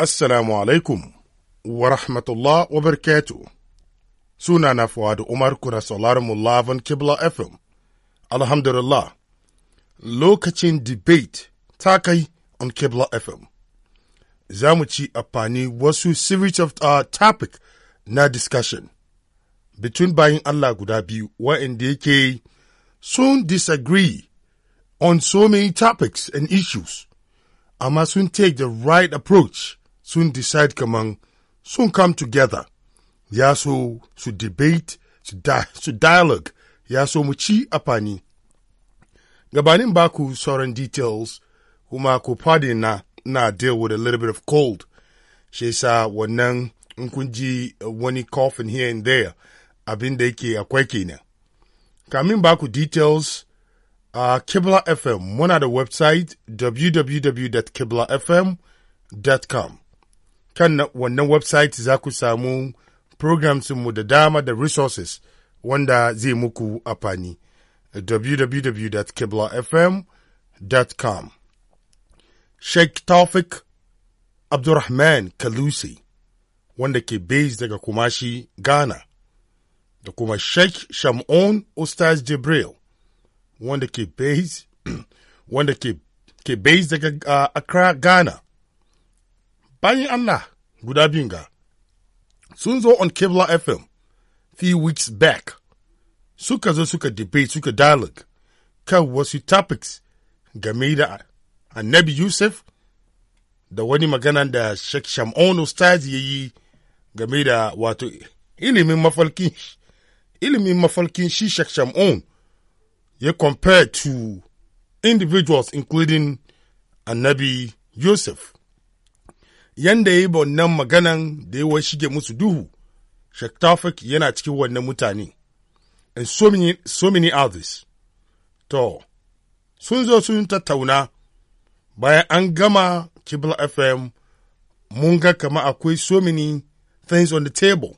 Assalamu alaikum wa rahmatullah wa barkatu. Suna na da Umar kuna mu Lavan Kibla FM. Alhamdulillah, lokacin debate ta kai on Kibla FM. Za mu ci amfani wasu series of uh, topic na discussion between bayin Allah guda biyu wa'inda yake sun disagree on so many topics and issues, amma sun take the right approach. sun decide kaman sun come together ya so su debate su, di su dialogue ya so mu ci afani gabanin baku sauran details kuma ku fadi na na deal with a little bit of cold shi yasa wannan in kun ji wani coughing here and there abin da yake akwai kenan kamin baku details a uh, kibla fm muna da website www.kiblafm.com kan wannan website za ku samu mu da dama da resources wanda zai muku amfani www.kiblafm.com Sheikh Taufik Abdurrahman Kalusi wanda ke base daga Kumashi, Ghana da kuma Sheikh Shamon Ustaz Jibril wanda ke base wanda ke, ke base daga uh, Accra, Ghana bayan Allah guda biyun ga sun zo on Kevlar FM few weeks back suka zo suka debate suka dialogue kan wasu topics game da annabi Yusuf da wani magana da Sheikh Shamon Ustazi ya yi game da wato ilimin mafalkin ilimin mafalkin shi Sheikh Shamon ya compare to individuals including annabi Yusuf. yanda ya yi wannan maganan da ya shige musu duhu, Shaktafik yana cikin wannan mutane, and so many, so many others. To, sun zo sun tattauna bayan an gama Kibla FM mun ga kama akwai so many things on the table.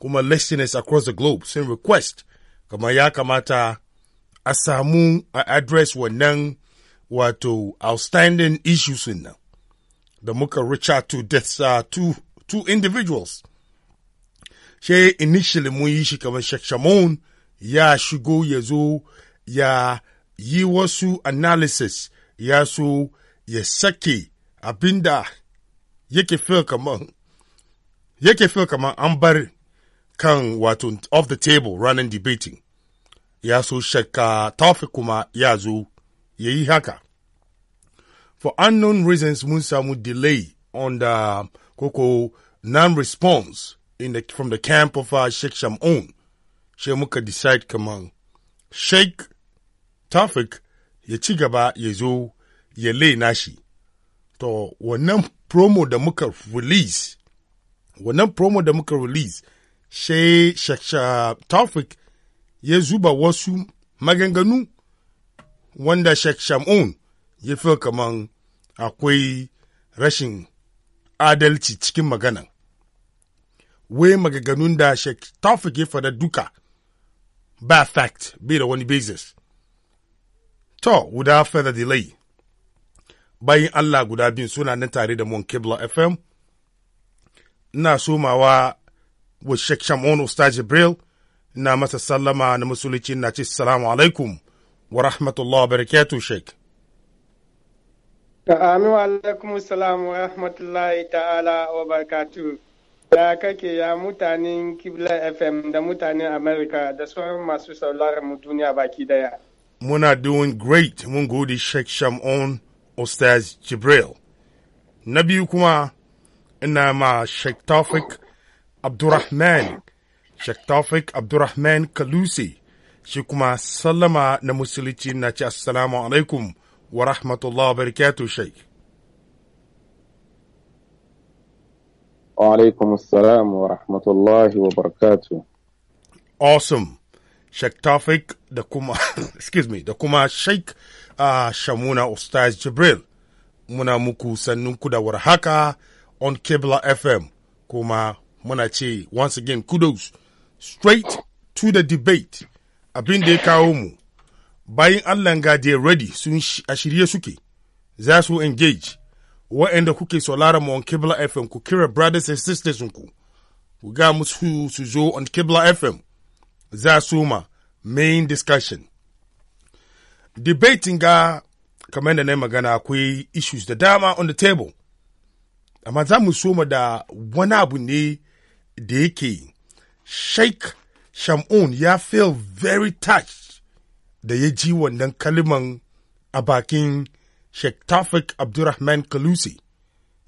Kuma listeners across the globe sun request kama ya kamata a samu a address wannan wato outstanding issues nan. da muka reach out to death, uh, two, two individuals. She initially mun yi shi kamar Sheikh ya shigo ya zo ya yi wasu analysis ya so ya sake abinda yake feel kamar yake feel kamar an bar kan wato off the table running debating ya so shakka uh, tafi kuma ya zo ya yi haka for unknown reasons mun samu delay on the koko non-response in the from the camp of uh, Sheikh Shamoun. She muka decide kaman Sheikh Tafik ya ci gaba ya zo ya laina shi. To wannan promo da muka release wannan promo da muka release she Tafik ya zuba wasu maganganu wanda Sheikh Shamoun ya fi kaman akwai rashin adalci cikin magana wai magaganun da shek Tawfiq ya faɗa duka ba fact bai da wani basis to guda further delay bayan Allah guda bin suna nan tare da Mon Kibla FM ina somawa wa Sheikh Shamon Ustaz Jibril na masa sallama na musulunci na ce salamu alaikum wa rahmatullahi wa barakatuh shek. Ta'ami wa alaikum salam wa rahmatullahi ta'ala wa barkatu. Ya kake ya mutanen Kibla FM da mutanen Amerika da sauran masu sauraron mu duniya baki daya. Muna doing great mun gode Sheikh Shamon Ostaz Jibril. Na biyu kuma ina ma Sheikh Tawfik Abdurrahman, Sheikh Tawfik Abdurrahman Kalusi, shi kuma sallama na musulunci na ce assalamu alaikum. ورحمة الله وبركاته شيخ وعليكم السلام ورحمة الله وبركاته Awesome. شيخ توفيق دكما kuma excuse me da kuma Sheikh uh, Shamuna Ustaz Jibril muna muku sannunku da on Kibla FM kuma منا تي once again kudos straight to the debate abinde da bayin Allah ga they ready sun a shirye suke za su engage waɗanda kuke saurara mu on Kibla FM ku kira brothers and sisters ku ku ga musu su zo on Kibla FM za su ma main discussion debating ga kamar da na magana akwai issues da dama on the table amma za mu soma da wani abu ne da yake sheikh shamun ya feel very touched da ya ji wannan kaliman a bakin Sheikh Tafik Abdurrahman Kalusi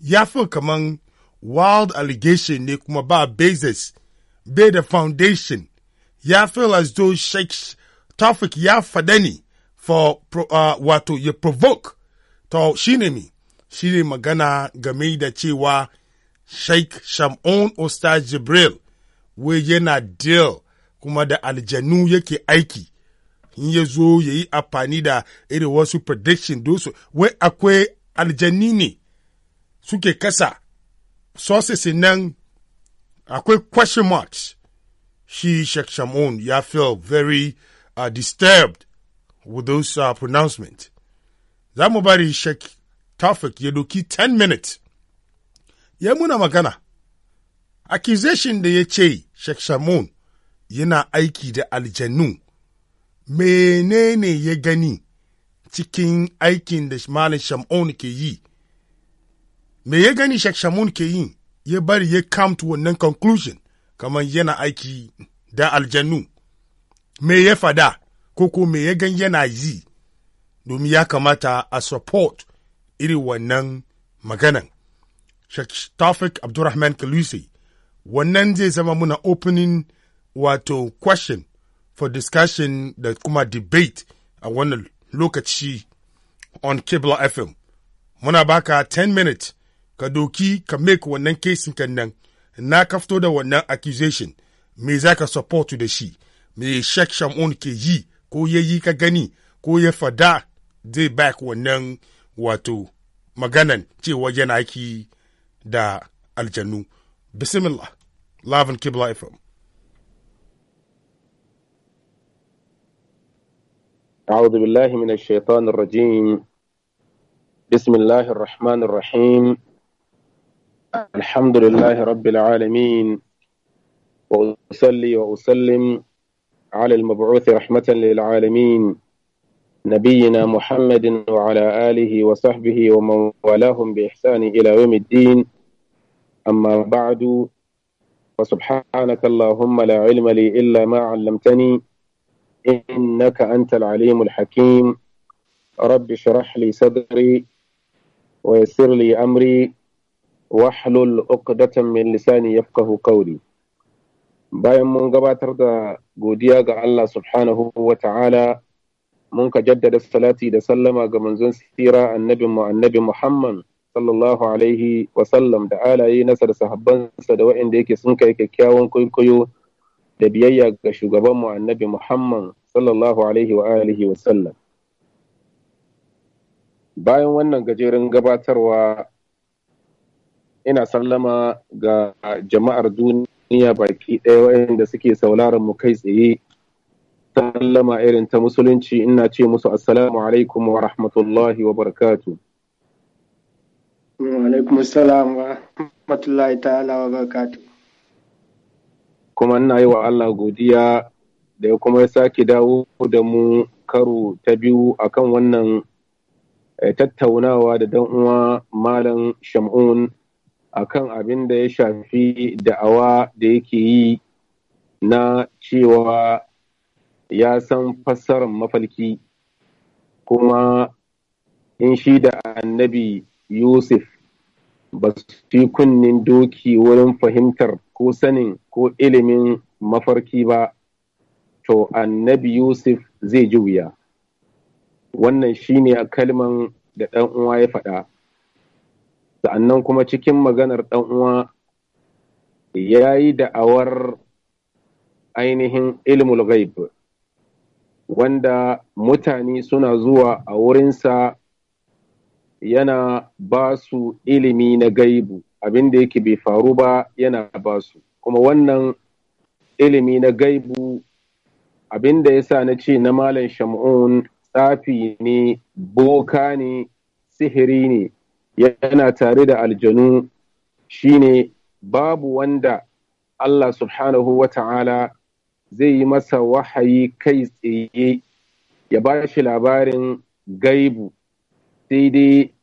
ya fi kaman wild allegation ne kuma ba basis bai da foundation ya feel as though Sheikh Tafik ya faɗa ne for uh, wato ya provoke to shi ne mi shi ne magana game da cewa Sheikh sham'on Osta Jibril wai yana deal kuma da aljanu yake aiki in ya zo ya yi amfani da irin wasu prediction dosu wai akwai aljanni ne suke kasa sources nan akwai question marks shi Sheikh Shamoun ya feel very uh, disturbed with those uh, Za mu bari Sheikh Tafik ya doki 10 minutes. Ya muna magana, accusation da ya ce Sheikh yana aiki da aljannu menene ya gani cikin aikin da Malam Shamun ke yi, me ya gani Shek ke yi ya bari ya come to wannan conclusion kamar yana aiki da aljannu, me ya fada ko ko me ya gan yana yi domin ya kamata a support irin wannan maganan. Shek Tafik Abdurrahman Kalusi, wannan zai zama muna opening wato question for discussion da kuma debate a wannan lokaci on Kibla FM. Muna baka 10 minutes ka doki ka make wannan case ka nan na ka da wannan accusation me za ka support da shi me Sheikh Shamun ke yi ko ya yi ka gani ko ya fada zai back wannan wato maganan cewa yana ki da aljannu. Bismillah, Lavin Kibla FM. أعوذ بالله من الشيطان الرجيم بسم الله الرحمن الرحيم الحمد لله رب العالمين وأصلي وأسلم على المبعوث رحمة للعالمين نبينا محمد وعلى آله وصحبه ومن والاهم بإحسان إلى يوم الدين أما بعد فسبحانك اللهم لا علم لي إلا ما علمتني إنك أنت العليم الحكيم رب اشرح لي صدري ويسر لي أمري واحلل عقدة من lisani yafqahu qawli bayan mun gabatar da godiya ga Allah subhanahu wa ta'ala mun ka jaddada salati da sallama ga manzon sira annabin mu annabi Muhammad sallallahu alaihi wa sallam da alaye nasa da sahabbansa da waɗanda yake sun kai kyakkyawan kwaikwayo da biyayya ga shugabanmu annabi Muhammad sallallahu alaihi wa alihi wa sallam. Bayan wannan gajeren gabatarwa ina sallama ga jama'ar duniya baki ɗaya wayanda suke sauraron mu kai tsaye sallama irin ta musulunci ina ce musu assalamu alaikum wa rahmatullahi wa barakatu. Wa alaikum assalam wa rahmatullahi ta'ala wa barakatu. kuma ina yi wa Allah godiya da ya kuma ya sake dawo da mu karo ta biyu akan wannan eh, tattaunawa da dan uwa malam shamun akan abin da ya shafi da'awa da yake yi na cewa ya san fassarar mafalki, kuma in shi da annabi yusuf ba su fi kunnin doki wurin fahimtar ko sanin ko ilimin mafarki ba to annabi yusuf zai ji wuya wannan shine a kalman da ɗan uwa ya faɗa sa'annan kuma cikin maganar ɗan uwa ya yi da'awar ainihin ilmul ghaib wanda mutane suna zuwa a wurinsa yana ba su ilimi na gaibu abin da yake bai faru ba yana ba su kuma wannan ilimi na gaibu abin da ya sa na ce na malam shamun tsafi ne boka ne sihiri ne yana tare da aljanu shine babu wanda Allah subhanahu wa ta'ala zai yi masa wahayi kai tsaye ya ba shi labarin gaibu sai dai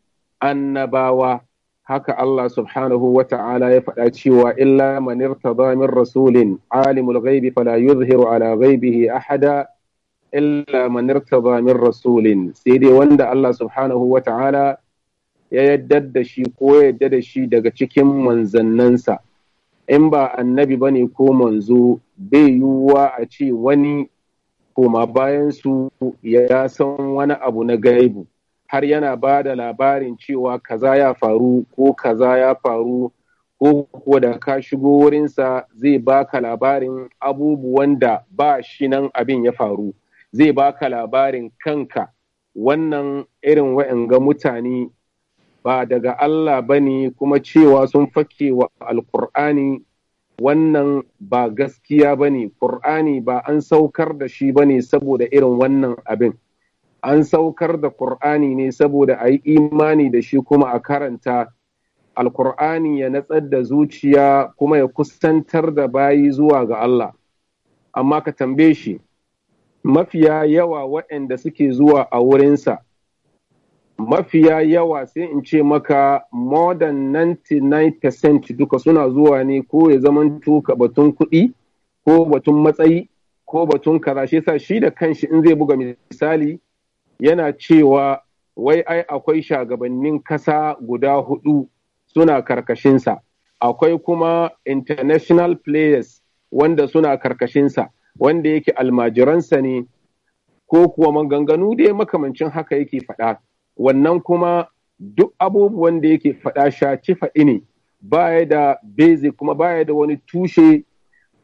annabawa haka Allah subhanahu wa ta'ala ya faɗa cewa illa man min rasulin alimul ghaibi fala yuzhiru ala ghaibihi ahada illa man min rasulin sai dai wanda Allah subhanahu wa ta'ala ya yadda da shi ko yadda da shi daga cikin manzannansa in ba annabi bane ko manzo bai yiwuwa a ce wani koma bayan su ya san wani abu na gaibu har yana ba da labarin cewa kaza ya faru ko kaza ya faru ko kuwa da ka shigo wurinsa zai baka labarin abubuwan da ba shi nan abin ya faru zai baka labarin kanka wannan irin wa'anga mutane ba daga Allah ba ne kuma cewa sun fake wa alkur'ani wannan ba gaskiya ba ne ba an saukar da shi ba ne saboda irin wannan abin an saukar da Kur'ani ne saboda a yi imani da shi kuma a karanta alkur'ani ya natsar da zuciya kuma ya kusantar da bayi zuwa ga Allah amma ka tambaye shi mafiya yawa waɗanda suke zuwa a wurinsa mafiya yawa sai in ce maka more than 99% duka suna zuwa ne ko ya zama tuka batun kuɗi ko batun matsayi ko batun kaza sa shi da kanshi in zai buga misali yana cewa wai ai akwai shagabannin kasa guda hudu suna karkashinsa akwai kuma international players wanda suna karkashinsa wanda yake almajiransa ne ko kuwa maganganu da ya makamancin haka yake faɗa wannan kuma duk abubuwan da yake faɗa ci faɗi ne baya da beze kuma baya da wani tushe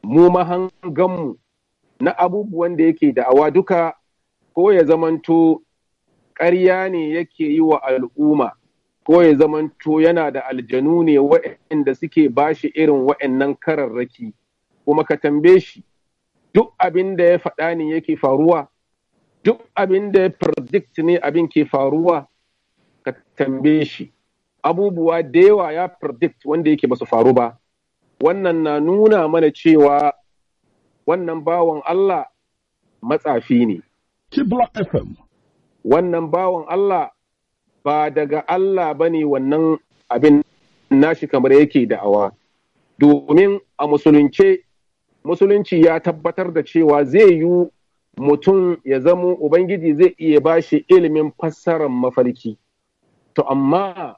mu mahanganmu na abubuwan da yake da awa duka ko ya zamanto ƙarya ne yake yi wa al'umma ko ya zamanto yana da aljanu ne waɗanda suke bashi irin waɗannan kararraki kuma ka tambaye shi duk abin da ya faɗa ne yake faruwa duk abin da ya predict ne abin ke faruwa ka tambaye shi abubuwa da yawa ya predict wanda yake basu faru ba wannan na nuna mana cewa wannan bawan Allah matsafi ne. Kibla FM wannan bawan Allah ba daga Allah ba ne wannan abin nashi kamar yake da'awa domin a musulunce musulunci ya tabbatar da cewa zai yi mutum ya zamo ubangiji zai iya ba shi ilimin fassarar mafarki to amma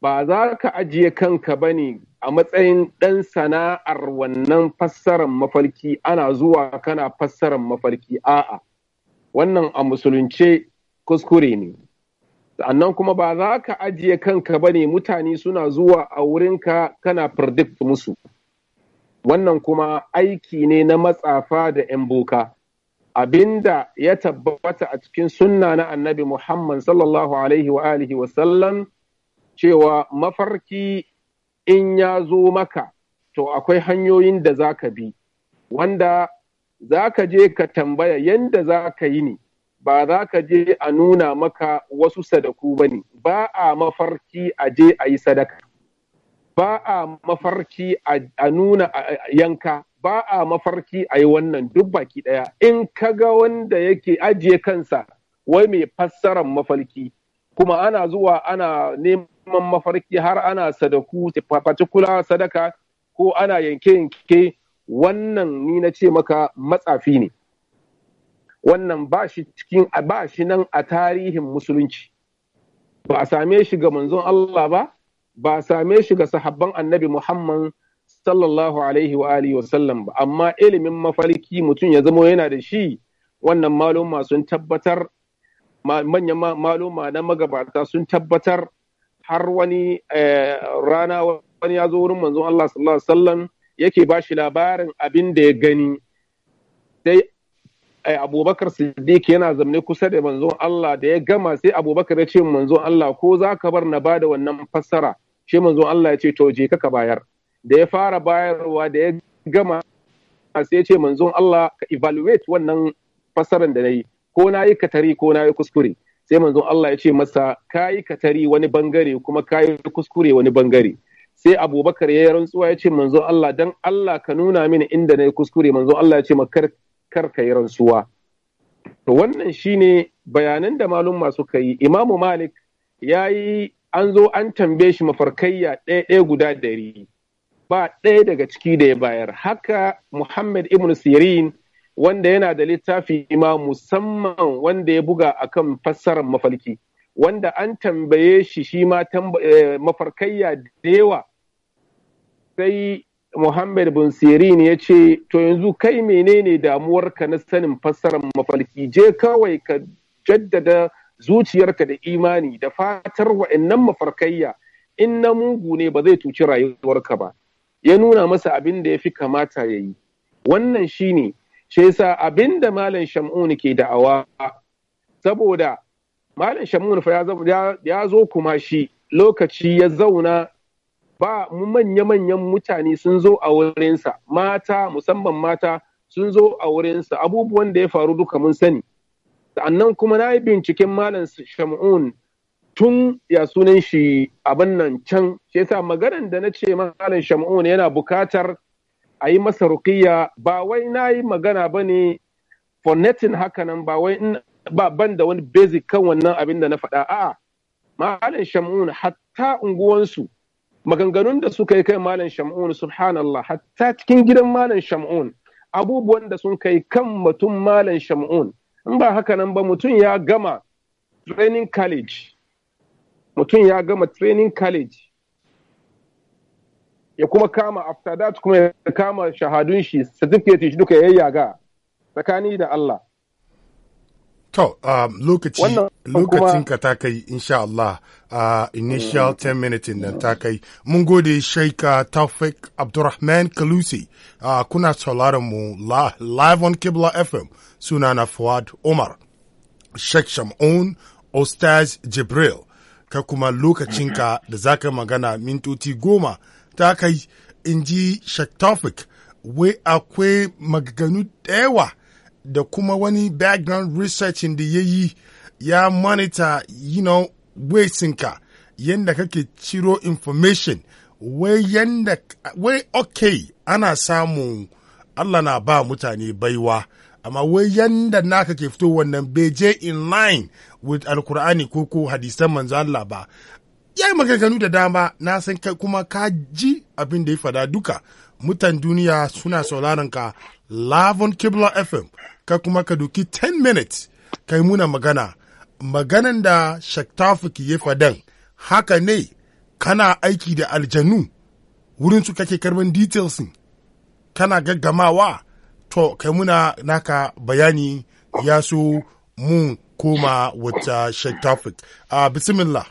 ba za ka ajiye kanka ba ne a matsayin ɗan sana'ar wannan fassarar mafarki ana zuwa kana fassarar mafarki a'a wannan a musulunce kuskure ne sannan kuma ba za ka ajiye kanka ba ne mutane suna zuwa a wurinka kana predict musu wannan kuma aiki ne na matsafa da 'yan boka abinda ya tabbata a cikin sunna na annabi muhammad sallallahu alaihi wa alihi wasallam cewa mafarki in ya zo maka to akwai hanyoyin da za ka bi wanda za ka je ka tambaya yanda za ka yi ne ba za ka je a nuna maka wasu sadaku ba ne ba a mafarki a je a yi sadaka ba a mafarki a nuna yanka ba a mafarki a yi wannan duk baki ɗaya in ka ga wanda yake ajiye kansa wai mai fassaran mafarki kuma ana zuwa ana neman mafarki har ana sadaku particular sadaka ko ana yanke-yanke wannan ni na ce maka matsafi ne wannan ba shi cikin ba shi nan a tarihin musulunci ba a same shi ga manzon Allah ba ba a same shi ga sahabban annabi Muhammad sallallahu alaihi wa alihi wasallam ba amma ilimin mafarki mutum ya zamo yana da shi wannan maluma sun tabbatar manyan maluma na magabata sun tabbatar har wani eh, rana wani ya zo wurin manzon Allah sallallahu alaihi wasallam yake ba shi labarin abin da ya gani sai eh, abubakar siddiq yana zamne kusa da manzon Allah da ya gama sai abubakar ya ce manzon Allah ko za ka bar na bada wannan fassara shi manzon Allah ya ce to je ka bayar da ya fara bayarwa da ya gama sai ya ce manzon Allah ka evaluate wannan fassaran da na yi ko na yi katari ko na yi kuskure sai manzon Allah ya ce masa ka yi katari wani bangare kuma ka yi kuskure wani bangare sai abubakar ya yi rantsuwa ya ce manzo Allah dan Allah ka nuna mini inda na yi kuskure manzo Allah ya ce makar kar ka yi rantsuwa to wannan shine bayanan da malumma suka yi imamu malik ya yi an zo an tambaye shi mafarkayya ɗaya ɗaya guda ɗari ba ɗaya daga ciki da ya bayar haka muhammad ibn sirin wanda yana da littafi ma musamman wanda ya buga akan fassarar mafarki wanda an tambaye shi shi ma eh, mafarkayya da yawa sai Muhammad bin Sirin ya ce to yanzu kai menene damuwarka na sanin fassarar mafalki je kawai ka jaddada zuciyarka da imani da fatar wa'annan mafarkayya in na mugu ne ba zai tuci rayuwarka ba ya nuna masa abin da ya fi kamata ya yi wannan shine shi yasa abin da malam shamun ke da'awa saboda malam shamun ya zo kuma shi lokaci ya zauna ba manya-manyan mutane sun zo a wurinsa mata musamman mata sun zo a wurinsa abubuwan da ya faru duka mun sani sa'annan kuma na yi binciken malam shamun tun ya sunan shi abin nan can shi yasa maganan da na ce malam shamun yana bukatar a yi masa rukiya ba wai na yi magana ba ne fonetin hakanan ba wai ba ban da wani basic kan wannan abin da na faɗa a'a malam shamun hatta unguwansu maganganun da suka yi kai malam shamun subhanallah hatta cikin gidan malam shamun abubuwan da sun kai kan mutum malam shamun in ba haka nan ba mutum ya gama training college mutum ya gama training college ya kuma kama after that kuma ya kama shahadun shi certificate shi duka ya yaga tsakani da Allah To, um, lokaci, lokacinka ta kai, insha Allah, uh, initial mm. 10 minutes nan ta kai. Mun gode Shaika uh, Tawfiq Abdurrahman Kalusi, uh, kuna sauraron mu live on Kibla FM, suna na Fuad Omar, Sheikh Shamun, Ostaz Jibril, ka kuma lokacinka da za ka magana mintoci goma ta kai, in ji Sheikh Tawfiq, wai akwai maganganu da yawa. da kuma wani background research da ya yi ya monitor you know yadda kake ciro information wai yadda wai ok ana samun Allah na ba mutane baiwa amma wai yanda naka ke fito wannan beje in line with alkur'ani ko ko hadisan manzo Allah ba ya yi maganganu da dama na san kuma ka ji abin da ya fada duka mutan duniya suna sauraron ka lavon kibla fm kai kuma ka doki 10 minutes kai muna magana maganan da ki yi fadan haka ne kana aiki da aljanu wurin su kake karban details kana gaggamawa to kai muna naka bayani ya so mun koma wata shaktafu a ah, bismillah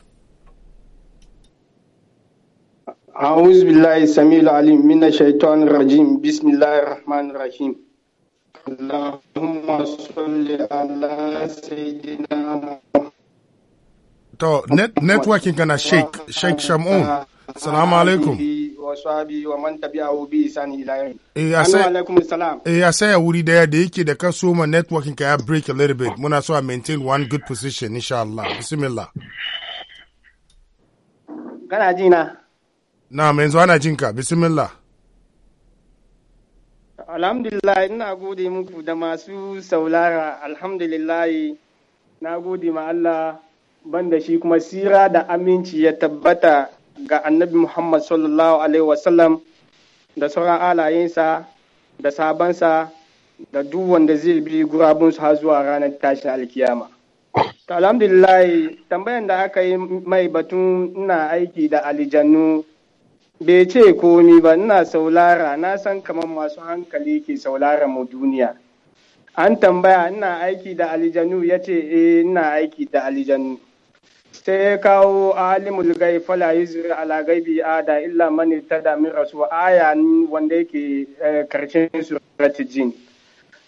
أعوذ بالله السميع العليم من الشيطان الرجيم بسم الله الرحمن الرحيم Allahumma salli ala sayyidina To, net, networking kana Sheikh, Sheikh shamu Salamu alaikum. Wa sahabi wa man tabi'ahu bi Eh, salam. Eh, ya saya wuri daya da yake da ka ma networking ka ya break a little bit. Muna so a maintain one good position insha Allah. Bismillah. Kana jina. na? Na, yanzu ana jinka. Bismillah. alhamdulillah ina gode muku da masu saulara alhamdulillah na gode ma Allah banda shi kuma sira da aminci ya tabbata ga annabi Muhammad sallallahu alaihi wasallam da sauran alayensa da sabansa da duk wanda zai bi gurabunsu har zuwa ranar tashin alkiyama. alhamdulillah tambayan da aka yi mai batun ina aiki da alijannu bai ce komi ba ina saulara na san kamar masu hankali ke saulara mu duniya an tambaya ina aiki da alijanu ya ce e ina aiki da alijanu sai ya kawo alimul gai fala yuzir ala gaibi ada illa mani tada min rasu aya wanda yake eh, karshen surat jin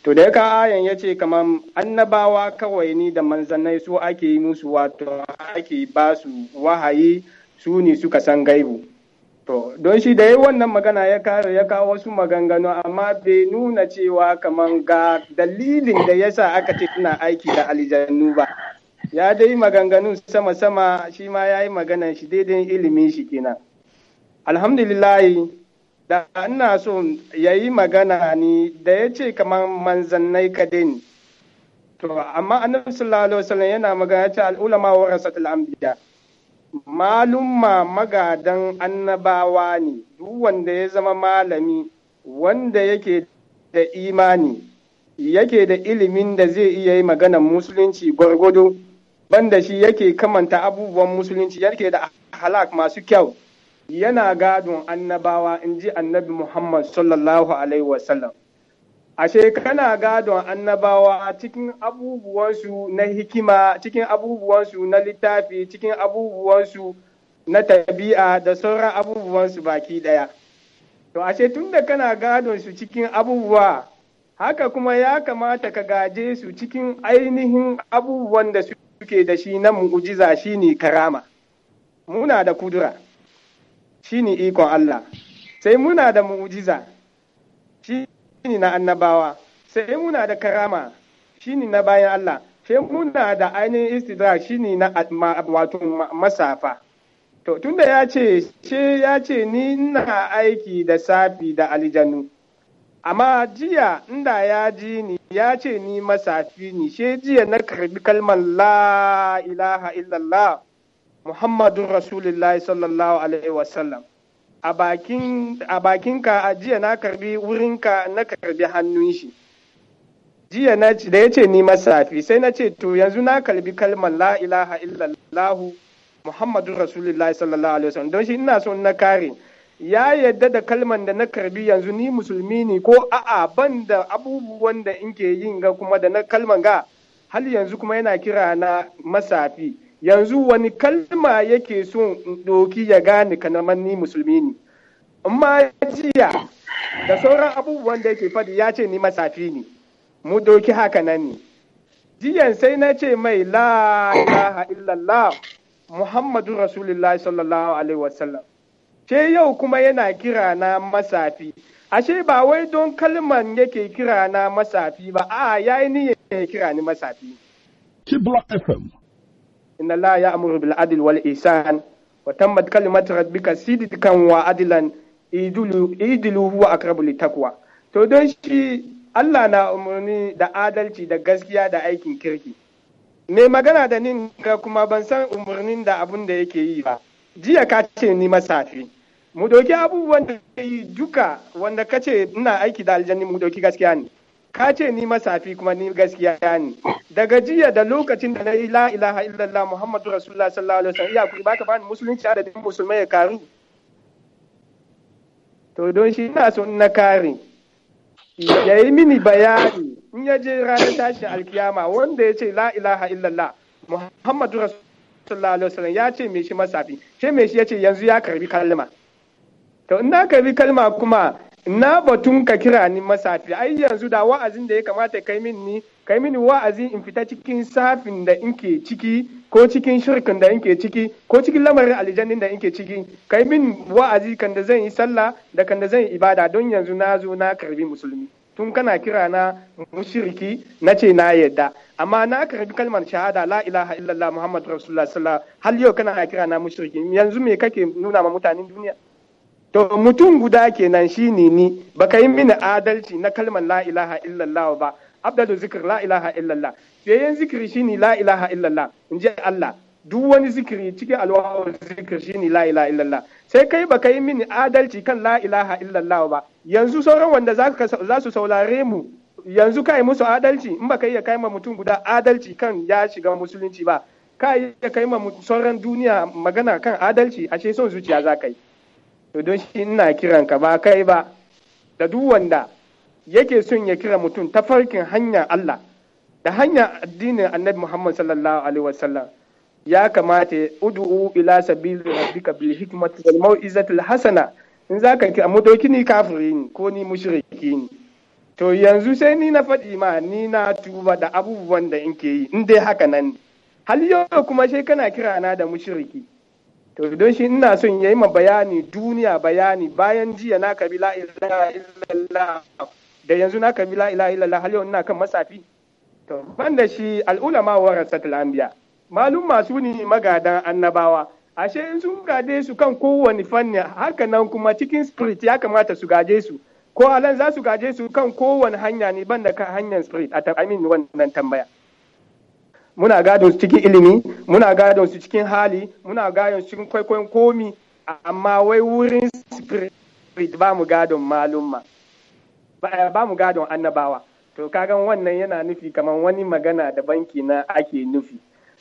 to da ya ka ayan ya ce kamar annabawa kawai ni da manzannai su ake yi musu wato ake ba su wahayi su ne suka san gaibu To, don shi da yi wannan magana ya kare ya kawo wasu maganganu amma bai nuna cewa kamar ga dalilin da ya sa aka ce suna aiki da aljannu ba. Ya dai maganganun sama-sama shi ma ya yi maganan shi daidai ilimin shi kenan. Alhamdulillah da ina so ya yi magana ni da ya ce kamar manzannai kadin. To, amma annabi sallallahu alaihi wasallam yana magana ce al'ulama wa rasatul anbiya. malumma magadan annabawa ne duk wanda ya zama malami wanda yake da imani yake da ilimin da zai iya yi maganan musulunci gwargwado banda shi yake kamanta abubuwan musulunci yake da halak masu kyau yana gadon annabawa in ji annabi muhammad sallallahu alaihi wasallam ashe kana gadon annabawa cikin abubuwansu na hikima cikin abubuwansu na littafi cikin abubuwansu na tabi'a da sauran abubuwansu baki ɗaya to ashe tunda kana gadon su cikin abubuwa haka kuma ya kamata ka gaje su cikin ainihin abubuwan da suke da shi na mu'ujiza shi ne karama muna da kudura Shi ne ikon Allah sai muna da mu'ujiza ne na annabawa sai muna da karama shi ne na bayan Allah sai muna da ainihin istidra shi ne na wato masafa to tunda ya ce ce ya ce ni na aiki da safi da Alijanu, amma jiya inda ya ji ni ya ce ni masafi ni she jiya na karbi kalmar la ilaha illallah muhammadun rasulullahi sallallahu alaihi wasallam a bakinka a jiya na karbi wurinka na karbi hannun shi jiya na da ya ce ni masafi sai na ce to yanzu na karbi kalmar la ilaha illallahu muhammadu rasulullahi sallallahu alaihi wasallam don shi ina so na kare ya yadda da kalmar da na karbi yanzu ni musulmi ne ko a'a ban da abubuwan da inke yin ga kuma da na kalman ga hal yanzu kuma yana kira na masafi yanzu wani kalma yake so in doki ya gane kanaman ni musulmi ne amma jiya da sauran abubuwan da yake faɗi ya ce ni masafi ne mu doki haka nan ne jiyan sai na ce mai la ilaha illallah muhammadu rasulullahi sallallahu alaihi wasallam ce yau kuma yana kira na masafi ashe ba wai don kalman yake kira na masafi ba a yayi ni ya kira ni masafi Ki FM inna la ya'muru bil adli wal ihsan wa tammat kalimatu rabbika sidqan wa adlan idlu idlu huwa to don shi Allah na umarni da adalci da gaskiya da aikin kirki me magana da ni ga kuma ban san umarnin da abun da yake yi ba jiya ka ce ni masafi mu doki abubuwan da yi duka wanda ka ce ina aiki da aljanni mu doki gaskiya ne ka ce ni masafi kuma ni gaskiya ne daga jiya da lokacin da na yi la ilaha illallah muhammadu rasulullah sallallahu alaihi wasallam iya baka bani musulunci adadin musulmai ya karu to don shi ina so na kare ya yi mini bayani in ya je ranar tashin alkiyama wanda ya ce la ilaha illallah muhammadu rasulullah alaihi ya ce me shi masafi ce me shi ya ce yanzu ya karbi kalma to in na karbi kalma kuma na batun ka kira ni masafi ai yanzu da wa'azin da ya kamata kai min ni kai mini wa'azi in fita cikin safin da in ke ciki ko cikin shirkin da in ke ciki ko cikin lamarin aljannin da in ke ciki kai min wa'azi kan da zan yi sallah da kan da zan yi ibada don yanzu na zo na karbi musulmi tun kana kira na mushriki na ce na yadda amma na karbi kalmar shahada la ilaha illallah muhammad rasulullah sallallahu har yau kana kira na mushriki yanzu me kake nuna ma mutanen duniya to mutum guda kenan shi ne ni baka yi mini adalci na kalmar la ilaha illallah ba abdalu zikir la ilaha illallah fiyayen zikiri shi la ilaha illallah in ji Allah duk wani zikiri cikin alwahawar zikir shi la ilaha illallah sai kai baka yi mini adalci kan la ilaha illallah ba yanzu sauran wanda za su saurare mu yanzu kai musu adalci in baka iya kai ma mutum guda adalci kan ya shiga musulunci ba ka iya kai ma sauran duniya magana kan adalci ashe son zuciya za ka yi to don shi ina kiran ka ba kai ba da duk wanda yake son ya kira mutum ta farkin hanyar Allah da hanyar addinin annabi Muhammad sallallahu alaihi wasallam ya kamata ud'u ila sabili rabbika bil hikmati wal mau'izati al hasana in zaka kira amma ni kafiri ne ko ni mushriki ne to yanzu sai ni na faɗi ma ni na tuba da abubuwan da in ke yi in dai haka nan hal yau kuma sai kana kira na da mushriki to don shi ina son yi ma bayani duniya bayani bayan jiya na kabila ilaha da yanzu na kabila ilaha illallah har yau ina kan masafi to ban da shi al'ulama warasatul anbiya malum masu ne magadan annabawa ashe in sun gade su kan kowane fanni haka nan kuma cikin spirit ya kamata su gaje su ko alan za su gaje su kan kowane hanya ne ban da kan hanyar spirit a tabbamin wannan tambaya muna gadon su cikin ilimi muna gadon su cikin hali muna gadon su cikin kwaikwayon komi amma wai wurin spirit ba mu gadon malumma ba mu gadon annabawa to kagan wannan yana nufi kamar wani magana da banki na ake nufi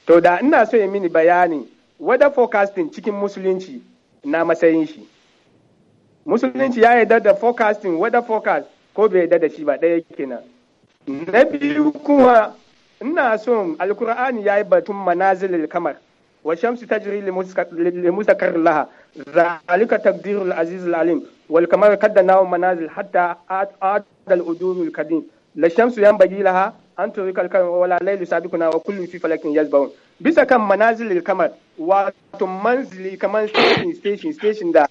to da ina so ya mini bayani weather forecasting cikin musulunci na matsayin shi musulunci ya yarda da forecasting weather forecast ko bai yarda da shi ba ɗaya kenan na biyu kuma ina so alkur'ani yayi batun manazilil kamar wa shamsi tajri li musakar laha zalika takdirul azizul alim wal kamar kaddana manazil hatta adal udurul kadim la shamsu yanbaghi laha an turi kan wala lailu sabiquna wa kullu fi falakin yazbaun bisa kan manazilil kamar wato manzili kamar station station station da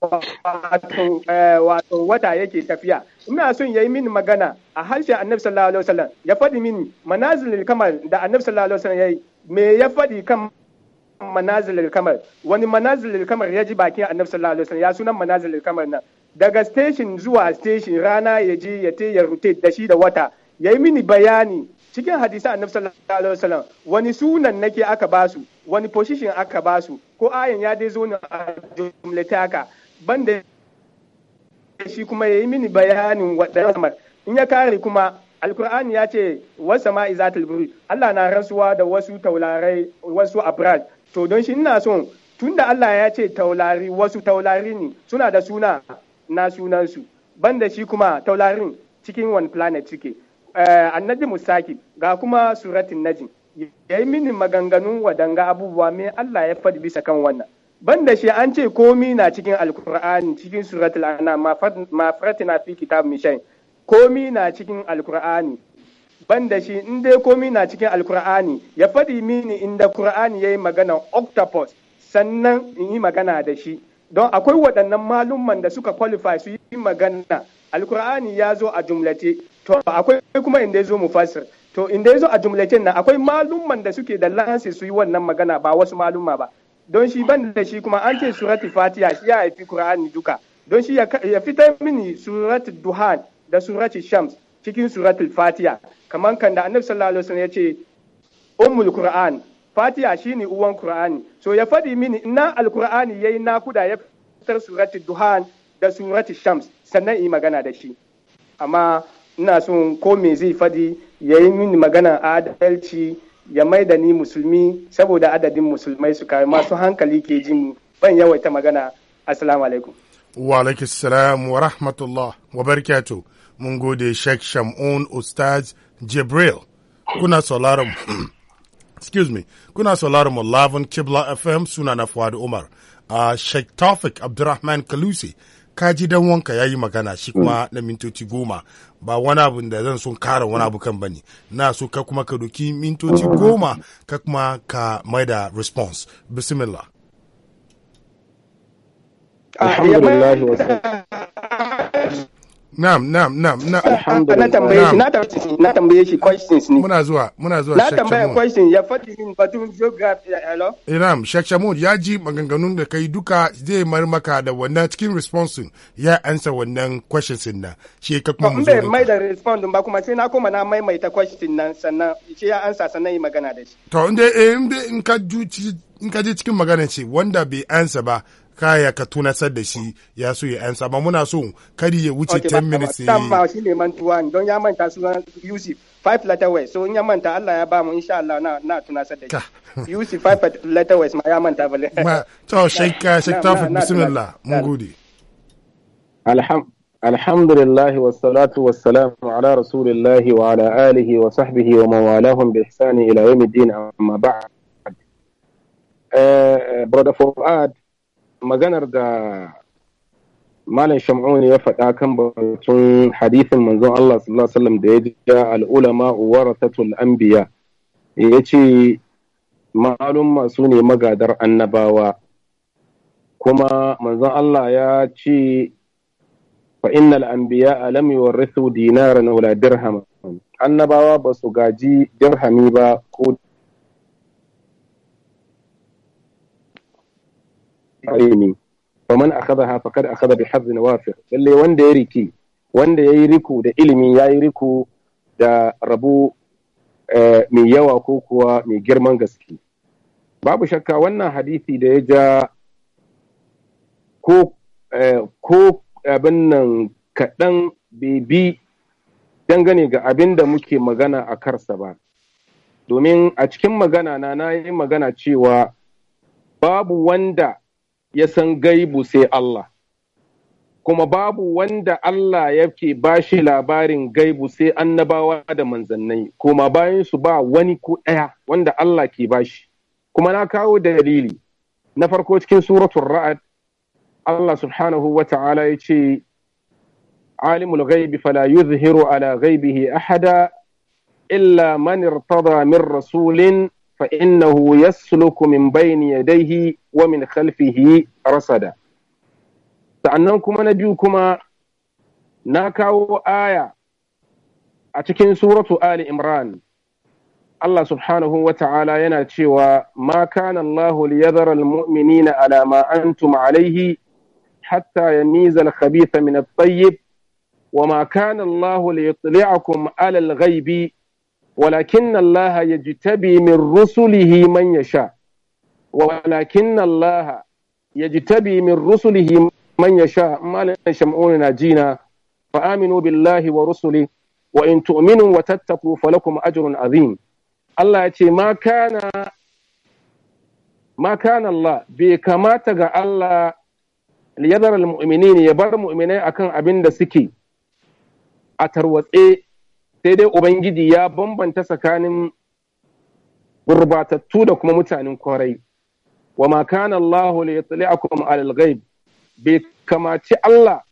wato eh, wata yake tafiya ina son yayi mini magana a harshen annabi sallallahu alaihi wasallam ya faɗi mini manazilul kamar da annabi sallallahu alaihi wasallam yayi me ya faɗi kan manazilul kamar? wani manazilul kamar ya ji bakin annabi sallallahu alaihi wasallam ya sunan manazilul kamar nan daga station zuwa station rana ya je ya te ya rute da shi da wata yayi mini bayani cikin hadisa annabi sallallahu alaihi wasallam wani sunan nake aka basu wani position aka basu ko ayan ya dai zo ne a jumlataka banda shi kuma ya yi mini bayanin waɗannan samar in ya kare kuma alkur'ani ya ce wasa ma izatul buri Allah na rasuwa da wasu taularai wasu abraj to don shi ina son tunda Allah ya ce taulari wasu taulari ne suna da suna na sunansu ban da shi kuma taularin cikin one planet suke eh, annabi musaki ga kuma suratin najin ya yi mini maganganun wadanga abubuwa me Allah ya faɗi bisa kan wannan ban da shi an ce komi na cikin alkur'ani cikin suratul anam ma fatina fi kitab mishai komi na cikin alkur'ani ban da shi in dai komi na cikin alkur'ani ya faɗi mini inda kur'ani ya yi magana octopus sannan in yi magana da shi don akwai waɗannan malumman da suka qualify su yi magana alkur'ani ya zo a jumlace to akwai kuma inda ya zo mufassir to inda ya zo a jumlace nan akwai malumman da suke da lansi su yi wannan magana ba wasu maluma ba don shi ban da shi kuma an ce surati fatiha shi ya haifi kur'ani duka don shi ya fitar mini surati duhan da surati shams cikin surati fatiha kamar kan da annabi sallallahu alaihi wasallam ya ce ummul qur'an fatiha shine uwan kur'ani so ya fadi mini ina alqur'ani yayi nakuda ya fitar surati duhan da surati shams sannan yi magana da shi amma ina son ko me zai fadi yi mini magana adalci ya mai da ni musulmi saboda adadin musulmai su kai masu hankali ke jin ban yawaita magana assalamu alaikum wa alaikisalam wa rahmatullah wa barakatuh mun gode Sheikh Shamun Ustaz Jibril kuna sauraron excuse me kuna sauraron mu Kibla FM suna na Fuad Umar a ah, Sheikh Tawfik Abdurrahman Kalusi ka ji dan wanka ya yi magana shi kuma mm. na mintoci goma ba wani abu da zan son kara wani abu kan bane na so ka kuma ka doki mintoci mm. goma ka kuma ka mai da response bismillah alhamdulillah Na'am, na'am, na'am, ah, ah, Na Alhamdulillah. Na tambaye shi, na tambaye shi, na tambaye shi questions ne. Muna zuwa, muna zuwa Na tambaye question ya faɗi min batun geography hello. Eh na'am, Sheikh Shamud ya ji maganganun da kai duka zai mar maka da wannan cikin response ya ansa wannan questions din nan. Shi ka kuma oh, mu zo. mai da respond ba kuma sai na koma na maimaita question nan sannan shi ya ansa sannan yi magana da shi. To inde eh in ka ji in ka je cikin magana ce wanda bai ansa ba kaya ka tunasar da shi ya so ya ansa ba muna so kari ya wuce 10 minutes dan eh. ba shi ne tuwa don ya manta sunan Yusuf five letter ways so in ya manta Allah ya ba mu insha Allah na na tunasar da shi Yusuf five letter ways ma ya manta bale ma to shaika ta tafi bismillah mun gode alhamdulillah wa salatu wa salam ala rasulillah wa ala alihi wa sahbihi wa mawalahum bi ihsani ila yawmiddin amma ba'd eh brother Fuad maganar da malam shamu ya faɗa kan batun hadisin manzon Allah sallallahu alaihi da ya ja al'ulama warasatul anbiya ya ce ma'alum masu ne magadar annabawa kuma manzon Allah ya ce fa innal anbiya lam yuwarrisu dinaran wala dirhama annabawa ba su gaji dirhami ba ko aini fa man akhadha faqad akhadha bi hadd nawafiq lalle wanda ya riki wanda yayi riku da ilimi yayi riku da rabu eh, mai yawa ko kuwa mai girman gaske babu shakka wannan hadisi da ya ja ko eh, ko abin nan kaɗan bai bi dangane ga abin da muke magana a karsa ba domin a cikin magana na na yi magana cewa babu wanda ya san gaibu sai Allah kuma babu wanda Allah yake ba shi labarin gaibu sai annabawa da manzannai kuma bayan su ba wani ko ɗaya wanda Allah ke ba shi kuma na kawo dalili na farko cikin suratun ra'ad Allah subhanahu wa ta'ala ya ce alimul gaibi fala yuzhiru ala gaibihi ahada illa man irtada min rasulin fa innahu yasluku min bayni yadayhi wa min khalfihi da. sa'annan kuma na biyu kuma na kawo aya a cikin suratu ali imran Allah subhanahu wa ta'ala yana cewa ma kana Allahu liyadhara almu'minina ala ma alayhi hatta yamiza al-khabitha min at wa ma kana Allahu liyutli'akum alal ghaibi walakin Allah ya jitabi min rusulihi man sha walakin Allah ya jitabi min rusulihi man sha malin shamun na jina fa aminu billahi wa rusuli wa in tu'minu wa tattaku falakum ajrun azim Allah ya ce ma kana bai kamata ga Allah liyadar al-mu'minin ya bar mu'minai akan abin da suke a tarwatse sai dai ubangiji ya bambanta tsakanin gurbatattu da kuma mutanen kwarai wa ma kana Allah li a alal ghaib bai kamaci Allah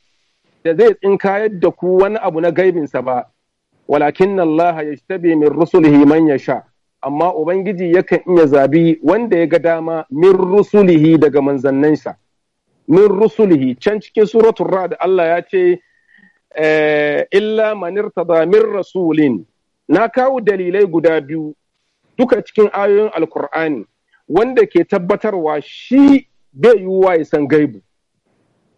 da zai tsinka da ku wani abu na gaibinsa ba walakin Allah tabe min rusulihi man sha. amma ubangiji yakan iya zabi wanda ya ga dama min rusulihi daga manzannansa min rusulihi can cikin suratun ra'd Allah ya ce Eh, illa manir tazamin rasulin na kawo dalilai guda biyu duka cikin ayoyin alkur'ani wanda ke tabbatarwa shi bai yiwuwa ya san gaibu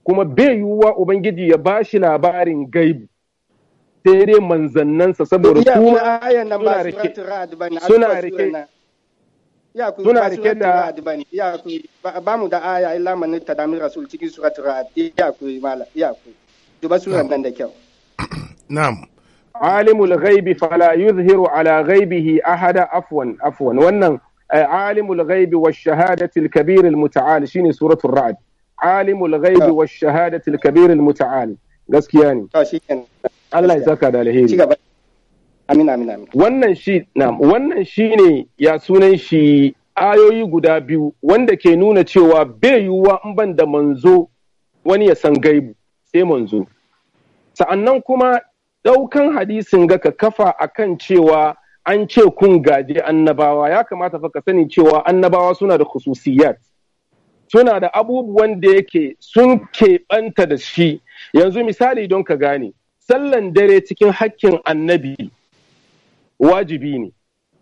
kuma bai yiwuwa ubangiji ya ba shi labarin gaibu sai dai manzannansa saboda kuma suna rike suna rike da ba mu da aya illa manir tazamin rasul cikin suratul ra'd ya ku mala ya ku duba sunan nan da kyau na'am alimul ghaibi fala yuzhiru ala ghaibihi ahada afwan afwan wannan eh, alimul ghaibi wash shahadati al kabir al muta'al shine suratul ra'd alimul ghaibi wash shahadati al kabir al muta'al gaskiya ne to shikenan Allah ya saka da alheri amin amin amin wannan shi na'am wannan shine ya sunan shi ayoyi guda biyu wanda ke nuna cewa bai yiwuwa in ban da manzo wani ya san gaibu sai manzo sa'annan kuma ɗaukan hadisin ga ka kafa a kan cewa an ce kun gaje annabawa ya kamata fa ka sani cewa annabawa suna da khususiyat suna da abubuwan da yake sun keɓanta da shi yanzu misali don ka gane sallan dare cikin hakkin annabi wajibi ne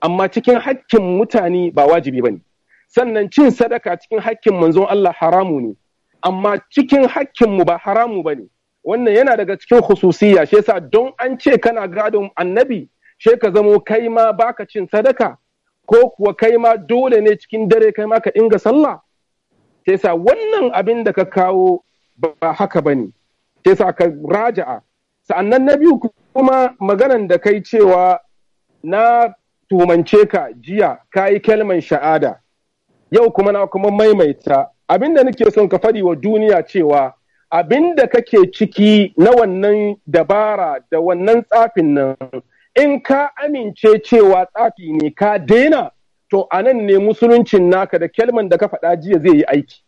amma cikin hakkin mutane ba wajibi ba ne sannan cin sadaka cikin hakkin manzon Allah haramu ne amma cikin hakkinmu ba haramu ba ne wannan yana daga cikin hususiya shi yasa don an ce kana gadon annabi she ka zamo kai ma baka cin sadaka ko kuwa kai ma dole ne cikin dare kai ma ka inga sallah shi yasa wannan abin da ka kawo ba haka ba ne shi yasa ka raja'a sa'annan na biyu kuma maganan da kai cewa na tumance ka jiya ka yi kalman sha'ada yau kuma na kuma maimaita abin da nake son ka faɗi wa duniya cewa abin da kake ciki na wannan dabara da wannan tsafin nan in ka amince cewa tsafi ne ka daina to a nan ne musuluncin naka da kelman da ka faɗa jiya zai yi aiki.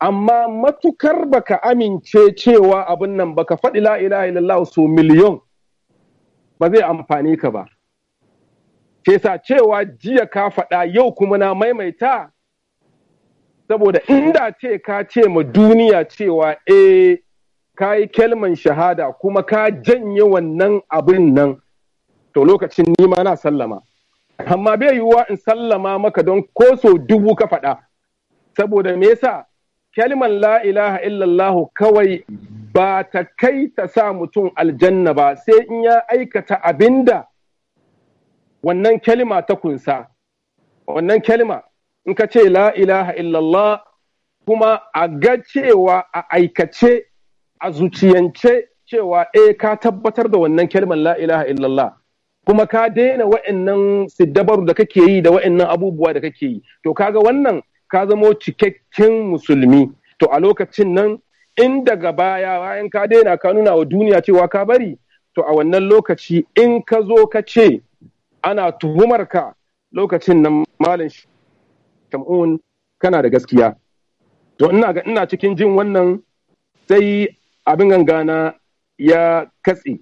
Amma matukar baka amince cewa abin nan baka faɗi la ilaha illallah miliyon ba zai amfani ka ba. Kesa cewa jiya ka faɗa yau kuma na maimaita saboda inda ce ka ce ma duniya cewa eh ka yi kelman shahada kuma ka janye wannan abin nan to lokacin nima na sallama amma bai yiwuwa in sallama maka don ko so dubu ka faɗa saboda me yasa kelman la ilaha illallahu kawai ba ta kai ta sa mutum aljanna ba sai in ya aikata abinda wannan ta kunsa wannan kelma. in ka ce la ilaha illallah kuma a ga cewa a aikace a zuciyance cewa e ka tabbatar da wannan kalmar la ilaha illallah kuma ka daina wa'annan siddabaru da kake yi da wa'annan abubuwa da kake yi to ka ga wannan ka zamo cikakken musulmi to a lokacin nan in daga baya bayan ka daina ka nuna wa duniya cewa ka bari to a wannan lokaci in ka zo ka ce ana tuhumar ka lokacin nan malam yastam'un kana da gaskiya to ina ga ina cikin jin wannan sai abin gangana ya katse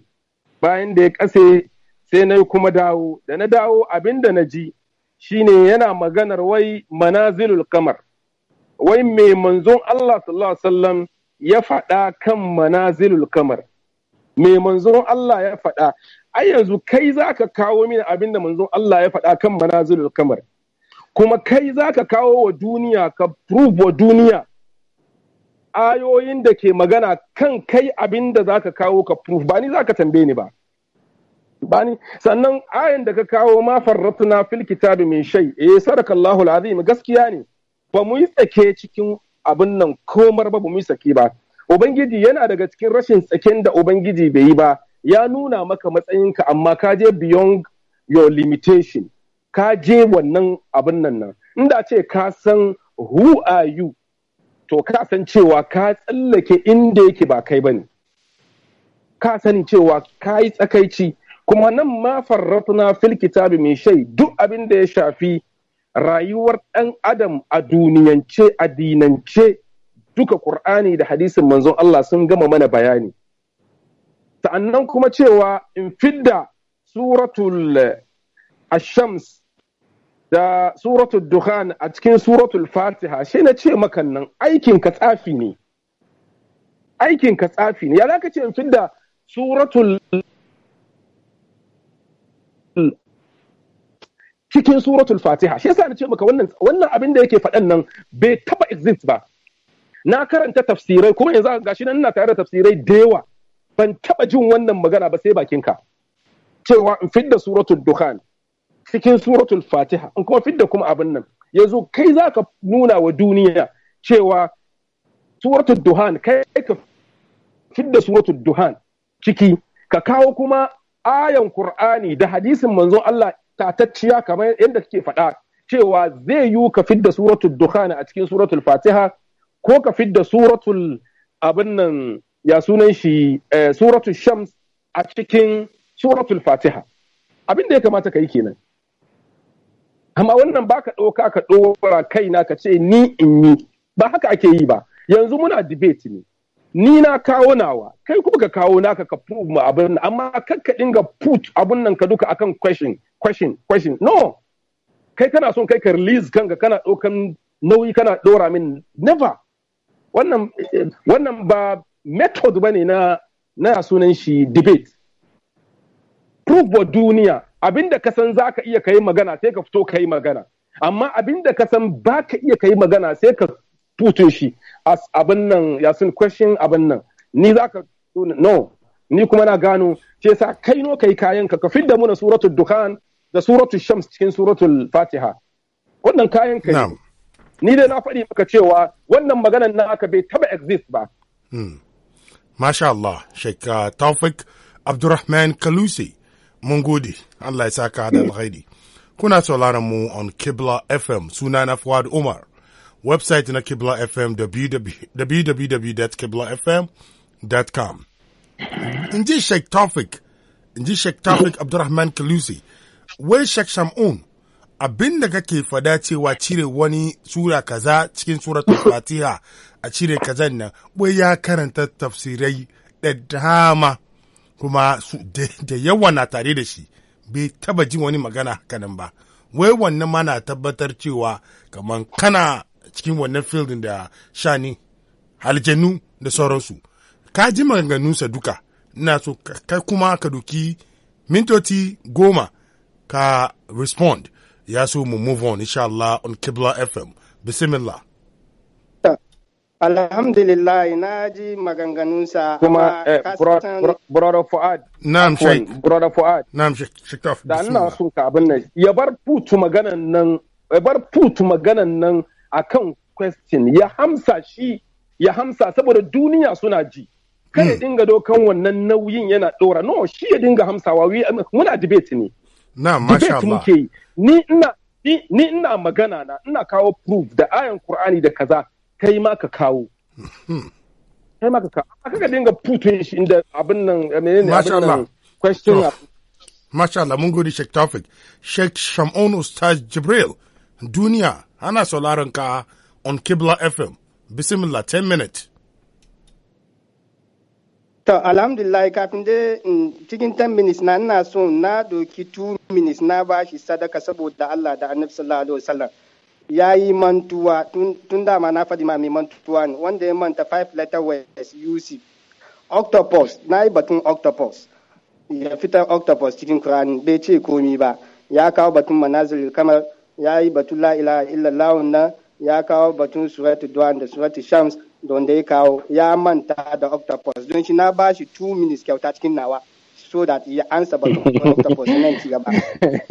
bayan da ya katse sai na yi kuma dawo da na dawo abin da na ji shine yana maganar wai manazilul kamar wai mai manzon Allah sallallahu alaihi wasallam ya faɗa kan manazilul kamar mai manzon Allah ya faɗa ai yanzu kai za ka kawo mini abin da manzon Allah ya faɗa kan manazilul kamar kuma kai za ka kawo wa duniya ka prove wa duniya ayoyin da ke magana kan kai abin da za ka kawo ka prove ba ni za ka tambaye ni ba bani sannan ayan da ka kawo ma farratuna fil kitabi min shay eh sadakallahu alazim gaskiya ne ba mu yi tsake cikin abin nan komar ba ba mu yi tsake ba ubangiji yana daga cikin rashin tsaken da ubangiji bai yi ba ya nuna maka matsayinka amma ka je beyond your limitation ka je wannan abin nan nan inda ce ka san who are you to ka san cewa ka tsallake inda yake ba kai bane ka sani cewa ka yi tsakaici kuma nan ma na fil kitabi mai shai duk abin da ya shafi rayuwar ɗan adam a duniyance a dinance duka ƙur'ani, da hadisin manzon Allah sun gama mana bayani sa'annan kuma cewa in fidda suratul eh, ashams da suratul dukhan a cikin suratul fatiha shi na ce makan nan aikin ka tsafi ne aikin ka tsafi ne ya za ka ce in da suratul cikin suratul fatiha shi yasa na ce maka wannan wannan abin da yake faɗan nan bai taba exist ba na karanta tafsirai kuma yanzu gashi nan ina tare da tafsirai da yawa ban taba jin wannan magana ba sai bakinka cewa in fidda suratul dukhan cikin suratul fatiha in kuma fidda kuma abin nan ya kai za ka nuna wa duniya cewa suratul duhan kai ka fidda suratul duhan ciki ka kawo kuma ayan qur'ani da hadisin manzon Allah tatacciya kamar yadda kake faɗa cewa zai yiwu ka fidda suratul duhan a cikin suratul fatiha ko ka fidda suratul abin nan ya sunan shi eh, suratul shams a cikin suratul fatiha abin da ya kamata ka yi kenan amma wannan ba ka ɗauka ka ɗora kaina ka ce ni in yi ba haka ake yi ba yanzu muna debate ne ni na kawo nawa kai kuma ka kawo naka ka prove mu abin amma ka dinga put abun nan ka duka akan question question question no kai kana son kai ka release kanka kana ɗaukan nauyi kana ɗora min never wannan wannan ba method bane na na sunan shi debate prove wa duniya abin da ka san za ka iya kai magana sai ka fito ka yi magana amma abin da ka san ba ka iya kai magana sai ka puto shi abin nan sun question abin nan ni za ka no ni kuma na gano ce sa kai no kai kayan ka ka da mu na suratul dukan da suratul shams cikin suratul fatiha wannan kayan ka ni dai na faɗi maka cewa wannan maganan naka bai taba exist ba hmm. masha Allah Sheikh uh, Tawfik Abdurrahman Kalusi mun gode Allah ya saka da alkhairi kuna sauraron mu on Kibla FM suna na Fuad Umar website na Kibla FM www.kiblafm.com in ji Sheikh Tawfik in ji Sheikh Tawfik Abdurrahman Kalusi wai Sheikh Shamun abin da kake fada cewa cire wani sura kaza cikin suratul Fatiha a cire kazan nan wai ya karanta tafsirai da dama kuma da yawa na tare da shi bai taba jin wani magana kanan ba wai wannan ma na tabbatar cewa kamar kana cikin wannan fieldin da shani aljanu da sauransu ka ji maganganunsa duka n'a so kai kuma ka duki mintoti goma ka respond ya so mu move on insha Allah on Kibla FM bismillah Alhamdulillah na ji maganganunsa. Kuma eh, Brother Fuad. Na'am Sheikh. Brother Fuad. Na'am Sheikh. Da ina sun ka abin nan. Ya bar putu maganan nan, ya bar putu maganan nan akan question ya hamsa shi ya hamsa saboda duniya suna ji. Kai ya hmm. dinga dokan wannan nauyin yana ɗora. No, shi ya dinga hamsawa. Muna debate ne. Na'am, masha Allah. Debate muke yi. Ni ina ni ina magana na ina kawo proof da ayan Qur'ani da kaza kai ma ka kawo kai ma ka kawo amma kaka dinga putun shi inda abin nan eh, menene abin nan question Masha Allah mun gode Sheikh Tawfik Sheikh Shamon Ustaz Jibril duniya ana sauraron ka on Kibla FM bismillah 10 minutes To alhamdulillah kafin dai cikin 10 minutes na ina so na doki 2 minutes na bashi sadaka saboda Allah da Annabi sallallahu alaihi wasallam ya yi mantuwa tun dama na faɗi ma mai mantuwa ne wanda ya manta five letter words uc octopus na yi batun octopus ya fita octopus cikin kurani bai ce komi ba ya kawo batun manazil kamar ya yi batun la'ila illallah na ya kawo batun suratu duwan da suratu shams da wanda ya kawo ya manta da octopus don shi na ba shi two minutes kyauta cikin nawa so hmm, that ya ansa ba Dr. Fosunan ci gaba.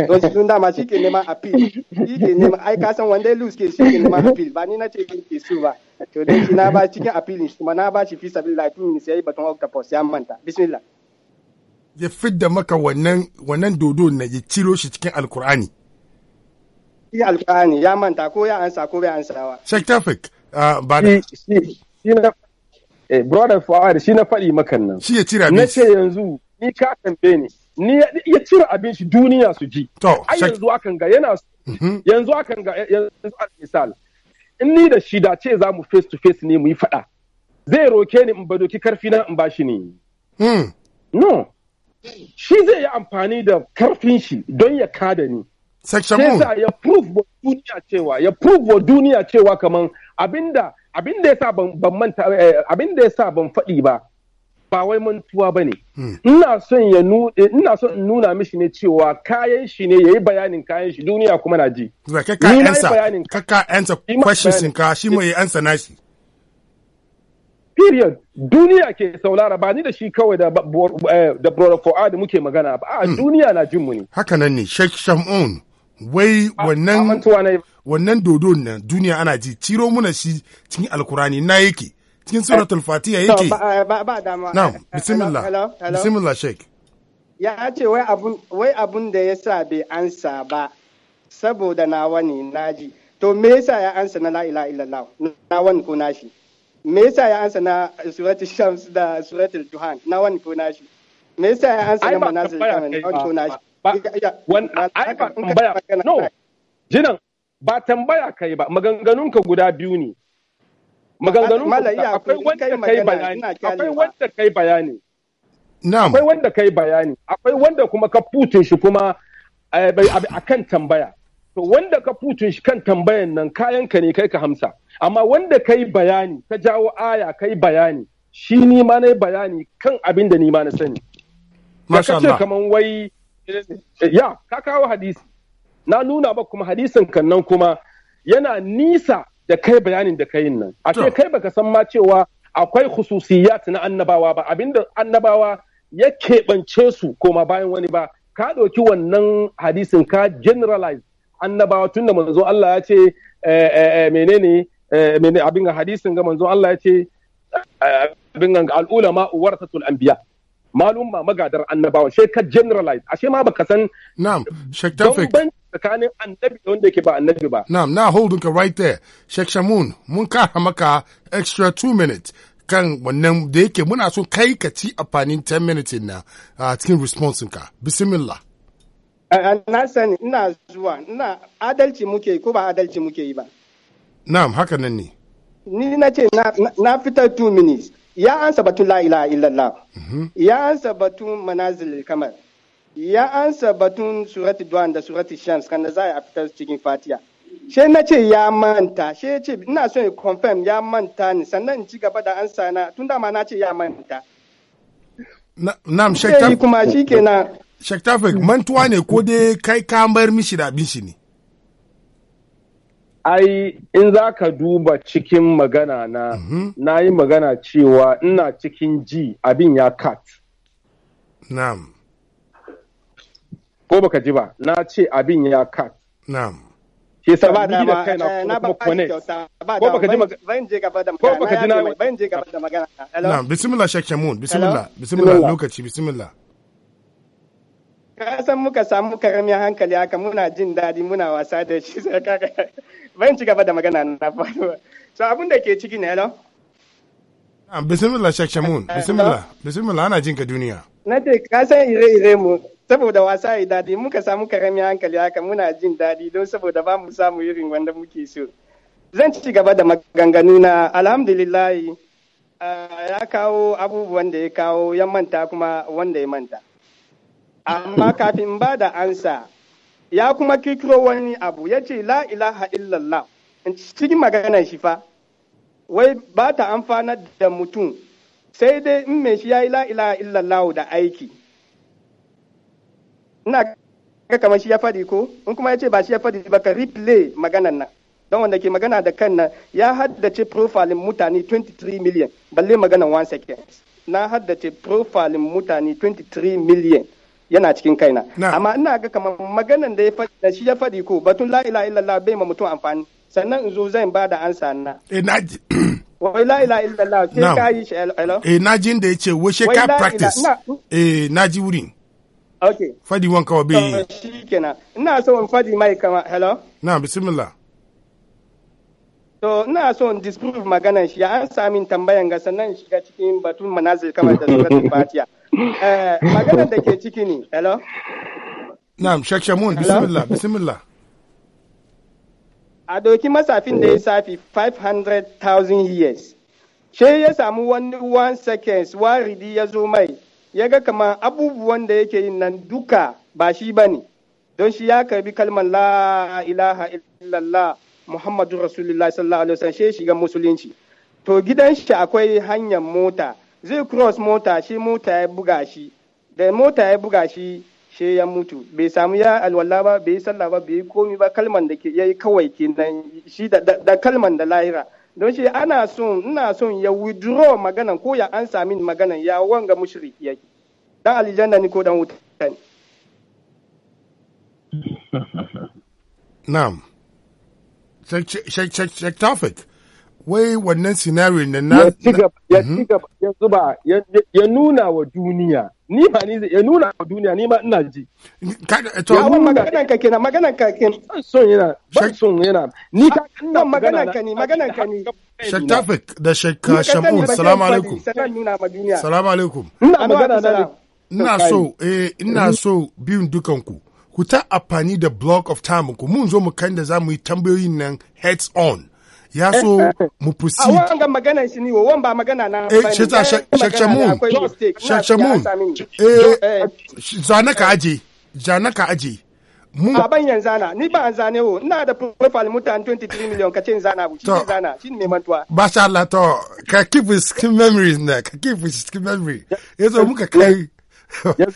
Don shi sun dama shi ke neman appeal, shi ke neman ai ka san wanda lose ke shi ke neman appeal ba ni na ce ke su ba. To don shi na ba cikin appeal shi kuma na ba shi fi sabi lafi min sai batun octopus ya manta. Bismillah. Ya fidda maka wannan wannan dodo na ya ciro shi cikin alkur'ani. Cikin ya manta ko ya ansa ko bai ansawa. Sheikh Tafik uh, ba da. Eh, brother shi na faɗi makan nan. Shi ya cira Na ce yanzu ni ka tambaye ni ni ya cire abin shi duniya su ji ai yanzu akan ga yana mhm. yanzu akan ga yanzu misal in ni da shi da ce za mu face to face ne mu yi faɗa zai roke ni in ba doki karfi na in bashi ne hmm. no shi zai yi amfani da karfin shi don ya kada ni Section Sai ya prove wa duniya cewa ya prove wa duniya cewa kaman abinda abinda yasa ban ban manta eh, abinda yasa ban faɗi ba ba wai mantuwa ba ne. Hmm. Ina son ya ina son nuna mishi ne cewa kayan shi ne yayi bayanin kayan shi duniya kuma na ji. Kaka ansa, kakka ansa questions ka shi mai ansa shi. Period. Duniya ke saulara ba ni da shi kawai da eh, da Brother da muke magana ba. A hmm. duniya na jin mu ne. Haka nan ne Sheikh Shamun. Wai wannan wannan dodon nan duniya ana ji ciro muna shi cikin alkurani na yake. cikin suratul fatiha yake ba eh, dama Na eh, bismillah bismillah sheik ya ce wai abun wai abun da bai ansa ba saboda na wani naji to me yasa ya ansa na la ilaha illallah wani ko nashi me yasa ya ansa na suratul shams da suratul duhan wani ko nashi me yasa ya ansa na manazil na wani ko nashi ba tambaya kai ba maganganunka guda biyu ne maganganun akwai wanda kai bayani akwai wanda kai bayani akwai wanda kai bayani akwai wanda kuma ka fute shi kuma eh, a kan tambaya to wanda ka fute shi kan tambayan nan kayan ka ne kai ka hamsa amma wanda kai bayani ka jawo aya kai bayani shi ni ma na bayani kan abin da ni ma na sani. Masha Allah. kaman wai eh, ya ka kawo hadisi na nuna ba kuma hadisin kan nan kuma yana nisa da kai bayanin da kai nan ashe kai baka san ma cewa akwai khususiyat na annabawa ba abinda annabawa ya keɓance su koma bayan wani ba ka ɗauki wannan hadisin ka generalize annabawa tun da manzo Allah ya ce eh, eh, eh, menene abin hadisin ga manzo Allah ya ce abin al'ulama waratatul anbiya malum ma magadar annabawa she ka generalize ashe ma baka san na'am shek tafik tsakanin annabi da wanda yake ba annabi ba na'am na hold ka right there shek shamun mun kara maka extra two minutes kan wannan da yake muna son kai ka ci amfanin 10 minutes na a cikin response ka bismillah na sani ina zuwa ina adalci muke ko ba adalci muke yi ba na'am haka nan ne ni na ce na fitar 2 minutes ya ansa batun la ilaha illallah mhm. ya ansa batun manazil kamar ya ansa batun surati duwan da surati shams kan da za a fitar cikin fatiya she na ce ya manta she ce ina son ya confirm ya manta ni sannan in ci gaba da ansa na tun dama na ce ya manta na'am shek kuma shikenan mantuwa ne ko dai kai ka mayar mishi da abin shi ne ai in za ka duba cikin magana na mhm. na yi magana cewa ina cikin ji abin ya kat na'am ko baka ji ba na ce abin ya kat na'am ke sa ba da kaina eh, kuma connect ko baka ji ban je gaba da magana ko baka ji na ban je gaba da magana na'am bismillah shek shamun bismillah bismillah lokaci bismillah ka san muka samu karamin hankali haka muna jin daɗi muna wasa da shi sai bayan ci gaba da magana na faruwa so abin da ke ciki ne yalo ah, bismillah shek shamun bismillah bismillah ana jin ka duniya na ce ka san ire-ire mu saboda wasa yi daɗi muka samu karami hankali haka muna jin daɗi don saboda ba mu samu irin wanda muke so zan ci gaba da maganganu na alhamdulillah ah, ya kawo abubuwan da ya kawo ya manta kuma wanda ya manta amma kafin ba da ansa ya kuma kirkiro wani abu ya ce la ilaha illallah cikin maganar shi fa wai ba ta amfana da mutum sai dai in mai shi ya yi la ilaha illallah da aiki ina ga kamar shi ya faɗi ko in kuma ya ce ba shi ya faɗi ba ka replay maganar nan don wanda ke magana da kan nan ya haddace profilin mutane 23 million balle maganar 1 second na haddace profilin mutane 23 million yana cikin kaina amma ina ga kamar maganan da ya shi ya faɗi ko batun la ilaha illallah bai ma mutum amfani sannan in zo zan ba da ansa na eh, wai la ilaha illallah ke ka yi shi eh na jin da ce wai ka practice eh na ji wurin Ok. fadi wanka wa bai shi kenan ina so in fadi mai kama hello na bismillah To ina so in disprove magana shi an sami tambayan ga sannan shiga cikin batun manazir kamar da suka Fatiha. Eh, Maganar da ke ciki ne. Hello? Na'am, Sheikh Shamun, bismillah, bismillah. A doki masafin da ya safi 500,000 years. She ya samu wani one seconds waridi ya zo mai, ya ga kama abubuwan da yake yin nan duka ba shi ba ne, don shi ya karbi kalmar la ilaha illallah Muhammadu Rasulullah sallallahu alaihi wasallam shi shiga musulunci. To gidan shi akwai hanyar mota, zai cross mota shi mota ya buga shi, da mota ya buga shi she ya mutu, bai samu ya alwala ba, bai yi sallah ba, bai yi komi ba kalman da ya yi kawai kenan shi da kalman da lahira. Don shi ana son, ina son ya withdraw maganan ko ya an sami maganan ya wanga mushriki yake. Dan aljanna ni ko dan wuta Na'am. Shek Tafik. Wai wannan scenario na na... Ya ci mhm. ya zuba, ya nuna wa duniya. Ni ba ni ya nuna wa duniya, ni ma ina ji. Ya maganan ka kenan, maganan ka kenan, ban son yana, ban son yana. Ni ka nan maganan ka ni maganan ka ne. Shek Tafik da Shek uh, Shamun, salamu alaikum. Salamu alaikum. Ina magana na. Ina so, eh, ina so biyun dukanku. ku ta amfani da block of time ku mun zo mu kan da za mu yi tambayoyin nan heads on ya so mu proceed. A wanga magana shi ne wan ba magana na bane. Eh shi ta shakshamun. Shakshamun. Eh zana ka aje. Zana ka aje. Mun a ban yan zana ni ba an zane wo ina da profile mutane 23 million kace zana bu shi zana shi ne mantuwa. Masha Allah to ka keep with skin na ka keep with skin memory. Yazo muka kai. Yes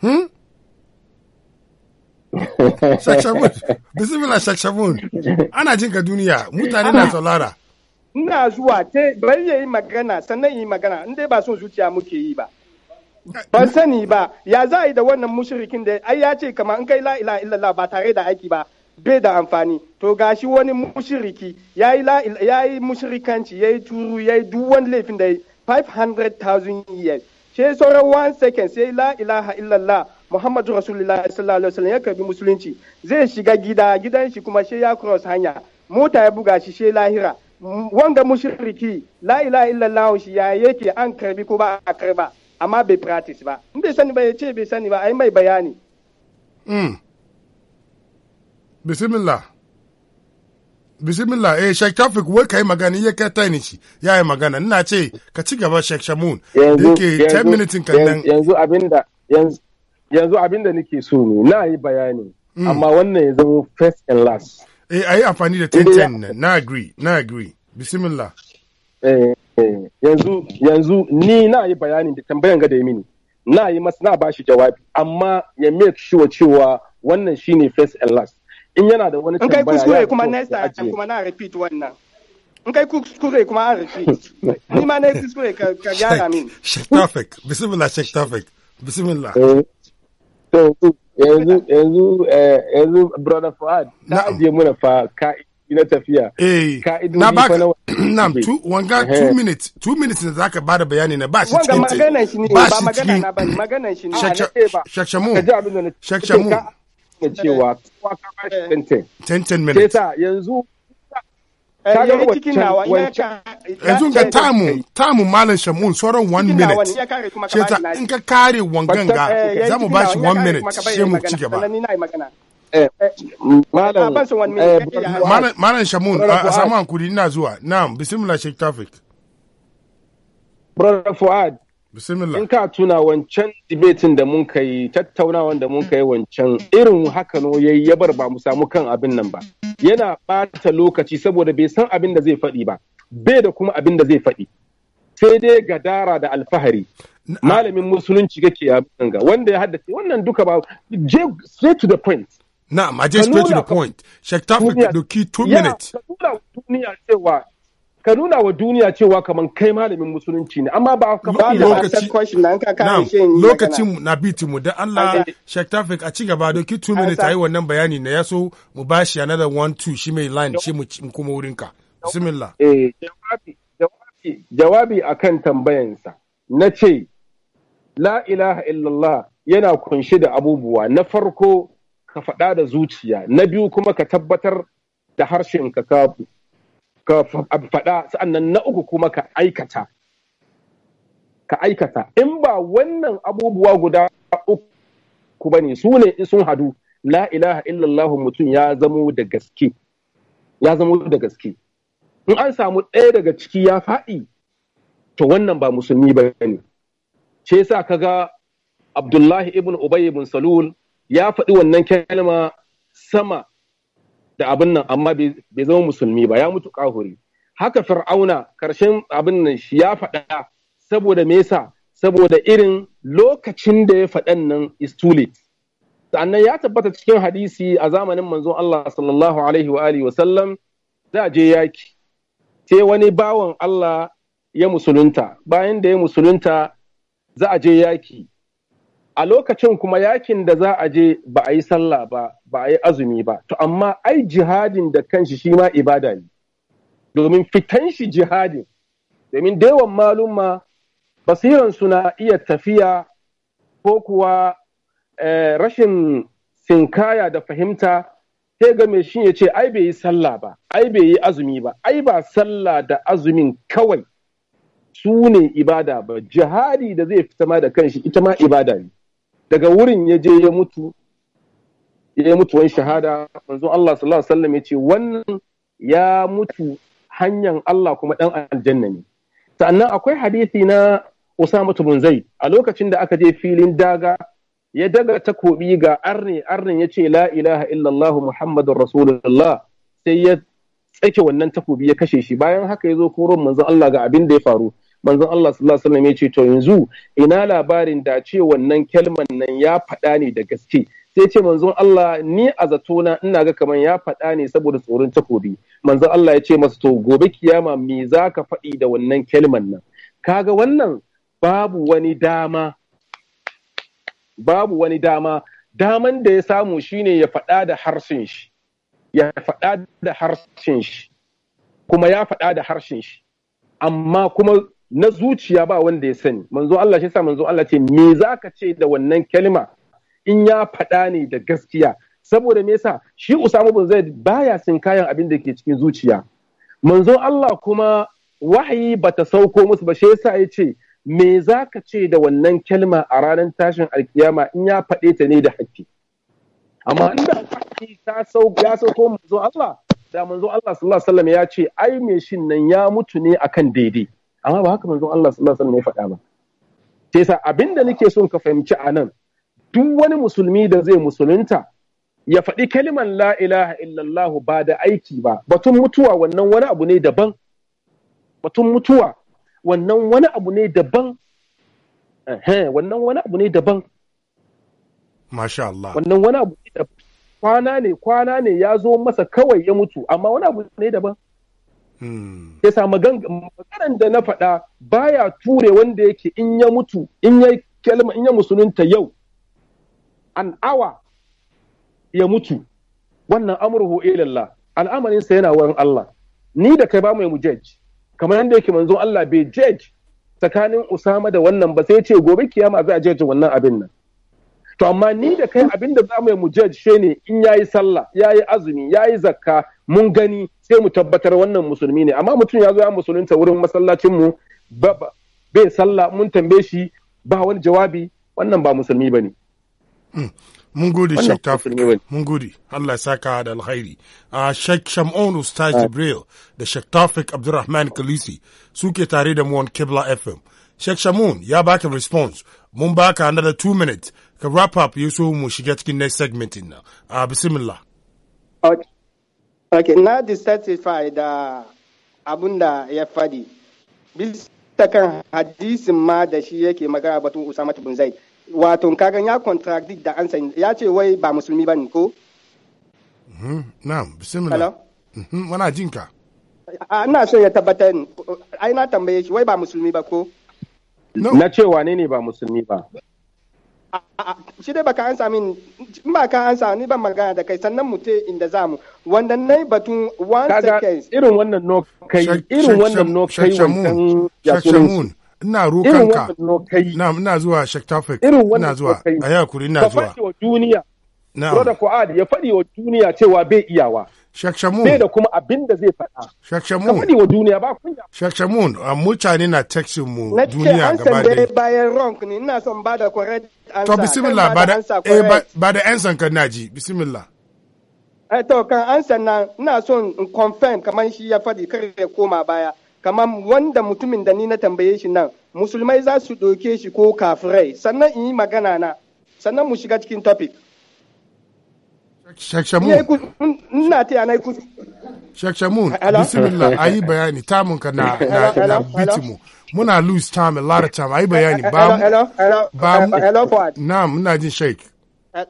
Hmm? Shakshabun, bismillah Shakshabun, ana jin ka duniya, mutane na saurara. Ina zuwa, te bari ya yi magana, sannan yi magana, inda ba son zuciya muke yi ba. Ban sani ba, ya za a yi da wannan mushrikin da ai ya ce kama in kai la ilaha illallah ba tare da aiki ba, bai da amfani. To gashi wani mushiriki ya yi mushrikanci, ya yi turu, ya yi duk wani laifin da ya yi 500,000 years. sai sauran one second sai la ilaha illallah muhammadu rasulullah sallallahu alaihi wasallam ya karbi musulunci zai shiga gida gidan shi kuma sai ya cross hanya mota ya buga shi sai lahira wanda mushriki la ilaha illallah shi ya yake an karbi ko ba a karba amma bai practice ba in bai sani ba ya ce bai sani ba ai mai bayani mm. bismillah bismillah eh Sheikh Tafik wai kai magana ya ka tani shi yi magana ina ce ka ci gaba shek Shamun da 10 minutes kan nan yanzu abinda yanzu yanzu abinda nake so ne na yi bayani mm. amma wannan ya zama first and last eh ayi amfani da 10 nan na agree na agree bismillah eh, eh yanzu yanzu ni na yi bayani da tambayan ga da mini na yi masa na shi jawabi amma ya make sure cewa wannan shine first and last in yana da wani tambaya in kai kuskure kuma next time kuma na repeat wannan in kai kuskure kuma an repeat ni ma na kuskure ka ka gyara min shek Tafik bismillah shek Tafik bismillah eh, to yanzu yanzu eh, yanzu brother Fuad na je muna fa ka na tafiya eh, ka'idodi na baka na two wanga two minutes two minutes da zaka bada bayani na ba shi cikin ba magana shi ne ba magana na ba magana shi ne ba shakshamu shakshamu da cewa kowa ka ba shi 10 10 10 minutes sai yanzu eh, yanzu ga tamu tamu malam shamun sauran one minute shi ta in ka kare wangan ga eh, za mu bashi eh, one minute shi mu ci gaba malam shamun a samu hankuri ina zuwa na bisimila shek tafik brother fuad Bismillah. In ka tuna wancan debatin da mun kai tattaunawan da mun kai wancan irin haka no yayi ya bar ba mu samu kan abin nan ba. Yana bata lokaci saboda bai san abin da zai faɗi ba. Bai da kuma abin da zai faɗi. Sai dai gadara da alfahari. Malamin musulunci kake ya ga wanda ya haddace wannan duka ba je straight to the point. na ma just straight to the point. shek Tafik doki two minutes. Ya, duniya cewa ka nuna wa duniya cewa kamar kai malamin musulunci ne amma ba ka ba da answer question nan ka kare shi lokacin na biti mu da Allah Sheikh Tafik a ci gaba doki 2 minutes ayi wannan bayani na yaso mu bashi another one two shi mai line shi mu kuma wurin ka bismillah eh, jawabi jawabi jawabi akan tambayansa na ce la ilaha illallah yana kunshi da abubuwa na farko ka faɗa da zuciya na biyu kuma ka tabbatar da harshen ka ka faɗa sa'annan na uku kuma ka aikata ka aikata in ba wannan abubuwa guda uku bane su ne sun hadu la ilaha illallah mutum ya zamo da gaske ya zamo da gaske in an samu ɗaya daga ciki ya faɗi to wannan ba musulmi ba ne ce sa ka ga abdullahi ibn ubay ibn salul ya faɗi wannan kalma sama da abin nan amma bai zama musulmi ba ya mutu kahuri haka fir'auna karshen abin nan shi ya faɗa saboda me yasa saboda irin lokacin da ya faɗan nan is too late sannan ya tabbata cikin hadisi a zamanin manzon Allah sallallahu alaihi wa alihi wa sallam je yaki sai wani bawan Allah ya musulunta bayan da ya musulunta za a je yaki a lokacin kuma yakin da za a je ba a yi sallah ba ba a yi azumi ba to amma ai jihadin da kanshi shi ma ibada ne domin fitan shi jihadin domin dewan malumma basiran suna iya tafiya ko kuwa eh, rashin sinkaya da fahimta sai ga mai shi ya ce ai bai yi sallah ba ai bai yi azumi ba ai ba sallah da azumin kawai su ne ibada ba jihadi da zai fita ma da kanshi ita ma ibada ne daga wurin ya je ya mutu ya mutu mutuwan shahada manzon Allah sallallahu alaihi wasallam ya ce wannan ya mutu hanyar Allah kuma ɗan aljanna ne sannan akwai hadisi na Usama bin Zaid a lokacin da aka je filin daga ya daga takobi ga arni arnin ya ce la ilaha illallah muhammadur rasulullah sai ya tsake wannan takobi ya kashe shi bayan haka ya zo koron manzo Allah ga abin da ya faru manzon Allah sallallahu alaihi wasallam ya ce to yanzu ina labarin da ce wannan kalman nan ya faɗa ne da gaske sai ce manzon Allah ni a zatona ina ga kaman ya faɗa ne saboda tsoron takobi manzon Allah ya ce masa to gobe kiyama me za ka faɗi da wannan kalman nan kaga wannan babu wani dama babu wani dama daman da ya samu shine ya faɗa da harshen shi ya faɗa da harshen shi kuma ya faɗa da harshen shi amma kuma na zuciya ba wanda ya sani manzo Allah shi sa manzo Allah ce me zaka ce da wannan kalma in ya faɗa ne da gaskiya saboda me yasa shi Usama bin Zaid baya sin kayan abin da ke cikin zuciya manzo Allah kuma wahayi bata sauko musu ba shi yasa ya ce me zaka ce da wannan kalma a ranar tashin alkiyama in ya faɗe ta ne da haƙƙi? amma inda haƙƙi ta sauko ya sauko manzo Allah da manzo Allah sallallahu alaihi wasallam ya ce ai me shin nan ya mutu ne akan daidai amma ba haka manzon Allah sallallahu alaihi wasallam ya faɗa ba sai sa abinda nake son ka fahimci a nan duk wani musulmi da zai musulunta ya faɗi kaliman la ilaha illallah ba da aiki ba batun mutuwa wannan wani abu ne daban batun mutuwa wannan wani abu ne daban wannan wani abu ne daban masha Allah wannan wani abu ne daban kwana ne kwana ne ya zo masa kawai ya mutu amma wani abu ne daban Ya sa maganan da na faɗa baya ture wanda yake in ya mutu in ya kalma in ya musulunta yau an awa ya mutu wannan amurhu ilallah al'amarinsa yana wurin Allah ni da kai ba mu mu jej. kamar yadda yake manzon Allah bai jej, tsakanin Usama da wannan ba sai ce gobe kiyama za a jeji wannan abin nan to amma ni da kai abin da za mu mu judge shine in yayi sallah yayi azumi yayi zakka mun gani sai mu tabbatar wannan musulmi ne amma mutum ya zo ya musulunta wurin masallacin mu bai sallah mun tambaye shi ba wani jawabi wannan ba musulmi bane hmm. mun gode shek mun gode allah ya saka da alkhairi a ah, shek shamon ustaz jibril da shek tafik abdurrahman kalisi suke tare da mu on kibla fm shek shamun ya baka response mun baka another two minutes ka wrap up mu shiga cikin next segment din nan a ah, bismillah ok na dissatisfy da abun da ya fadi bisa kan hadisin ma da shi yake magana batun usama bin zaid wato kagan ya contradict da ansa ya ce wai ba musulmi ba ko hmm, na'am bismillah hello wana hmm, jinka Ana ah, so ya tabbatar ai na tambaye shi wai ba musulmi ba ko na cewa ne ne ba musulmi ba shi dai baka ansa min in ba ka ansa ni ban magana da kai sannan mu te inda zamu wanda nai batun one second irin wannan no kai irin wannan no kai wannan shakshamun ina rokanka na ina zuwa shek tafik ina zuwa ayakuri ina zuwa duniya Brother Ku'ad ya faɗi wa duniya cewa bai iyawa. Shakshamun. Bai da kuma abin da zai faɗa. Shakshamun. Kamar faɗi wa duniya ba kunya. Shakshamun, mutane na texting mu duniya gaba da. Na ce bayan wrong ne, ina son ba da correct answer. To bismillah ba da eh ba da answer kan naji, bismillah. Eh to kan answer na ina son in confirm kamar shi ya faɗi kar ya koma baya. Kamar wanda mutumin da ni na tambaye shi nan, musulmai za su ɗauke shi ko kafirai, sannan in yi magana na, sannan mu shiga cikin topic. Shakshamu. Ina taya na bayani, tamun ka na, na Muna lose time, a lot of bayani. Ba, hello, hello, Na, jin Sheikh. Eh,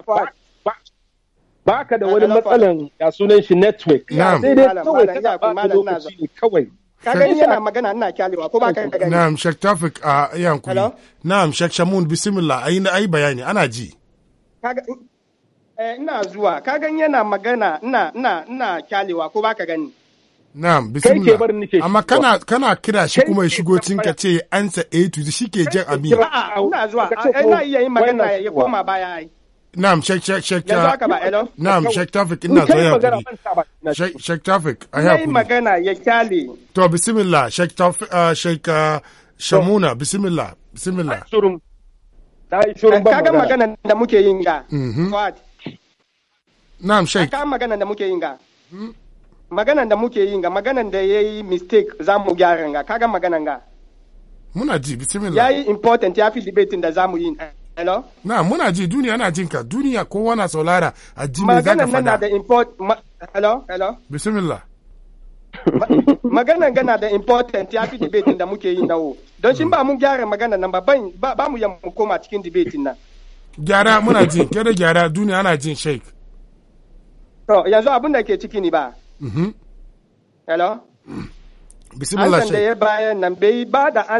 ba ka da wani matsalan ya sunan shi network. Na, Sai dai kawai ba ka lokaci ne kawai. Kaga yana magana ina kyalewa ko ba ka gani. Na'am, Sheikh Tafik a yankuri. Na'am, Sheikh Shamun, bismillah, a yi bayani, ana ji. Eh, ina zuwa ka gan yana magana ina ina ina kyalewa ko baka gani Na'am, bismillah. Amma kana kana kira shi kuma ya shigo cin ka ce ansa A to shi ke jan abin. ina zuwa. Ah, ina iya yin magana ya koma baya ai. Na'am, Sheikh Sheikh Sheikh. Uh, Na'am, Sheikh Tafik ina zo ya kuri. Sheikh Tafik, ai ya kuri. magana ya kyale. To bismillah, Sheikh Tafik uh, Sheikh uh, Shamuna, bismillah, bismillah. Shurum. Dai shurum ba. Kaga magana da muke yin ga. Mm-hmm. what na'am Sheikh. akan maganan da muke yin ga maganan da muke yin ga maganan da yayi mistake za mu gyara ga kaga maganan ga muna ji bismillah yayi important ya fi debating da zamu yi hello na muna ji duniya na jin ka duniya kowa na saulara a ji me zaka fada na da import ma, hello hello bismillah maganan gana da important ya fi debating da muke yi na wo don shi ba mun gyara maganan nan ba ba mu yamma koma cikin debating nan gyara muna ji kada gyara duniya ana jin sheikh. To yanzu abin da ke ciki ni ba. Mhm. Hello? Bismillah shai. da ya bayan nan bai ba da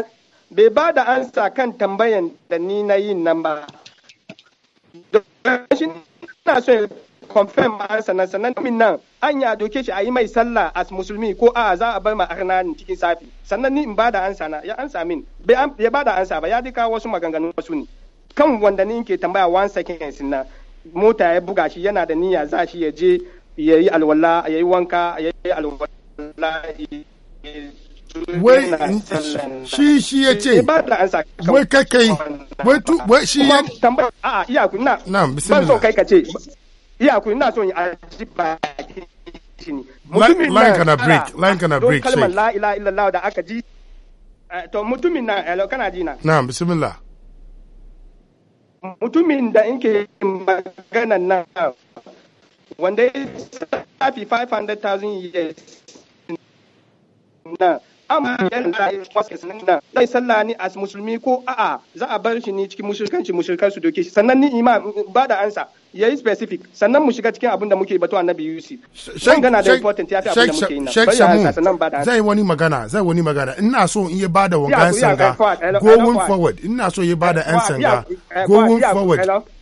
ba da ansa kan tambayan da ni na yin nan ba. don Shi na so ya confirm ansa nan sannan min nan an ya doke shi a yi mai sallah as musulmi ko a za a bar ma arna cikin safi sannan ni in ba da ansa na ya ansa min bai ya ba da ansa ba ya dika wasu maganganu wasu ne kan wanda ni ke tambaya one second na mota ya buga shi yana da niyya za shi ya je ya yi alwala ya yi wanka ya yi alwala wai shi shi ya ce eh, wai kai kai wai tu wai shi ya a a iya ku na ban so kai ka ce iya ku ina so in a ba mutumin line kana break line kana break kalmar la ilaha illallah da aka ji eh, to mutumin na kana ji na na'am bismillah mutumin da ke maganan nan wanda ya tafi 500,000 years na amma idan za a yi kwaskis nan zai salla ni as musulmi ko a'a za a bar shi ni cikin musulkanci musulkansu doke shi sannan ni imam ba da ansa yayi specific sannan mu shiga cikin abin da muke batu annabi Yusuf zan gana da important ya fi abin da muke yi sannan ba da zai wani magana zai wani magana ina so in yi bada wangan sanga going forward ina so yi bada yan sanga going forward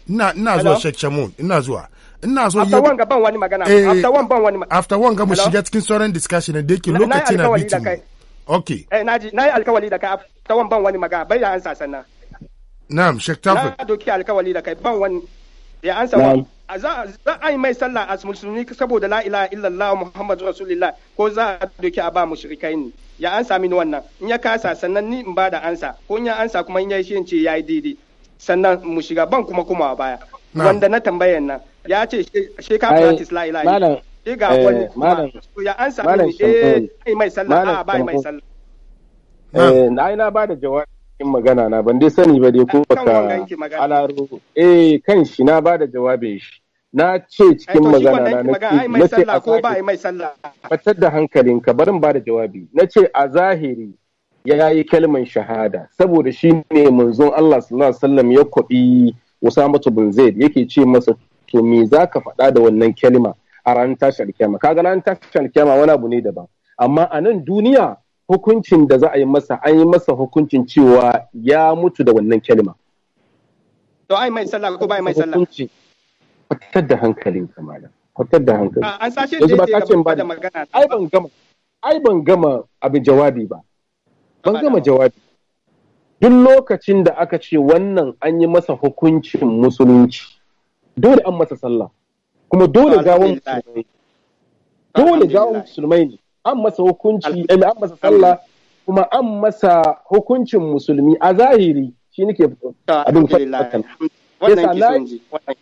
ina ina zuwa shek Shamun ina zuwa ina so after one ga ban wani magana eh, after one ban wani magana after one ga mu shiga cikin sauran discussion da yake lokaci na bitin okay eh naji nayi alkawali da kai after one ban wani magana bai da ansa sannan na'am shek tafi na doki alkawali da kai ban wani ya ansa wa za a yi mai sallah a musulmi saboda la ilaha illallah muhammadu rasulillah ko za a doki a ba mushrikai ne ya ansa mini wannan in ya kasa sannan ni in ba da ansa ko in ya ansa kuma in ya shi ce ya yi daidai sannan mu shiga ban kuma kuma a baya wanda na tambayan nan ya ce she ka practice la ilaha illallah ga eh, wani ya ansa mini eh mai sallah a ba mai sallah eh, na ba da jawabi in magana na ban dai sani ba dai ko baka alaro eh kan shi na bada jawabin shi na ce cikin magana na na ce a ko ba mai sallah fatar da hankalinka barin bada jawabi na ce a zahiri ya yi kalman shahada saboda shi ne manzon Allah sallallahu alaihi wasallam ya kwabi Usamatu bin Zaid yake ce masa to me zaka faɗa da wannan kalma a ran tashar kiyama kaga ran tashar kiyama wani abu ne daban amma a nan duniya hukuncin da za a yi masa an yi masa hukuncin cewa ya mutu da wannan kalma to ai mai sallah ko bai mai sallah hukunci kwatar da hankalin kamala kwatar da hankali an sashe da ba ba da magana ai ban gama ai ban gama abin jawabi ba ban gama jawabi duk lokacin da aka ce wannan an yi masa hukuncin musulunci dole an masa sallah kuma dole gawon musulmai dole gawon musulmai ne an masa hukunci eh, an masa sallah kuma an masa hukuncin musulmi a zahiri shi nake abin fatan yasa na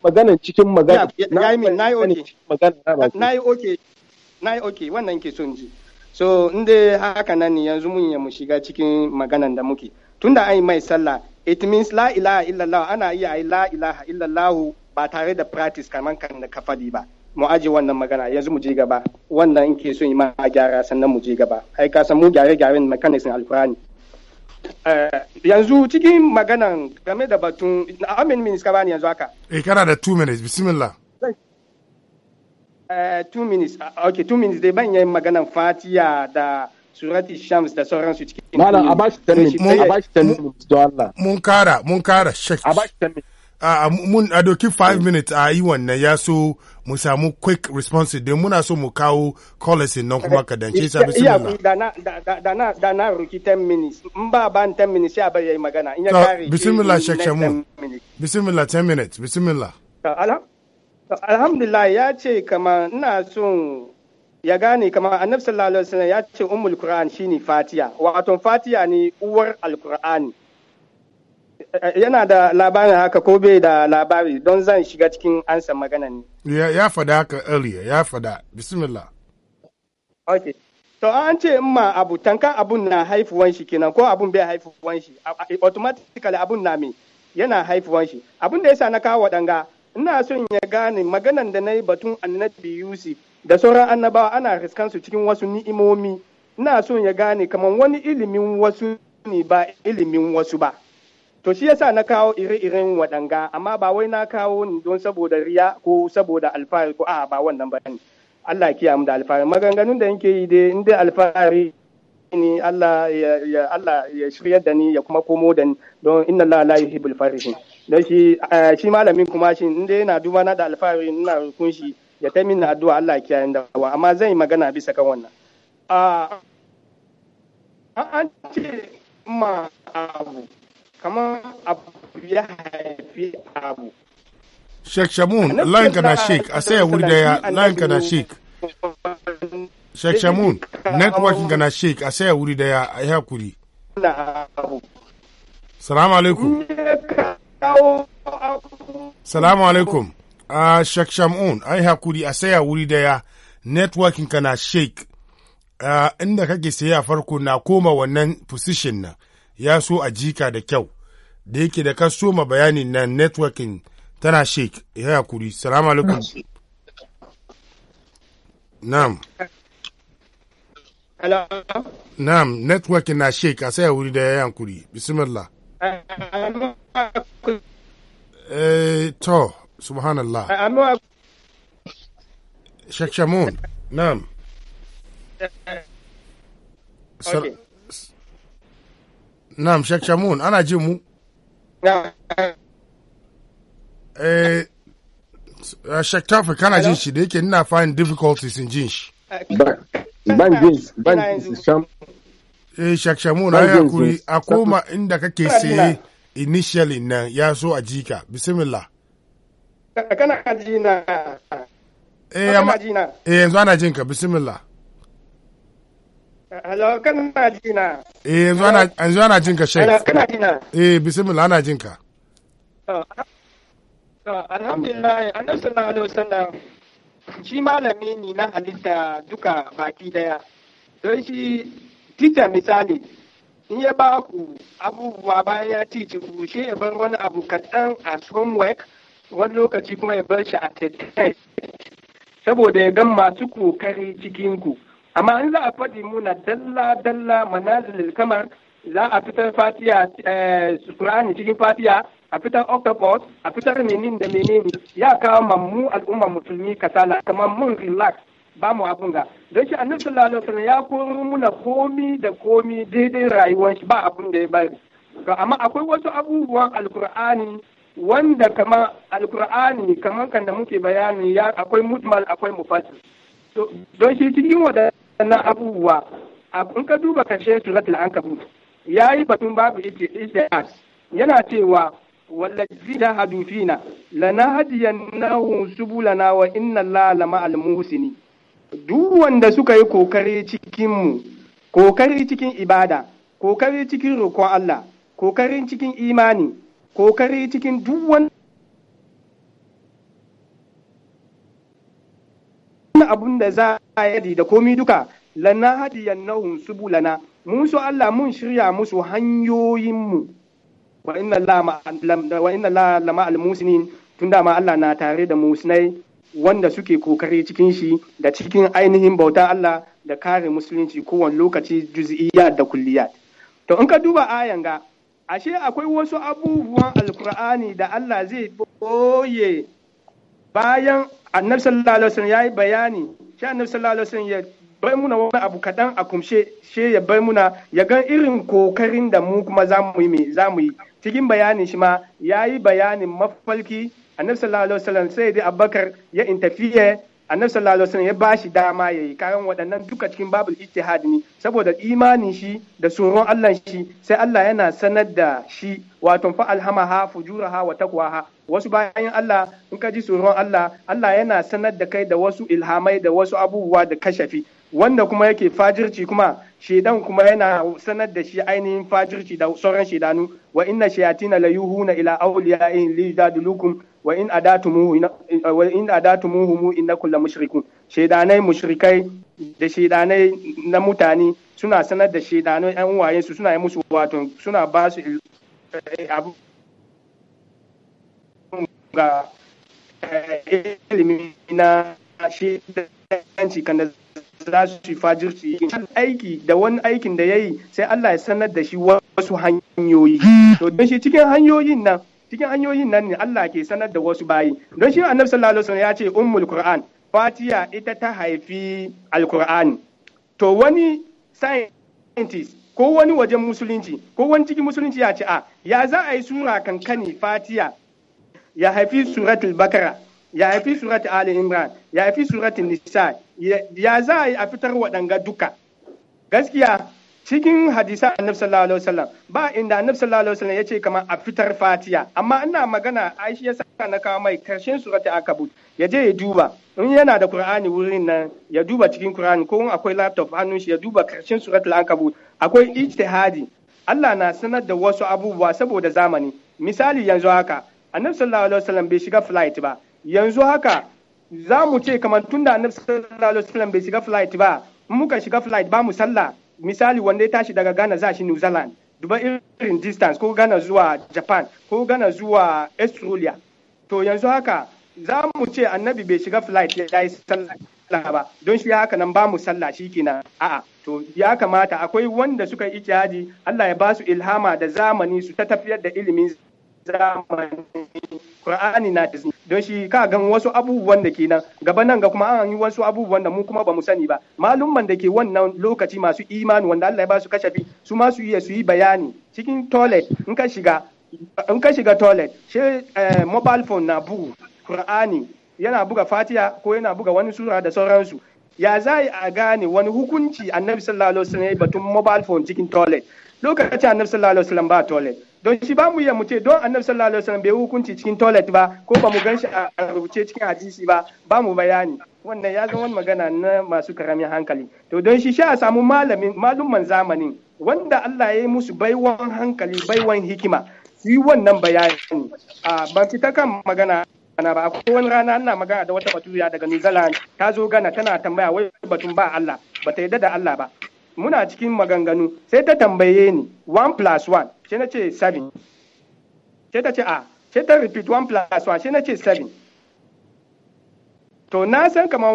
maganan cikin magana na yi oke na yi oke wannan ke son ji so inda haka nan yanzu mun ya mu shiga cikin maganan da muke tunda an yi mai sallah it means la ilaha illallah ana iya yi la ilaha illallah ba tare da practice kamar kan da ka faɗi ba mu aje wannan magana yanzu mu je gaba wannan in ke so yi ma a gyara sannan mu je gaba ai ka san mu gyare-gyaren mechanics alkurani eh, yanzu cikin maganan game da batun how many minutes ka bani yanzu haka eh kana da 2 minutes bismillah eh 2 minutes ah, okay 2 minutes dai ban yayin maganan fatiya da surati shams da sauransu cikin malam a bashi 10 minutes a bashi 10 minutes don Allah mun kara mun kara shek a bashi 10 minutes a ah, ah, mun a doki 5 minutes a yi wannan ya so mu samu quick response don muna so mu kawo college nan kuma ka dance sa bisu na da na da na roki 10 minutes in ba ban 10 minutes ya bai magana in ya kare bismillah shakshamu bismillah 10 minutes bismillah alhamdulillah ya ce kama ina son ya gane kama annabi sallallahu alaihi wasallam ya ce ummul qur'an shine fatiha wato fatiha ne uwar alqur'ani Eh, yana da labarin haka ko bai da labari don zan shiga cikin ansa magana ne. Ya fada haka earlier, ya fada. Bismillah. Ok. To an ce in ma abu tanka abun na haifuwan shi kenan ko abun bai haifuwan shi automatically abun na me yana haifuwan shi. Abun da yasa na kawo waɗanga ina son ya gane maganan da na yi batun annabi Yusuf da sauran annabawa ana riskansu cikin wasu ni'imomi. Ina son ya gane kamar wani ilimin wasu ne ba ilimin wasu ba. To shi yasa na kawo ire-iren waɗanga, amma ba wai na kawo ni don saboda riya ko saboda alfahari ko a'a ba wannan ba ne. Allah ya kiyamu da alfahari. Maganganun da yake yi dai inda alfahari ni Allah ya Allah ya shiryar da ni ya kuma komo da ni don inna Allah la yuhibbul farihin. Don shi eh, shi malamin kuma shi inda yana duba na da alfahari ina rukun shi ya ta min addu'a Allah ya kiyaye da wa amma zan yi magana bisa kan wannan. Ah, an ce ma abu kamar abu ya haifi abu Shek Shamun layin ka na shek a saya wuri daya layin ka na shek. Shek Shamun networking ka na shek a saya wuri daya a yi hakuri Salamu alaikum Salamu alaikum a ah, Sheikh Shamun a yi hakuri a saya wuri daya networking ka na Sheikh ah, inda kake saya farko na koma wannan position na. ya so a jika da kyau da yake da ka so ma bayani na networking tana shek ya hakuri. salamu alaikum na'am na'am networking na shek a sai wuri da ya yankuri bismillah eh, eh to subhanallah shakshamun shamun na'am eh, eh. okay. Na'am, Sheikh Shamun, ana jin mu? Eh, uh, Sheikh Tafi, kana jin shi da yake ina find difficulties in jin shi. Ban jin, ban jin Sham. Eh, Sheikh Shamun, ai hakuri, a koma inda kake saye initially nan ya so a jika. Bismillah. Kana jina. Eh, eh, yanzu ana jinka, bismillah. Hello, kana jina. Eh, yanzu ana yanzu ana jin ka shai. Kana jina. Eh, bismillah ana jin ka. Alhamdulillah, annabi sallallahu alaihi wasallam shi malami ne na halitta duka baki daya. Don shi tita misali in ya ba ku abubuwa bayan ya tici ku shi ya bar wani abu kaɗan a homework wani lokaci kuma ya bar shi a tattare saboda ya gan masu kokari cikin ku. amma in za a faɗi muna dalla dalla manazilil kamar za a fitar fatiya eh, Qur'ani cikin fatiya a fitar octopus a fitar menin da menin ya kawo mammu al'umma musulmi kasala kamar mun relax ba mu abun ga don shi annabi sallallahu alaihi ya koro muna komi da komi daidai rayuwar shi ba abun da ya bari to amma akwai wasu abubuwan alkur'ani wanda kama alkur'ani kamar kan da muke bayani ya akwai mutmal akwai mufassir don shi cikin wadanda na abubuwa in ka duba karshen suratul ankabut yayi batun babu ijtihad yana cewa wallazi jahadu fina lanahdiyannahum subulana wa inna allaha lama'al muhsinin duk wanda suka yi kokari cikin mu kokari cikin ibada kokari cikin roƙon Allah kokari cikin imani kokari cikin duk wani abun da za a yadi da komi duka lana hadiyan nahum subulana mun so Allah mun shirya musu hanyoyin mu wa inna Allah al-musinin tun dama Allah na tare da musnai wanda suke kokari cikin shi da cikin ainihin bautan Allah da kare musulunci kowane lokaci juz'iyya da kulliyat to in ka duba ayan ga ashe akwai wasu abubuwan alkur'ani da Allah zai boye bayan annabi sallallahu alaihi wasallam yayi bayani shi annabi sallallahu alaihi wasallam ya bai muna wani abu kaɗan a kumshe she ya bai muna ya gan irin kokarin da mu kuma za mu yi za mu yi cikin bayanin shi ma yayi bayanin mafalki annabi sallallahu alaihi wasallam sai dai abubakar ya intafiye annabi sallallahu alaihi wasallam ya bashi dama yi kayan waɗannan duka cikin babul ijtihad ne saboda imanin shi da tsoron Allah shi sai Allah yana sanar da shi wato fa alhamaha fujuraha wa ha wasu bayan Allah in ka ji tsoron Allah Allah yana sanar da kai da wasu ilhamai da wasu abubuwa da kashafi wanda kuma yake fajirci kuma shedan kuma yana sanar da shi ainihin fajirci da sauran shedanu wa inna shayatina layuhuna ila awliyaihim li wa in adatumuhu wa in adatumuhu mu inna kullu mushrikun shaidanai mushrikai da shaidanai na mutane suna sanar da shaidanai yan uwayensu suna yi musu wato suna ba su eh, abu ga eh, ilimi na shedanci kan da za su yi fajir su yi aiki da wani aikin da ya yi sai Allah ya sanar da shi wasu hanyoyi hmm. to don shi cikin hanyoyin nan cikin hanyoyin nan ne Allah ke sanar da wasu bayi don shi annabi sallallahu alaihi wasallam ya ce ummul qur'an fatiya ita ta haifi alqur'an to wani scientist ko wani wajen musulunci ko wani cikin musulunci ya ce a ya za a yi sura kankani fatiya ya haifi suratul bakara ya haifi suratul ali imran ya haifi suratul nisa ya za a yi a fitar waɗanga duka gaskiya cikin hadisan annabi sallallahu alaihi wasallam ba inda annabi sallallahu alaihi wasallam yace kamar a fitar fatiya amma ina magana ai shi yasa na kawo mai karshen surati akabut ya je ya duba in yana da qur'ani wurin nan ya duba cikin qur'ani ko akwai laptop hannun shi ya duba karshen suratul ankabut akwai ijtihadi Allah na sanar da wasu abubuwa saboda zamani misali yanzu haka annabi sallallahu alaihi wasallam bai shiga flight ba yanzu haka za mu ce kamar tunda annabi sallallahu alaihi wasallam bai shiga flight ba in muka shiga flight ba mu sallah misali wanda ya tashi daga Ghana za shi New Zealand duba irin distance ko Ghana zuwa Japan ko Ghana zuwa Australia to yanzu haka za mu ce annabi bai shiga flight ya yi sallah ba don shi haka nan ba mu sallah shi kenan a'a to ya kamata akwai wanda suka yi ijtihadi Allah ya ba su ilhama da zamani su ta tafiyar da ilimin zamani Qur'ani na da don shi ka ga wasu abubuwan da ke nan gaba nan ga kuma an yi wasu abubuwan da mu kuma ba mu sani ba malumman da ke wannan lokaci masu imani wanda Allah ya ba su kashafi su ma su iya su yi bayani cikin toilet in ka shiga in ka shiga toilet she eh, mobile phone na bugu Qur'ani yana buga Fatiha ko yana buga wani sura da sauransu ya za a gane wani hukunci annabi sallallahu alaihi wasallam batun mobile phone cikin toilet lokacin annabi sallallahu alaihi wasallam ba toilet don shi ba mu iya mu ce don annabi sallallahu alaihi wasallam bai hukunci cikin toilet ba ko ba mu gan shi a rubuce cikin hadisi ba ba mu bayani wannan ya zama wani magana na masu karamin hankali to don shi sha a samu malamin malumman zamanin wanda Allah ya yi musu baiwan hankali baiwan hikima su yi wannan bayani a ban fita kan magana ana ba ko wani rana ana magana da wata batuya daga New Zealand ta zo gana tana tambaya wai batun ba Allah bata yadda da Allah ba muna cikin maganganu sai ta tambaye ni 1 plus 1 shi na ce 7 sai ta ce a sai ta repeat 1 plus 1 shi na ce 7 to na san kamar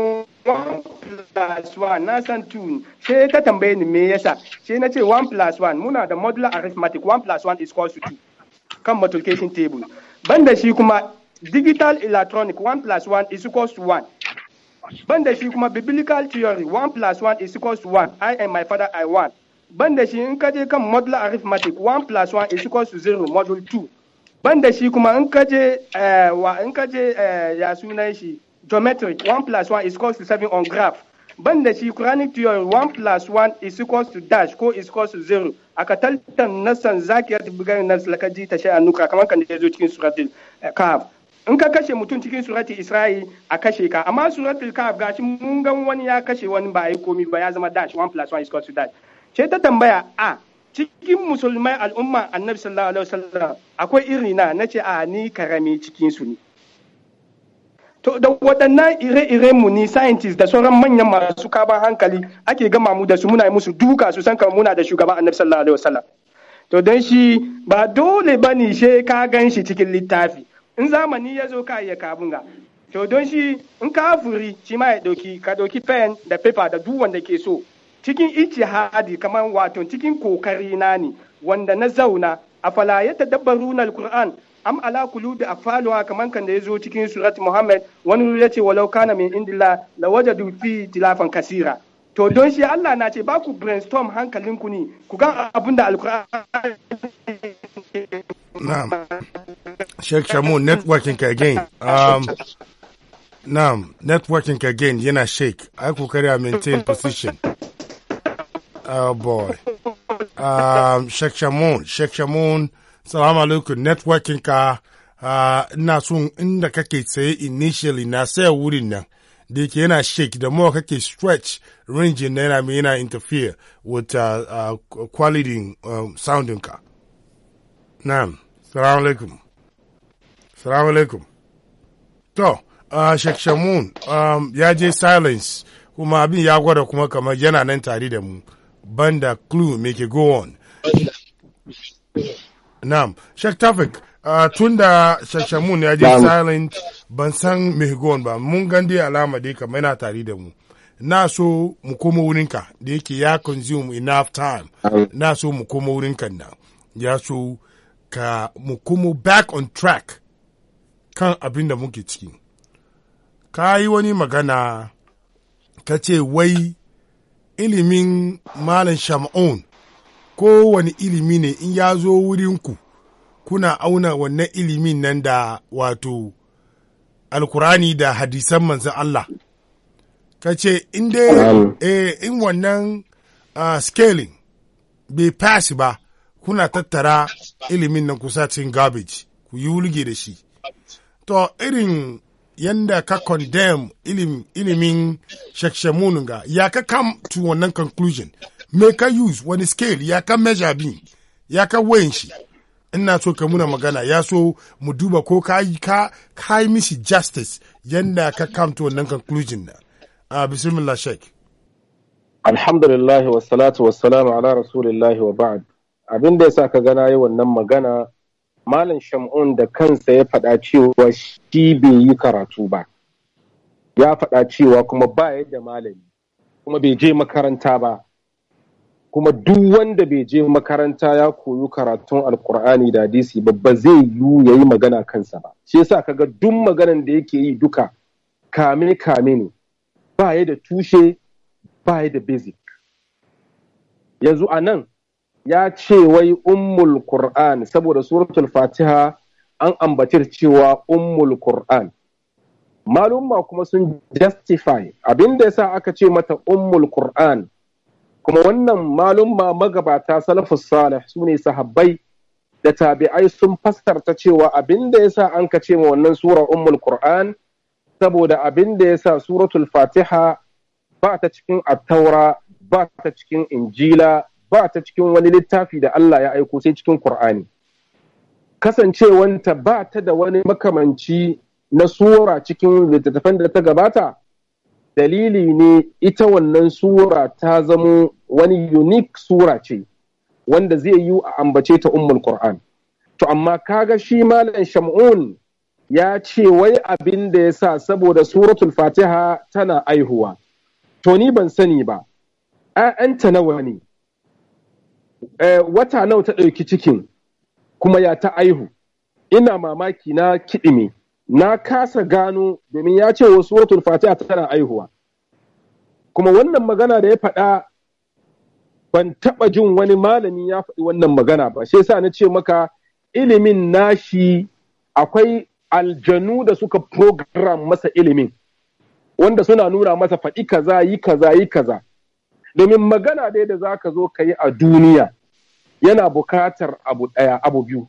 1 plus 1 na san 2 sai ta tambaye ni me yasa sai na ce 1 plus 1 muna da modular arithmetic 1 plus 1 is equal to 2 kan multiplication table banda shi kuma digital electronic 1 plus 1 is equal to 1 ban da shi kuma biblical theory 1 plus 1 is equals to 1 i and my father i one ban da shi in ka je kan modular arithmetic 1 plus 1 is equals to 0 module 2 ban da shi kuma in ka je eh, in ka je eh, ya sunan shi geometric 1 plus 1 is equals to 7 on graph ban da shi quranic theory 1 plus 1 is equals to dash ko is equals to 0 a kataltan nassan zakiyar bigar nan lakaji ta shay'an nukra kamar kan da ya zo cikin suratul eh, kahf in ka kashe mutum cikin surati isra'i a kashe ka amma suratul kahf gashi mun gan wani ya kashe wani ba a komi ba ya zama dash one plus one is equal to dash ce ta tambaya a cikin musulmai al'umma annabi sallallahu alaihi wasallam akwai iri na nace ce a ni karami cikin su ne to da waɗannan ire-ire mu ni scientists da sauran manyan masu kabar hankali ake gama mu da su muna musu duka su san kamar muna da shugaban annabi sallallahu alaihi wasallam to don shi ba dole bane she ka gan shi cikin littafi in zamani ya zo ka iya kabun ga to don shi in ka furi shi ma ya ɗauki ka ɗauki pen da paper da duk wanda ke so cikin ijtihadi kamar wato cikin kokari na ne wanda na zauna a fala ya na alquran am ala kulubi afaluha kamar kan da ya zo cikin surat muhammad wani ya ce walau kana min indila la wajadu fi tilafan kasira to don shi Allah na ce ba ku brainstorm hankalinku ne ku ga abin da Na'am. Sheikh Shamu, networking again. Um, na'am, networking again yana shake. Ai kokari a maintain position. Oh boy. Um, Sheikh Shamun, Sheikh Shamun, salamu alaikum, networking ka uh, ina son inda kake tsaye initially na saya wurin nan. Da yake yana shake da more kake stretch range na yana mai yana interfere with uh, uh, quality um, sounding ka. Na'am. salamu alaikum salamu alaikum to uh, Sheikh Shamun um, ya je silence kuma abin ya gwada kuma kamar yana nan tare da mu banda clue make ke go on na'am Sheikh Tafik uh, tun da Sheikh Shamun ya je silent ban san me go on ba mun gan dai alama dai kamar yana tare da mu na so mu koma wurinka da yake ya consume enough time na so mu koma wurinka na ya so ka mu kuma back on track kan abin da muke ciki ka yi wani magana ka ce wai ilimin malam sham'un kowane ilimi ne in ya zo wurinku kuna auna wannan ilimin nan da wato alkurani da hadisan manzan Allah ka ce in dai eh, in wannan ah, scaling bai fasi ba kuna tattara ilimin na kusa cikin garbage ku yi wulge da shi to irin yanda ka condemn ilimin shakshamunin ga ya ka come to wannan conclusion me ka use wani scale ya ka measure bin ya ka wayan shi ina so ka muna magana ya so mu duba ko ka yi ka ka yi mishi justice yanda ka come to wannan conclusion na a uh, bismillah sheik alhamdulillah wa salatu wa salamu ala rasulillahi wa ba'd abin da ya sa ka gana yi wannan magana malam shamun da kansa ya faɗa cewa shi bai yi karatu ba ya faɗa cewa kuma ba yadda malami kuma bai je makaranta ba kuma duk wanda bai je makaranta ya koyi karatun alkur'ani da hadisi ba ba zai yiwu ya yi magana kansa ba shi ka ga duk maganan da yake yi duka kame kame ne ba ya da tushe ba ya da basic yanzu a nan ya ce wai ummul Kur'an saboda suratul Fatiha an ambatar cewa ummul Qur'an. Malumma kuma sun justify abinda yasa aka ce mata ummul Kur'an? kuma wannan malumma magabata salafus salih su ne sahabbai da tabi'ai sun fassarta cewa abinda yasa an ka ce ma wannan sura ummul Kur'an? saboda abinda yasa suratul Fatiha ba ta cikin attaura ba ta cikin injila ba ta cikin wani littafi da Allah ya aiko sai cikin Kur'ani. Kasancewanta ba ta da wani makamanci na sura cikin littattafan da ta gabata, dalili ne ita wannan sura ta zamo wani unique sura ce, wanda zai yi a ambace ta ummul Kur'an. To amma kaga shi Malam Shamun ya ce wai abin da ya sa saboda suratul Fatiha tana aihuwa. To ni ban sani ba, ‘ya'yanta nawa ne, Eh, wata nawa ta ɗauki cikin kuma ya ta aihu ina mamaki na kiɗime na kasa gano domin ya ce wasu watan fatiha tana aihuwa kuma wannan magana da ya faɗa ban taɓa jin wani malami ya faɗi wannan magana ba sai sa na ce maka ilimin nashi akwai aljanu da suka program masa ilimin wanda suna nuna masa faɗi kaza yi kaza yi kaza domin magana dai da za ka zo ka yi a duniya yana bukatar abu ɗaya abu biyu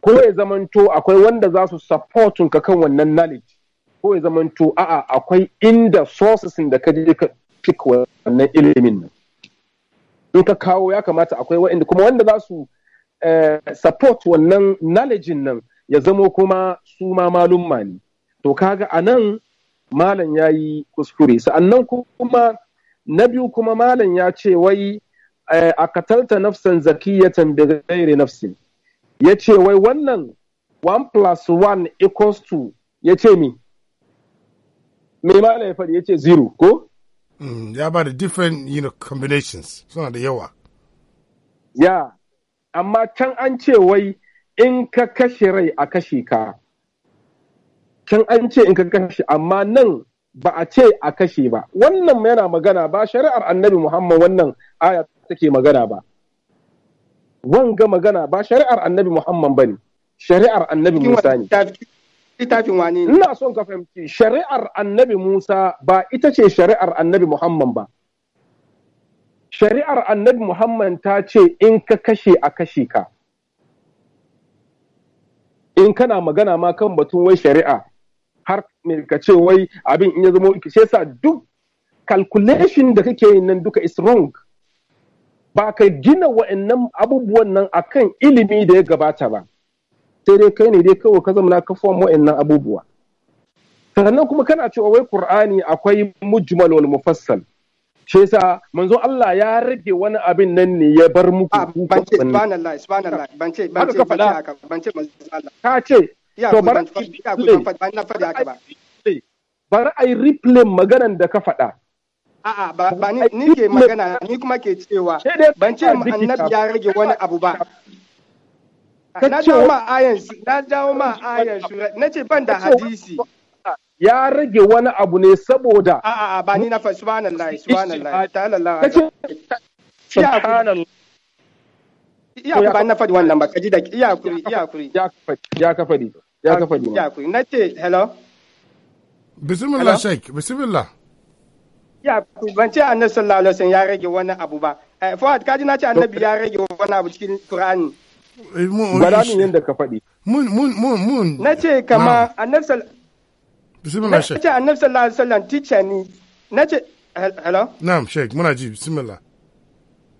ko ya zamanto akwai wanda za su supportun ka kan wannan knowledge ko ya zamanto a'a akwai inda sources da ka je ka pick wannan ilimin nan in ka kawo ya kamata akwai wa'inda kuma wanda za su eh, support wannan knowledge nan ya zamo kuma su ma malumma ne to kaga a nan malam ya yi kuskure sa'annan kuma na biyu kuma malam ya ce wai eh, a katalta nafsan zakiyatan bi ghairi nafsin ya ce wai wannan 1 plus 1 equals to ya ce mi me malam ya faɗi ya ce zero ko mm, ya ba da different you know, combinations suna da yawa ya amma can an ce wai in ka kashe rai a kashe ka can an ce in ka kashe amma nan ba a ce a kashe ba wannan yana magana ba shari'ar annabi muhammad wannan aya take magana ba wanga magana ba shari'ar annabi muhammad ba ne shari'ar annabi musa ne ina son ka fahimci shari'ar annabi musa ba ita ce shari'ar annabi muhammad ba shari'ar annabi muhammad ta ce in ka kashe a kashe ka in kana magana ma kan batun wai shari'a har ka ce wai abin in ya zama shi yasa duk calculation da kake yin nan duka is wrong ba ka gina wa'annan abubuwan nan akan ilimi da ya gabata ba sai dai kai ne dai kawai ka zama ka form wa'annan abubuwa sannan kuma kana cewa wai qur'ani akwai mujmal wal mufassal shi yasa manzo Allah ya rage wani abin nan ne ya bar muku ah, ban ce subhanallah subhanallah ban ce ban ce ban ce Allah ka ce to bari a yi replay maganan da ka faɗa. A'a ba ni ke magana ni kuma ke cewa ban ce annabi ya rage wani abu ba. Na dawo ma ayan na jawo ma ayan na ce ban da hadisi. Ya rage wani abu ne saboda. A'a ba ni na fa subhanallah subhanallah ta'ala Subhanallah. Iyakuri, ba na faɗi wannan ba ji da iyakuri, iyakuri. iya kuri. Ya ka faɗi. ya ka faɗi na ce hello bismillah sheik bismillah ya ban ce annabi sallallahu alaihi wasallam ya rage wani abu ba eh, fawad kaji na ce annabi ya rage wani abu cikin qur'ani eh, ka faɗi mun mun mun mun na ce kama annabi bismillah sheik na ce annabi sallallahu alaihi wasallam teacher ni na ce hello na'am sheik muna ji bismillah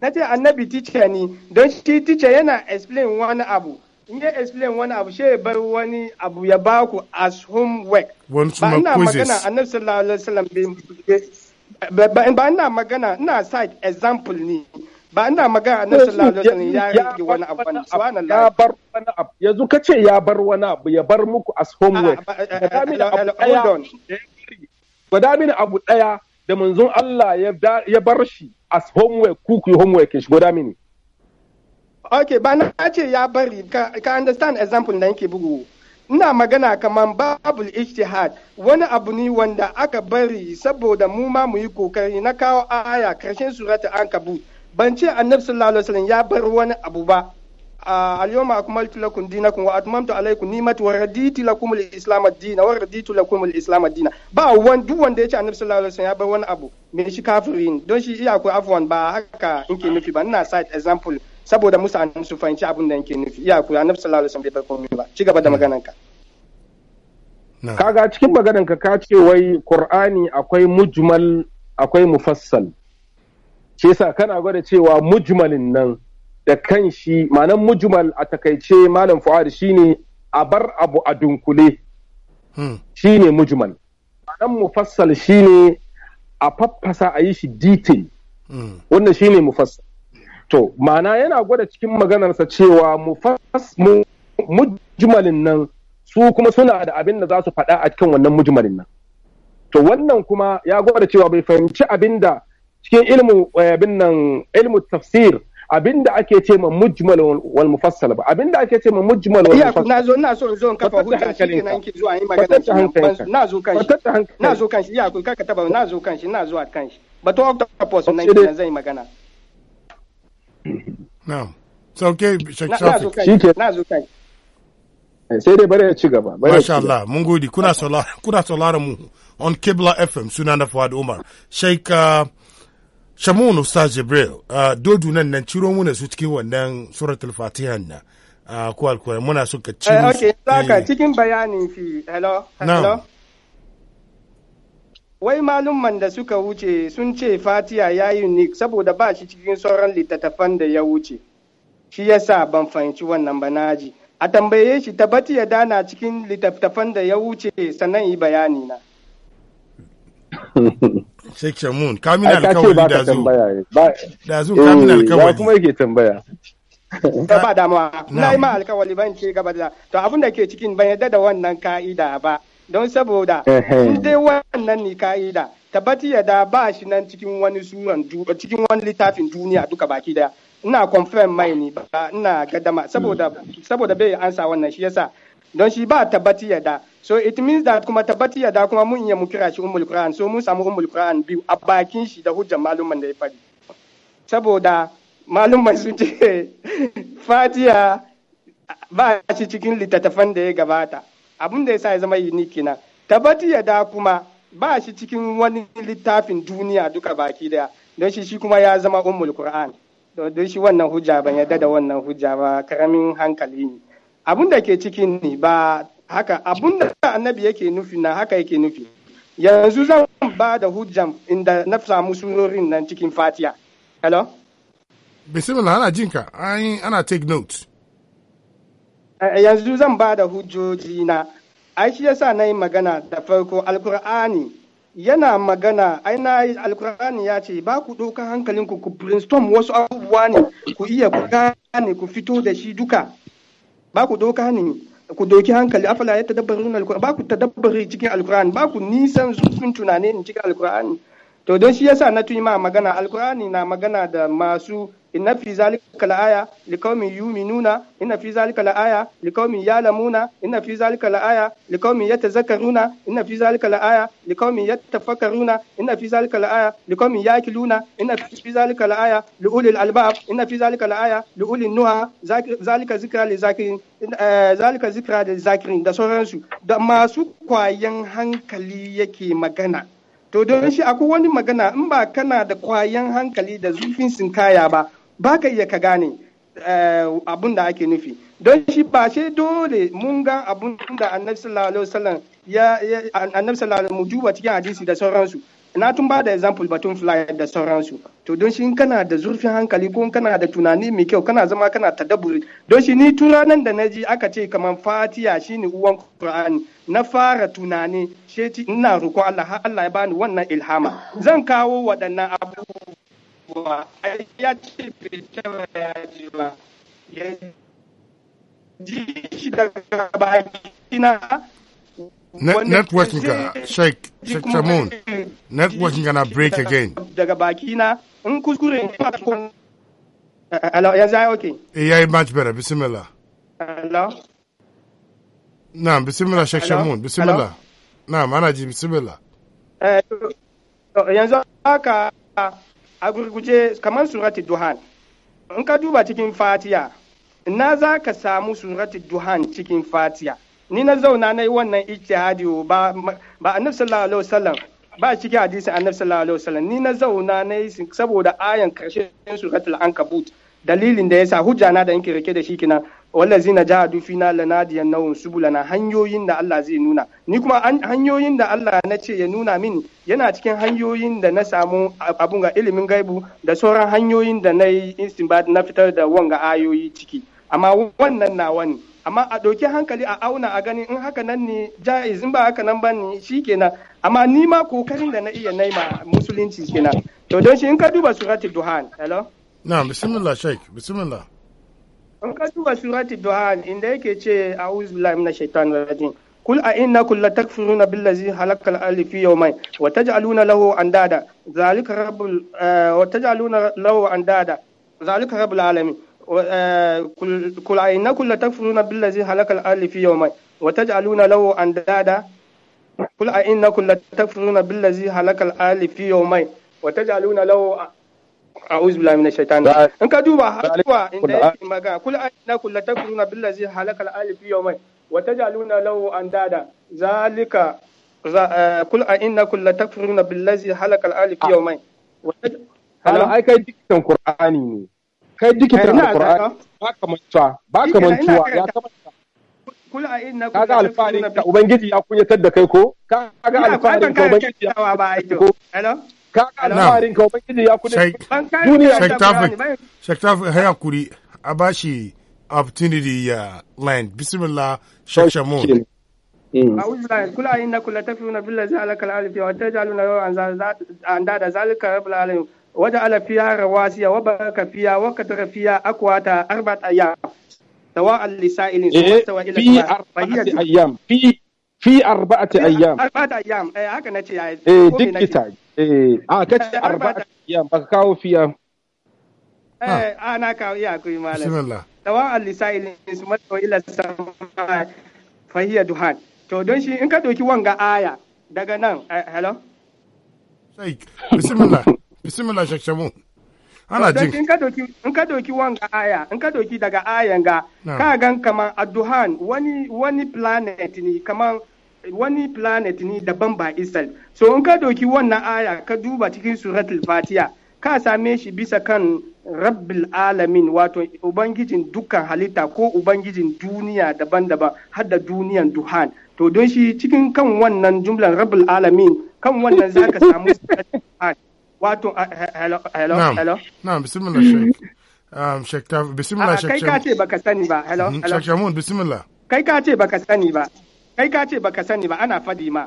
na ce annabi teacher ni don shi teacher yana explain wani abu in ya explain wani abu ya bar wani abu ya ba ku as homework ba ina magana annabi sallallahu alaihi wasallam ba ina magana ina side example ne ba ina magana annabi sallallahu alaihi wasallam ya rage wani abu bane subhanallah ya bar wani abu yanzu kace ya bar wani abu ya bar muku as homework ah, ah, ah, gwada mini abu daya da manzon Allah ya bar shi as homework kuku homework shi gwada mini ok ba na ce ya bari ka, ka understand example na yake bugu ina magana kamar babul ijtihad wani abu ne wanda aka bari saboda mu ma mu yi kokari na kawo aya karshen surata an kabu ban ce annabi sallallahu alaihi ya bar wani abu ba al-yawma tulakun lakum dinakum wa atmamtu alaykum ni'mati wa raditu lakum al-islam ad-din wa raditu lakum islam ad ba wan duk wanda yace annabi sallallahu alaihi wasallam ya bar wani abu me shi kafirin don shi iya ko afwan ba haka in ke nufi ba ina side example saboda mutane su fahimci abin da yake nufi iya ku na sallallahu alaihi wasallam bai bar ba ci gaba da hmm. maganan ka kaga cikin maganan ka ka ce wai qur'ani akwai mujmal akwai mufassal ce yasa kana gwada cewa mujmalin nan da kan shi mujmal a takaice malam fuad shine a bar abu a dunkule hmm. shine mujmal ma'anan mufassal shine a faffasa a yi shi detail hmm. wannan shine mufassal to ma'ana yana gwada cikin maganarsa cewa mujmalin nan su kuma suna da abin da za su faɗa a cikin wannan mujmalin nan to wannan kuma ya gwada cewa bai fahimci abin da cikin ilmu eh, abin nan ilmu tafsir abin da ake ce ma mujmal wal mufassal ba abin da ake ce ma mujmal wal mufassal na zo na so zo in kafa hujja shi kenan ki zuwa yin magana na zo kan shi na zo kan shi ya kun kaka taba na zo kan shi na zo kan shi to octopus nan kenan zai magana na sauke shakshafi shi ke na zo kai sai dai bari ci gaba masha Allah mun gode kuna sauraron mu on Kibla FM suna na Fuad Umar Sheikh uh, Shamun Ustaz Jibril uh, dodu nan nan ciro mu su cikin wannan suratul Fatiha na ko uh, alkuwa muna suka ciro eh, Okay, eh. cikin bayanin fi hello hello wai malumman da suka wuce sun ce fatiya ya yi unik saboda ba shi cikin sauran littattafan da ya wuce shi ya sa ban fahimci wannan ba naji a tambaye shi tabbati ya dana cikin littattafan da ya wuce sannan yi bayani na Sheikh Shamun, kamin alkawari da zu. Da zu kamin eh, alkawari. Ya kuma yake tambaya. Ta ba damuwa. Na yi ma alkawari ban ce gaba da. To abin da ke cikin ban yadda da wannan ka'ida ba. don saboda in dai wannan ni ka'ida tabbati ya da ba shi nan cikin wani suran cikin wani littafin duniya duka baki daya ina confirm mai ni ba ina gadama saboda saboda bai ansa wannan shi yasa don shi ba tabbati ya da so it means that kuma tabbati ya da kuma mun iya mu kira shi ummul qur'an so mun samu ummul qur'an biyu a bakin shi da hujjar malumman da ya fadi saboda malumman sun ce fatiya ba shi cikin littattafan da ya gabata abin da ya sa ya zama unique kenan tabbati ya da kuma ba shi cikin wani littafin duniya duka baki daya don shi shi kuma ya zama ummul qur'an don shi wannan hujja ban yadda da wannan hujja ba karamin hankali ne abun da ke cikin ni ba haka abun da annabi yake nufi na haka yake nufi yanzu zan ba da hujjan inda na samu surorin nan cikin fatiya hello bismillah ana jinka ana take note Eh, yanzu zan ba da hujjoji na ai shi yasa na yi magana da farko alkur'ani yana magana ai na yi alkur'ani ya ce ba ku ɗauka hankalinku ku brainstorm wasu abubuwa ne ku iya ku gane ku fito da shi duka ba ku ɗauka ne ku doki hankali afala ya tadabbarin alkur'ani ba ku tadabbari cikin alkur'ani ba ku nisan zurfin tunane cikin alkur'ani to don shi yasa na tuni ma magana alkur'ani na magana da masu inna fi zalika la'aya liqaumin yu'minuna inna fi zalika la'aya liqaumin ya'lamuna inna fi zalika la'aya liqaumin yatazakkaruna inna fi zalika la'aya liqaumin yattafakkaruna inna fi zalika la'aya liqaumin ya'qiluna inna fi zalika la'aya liulil albab inna fi zalika la'aya liulil nuha zalika zikra li zakirin eh, zalika zikra da zakirin da sauransu da masu kwayan hankali yake magana to don shi akwai wani magana in ba kana da kwayan hankali da zufin sinkaya ba ba ka iya ka gane eh, abun da ake nufi don shi ba sai dole mun ga abun da annabi sallallahu alaihi wasallam ya annabi sallallahu alaihi wasallam duba cikin hadisi da sauransu na tun ba da example batun fly da sauransu to don shi kana da zurfin hankali ko kana da tunani mai kyau kana zama kana tadabburi don shi ni tun ranar da na ji aka ce kamar fatiya shine uwan kur'ani na fara tunani sheti ina roƙo Allah har Allah ya bani wannan ilhama zan kawo waɗannan abubuwa cewa ai ya ce bai taba yaji ba ya ji shi daga baki na networking ka uh, sheik sheik shamun networking gonna break again daga baki na in kuskure ne ba ko hello yanzu ai okay eh yayi much better bismillah hello na'am bismillah sheik shamun bismillah na'am ana ji bismillah eh yanzu haka a gurguje kamar surati duhan in ka duba cikin fatiya na za ka samu surati duhan cikin fatiya ni na zauna na yi wannan ijtihadi ba ba annabi sallallahu alaihi wasallam ba cikin hadisin annabi sallallahu alaihi wasallam ni na zauna na yi saboda ayan karshen suratul ankabut dalilin da ya sa hujja na da yanke rike da shi kinan wallazina na dufina lanadiyan nawun subulana hanyoyin da Allah zai nuna ni kuma hanyoyin da Allah na ce ya nuna min yana cikin hanyoyin da na samu abun ga ilimin gaibu da sauran hanyoyin da na yi istinbat na fitar da ga ayoyi ciki amma wannan na wani amma a ɗauki hankali a auna a gani in haka nan ne ja'iz in ba haka nan ba ne kenan. amma ni ma kokarin da na iya naima musulunci kenan to don shi in ka duba suratul duhan hello na'am bismillah sheik bismillah an ka duba surati du'an inda yake ce a'udhu billahi minash shaitanir rajim kul a innakum latakfuruna billazi halakal ardi fi yawmayn wa taj'aluna lahu andada zalika rabbul wa taj'aluna lahu andada zalika rabbul alamin kul a innakum latakfuruna billazi halakal ardi fi yawmayn wa taj'aluna lahu andada kul a innakum latakfuruna billazi halakal ardi fi yawmayn wa taj'aluna lahu a'udhu billahi minash shaitani in ka duba zuwa inda yake magana kul inna kullu takfuruna billazi halakal alif yawmai wa tajaluna lahu andada zalika kul a inna kullu takfuruna billazi halakal alif yawmai Hala ai kai dikitan Qur'ani ne. Kai dikitan Qur'ani ba ka mantuwa ba ka mantuwa ya kamata kul a kullu kaga ubangiji ya kunyatar da kai ko alfani ubangiji ya ko hello hayakuri a ba shi opportunity ya land bismillah shakshamun mm. kula yin na kula tafi na billa zai alaka alifiya wata ya jalu na yawan anda da zalika rabu alayin wata alafiya rawa siya wa baraka fiya wa katara fiya akuwa ta arba ta ayyam tawa alisa ilin su wata eh, wa ila kuma fiya arba ta ayyam fi arba'ati ayyam arba'ati ayyam eh haka nace eh eh a ah, kace arba'ati ayyam baka kawo fiya eh ana ah. ah, kawo iya kuyi malam bismillah al-lisail wa ila sama duhan to don in ka doki wanga aya daga nan eh, hello sai bismillah bismillah shakshamu ana jin in ka doki ka doki ka doki daga ayan ka gan kaman wani wani planet ne kaman wani planet ne daban ba isal so in ka doki wannan aya ka duba cikin suratul fatiha ka same shi bisa kan rabbil alamin wato ubangijin dukkan halitta ko ubangijin duniya daban-daban har da duniyan duhan to don shi cikin kan wannan jumlan rabbil alamin kan wannan za ka samu wato hello hello hello na'am bismillah sheikh um sheikh bismillah sheikh kai ka ce baka sani ba hello mm-hmm. hello mun bismillah kai ka ce baka sani ba kai ka ce baka sani ba ana fadi ma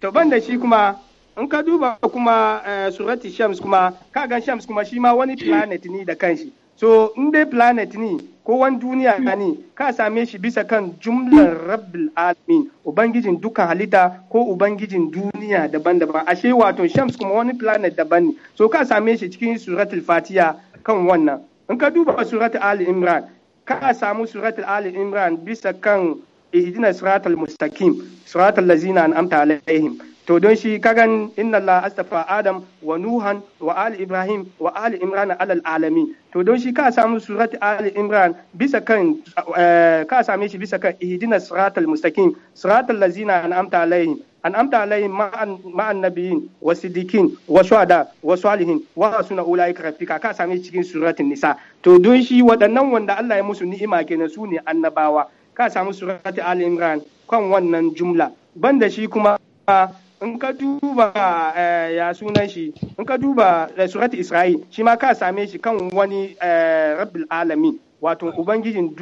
to ban da shi kuma in ka duba kuma eh, surati shams kuma ka gan shams kuma shi ma wani planet ne da kanshi so in dai planet ne ko wani duniya ne ka same shi bisa kan jumlar rabbil alamin ubangijin dukkan halitta ko ubangijin duniya daban-daban ashe wato shams kuma wani planet daban ne so ka same shi cikin suratul fatiha kan wannan in ka duba suratul ali imran ka samu suratul ali imran bisa kan ihdina siratal mustaqim siratal ladzina an'amta alaihim to don shi kagan inna Allah astafa Adam wa Nuhan wa Ali Ibrahim wa Ali Imran alal alami to don shi ka samu surat Ali Imran bisa kan ka same shi bisa kan ihdina siratal mustaqim siratal ladzina an'amta alaihim an'amta alaihim ma'an nabiyyin wa siddiqin wa shuhada wa salihin wa suna ulaika rafika ka same shi cikin suratul nisa to don shi waɗannan wanda Allah ya musu ni'ima kenan su ne annabawa ka samu surati ali imran kan wannan jumla banda shi kuma in ka duba eh, ya sunan shi in ka duba eh, surati isra'il shi ma ka same shi kan wani eh, rabbil alamin wato ubangijin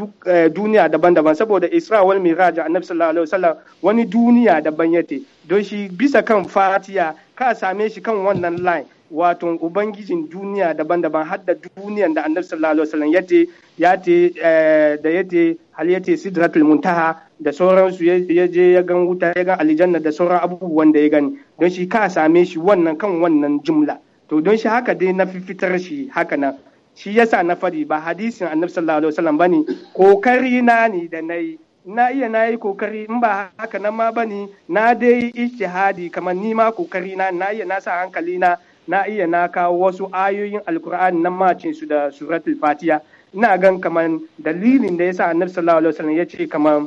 duniya daban-daban saboda isra wal miraj annabi sallallahu alaihi wasallam wani duniya daban yate. don shi bisa kan fatiya ka same shi kan wannan line wato ubangijin duniya daban-daban har da duniyan da annabi sallallahu alaihi wasallam yace yace eh, da yace hal yace sidratul muntaha da sauransu ya je ya gan wuta ya gan aljanna da sauran abubuwan da ya gani don shi ka same shi wannan kan wannan jumla to don shi haka dai na fitar shi haka nan shi yasa na fari ba hadisin annabi sallallahu alaihi wasallam bane kokari na ni da nayi na iya na yi kokari in ba haka nan ma bane na dai ijtihadi kamar ni ma kokari na na iya na sa hankali na na iya na kawo wasu ayoyin alkur'ani na macin su da suratul fatiha ina gan kaman dalilin da yasa annabi sallallahu alaihi wasallam ya ce kamar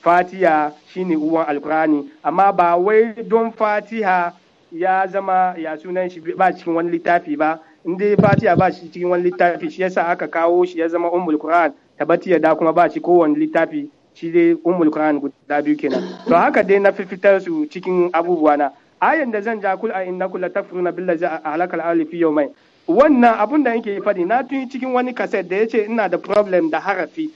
fatiha shine uwan alkur'ani amma ba wai don fatiha ya zama ya sunan shi ba cikin wani littafi ba in dai fatiha ba shi cikin wani littafi shi yasa aka kawo shi ya zama ummul qur'an tabbati da kuma ba shi kowane littafi shi dai ummul qur'an guda biyu kenan to haka dai na fitar su cikin abubuwa na ayan da zan ja kul a innakum latakfuruna billazi a al-alifi mai wannan abun da yake faɗi na tuni cikin wani kaset da yace ina da problem da harafi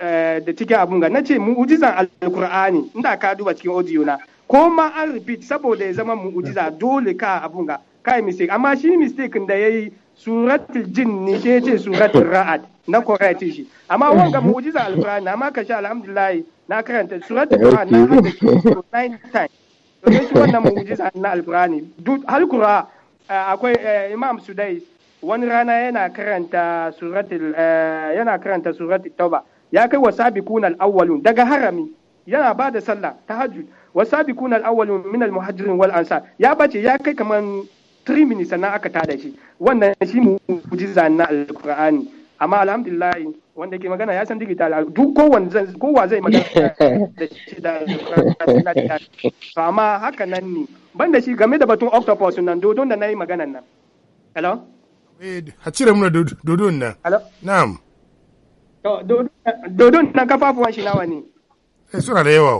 eh, da cikin abun ga nace mu'jizan alqur'ani inda ka duba cikin audio na ko ma an repeat saboda ya zama mu'jiza dole ka abun ga kai mistake amma shi mistake da yayi suratul jin ne ke yace suratul ra'ad na korati shi amma wanga mu'jiza alqur'ani amma ka sha alhamdulillah na karanta suratul ra'ad na 9 times to shi wannan mu'jiza na alqur'ani duk halkura eh, akwai eh, imam Sudai, wani rana yana karanta suratul eh, yana karanta tauba ya kai wa sabiqun al-awwalun daga harami yana ba da sallah tahajjud wa sabiqun al-awwalun min al-muhajirin wal ansar ya bace ya kai kaman 3 minutes sannan aka tada shi wannan shi mu'jiza na alqur'ani amma alhamdulillah wanda ke magana ya san digital duk kowanne zan kowa zai magana da shi da to amma haka nan ne ban da shi game da batun octopus nan dodon da nayi maganan nan hello eh a cire muna dodon nan hello na'am to dodon nan kafafuwan shi nawa ne eh suna da yawa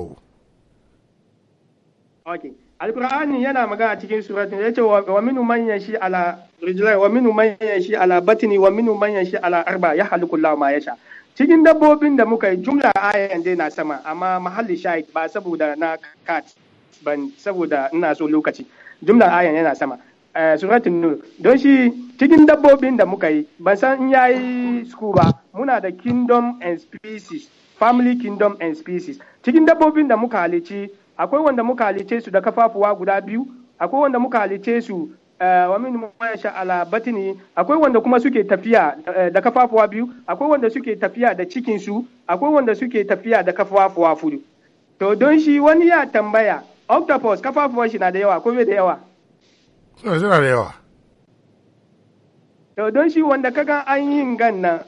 okay alkur'ani yana magana cikin suratun ya ce wa minu manyan shi ala rijlai wa minu manyan shi ala batni wa minu manyan shi ala arba ya haliku ma ya sha cikin dabbobin da muka yi jumla ayan dai na sama amma mahalli shahid ba saboda na kat ban saboda ina so lokaci jumla ayan yana sama eh, suratun nur don shi cikin dabbobin da muka yi ban san in yayi suku ba muna da kingdom and species family kingdom and species cikin dabbobin da muka halici akwai wanda muka halice su da kafafuwa guda biyu akwai wanda muka halice su eh, wa min masha ala batini akwai wanda kuma suke tafiya eh, da kafafuwa biyu akwai wanda suke tafiya da cikin su akwai wanda suke tafiya da kafafuwa fudu to don shi wani ya tambaya octopus kafafuwa shi na da yawa ko bai da yawa eh, suna da yawa to don shi wanda kaga an yi gan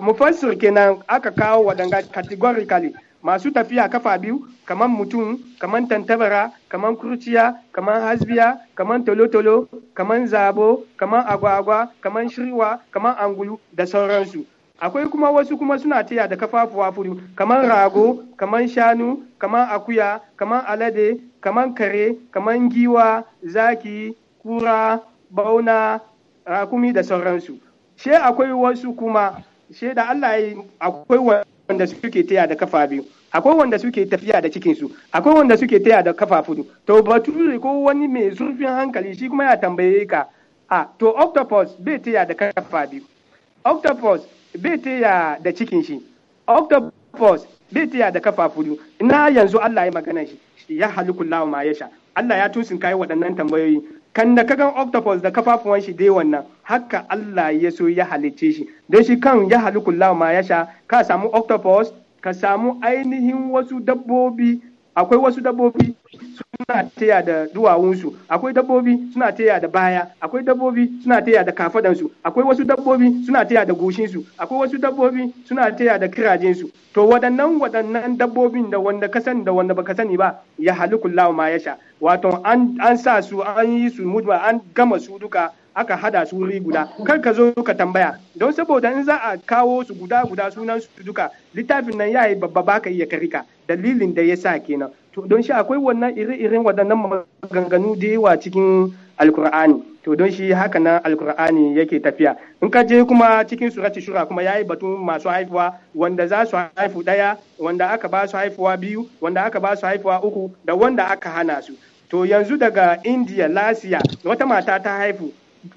mufassir kenan aka kawo wadanga categorically masu tafiya kafa biyu kaman mutum kaman tantabara kaman kurciya kamar hasbiya kaman tolotolo kamar zabo kaman agwagwa kaman shirwa kaman angulu da sauransu akwai kuma wasu kuma suna taya da kafafuwa furu kaman rago kaman shanu kaman akuya kaman alade kaman kare kaman giwa zaki kura bauna rakumi da sauransu she akwai wasu kuma she da allah akwai wanda suke taya da kafa biyu akwai wanda suke tafiya da cikinsu akwai wanda suke taya da kafa fudu to bature ko wani mai zurfin hankali shi kuma ya tambaye ka a to octopus bai taya da kafa biyu octopus bai taya da cikin shi octopus bai taya da kafa fudu ina yanzu Allah ya magana shi ya halikul ma yasha Allah ya tusin kai waɗannan tambayoyi kan da kagan octopus da kafafuwan shi dai wannan haka Allah ya so ya halicce shi don shi kan ya halikun ma ya sha ka samu octopus ka samu ainihin wasu dabbobi akwai wasu dabbobi suna taya da duwawunsu akwai dabbobi suna taya da baya akwai dabbobi suna taya da kafadansu akwai wasu dabbobi suna taya da goshinsu akwai wasu dabbobi suna taya da kirajinsu to waɗannan waɗannan dabbobin da wanda ka sani da wanda baka sani ba ya halikullahu ma ya sha wato an sa su an yi su mutuwa an gama su duka aka hada su wuri guda kar ka zo ka tambaya don saboda in za a kawo su guda guda sunan su duka littafin nan yayi babba baka iya karika dalilin da ya sa kenan to don shi akwai wannan iri-irin waɗannan maganganu da yawa cikin alkur'ani to don shi haka nan alkur'ani yake tafiya in ka je kuma cikin surati shura kuma yayi batun masu haifuwa wanda za su haifu daya wanda aka ba su haifuwa biyu wanda aka ba su haifuwa uku da wanda aka hana su to yanzu daga india lasiya wata mata ta haifu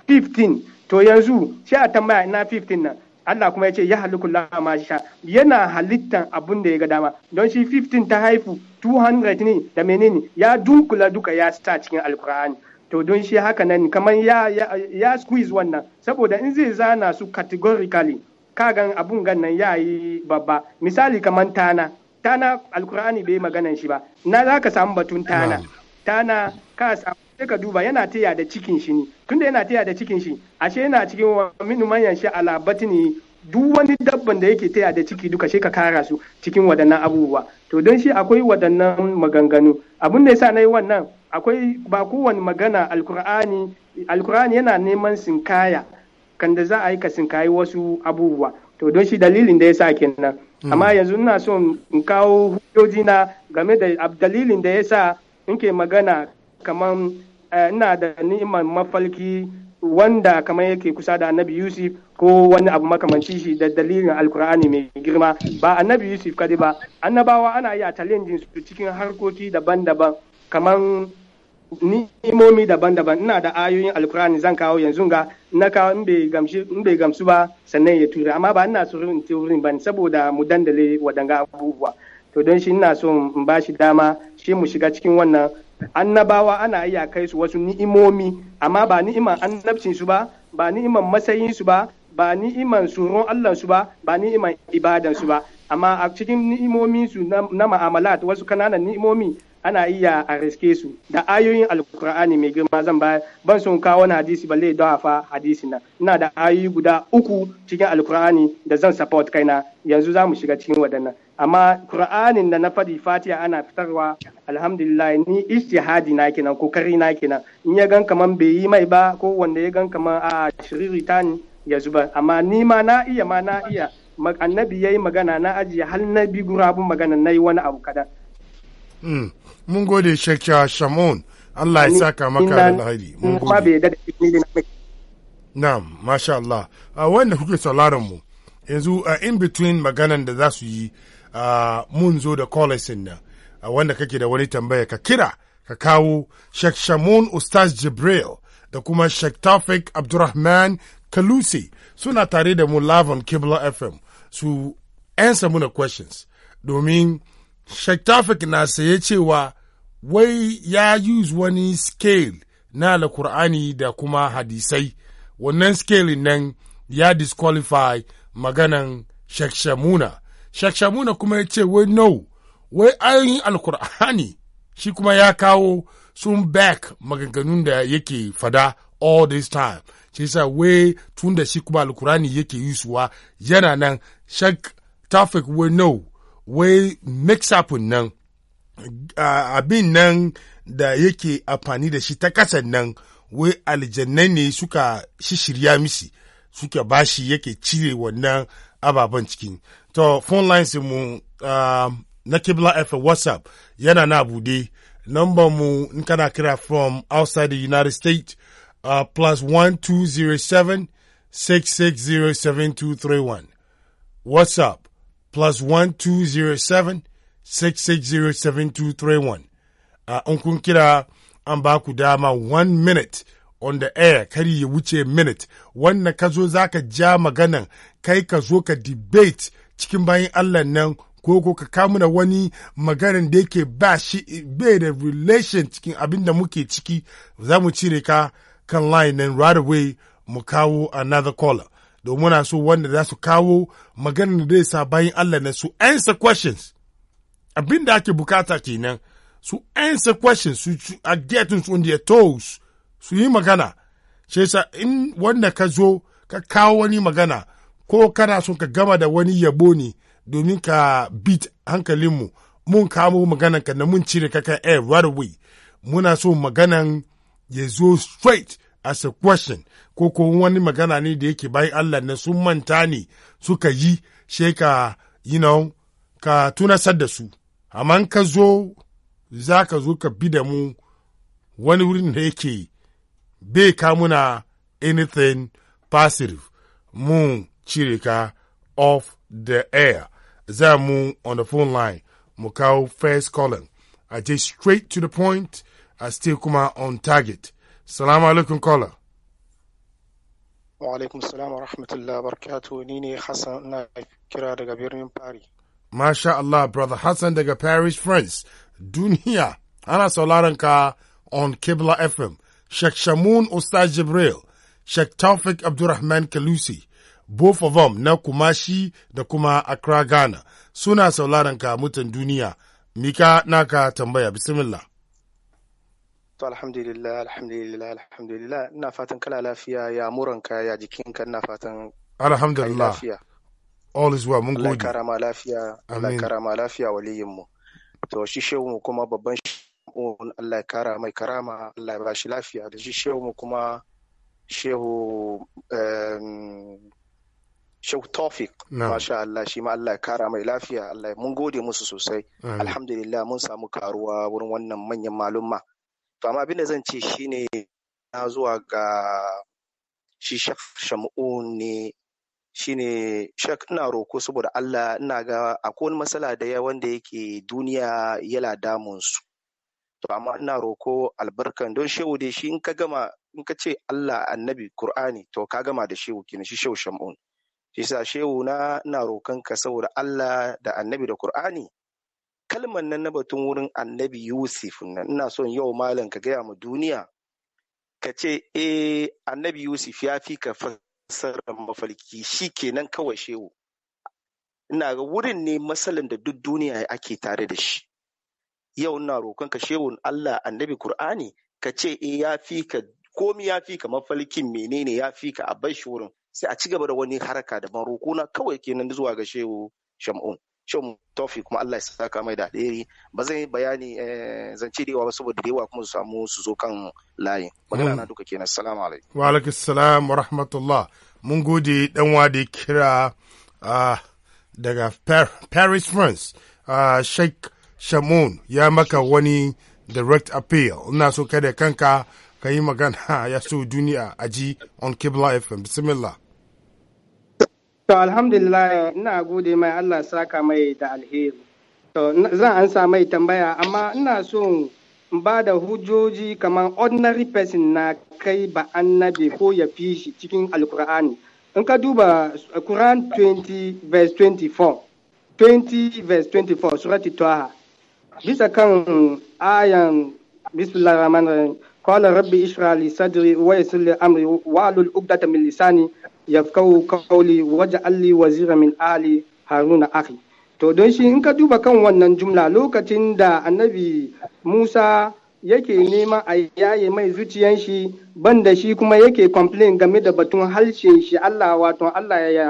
15 to yanzu shi a tambaya ina 15 nan Allah kuma ya ce ya kula ma sha yana halittan abun da ya ga dama don shi 15 ta haifu 200 ne da menene ya dunkula duka ya sta cikin alkur'ani to don shi haka nan kamar ya ya, squeeze wannan saboda in zai zana su categorically ka gan abun gannan ya yi babba misali kamar tana tana alkur'ani bai maganan shi ba na za ka samu batun tana tana ka samu sai ka duba yana taya da cikin shi ne tunda yana taya da cikin shi ashe yana cikin wa minu manyan shi ala batni duk wani dabban da yake taya da ciki duka shi ka kara su cikin waɗannan abubuwa to don shi akwai waɗannan maganganu abin da yasa yi wannan akwai ba kowane magana alkur'ani alkur'ani yana neman sinkaya kan da za a yi ka sinkayi wasu abubuwa to don shi dalilin da yasa kenan hmm. amma yanzu ina son in kawo hujjoji na game da dalilin da yasa ke magana kaman eh, ina da ni'imar mafalki wanda kamar yake kusa da annabi yusuf ko wani abu makamanci shi da dalilin alkur'ani mai girma ba annabi yusuf kadai ba annabawa ana iya talenjin su cikin harkoki daban-daban kamar ni'imomi daban-daban ina da ayoyin alkur'ani zan kawo yanzu ga na kawo in bai gamsu ba sannan ya tura amma ba ina so in teorin ba saboda mu dandale wadanga abubuwa to don shi ina so in ba shi dama shi mu shiga cikin wannan annabawa ana iya kai su wasu ni'imomi amma ba ni'iman annabcin su ba ba ni'iman matsayin su ba ba ni'iman tsoron Allah su ba ba ni'iman ibadan su ba amma a cikin ni'imomin su na ma'amalat wasu kananan ni'imomi ana iya a riske su da ayoyin alkur'ani mai girma zan ba ban son kawo wani hadisi balle don fa hadisi na ina da ayoyi guda uku cikin alkur'ani da zan support kaina yanzu za mu shiga cikin waɗannan amma qur'anin da na faɗi fatiha ana fitarwa alhamdulillah ni istihadi na kenan kokari na kenan in ya gan kaman bai yi mai ba ko wanda ya gan kaman a ta ne ya zuba amma ni ma na iya ma na iya annabi ya yi magana na ajiye hal na bi gurabun magana na yi wani abu kadan hmm. mun gode Sheikh Shamun Allah ya saka maka da lahari mun gode na'am masha Allah wanda kuke sauraron mu yanzu in between maganan da za su yi mun zo da kolesin nan wanda kake da wani tambaya ka kira ka kawo Sheikh Shamun Ustaz Jibril da kuma Sheikh Tafik Abdurrahman Kalusi suna tare da mu Lavon Kibla FM su ansa muna questions domin Sheikh Tafik na saye cewa wai ya use wani scale na alkur'ani da kuma hadisai wannan scale nan ya disqualify maganan Sheikh Shamuna shakshamuna kuma ya ce wai no wai ayoyin alkur'ani shi kuma ya kawo sun back maganganun da yake fada all this time shi sa wai tun da shi kuma alkur'ani yake yi yusuwa yana nan shak tafik wai no wai mix up nan abin nan da yake amfani da shi ta kasan nan wai aljannai ne suka shirya misi suka bashi yake cire wannan ababen ciki to phone lines mu ah, na kibla fm whatsapp yana na bude number mu in kana kira from outside the united states uh, plus 1207 660 7231 whatsapp plus 1207 660 7231 uh, unkun kira an ba ku dama one minute on the air kari ya wuce minute wannan ka zo za ka ja maganan kai ka zo ka debate cikin bayan allah nan ko ko ka kamuna wani maganan da yake ba shi bai da relation cikin abin da muke ciki za mu cire ka kan line nan right away mu kawo another caller domin na so wanda za su kawo maganar da zai sa bayan Allah na su answer questions abin da ake bukata kenan su answer questions su a getting on their toes su yi magana shi sa in wanda ka zo ka kawo wani magana ko kana son ka gama da wani yabo ne domin ka bit hankalinmu mun kamo maganan ka na mun cire ka kan air right away muna so maganan ya zo straight as a question ko ko wani magana ne da yake bayan Allah na sun manta ne suka yi she ka you know ka tunasar da su amma ka zo za ka zo ka bi da mu wani wurin da yake Be kamuna anything passive mu chirika of the air za mu on the phone line mu first column I just straight to the point I still kuma on target salamu alaikum caller wa alaikum salam wa rahmatullah barakatuh ni ne hassan na kira daga paris Masha Brother Hassan de Paris, France. Dunia ana sauraron ka on Kibla FM Sheikh Shamun Ustaz Jibril, Sheikh Taufik Abdurrahman Kalusi, both of them na Kumashi da kuma Accra Ghana suna sauraron ka mutan duniya. Mika naka tambaya bismillah. To alhamdulillah, alhamdulillah, alhamdulillah. Ina fatan kala lafiya ya muranka ya jikinka ina fatan Alhamdulillah. All is well, mun gode. Allah karama lafiya, Allah karama lafiya waliyinmu. To shi shehu kuma babban mas'ul Allah ya kara mai karama Allah ya ba shi lafiya da shi shehu mu kuma shehu shehu tofik masha Allah shi ma Allah ya kara mai lafiya Allah mun gode musu sosai alhamdulillah mun samu karuwa wurin wannan manyan malumma to amma abin da zan ce shine na zuwa ga shi Sheikh Shamun ne shine Sheikh ina roko saboda Allah ina ga akwai wani matsala da ya wanda yake duniya yala damun su to amma ina roko albarkan don shehu dai shi in ka gama in ka ce Allah annabi Qur'ani to ka gama da shehu kenan shi shehu shamun shi sa shehu na ina rokan ka saboda Allah da annabi da Qur'ani kalman nan na batun wurin annabi Yusuf nan ina son yau malam ka gaya mu duniya ka ce eh annabi Yusuf ya fi ka fassara mafalki shi kenan kawai shehu ina ga wurin ne masalan da duk duniya ake tare da shi yau ina ka shehun Allah annabi Kur'ani ka ce e ya fi ka komi ya fi ka mafalkin menene ya fi ka a bai wurin sai a ci gaba da wani haraka da roƙo na kawai kenan zuwa ga shehu shamun shan tofi kuma Allah ya saka mai da alheri ba zan yi bayani eh, zance da yawa ba saboda da yawa kuma su samu su zo kan layi magana na duka kenan assalamu alaikum wa alaikum assalam wa rahmatullah mun gode dan wade kira ah, daga paris france ah, sheikh shamun ya maka wani direct appeal ina so kada kanka ka yi magana ya so duniya a ji on kibla fm bismillah to alhamdulillah ina gode mai allah saka mai da alheri to zan sa mai tambaya amma ina so in ba da hujjoji kamar ordinary person na kai ba annabi ko ya fi shi cikin alkur'ani in ka duba quran 20 verse 24 20 verse 24 surati taha bisa kan ayan bismillahir rahman rahim qala rabbi israeli li sadri wa yassir li amri wahlul 'uqdatam min lisani yafqahu qawli waj'al li wazira min ali haruna akhi to don shi in ka duba kan wannan jumla lokacin da annabi Musa yake nema a yaye mai zuciyan shi banda shi kuma yake complain game da batun halshe shi Allah wato Allah ya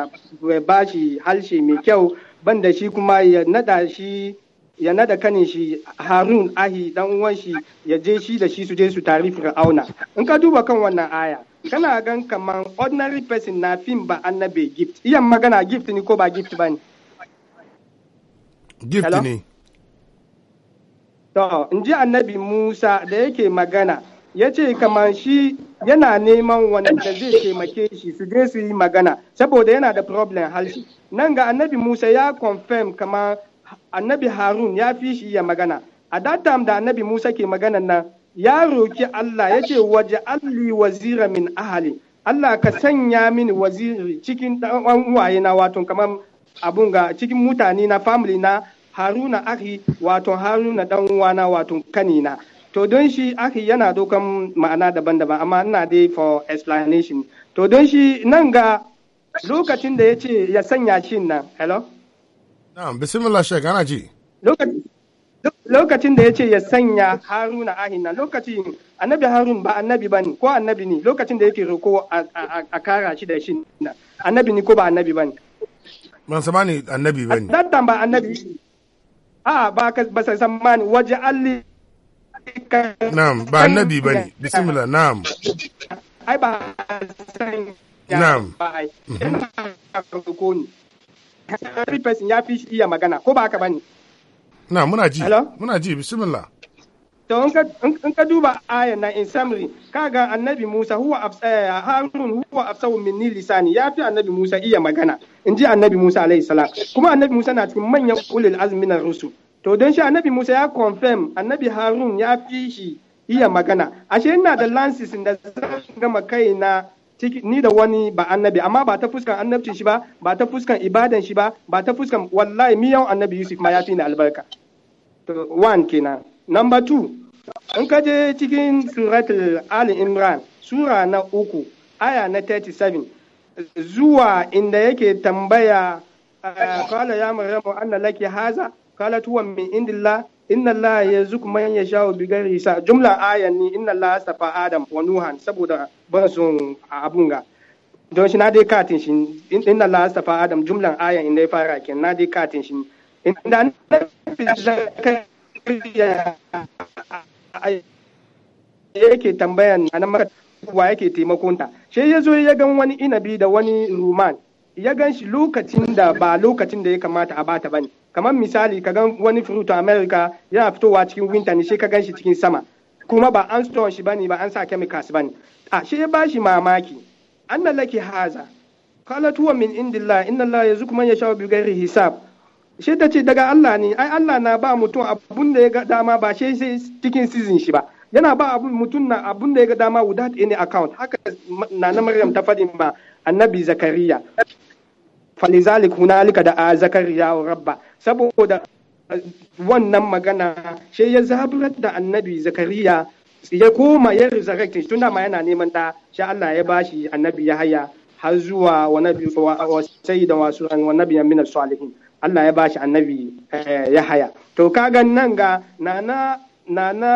ba shi halshe mai kyau banda shi kuma ya nada shi ya nada kanin shi harun ahi dan uwan shi ya je shi da shi su je su tari fir'auna in ka duba kan wannan aya kana gan kaman ordinary person na fim ba annabe gift iyan magana gift ne ko ba gift ba ne gift ne to in ji annabi musa da yake magana ya ce kaman shi yana neman wanda zai taimake shi su je su yi magana saboda yana da problem halshi nan ga annabi musa ya confirm kaman annabi harun ya fi shi iya magana a datam da annabi musa ke magana nan ya roki allah ya ce waje alli wazira min ahali allah ka sanya mini waziri cikin ɗan uwaye na wato kamar abun ga cikin mutane na family na haruna ahi wato haruna dan uwana wato kanina to don shi ahi yana dokan ma'ana daban-daban amma ina dai for explanation to don shi nan ga lokacin da ya ce ya sanya shi nan hello Na'am, bismillah shek ana ji. Lokacin da ya ce ya sanya Haruna ahina lokacin annabi Harun ba annabi ba ne ko annabi ne lokacin da yake roko a kara shi da shi annabi ne ko ba annabi ba ne. Ban sama ne annabi ba ne. Dattan ba annabi. A ba ka ba sai sama ne waje alli. Na'am ba annabi ba ne bismillah na'am. Ai ba san. Na'am. Ba ai. Mhm. Ina roko ne. every person ya fi iya magana ko ba haka bane na muna ji muna ji bismillah to in ka duba ayan na in summary kaga annabi Musa huwa eh, Harun huwa afsahu ni lisani ya fi annabi Musa iya magana in ji annabi Musa alaihi salam kuma annabi Musa na cikin manyan ulul azmi na rusul to don shi annabi Musa ya confirm annabi Harun ya fi shi iya magana ashe ina da lances da zan gama na. ni da wani ba annabi amma ba ta fuskan annabcin shi ba ba ta fuskan ibadan shi ba ba ta fuskan wallahi mi yawan annabi Yusuf ma ya fi ni albarka to one kenan number two in ka je cikin suratul Ali Imran sura na uku aya na 37 zuwa inda yake tambaya eh, qala ya maryamu anna laki haza qalat huwa min indillah inna Allah ya zuku man ya shawo bigar isa jumla ayan ni inna Allah astafa Adam wa Nuhan saboda ban sun abun ga don shi na dai katin shi inna Allah astafa Adam jumla ayan inda ya fara ken na dai katin shi inda na fi zakariya yake tambayan nan maka wa yake taimakonta sai ya zo ya gan wani inabi da wani ruman ya gan shi lokacin da ba lokacin da ya kamata a bata bane kamar misali ka gan wani fruit a america yana fitowa cikin winter ne shi ka gan shi cikin sama kuma ba an store shi bane ba an sa chemicals bane a ah, shi ya bashi mamaki anna laki haza qalat tuwa min indillah inna allaha yazuku man bi ghairi hisab shi ta ce daga Allah ne ai Allah na ba mutum abun da ya ga dama ba shi sai cikin season shi ba yana ba abun mutum na abun da ya ga dama without any account haka na na Maryam ta faɗi ma annabi Zakariya falizalik hunalika da a zakariya rabba saboda wannan magana shi ya zaburar da annabi zakariya ya koma ya resurrect tun tunda ma yana neman da sha Allah ya bashi annabi ya haya har zuwa wa nabi sai da wasu wa nabi salihin Allah ya bashi annabi eh, ya haya to kaga nan ga nana nana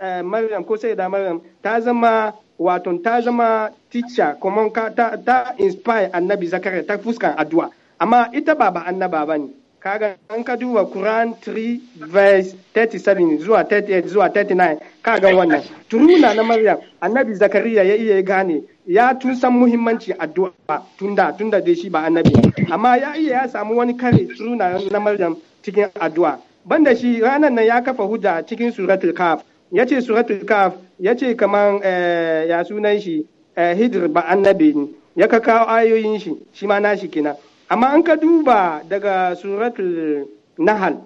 eh, Maryam ko sai da Maryam ta zama wato ta zama teacher kuma ta, ta inspire annabi zakariya ta fuskan addu'a amma ita ba ba annaba ba ne kaga an ka duba Quran 3 verse 37 zuwa 38 zuwa 39 kaga wannan turuna na Maryam annabi Zakariya ya iya gane ya tun san muhimmanci addu'a tunda tunda dai shi ba annabi amma ya iya ya samu wani kare turuna na Maryam cikin addu'a banda shi ranan nan ya kafa hujja cikin suratul kaf ya ce suratul kaf ya ce kaman eh, ya sunan shi eh, hidir ba annabi ne ya ka kawo ayoyin shi shi ma nashi kina amma an ka duba daga suratul nahal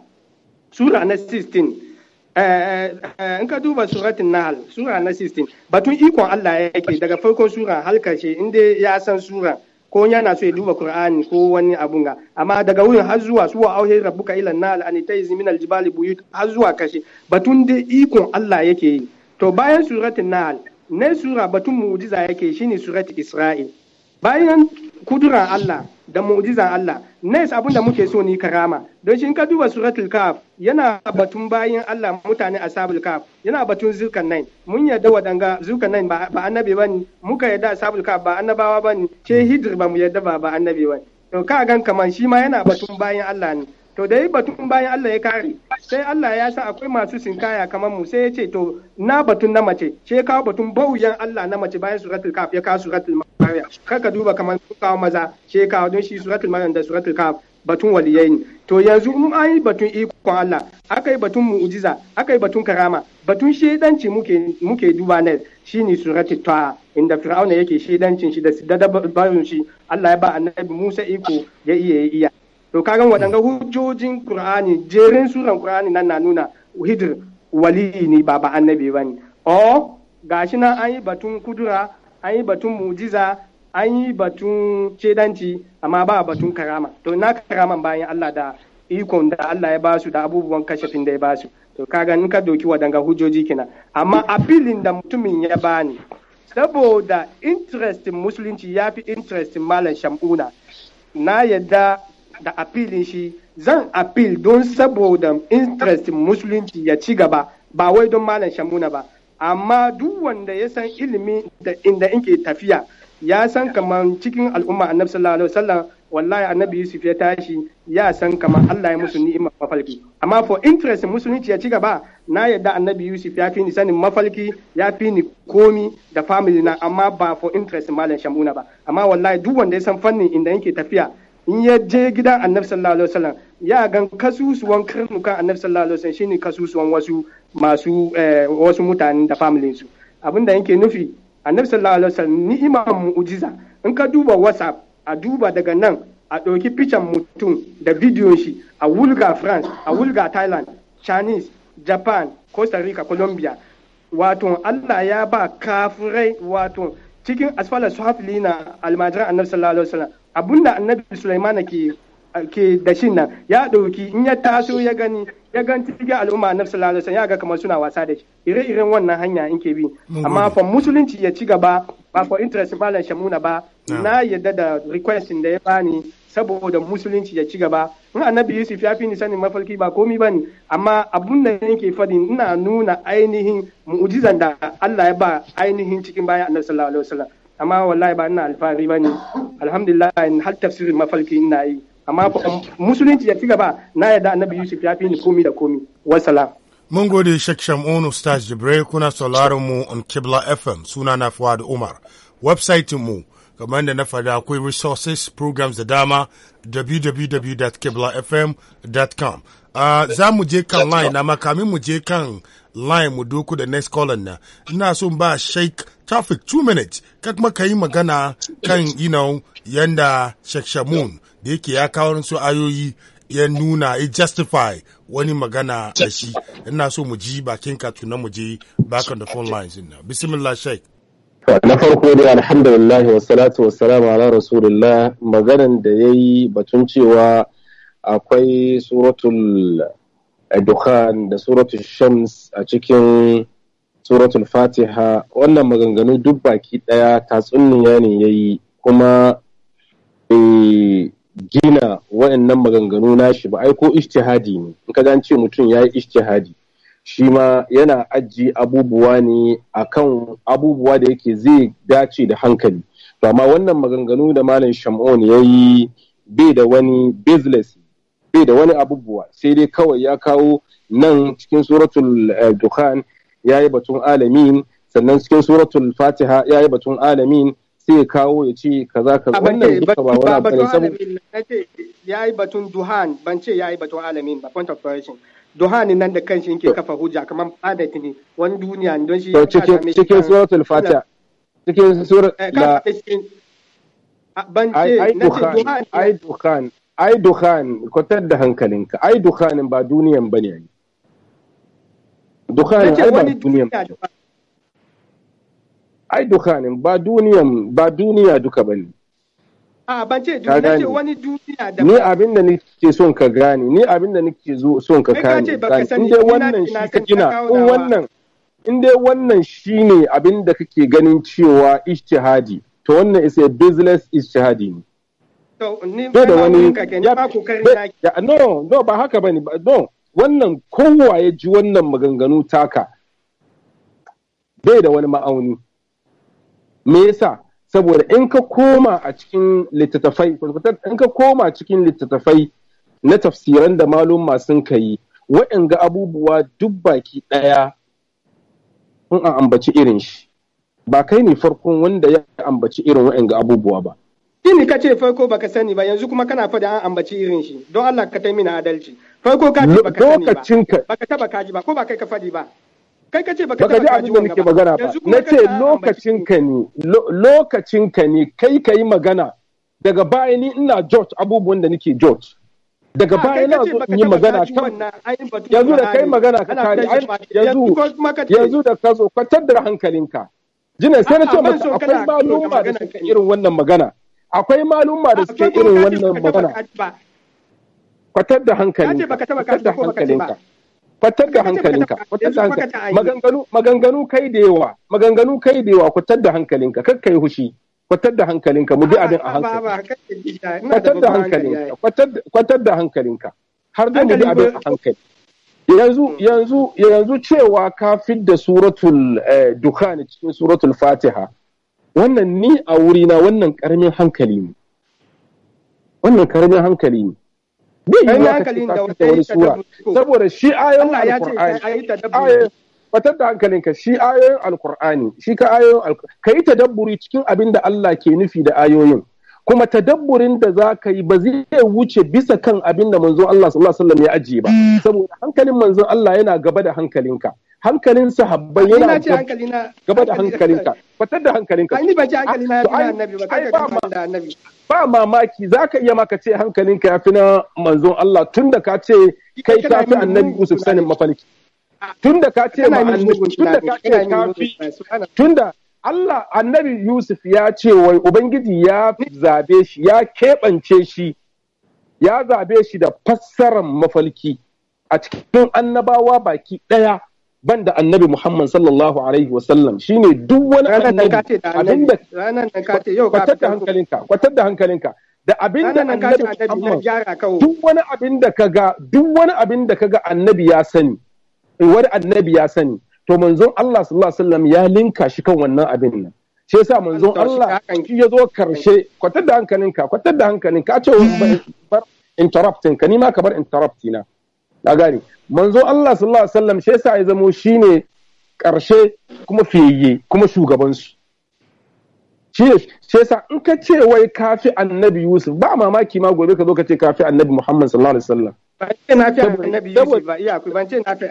sura na 16 eh, in ka duba suratun nahal sura na 16 batun ikon Allah yake daga farkon sura halkashe inda ya san sura ko yana so ya duba Qur'ani ko wani abun ga amma daga wurin har zuwa suwa auhe rabbuka ilan nal an yi min Jibali buyut har zuwa kashe batun dai ikon Allah yake yi to bayan suratul nahl na sura batun mu'jiza yake shine suratul isra'il bayan kuduran Allah da mu'jizan Allah nais abin da muke so ni karama don shi in ka duba suratul kaf yana batun bayin Allah mutane sabul kaf yana batun zulkan nain mun yarda wadanga zulkan nain ba annabi bane muka yarda sabul kaf ba annabawa bane ce hijr ba mu yarda ba ba annabi bane to ka gan kamar shi ma yana batun bayin Allah ne to da yi batun bayan Allah ya kare sai Allah ya sa akwai masu sinkaya kamar mu sai ya ce to na batun na mace ce kawo batun bauyan Allah na mace bayan suratul kaf ya kawo suratul mariya ka duba kamar su kawo maza ce kawo don shi suratul mariya da suratul kaf batun waliyai ne to yanzu in an yi batun ikon Allah aka yi batun mu'ujiza aka yi batun karama batun shedanci muke muke duba ne shine suratul ta'a inda fir'auna yake shedancin shi da barin shi Allah ya ba annabi Musa iko ya iya ya iya to kagan waɗanga hujjojin ƙur'ani jerin suran kur'ani nan na nuna hidir wali ne ba ba annabi ba ne o gashi nan an yi batun kudura an yi batun mujiza an yi batun cedanci amma ba batun karama to na karaman bayan Allah da ikon da Allah ya basu da abubuwan kashafin da ya basu to kaga in ka doki waɗanga hujjoji kenan amma a da mutumin ya bani saboda interest musulunci ya fi interest malam shamuna na yadda da appealin shi zan appeal don saboda interest musulunci ya ci gaba ba wai don malam shamuna ba amma duk wanda ya san ilimi da inda inke tafiya ya san kamar cikin al'umma annabi sallallahu alaihi wasallam wallahi annabi yusuf ya tashi ya san kamar Allah ya musu ni'ima mafalki amma for interest musulunci ya ci gaba na yadda annabi yusuf ya fi ni sanin mafalki ya fi ni komi da family na amma ba for interest malam shamuna ba amma wallahi duk wanda ya san fannin inda yake tafiya in ya je gidan annabi sallallahu alaihi wasallam ya gan kasusuwan karnukan annabi sallallahu alaihi wasallam shine kasusuwan wasu masu eh, wasu mutanen da familin su da yake nufi annabi sallallahu alaihi wasallam ni'ima mu'jiza in ka duba whatsapp a duba daga nan a ɗauki ficen mutum da bidiyon shi a wulga france a wulga thailand chinese japan costa rica colombia wato allah ya ba kafirai wato cikin asfala suhafili na almajiran annabi sallallahu alaihi wasallam abinda annabi Sulaiman ke ke da shin nan ya dauki, in ya taso ya gani ya gan cikin al'umma annabi sallallahu alaihi ya ga kamar suna wasa da shi ire-iren wannan hanya in ke bi amma fa musulunci ya ci gaba ba for interest malam shamuna ba na yadda da request da ya bani saboda musulunci ya ci gaba in annabi yusuf ya fi ni sanin mafalki ba komi bane amma abun da yake fadi ina nuna ainihin mu'jizan da Allah ya ba ainihin cikin bayan annabi sallallahu alaihi wasallam amma wallahi ba ina alfahari ba ne alhamdulillah har tafsirin mafarki ina yi amma musulunci ya ci gaba na yarda annabi yusuf ya fi ni komi da komi wassalam mun gode shek shamun ustaz jibre kuna sauraron mu on kibla fm suna na fuad umar website mu kamar da na fada akwai resources programs da dama www.kiblafm.com uh, ah, za mu je kan line na makamin mu je kan line mu doku da next column na ina so ba sheik traffic two minutes ka maka yi magana kan you know, yanda shakshamun da yake ya kawo su ayoyi ya nuna ya justify wani magana da shi ina so mu ji bakin ka tunan mu je back on the phone lines din bismillah sheikh na farko dai alhamdulillah wa salatu wa salam ala rasulillah maganan da yayi batun cewa akwai suratul dukhan da suratul shams a cikin suratul fatiha wannan maganganu duk baki ɗaya tatsuniya ne ya yi kuma eh, gina waɗannan maganganu nashi ba ai ko ishtihadi ne in ka ce mutum ya yi ishtihadi shi ma yana ajiye abubuwa ne akan abubuwa da yake zai dace da hankali to amma wannan maganganu da malam shamon ya yi bai da wani business bai da wani abubuwa sai dai kawai ya kawo nan cikin suratul eh, dukhan ya yi batun alamin sannan cikin suratul fatiha ya yi batun alamin sai ya kawo ya ce kaza kaza wannan duka ba wani abu ne saboda ya yi batun duhan ban ce ya yi batun alamin ba point of correction duhanin nan da kanshi yake kafa hujja kamar adadi ne wani duniya don shi cikin suratul fatiha cikin surat eh, ban ce na ce duhan ai duhan ai duhan kwatar da hankalinka ai duhanin ba duniyan bane dukkanin ai ba duniyan ai dukkanin ba duniyan ba duniya duka bane a ban ce duniya wani duniya da ni abinda nake son ka gane ni abinda nake son ka gane in dai wannan shi ka gina in wannan in dai wannan shine abinda kake ganin cewa ijtihadi to wannan is a business ijtihadi ne to ni ba da wani ya no no ba haka bane no wannan kowa ya ji wannan maganganu taka bai da wani ma'auni me yasa saboda in ka koma a cikin littattafai in ka koma cikin littattafai na tafsiran da malum sun kayi waɗanga abubuwa duk baki ɗaya in an ambaci irin shi ba kai ne farkon wanda ya ambaci irin waɗanga abubuwa ba Tun ka ce farko baka sani ba yanzu kuma kana fada an ambaci irin shi don Allah ka taimi na adalci. Farko ka ce baka sani ba. Baka taba kaji ba ko ba kai ka fadi ba. Kai ka ce baka taba kaji ba. nake magana ba. Na ce lokacin ka ne lokacin ka ne kai ka yi magana daga baya ni ina George abubuwan da nake George. daga baya na zo yi magana kan yanzu da kai magana ka kare yanzu yanzu da ka zo kwantar da hankalinka jina sai na ce maka akwai noma da irin wannan magana akwai malumma da suke irin wannan magana kwatar da hankalinka kwatar da hankalinka kwatar da hankalinka kwatar da hankalinka maganganu maganganu kai da yawa maganganu kai da yawa kwatar da hankalinka kar kai hushi kwatar da hankalinka mu bi abin a hankali kwatar da hankalinka kwatar da hankalinka har da mu bi abin a hankali yanzu mm. yanzu yanzu cewa ka fidda suratul eh, dukhan cikin suratul fatiha wannan ni a wurina wannan karamin hankali ne wannan karamin hankali ne bai yi hankalin da wani sura saboda shi ayoyin alkur'ani fatar da hankalinka shi ayoyin alkur'ani shi ka ayoyin alkur'ani ka yi tadabburi cikin abin da Allah ke nufi da ayoyin kuma tadabburin da za ka yi ba zai wuce bisa kan abin da manzon Allah sallallahu alaihi wasallam ya ajiye ba saboda hankalin manzon Allah yana gaba da hankalinka hankalin sahabbai yana gaba da hankalinka fatar da hankalinka ni ba ji hankalina ya fi annabi ba kai ka da annabi ba mamaki za ka iya maka ce hankalinka ya fi na manzon Allah tunda ka ce kai ka fi annabi Yusuf sanin mafarki Tunda ka ce ma annabi tunda da ka ce ka fi tunda. Allah annabi Yusuf ya ce wai Ubangiji ya zabe shi ya keɓance shi ya zabe shi da fassarar mafalki a cikin annabawa baki ɗaya banda annabi Muhammad sallallahu alaihi wasallam ne duk wani annabi abinda kwatar da hankalinka kwatar da hankalinka da abinda annabi Muhammad duk wani abin da kaga duk wani abin da kaga annabi ya sani wani annabi ya sani to manzon Allah sallallahu alaihi wasallam ya linka shi kan wannan abin nan shi yasa manzon Allah shi ya zo karshe kwatar da hankalinka kwatar da hankalinka a ce bar interrupting ka ni ma ka bar interrupting na na gane manzon Allah sallallahu alaihi wasallam shi yasa ya zamo shine karshe kuma fiye kuma shugaban shi shi yasa in ka ce wai kafi annabi Yusuf ba mamaki ma gobe ka zo ka ce kafi annabi Muhammad sallallahu alaihi wasallam ba ce na fi annabi Yusuf ba iya ku ban ce na fi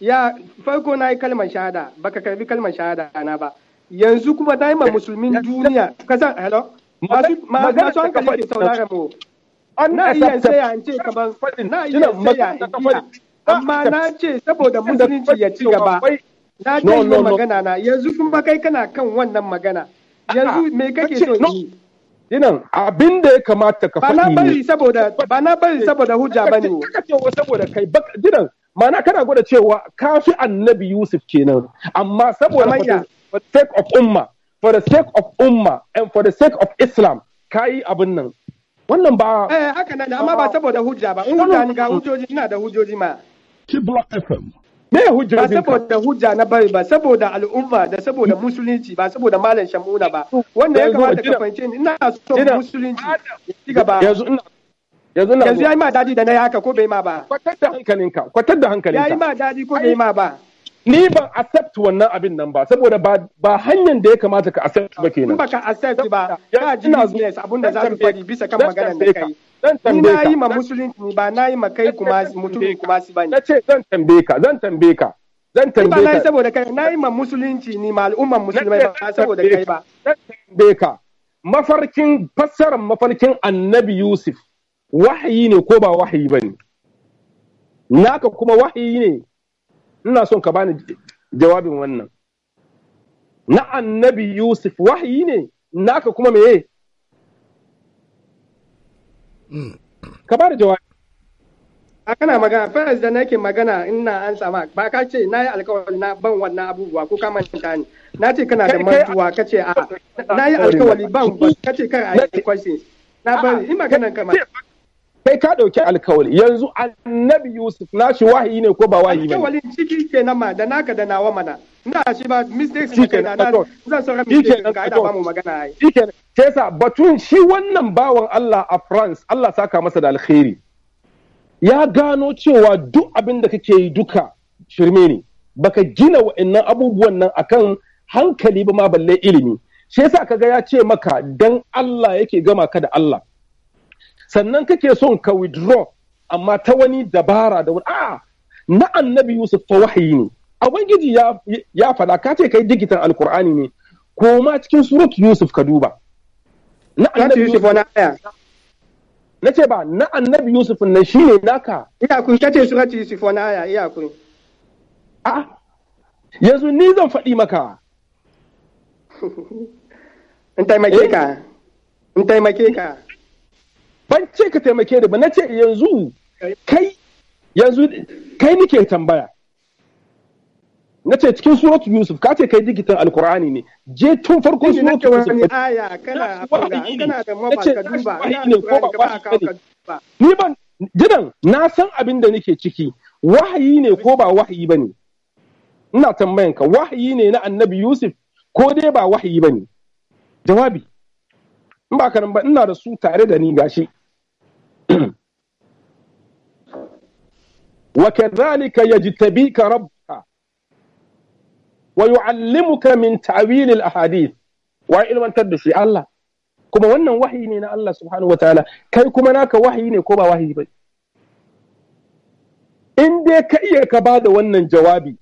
ya farko na yi kalmar shahada baka karbi kalmar shahada na ba yanzu kuma daimar yi ma musulmin duniya ka san hello masu hankali ke saurara mu na iya saya in ce kamar na iya saya amma na ce saboda musulunci ya ci gaba na ce yi magana na yanzu kuma kai kana kan wannan magana yanzu me kake so yi Dinan abin da ya kamata ka faɗi ne. Ba na bari saboda hujja ba ne. Saboda kai dinan Mana kana gwada cewa kafi annabi Yusuf kenan, amma saboda for the sake of umma, for the sake of umma and for the sake of Islam, kayi abin nan. Wannan ba Eh haka nan amma ba saboda hujja ba. In hujja ni ga hujjoji ina da hujjoji ma. Ki block FM. Me hujja ba saboda hujja na bari ba saboda al'umma da saboda musulunci ba saboda malam shamuna ba. Wannan ya kamata ka fahimce ni ina so musulunci. Yanzu ina yanzu ya yi ma daji da na yi haka ko bai ma ba kwatar da hankalinka kwatar da hankalinka ya yi ma daji ko bai ma ba ni ban accept wannan abin nan ba saboda ba hanyar da ya kamata ka accept ba kenan ba ka accept ba ka ji business abin da za su fari bisa kan maganar da kai ni na yi ma musulunci ba na yi ma kai kuma mutum kuma su na ce zan tambaye ka zan tambaye ka zan tambaye ka ba saboda kai na yi ma musulunci ni ma al'umman musulmai ba saboda kai ba zan tambaye ka mafarkin fassarar mafarkin annabi yusuf wahayi ne ko ba wahayi ba ne naka kuma wahayi ne ina son ka bani jawabin wannan na annabi yusuf wahayi ne naka kuma meye ka bani jawabi a kana magana faras da nake magana ina an sama ba ka ce na yi alkawari na ban wannan abubuwa ko ka manta ni na ce kana da mantuwa ka ce a na yi alkawari ban ka ce kar a yi questions na bari in maganan kamar. sai ka ɗauki alkawali yanzu annabi yusuf na shi wahayi ne ko ba wahayi ba alkawali ciki ke nan ma da naka da nawa mana ina shi ba mistakes ne ke na zan sauran mistakes ga ina ba mu magana ai shike sai batun shi wannan bawan Allah a France Allah saka masa da alkhairi ya gano cewa duk abin da kake yi duka shirme ne baka gina wa'annan abubuwan nan akan hankali ba ma balle ilimi sai sa kaga ya ce maka dan Allah yake gama ka da Allah sannan kake son ka withdraw amma ta wani dabara da wani a na annabi yusuf ta wahayi ne ubangiji ya ya faɗa ka ce kai digitan alkur'ani ne ko ma cikin surut yusuf ka duba na annabi yusuf wani aya na ce ba na annabi yusuf na shi ne naka iya kun kace surat yusuf wani aya iya kun a yanzu ni zan faɗi maka in taimake ka eh? in taimake ka ban ce ka taimake da ba na ce yanzu kai yanzu kai nike tambaya na ce cikin suratu yusuf ka ce kai digitan alkur'ani ne je tun farkon suratu yusuf aya kana kana da mabaka duba ni ban gidan na san abin da nike ciki wahayi ne ko ba wahayi bane ina tambayan ka wahayi ne na annabi yusuf ko dai ba wahayi bane jawabi in ba karan ba ina da su tare da ni gashi وكذلك يجتبيك ربك ويعلمك من تعويل الأحاديث وإلى من تدش الله كما وانا وحيني الله سبحانه وتعالى كي كما ناك وحيني كوبا وحيني بي إن دي كأي كبادة وانا جوابي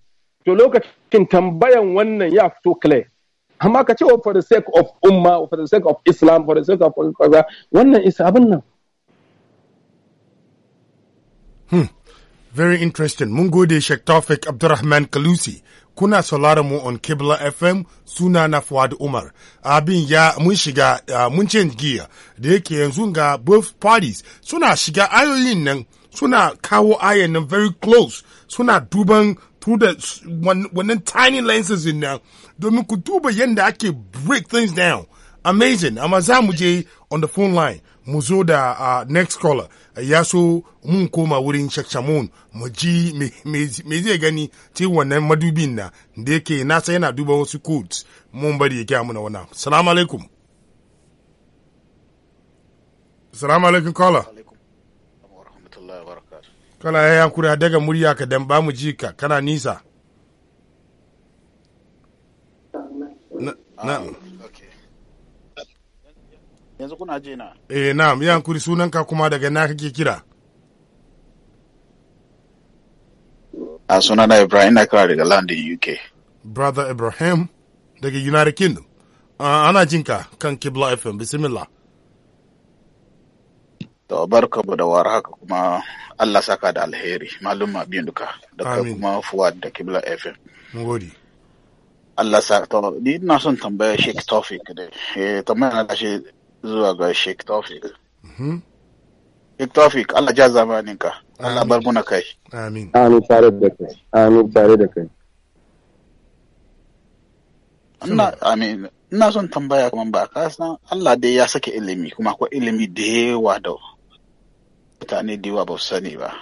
جلوك كن تنبايا وانا يافتو كلي أما كتير for the sake of Ummah, for the sake of Islam, for the sake of Allah, وانا إسابنا Hmm. Very interesting. Mun gode Sheikh abdulrahman Abdurrahman Kalusi. Kuna sauraron mu on Kibla FM suna na Fuad Umar. Abin ya mun shiga uh, mun change gear da yake yanzu ga both parties suna shiga ayoyin nan suna kawo ayan nan very close suna duban through the wannan tiny lenses in nan domin ku duba yadda ake break things down. Amazing. Amma za mu je on the phone line mu zo da uh, next caller. ya so mun koma wurin shakshamun mu ji me zai gani ci wannan madubin na da yake nasa yana duba wasu codes mun bari ya kya muna wana salamu alaikum salamu alaikum kola kana ya yankura daga murya ka dan ba mu ji ka kana nisa na, na. yanzu kuna je na eh na'am ya sunan ka kuma daga na kake kira a sunana ibrahim na kira daga london uk brother ibrahim daga united kingdom uh, ana jinka kan kibla fm bismillah to barka da war haka kuma allah saka da alheri malum biyan duka da kuma fuad da kibla fm Ngodi. allah saka to ni ina son tambaya sheik tawfik da eh, tambaya na da shi zuwa ga Sheikh Tawfiq. Mhm. Sheikh Tawfick Allah ja zamanin ka. Allah bar muna kai. Amin. Amin tare da kai. Amin tare da kai. Ina amin. Ina son tambaya kuma ba ka san Allah dai ya sake ilimi kuma ko ilimi da yawa da mutane da yawa ba su sani ba.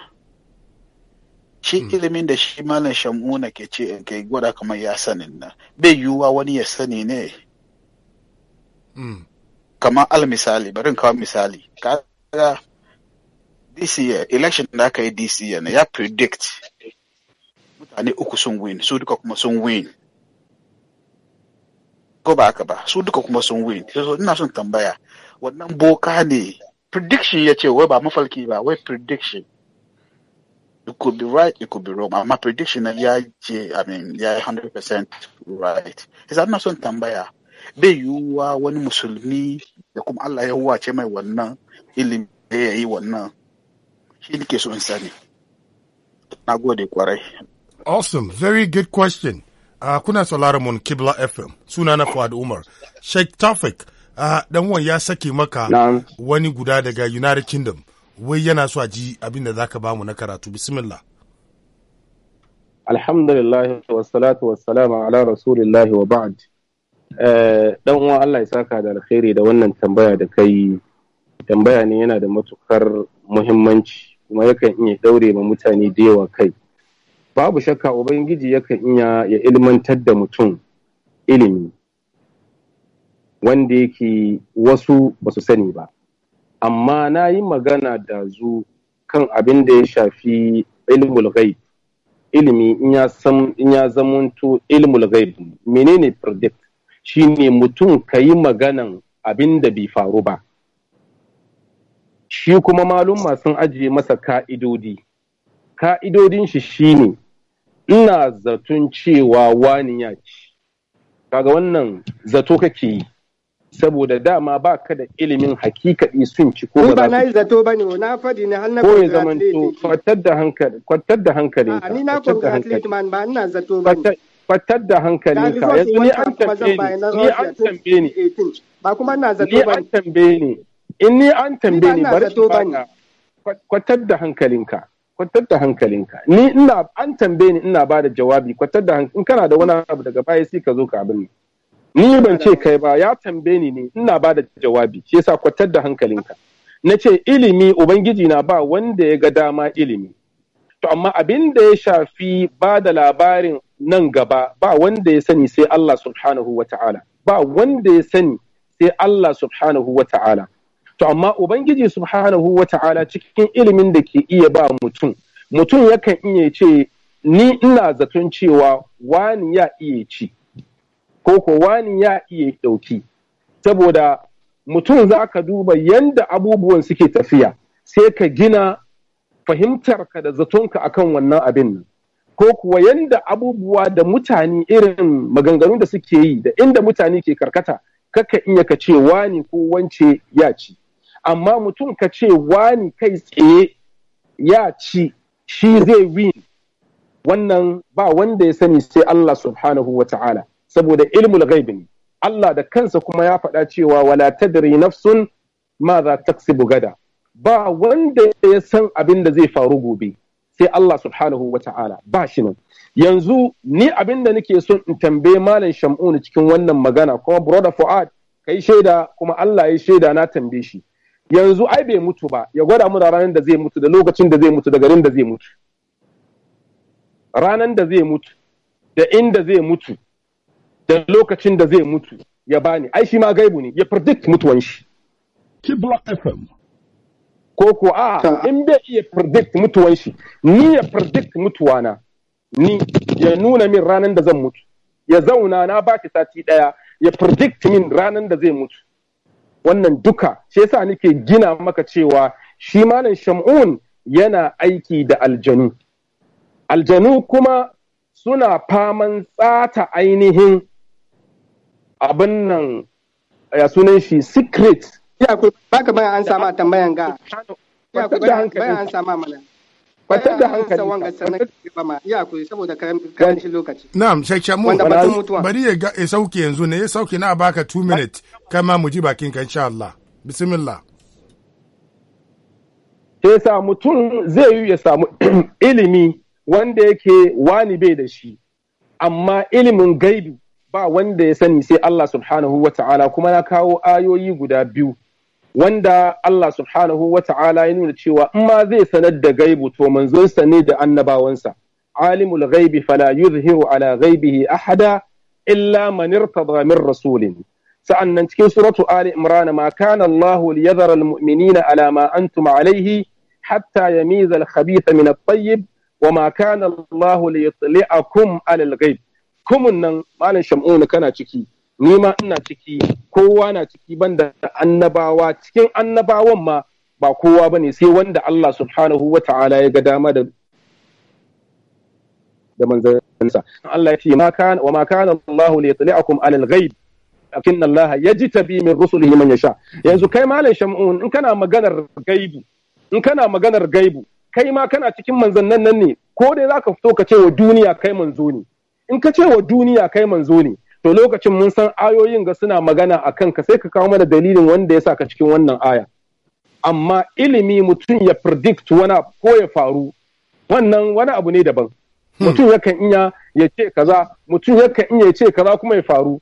Shi hmm. ilimin da shi malam Shamuna ke ce in kai gwada kamar ya sanin nan. Bai yiwuwa wani ya sani ne. Hmm. kamar al misali bari kawo misali kaga this year election da aka yi this year na ya predict mutane uku sun win su duka kuma sun win ko ba haka ba su duka kuma sun win so ina son tambaya wannan boka ne prediction ya ce wai ba mafalki ba wai prediction it could be right it could be wrong amma prediction ya ce i mean ya 100% right sai ina son tambaya bai yiwuwa wani musulmi da kuma Allah ya wace mai wannan ilimi da ya yi wannan shi nake so in sani na gode kwarai awesome very good question uh, kuna sauraron mun kibla fm suna na fuad umar sheikh tafik uh, ah, dan ya sake maka wani guda daga united kingdom wai yana so a ji abin da zaka bamu na karatu bismillah alhamdulillah wassalatu wassalamu ala rasulillahi wa ba'd Eh, dan uwan Allah ya saka da alkhairi da wannan tambaya da kai tambaya ne yana da matukar muhimmanci kuma yakan iya daure ma mutane da yawa kai babu shakka ubangiji yakan iya ya ilmantar da mutum ilimi wanda yake wasu ba su sani ba amma na yi magana da zu kan abin da ya shafi ilmul ghaib ilimi in ya zamanto ilmul ghaib menene predict shine mutum ka yi maganan abin da bai faru ba shi kuma malum sun ajiye masa ka'idodi ka'idodin shi ne. ina zaton cewa wani ya ci kaga wannan zato kake yi saboda dama ba ka da ilimin hakikaɗi sun ci ko ba na yi zato ba ne na faɗi ne har na ko ya zamanto kwatar da hankali kwatar da hankali ni na kwatar da hankali ba ina zato ba ne kwatar da hankalinka yanzu ni an tambaye ni ni an tambaye ni ba kuma ina zato ba ni an tambaye ni in ni an tambaye ni bari ki bana kwatar da hankalinka kwatar da hankalinka ni ina an tambaye ni ina da jawabi kwatar da in kana da wani abu daga baya sai ka zo ka abin ni ban ce kai ba ya tambaye ni ne ina ba da jawabi shi yasa kwatar da hankalinka na ce ilimi ubangiji na ba wanda ya ga dama ilimi to amma abin da ya shafi ba da labarin nan gaba ba wanda ya sani sai Allah subhanahu wa ta'ala ba wanda ya sani sai Allah subhanahu wa ta'ala to amma ubangiji subhanahu wa ta'ala cikin ilimin da ke iya ba mutum mutum yakan iya ce ni ina zaton cewa wani ya iya ci ko ko wani ya iya ɗauki saboda mutum za ka duba yanda abubuwan suke tafiya sai ka gina fahimtarka da zatonka akan wannan abin nan ko kuwa yanda abubuwa da mutane irin maganganun da suke yi da inda mutane ke karkata kaka iya ka ce wani ko wance ya ci amma mutum ka ce wani kai tsaye ya ci shi zai win wannan ba wanda ya sani sai Allah subhanahu wa ta'ala saboda ilmul ghaib ne Allah da kansa kuma ya faɗa cewa wala tadri nafsun ma za taksibu gada ba wanda ya san abin da zai faru gobe sai Allah subhanahu wa ta'ala ba shi nan yanzu ni abin da nake son in tambaye malam na cikin wannan magana kuma brother fuad kai shaida kuma Allah ya shaida na tambaye shi yanzu ai bai mutu ba ya gwada mu da ranar da zai mutu da lokacin da zai mutu da garin da zai mutu ranar da zai mutu da inda zai mutu da lokacin da zai mutu ya bani ai shi ma gaibu ne ya predict mutuwan shi Ki Block FM ko ko a in bai iya predict mutuwan shi ni ya predict mutuwana ni ya nuna min ranar da zan mutu ya zauna na ba ki sati daya ya predict min ranar da zai mutu wannan duka shi yasa nake gina maka cewa shi malam shamun yana aiki da aljanu aljanu kuma suna faman tsata ainihin abin nan ya sunan shi secret Ya ku ka bayan an sama tambayan ga. Ya ku bayan an sama mana. Kwatar da hankali. Bayan an sama wanga Ya ku saboda karancin lokaci. Na'am, Sheikh mu bari ya sauke yanzu ne ya sauke na baka 2 minutes kama mu ji bakin ka insha Allah. Bismillah. Sai sa mutum zai yi ya samu ilimi wanda yake wani bai da shi, amma ilimin gaibi ba wanda ya sani sai Allah subhanahu wa ta'ala kuma na kawo ayoyi guda biyu wanda Allah subhanahu wa ta'ala ya nuna cewa in ma zai sanar da gaibu to manzonsa ne da annabawansa alimul gaibi fala yuzhiru ala gaibihi ahada illa man irtada min rasulin sa'annan cikin suratu ali imran ma kana Allah liyadhara almu'minina ala ma antum alayhi hatta yamiza khabitha min at-tayyib wa ma kana Allah liyutli'akum ala al-ghaib kumun nan malam sham'un kana ciki ni ma ina ciki kowa na ciki banda annabawa cikin annabawan ma ba kowa bane sai wanda Allah subhanahu wa ta'ala ya ga dama da da manzansa Allah ya ce ma kana wa ma kana Allah li yatli'akum 'ala al ghayb lakin Allah yajtabi min rusulihi man yasha yanzu kai malam shamun in kana maganar gaibu in kana maganar gaibu kai ma kana cikin manzannan nan ne ko dai zaka fito ka ce wa duniya kai manzo ne in ka ce wa duniya kai manzo ne to lokacin mun san ayoyin ga suna magana a kanka sai ka kawo mana dalilin wanda ya sa ka cikin wannan aya amma ilimi mutum ya predict wani ko ya faru wannan wani abu ne daban hmm. mutum yakan iya ya ce kaza mutum yakan iya ya ce kaza kuma ya faru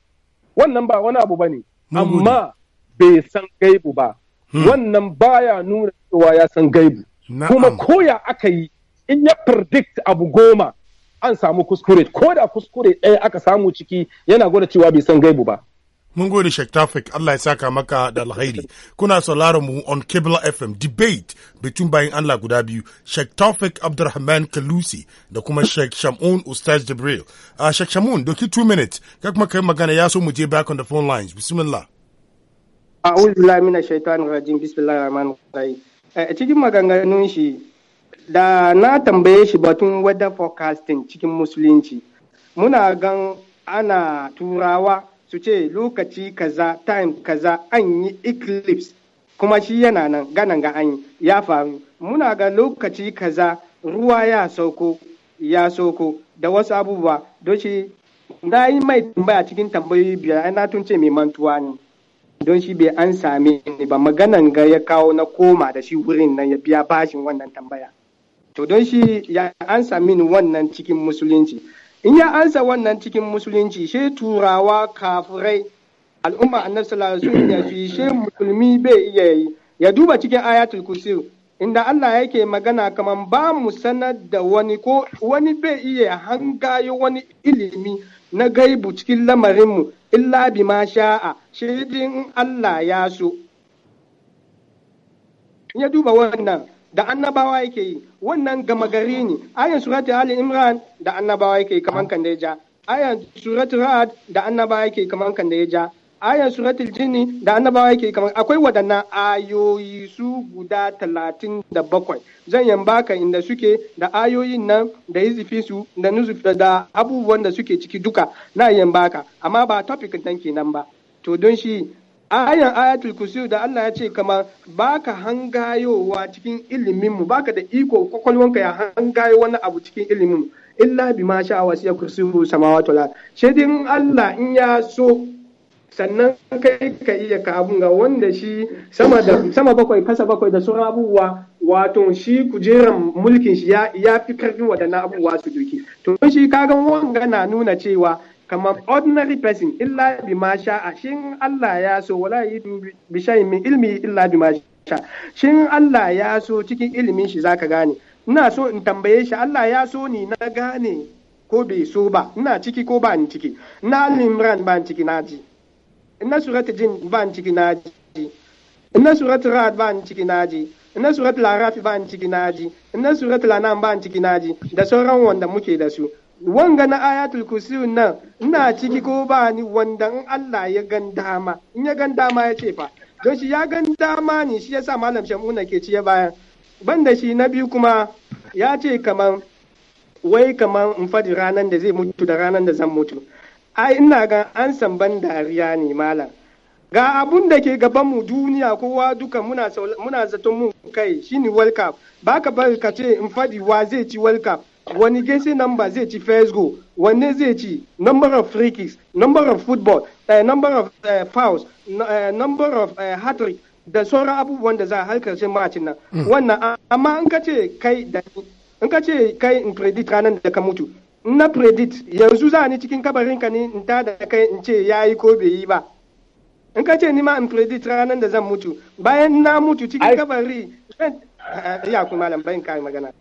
wannan ba wani abu bane amma bai san gaibu ba hmm. wannan baya nuna cewa ya san gaibu kuma koya aka yi in ya predict abu goma an samu kuskure ko da kuskure ɗaya aka samu ciki yana gwada cewa bai san gaibu ba mun gode Sheikh Tafik Allah ya saka maka da alkhairi kuna sauraro mu on Kibla FM debate between bayin Allah guda biyu Sheikh Tafik Abdulrahman Kalusi da kuma Sheikh Shamun Ustaz Jibril uh, Sheikh Shamun doki 2 minutes ka kuma kai magana ya so mu je back on the phone lines bismillah a'udhu billahi minash shaitanir rajim bismillahir rahmanir rahim Eh cikin maganganun shi da na tambaye shi batun weather forecasting cikin musulunci muna gan ana turawa su ce lokaci kaza time kaza an yi eclipse kuma shi yana nan ganan ga an ya faru muna ga lokaci kaza ruwa ya sauko ya sauko da wasu abubuwa don shi na yi mai tambaya cikin tambayoyi biyar na tun ce mai mantuwa ne don shi bai an same ni ba maganan ga ya kawo na koma da shi wurin nan ya biya bashin wannan tambaya to don shi ya ansa min wannan cikin musulunci in ya ansa wannan cikin musulunci she turawa kafirai al'umma annabi sallallahu alaihi wasallam ya shi she musulmi bai iya yi ya duba cikin ayatul kursi inda Allah yake magana kaman ba mu sanar da wani ko wani bai iya hangayo wani ilimi na gaibu cikin lamarinmu illa bi ma sha'a shirin Allah ya so ya duba wannan da annabawa yake yi wannan gama gari ne ayan surat ali imran da annabawa yake yi kaman kan da ya ja ayan suratu ra'ad da annabawa yake yi kaman kan da ya ja ayan suratul jini da annabawa yake kamar akwai waɗannan ayoyi su guda talatin da bakwai zan yan baka inda suke da ayoyin nan da izifi su da nuzufi da abubuwan da suke ciki duka na yan baka amma ba topic nan kenan ba to don shi ayan ayatul kursi da Allah ya ce kamar baka hangayowa cikin ilimin mu baka da iko kwakwalwanka ya hangayo wani abu cikin ilimin mu illa bi ma sha wasu ya kursi samawati wal sai Allah in ya so sannan kai ka iya ka abun ga wanda shi sama da sama bakwai kasa bakwai da sauran abubuwa wato shi kujeran mulkin shi ya fi karfin waɗannan abubuwa su duki to shi kagan wanga na nuna cewa kamar ordinary person illa bi ma sha'a shin Allah ya so wala yi bi shay'in min ilmi illa bi ma sha'a shin Allah ya so cikin ilimin shi zaka gane ina so in tambaye shi Allah ya so ni na gane ko bai so ba ina ciki ko ba ni ciki na limran ba ni ciki na ina surat jin ba ni ciki na ina surat ra'd ba ni ciki na ina suratul larafi ba ni ciki na ina suratul lanan ba ni ciki na da sauran wanda muke da su wanga na ayatul kursiyun nan ina ciki ko ba ni wanda in Allah ya gan dama in ya gan dama ya ce fa don shi ya gan dama ne shi ya sa malam shamuna ke ciye bayan banda shi na biyu kuma ya ce kaman wai kaman in faɗi ranar da zai mutu da ranar da zan mutu ai ina ga an samban dariya ne malam ga abun da ke gaban mu duniya kowa duka muna muna zaton mun kai shine world cup baka bari ka ce in faɗi wa zai ci world cup wani gese number zai ci first goal wanne zai ci number of free kicks number of football uh, number of uh, fouls uh, number of uh, hat trick da sauran abubuwan da za a halkarce macin nan mm. wannan amma in ka ce kai da in ka ce kai in predict ranar da ka mutu na predict yanzu za ni cikin kabarin ka ne in ta da kai in ce yayi ko bai yi ba in ka ce ni ma in predict ranar da zan mutu bayan na mutu cikin kabari malam bayan kai magana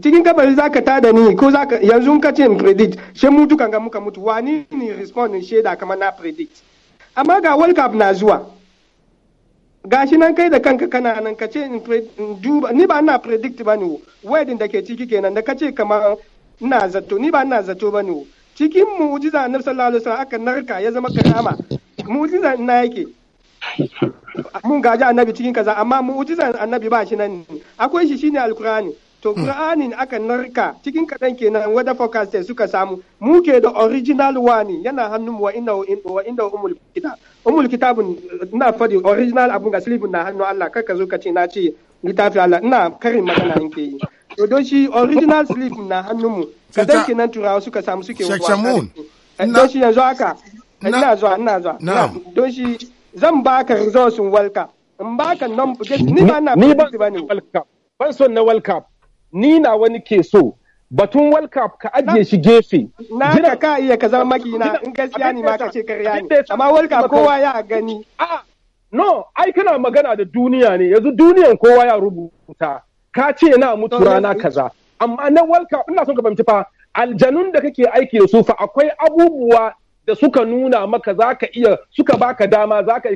cikin kabari ka tada ni ko ka yanzu ka ce predict she mutu kan ga muka mutu wani ni respond shaida kamar na predict amma ga world cup na zuwa gashi nan kai da kanka kana nan ka ce duba ni ba ina predict ba ne wedding da ke ciki kenan da ka ce kamar ina zato ni ba ina zato ba ne cikin mu'jiza na sallallahu alaihi wasallam aka narka ya zama karama mu'jiza ina yake mun gaji annabi cikin kaza amma mu'jiza annabi ba shi nan akwai shi shine alkurani to hmm. qur'anin aka narka cikin kaɗan kenan wadda forecast suka samu mu da original wani yana hannun wa inda wa inda umul kitab umul kitabun ina fadi original abun ga silibin na hannun Allah kar ka zo ka ce na ce littafi Allah ina karin magana ke yi to don shi original slip na hannun mu kaɗan kenan turawa suka samu suke wa eh, don shi yanzu haka ina zuwa ina zuwa don shi zan baka results in in baka nan ni ba na ba ne ban son na welcome ni na wani ke so batun World Cup ka ajiye shi gefe. Na ka ka iya ka zama makina in gaskiya ne ma ka ce karya ne. Amma World Cup kowa ya gani. no, ai kana magana da duniya ne. Yanzu duniyan kowa ya rubuta. Ka ce na mutu rana kaza. Amma na World Cup ina son ka fahimci fa aljanun da kake aiki da su fa akwai abubuwa da suka nuna maka za iya suka baka dama za ka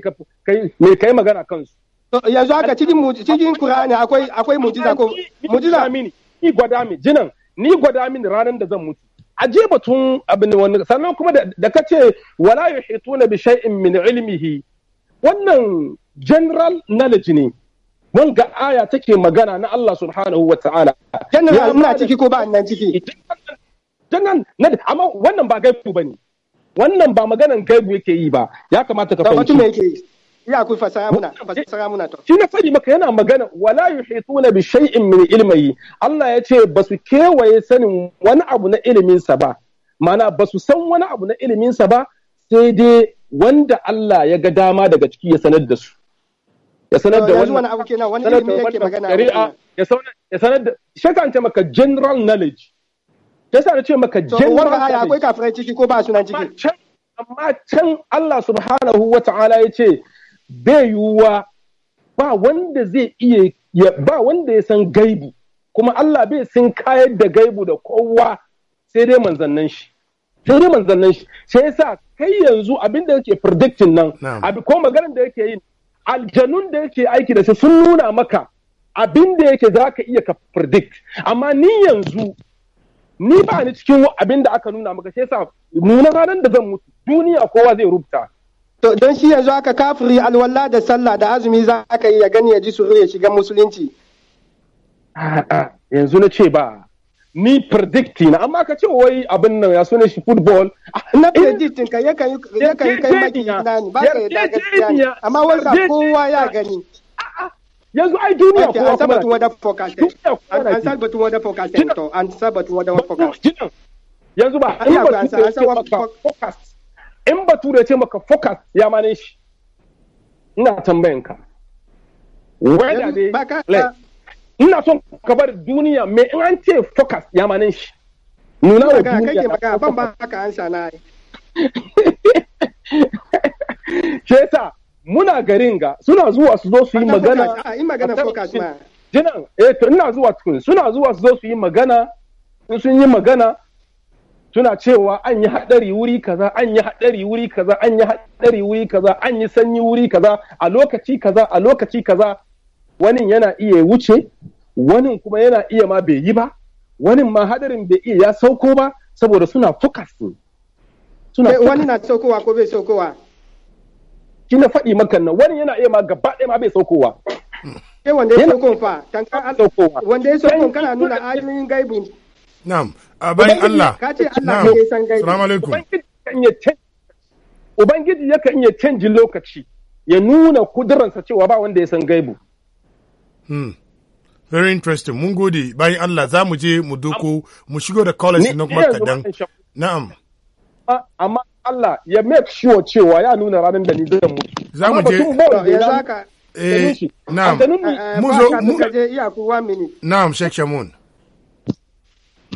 yi mai kai magana kansu. Eh, yanzu haka cikin cikin Qur'ani akwai akwai mujiza ko mujiza mini ni gwada mini jinan ni gwada mini ranar da zan mutu aje batun abin wani sannan kuma da kace wala yuhituna bi shay'in min ilmihi wannan general knowledge ne Mun ga aya take magana na Allah subhanahu wa ta'ala general muna ciki ko ba nan ciki general amma wannan ba gaibu bane wannan ba maganan gaibu yake yi ba ya kamata ka fahimci ya ku fasara muna fasara muna to shine fadi maka yana magana wala yuhituna bi shay'in min ilmi Allah ya ce basu kewaye sanin wani abu na ilimin sa ba ma'ana basu san wani abu na ilimin sa ba sai dai wanda Allah ya ga dama daga ciki ya sanar da su ya sanar da wannan abu kenan wani ilimi yake magana shari'a ya sanar ya sanar da shakan ta maka general knowledge ta sa ce maka general knowledge akwai kafirai ciki ko ba sunan ciki amma can Allah subhanahu wa ta'ala ya ce bai yiwuwa ba wanda zai iya ba wanda ya san gaibu kuma Allah bai sun kayar da gaibu da kowa sai dai manzannin shi sai dai manzannin shi sai yasa kai yanzu abin da yake predicting nan abi ko maganar da yake yi aljanun da yake aiki da shi sun nuna maka abin da yake za ka iya ka predict amma ni yanzu ni ba ni cikin abin da aka nuna maka sai yasa nuna ranar da zan mutu duniya kowa zai rubuta To don shi yanzu aka kafiri alwala da sallah da azumi za ka yi ya gani ya ji su ya shiga musulunci. Yanzu na ce ba ni predicting amma ka ce wai abin nan ya sune shi football na predicting ka yakan yi kai maki ni ba ka yarda gaskiya ne amma wanda kowa ya gani yanzu ai duniya kuma an sabatu wada forecast an sabatu wada forecast to an sabatu wada forecast yanzu ba an sabatu wada forecast in bature ce maka focus ya mane shi ina tambayan ka ina son ka bar duniya me in an ce focus ya mane shi nuna wa duniya maka ban ba haka an shana muna garin ga suna zuwa su zo su yi magana magana focus ma jinan eh ina zuwa tukun suna zuwa su zo su yi magana sun yi magana suna cewa an yi haɗari wuri kaza an yi haɗari wuri kaza an yi haɗari wuri kaza an yi sanyi wuri kaza a lokaci kaza a lokaci kaza wani yana iya wuce wani kuma yana iya ma bai yi ba wani ma haɗarin bai iya ya sauko ba saboda suna fukas suna wani na saukowa ko bai saukowa Ki na faɗi maka nan wani yana iya ma gaba ɗaya ma bai saukowa eh wanda ya saukon fa wanda ya saukon kana nuna ayoyin gaibin Na'am, a bayan Allah. Ka ce Allah ne ya san gaibi. Salamu alaikum. Ubangiji yakan iya canji lokaci ya nuna kuduransa cewa ba wanda ya san gaibu. Hmm. Very interesting. Mun gode bayan Allah za mu je mu doko mu shigo da college na kuma kadan. Na'am. Amma Allah ya make sure cewa ya nuna ranar da ni zan mutu. Za mu je. Eh, na'am. Mu eh, eh, zo mu. Na'am, Sheikh Shamun.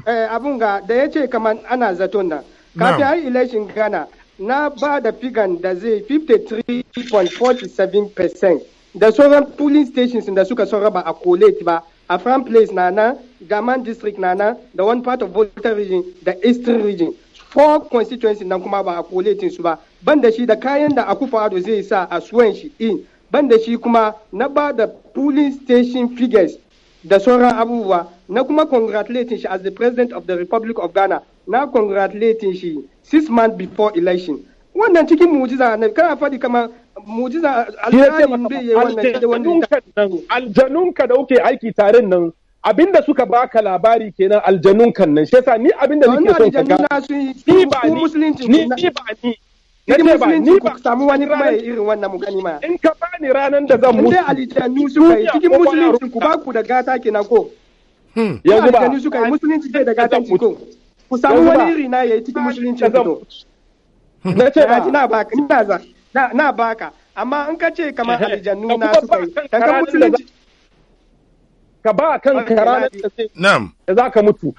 Eh, abun ga da ya ce kamar ana zaton nan kafin har election ghana na ba da figan da zai 53.47% da sauran polling stations da suka saraba ba a collate ba a farm place na nan gaman district na nan da one part of volta region da eastern region four constituency nan kuma ba a collate su ba ban da shi da kayan da akufa ado zai sa a suwan shi in ban da shi kuma na ba da polling station figures da sauran abubuwa na kuma congratulating shi as the president of the republic of ghana na congratulating shi six months before election wannan cikin mujiza na kana faɗi kamar mujiza alƙalin bai yi wannan da wannan da kuke aiki tare nan abinda suka baka labari kenan kan nan shi yasa ni abinda nake son ka ga ni ba ni ni ba ni Hidimar ba ni irin wannan In ka ranar da zan mutu. Inda suka yi cikin musulunci ku ba da gata hmm. Yanzu ba. suka da gata ko. na yayi cikin hmm. Na ba na ina za na ka amma in ce kamar eh. na suka ka musulunci ka ba kan ranar da sai da za ka mutu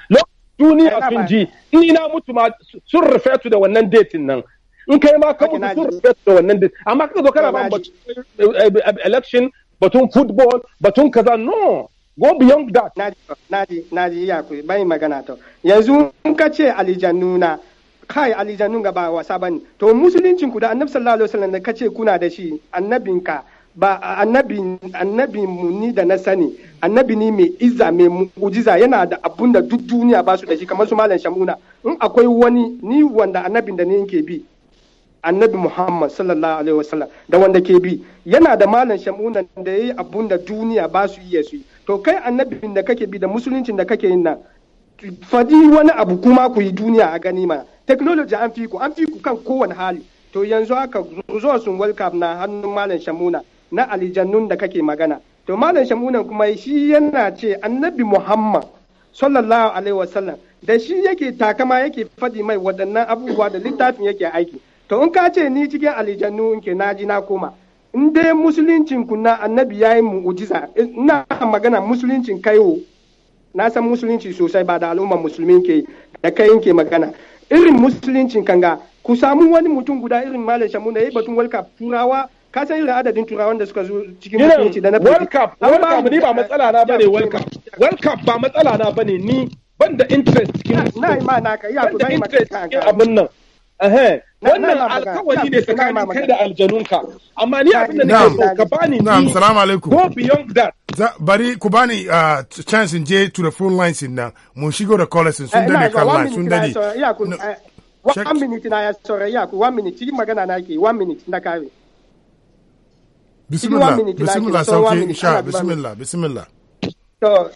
sun ji ni na mutu ma sun rufe da wannan detin nan in kai ma ka mutu sun rubuta da wannan din amma ka zo kana ba batun eh, eh, eh, election batun football batun kaza no go beyond that naji naji naji ya ku bai magana to yanzu in ka ce alijannuna kai alijannun ga ba wasa bane to musuluncin ku da annabi sallallahu alaihi wasallam da kace kuna da shi annabinka ba annabi annabi mu ni da na sani annabi ne mai izza mai mu'jiza yana da abun da duk duniya ba su da shi kamar su malam shamuna in akwai wani ni wanda annabin da ne yake bi annabi muhammad sallallahu alaihi wasallam da wanda ke bi yana da malam shamunan da yayi abun da duniya ba su iya su to kai annabin da kake bi da musuluncin da kake yin nan fadi wani abu kuma ku yi duniya a gani mana technology an fi ku an fi ku kan kowane hali to yanzu haka zuwa sun world na hannun malam shamuna na alijannun da kake magana to malam shamuna kuma shi yana ce annabi muhammad sallallahu alaihi wasallam da shi yake takama yake fadi mai waɗannan abubuwa da littafin yake aiki to in ka ce ni cikin aljannu in ke naji na koma in dai musuluncin ku na annabi yi mu'ujiza ina magana musuluncin kaiwo na san musulunci sosai ba da al'ummar musulmi ke da kai ke magana irin musuluncin kanga ku samu wani mutum guda irin malam shamu da yayi batun walka turawa ka san irin adadin turawan da suka zo cikin musulunci da na World Cup World Cup ni ba matsala na bane World Cup World Cup ba matsala na bane ni ban da interest cikin na ma na ka ku da interest cikin abin nan eh wannan alkawari ne tsakanin kai da aljanunka amma ni abin da nake so ka bani ni na'am salamu alaikum go beyond that bari ku bani uh, chance in je to the phone lines in nan uh, mun shigo da callers sun eh, dade kan line sun dade eh, one minute na ya sore ya ku one minute cikin magana na ke one minute na kare bismillah bismillah sauke sha bismillah bismillah to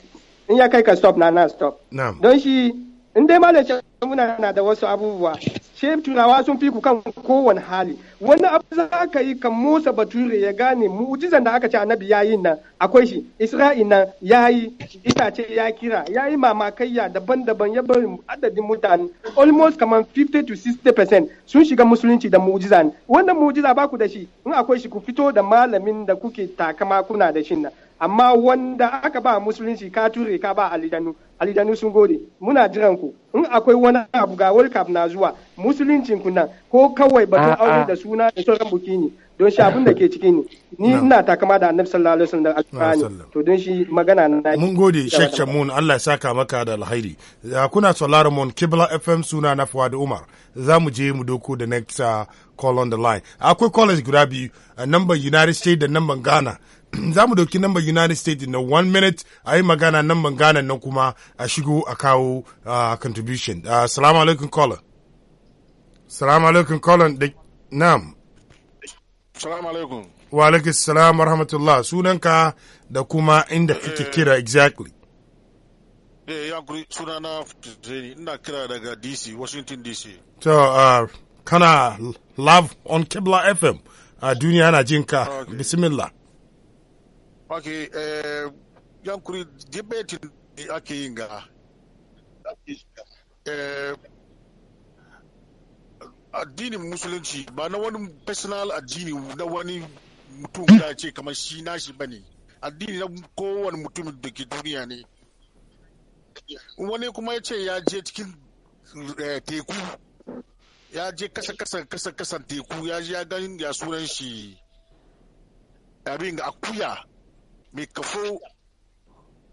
in ya kai ka stop na na stop na'am don shi in dai malam muna na da wasu abubuwa she tunawa sun fi ku kan kowane hali wani abu za ka yi kan Musa Bature ya gane mu'jizan da aka ce annabi yayi nan akwai shi Isra'il nan yayi itace ya kira yayi mamakayya daban-daban ya bari adadin mutane almost kaman 50 to 60% sun shiga musulunci da mu'jiza wannan mu'jiza ba ku da shi in akwai shi ku fito da malamin da kuke takama kuna da shi nan amma wanda aka ba musulunci ka ture ka ba alidanu alidanu sun gode muna jiran ku in akwai wani abu ga world cup na zuwa musuluncin ku nan ko kawai batun aure da suna da sauran buki ne don shi abin da ke ciki ne ni ina takama da annabi sallallahu alaihi wasallam da alqur'ani to don shi magana na mun gode Sheikh Shamun Allah ya saka maka da alhairi kuna sauraron mun Kibla FM suna na Fuad Umar za mu je mu doko da next uh, call on the line akwai college guda biyu uh, number United States da number Ghana za mu dauki namban united states na one minute a yi magana namban ghana nan kuma a shigo a kawo contribution uh, salamu alaikum Colin. salamu alaikum Colin da nam salamu alaikum wa alaikum salam rahmatullah sunanka da kuma inda kake eh, kira exactly eh ya kuri sunana ina kira daga dc washington dc to uh, kana love on kibla fm a duniya na jinka bismillah ok eh, yankuri debate ake yin ga eh, addinin musulunci ba na wani personal addini na wani mutum ya ce kamar shi nashi ba ne addini na kowane mutum da ke duniya ne wani kuma ya ce ya je cikin eh, teku ya je kasa kasa kasa teku ya je ya gani ya sunan shi abin akuya mai kafo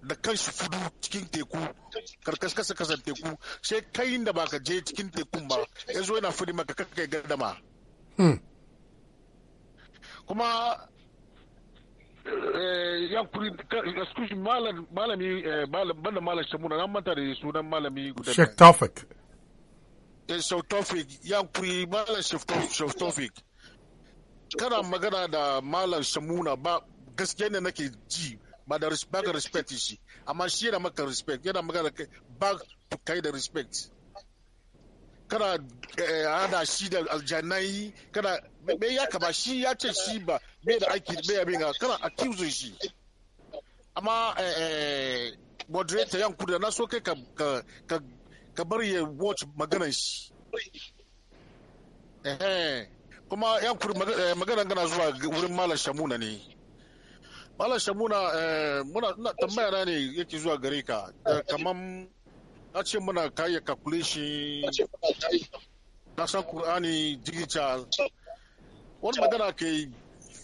da kanshi fudu cikin teku karkashin kasa kasan teku sai kai da ka je cikin tekun ba ya zo yana fudi maka kakai gardama hmm. kuma eh, ya kuri excuse malami eh, banda malam shamuna na manta da sunan malami guda Sheikh Tawfik eh, Sheikh Tawfik ya kuri malam shek Tawfik kana magana da malam shamuna ba gaskiya ne nake ji ba da ba ga respect shi amma shi yana maka respect yana maka ba kai da respect kana eh, hada shi da aljanai kana me ya kaba shi ya ce shi ba me da aiki me ya binga kana accuse shi amma eh, eh, moderator yan kuda na so kai ka ka ka bar ya watch maganan shi kuma yan kuda magana gana zuwa wurin malam shamuna ne Malam Shamuna muna eh, na tambaya na ne yake zuwa gare ka eh, kamar na ce muna kayi calculation na san Kur'ani digital wani magana ke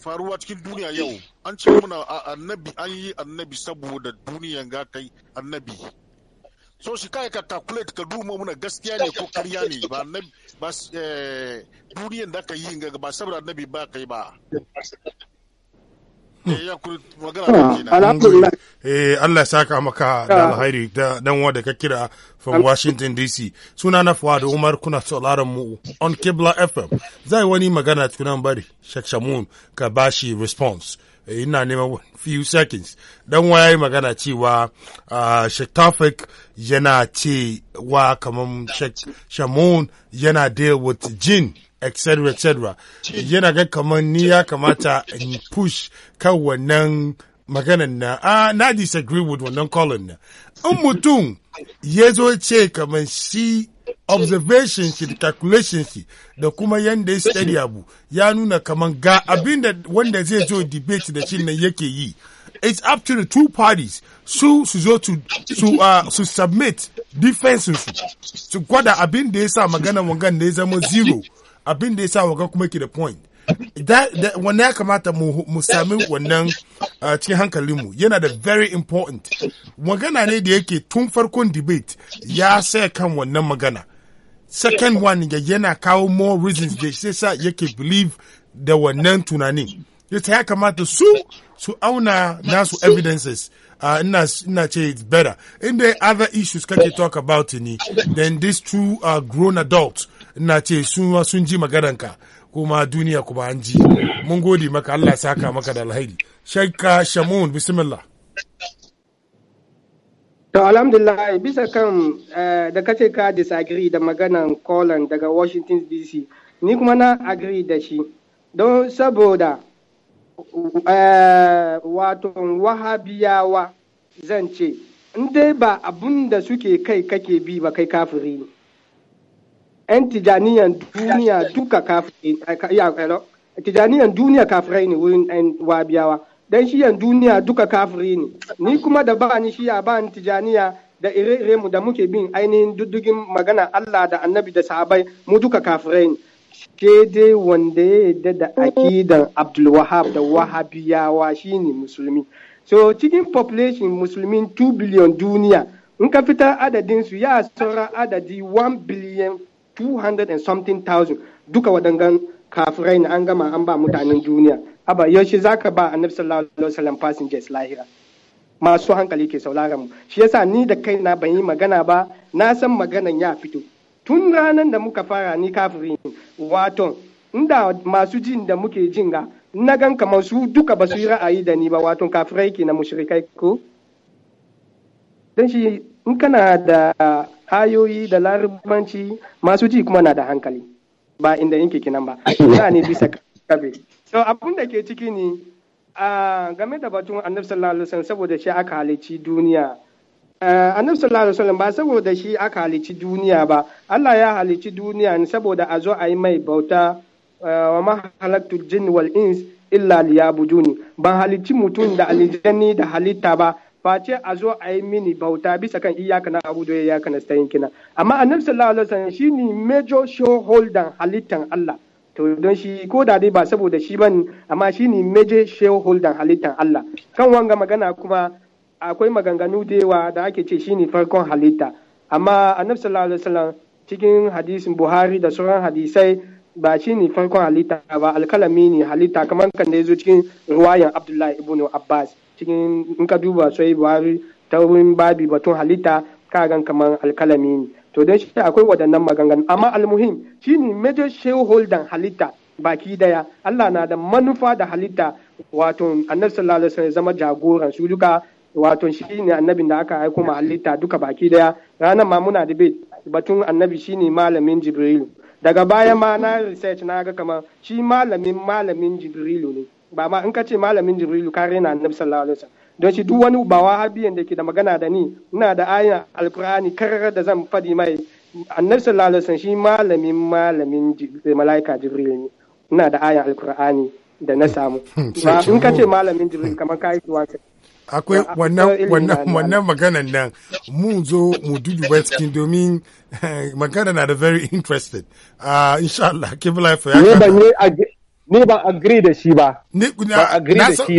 faruwa cikin duniya yau an ce muna annabi an yi annabi saboda duniyan ga kai annabi so shi kai ka calculate ka duma muna gaskiya ne ko karya ne ba annabi ba eh, duniyan da ka yi ba saboda annabi ba kai ba Eh, ah, eh Allah ya saka maka da ah. alhairi da dan wanda ka kira from Washington DC. Suna na da Umar kuna sauraron mu on Kibla FM. Zai wani magana nan bari Sheikh Shamun ka bashi response. Eh, ina neman few seconds. Dan waya yi magana cewa ah, Sheikh Tafik yana wa kamar Sheikh Shamun yana deal with Jin. etc etc yana ga kamar ni ya kamata in push kan wannan maganan na a ah, na disagree with wannan colin na in mutum ya zo ce kamar shi observation shi da calculation shi da kuma yanda ya study abu ya nuna kamar ga abin da wanda zai zo debate da shi nan yake yi it's up to the two parties su su zo su uh, su submit defense su gwada abin da ya sa magana wangan da ya zama zero abin da ya sa waga kuma ke da point wannan ya kamata mu sami wannan uh, cikin hankalinmu yana da very important magana ne da yake tun farkon debate ya saya kan wannan magana second one yana kawo more reasons da shi sa yake believe da wannan tunanin yasa ya kamata su su auna nasu evidences uh, ina ce it's better in the other issues kake talk about ni then these two uh, grown adults ina ce sun sun ji maganarka kuma duniya kuma an ji mun gode maka Allah ya saka maka da alheri shaika shamun bismillah To alhamdulillah bisa kan eh, da kace ka disagree da maganan Colin daga Washington DC ni kuma na agree da shi don saboda eh, wato wahabiyawa zan ce in dai ba abun da suke kai kake bi ba kai kafiri ne 'yan tijaniyan duniya duka eh, tijaniyan duniya kafirai ne wurin 'yan eh, wabiyawa dan shiyan duniya duka kafiri ne ni kuma da ba ni shiya ba ni tijaniya da ire-ire mu da muke bin ainihin dudugin magana Allah da annabi da sahabai mu duka kafirai ne ke dai wanda ya yadda da akidan Abdulwahab da wahabiyawa shi ne musulmi so cikin population musulmi 2 billion duniya in ka fitar adadin su ya saura adadi 1 billion 200 and something thousand duka waɗangan kafirai na an gama an ba mutanen duniya aba yaushe zaka ba annabi sallallahu alaihi wasallam passengers lahira masu hankali ke sauraron mu shi yasa ni da na ban yi magana ba na san maganan ya fito tun ranan da muka fara ni kafiri wato inda masu jin da muke jin ga na gan kamar su duka ba su yi ra'ayi da ni ba wato kafirai ke na mushrikai ko dan shi in kana da ayoyi da larabanci masu ji kuma na da hankali ba inda yanke kinan ba za ne bisa kabe so abin da ke ciki ne game da batun annabi sallallahu alaihi wasallam saboda shi aka halici duniya annabi sallallahu alaihi wasallam ba saboda shi aka halici duniya ba Allah ya halici duniya ne saboda a zo a yi mai bauta wa ma halaktu jin wal ins illa liyabuduni ban halici mutum da aljanni da halitta ba face a zo a yi mini bauta bisa kan iyaka na abu da iyaka na sayin kina amma annabi sallallahu alaihi wasallam shine major shareholder halittan Allah to don shi ko da dai ba saboda shi ban amma shine major shareholder halittan Allah kan wanga magana kuma akwai maganganu da yawa da ake ce shine farkon halitta amma annabi sallallahu alaihi wasallam cikin hadisin Buhari da sauran hadisai ba shi ne farkon halitta ba alkalami ne halitta kamar kan da ya zo cikin ruwayan Abdullahi ibn Abbas cikin in ka duba sai buhari ta wurin babi batun halitta ka gan kamar alkalami ne to don shi akwai waɗannan maganganu amma almuhim shine major shareholder halitta baki daya Allah na da manufa da halitta wato annabi sallallahu alaihi wasallam zama jagoran su duka wato shine annabin da aka aiko ma halitta duka baki daya ranar ma muna debate batun annabi shine malamin Jibril. daga baya ma na research na ga kamar shi malamin malamin jibrilu ne ba ma in ka ce malamin jibrilu ka rena annabi sallallahu alaihi wasallam don shi duk wani ba abiyan da ke da magana da ni ina da ayan alkur'ani karar da zan fadi mai annabi sallallahu alaihi wasallam shi malamin malamin eh, malaika jibril ne ina da ayan alkur'ani da na samu hmm, ba in ka ce malamin jibril kamar ka yi akwai wannan maganan nan mu zo mu duduba cikin domin eh, magana na da very interested uh, ah, insha Allah kibla ya ni ba agree da shi ba.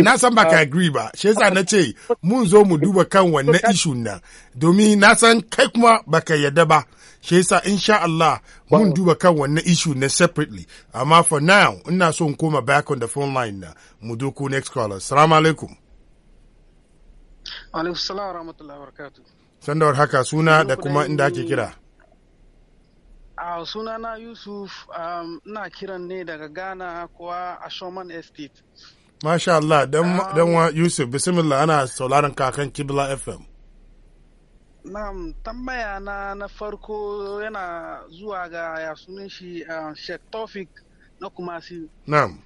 Na san ba ka agree ba, shi yasa na ce mun zo mu duba kan wannan issue nan, domin na san kai kuma ba ka yadda ba, shi yasa insha Allah mun duba kan wannan issue na separately, amma for now ina so in koma back on the phone line na mu next caller. Assalamu alaikum. Alaikum salam wa rahmatullahi wa barakatuh. Sandawar haka suna da kuma inda ake kira. a sunana yusuf um, ina kiran ne daga ghana kuwa a shoman estate Masha Allah, dan wa um, Yusuf, bismillah ana sauraron kakan Kibla FM. Na'am, tambaya na na farko yana zuwa ga ya sunan shi uh, Sheikh Tofik na Kumasi. Na'am.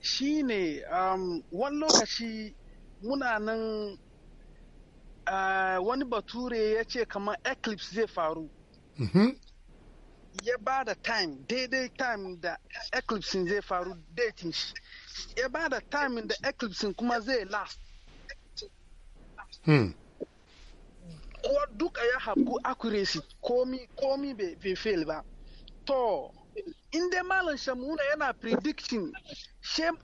Shi ne, um, wani lokaci muna nan uh, wani bature ya ce kamar eclipse zai faru. Mm-hmm. ya ba da time daidai time da eclipse zai faru datin shi ya ba da time da eclipse kuma zai last hmm. duka ya haku accuracy komi komi bai fail ba to inda dai malam shamuna yana prediction shem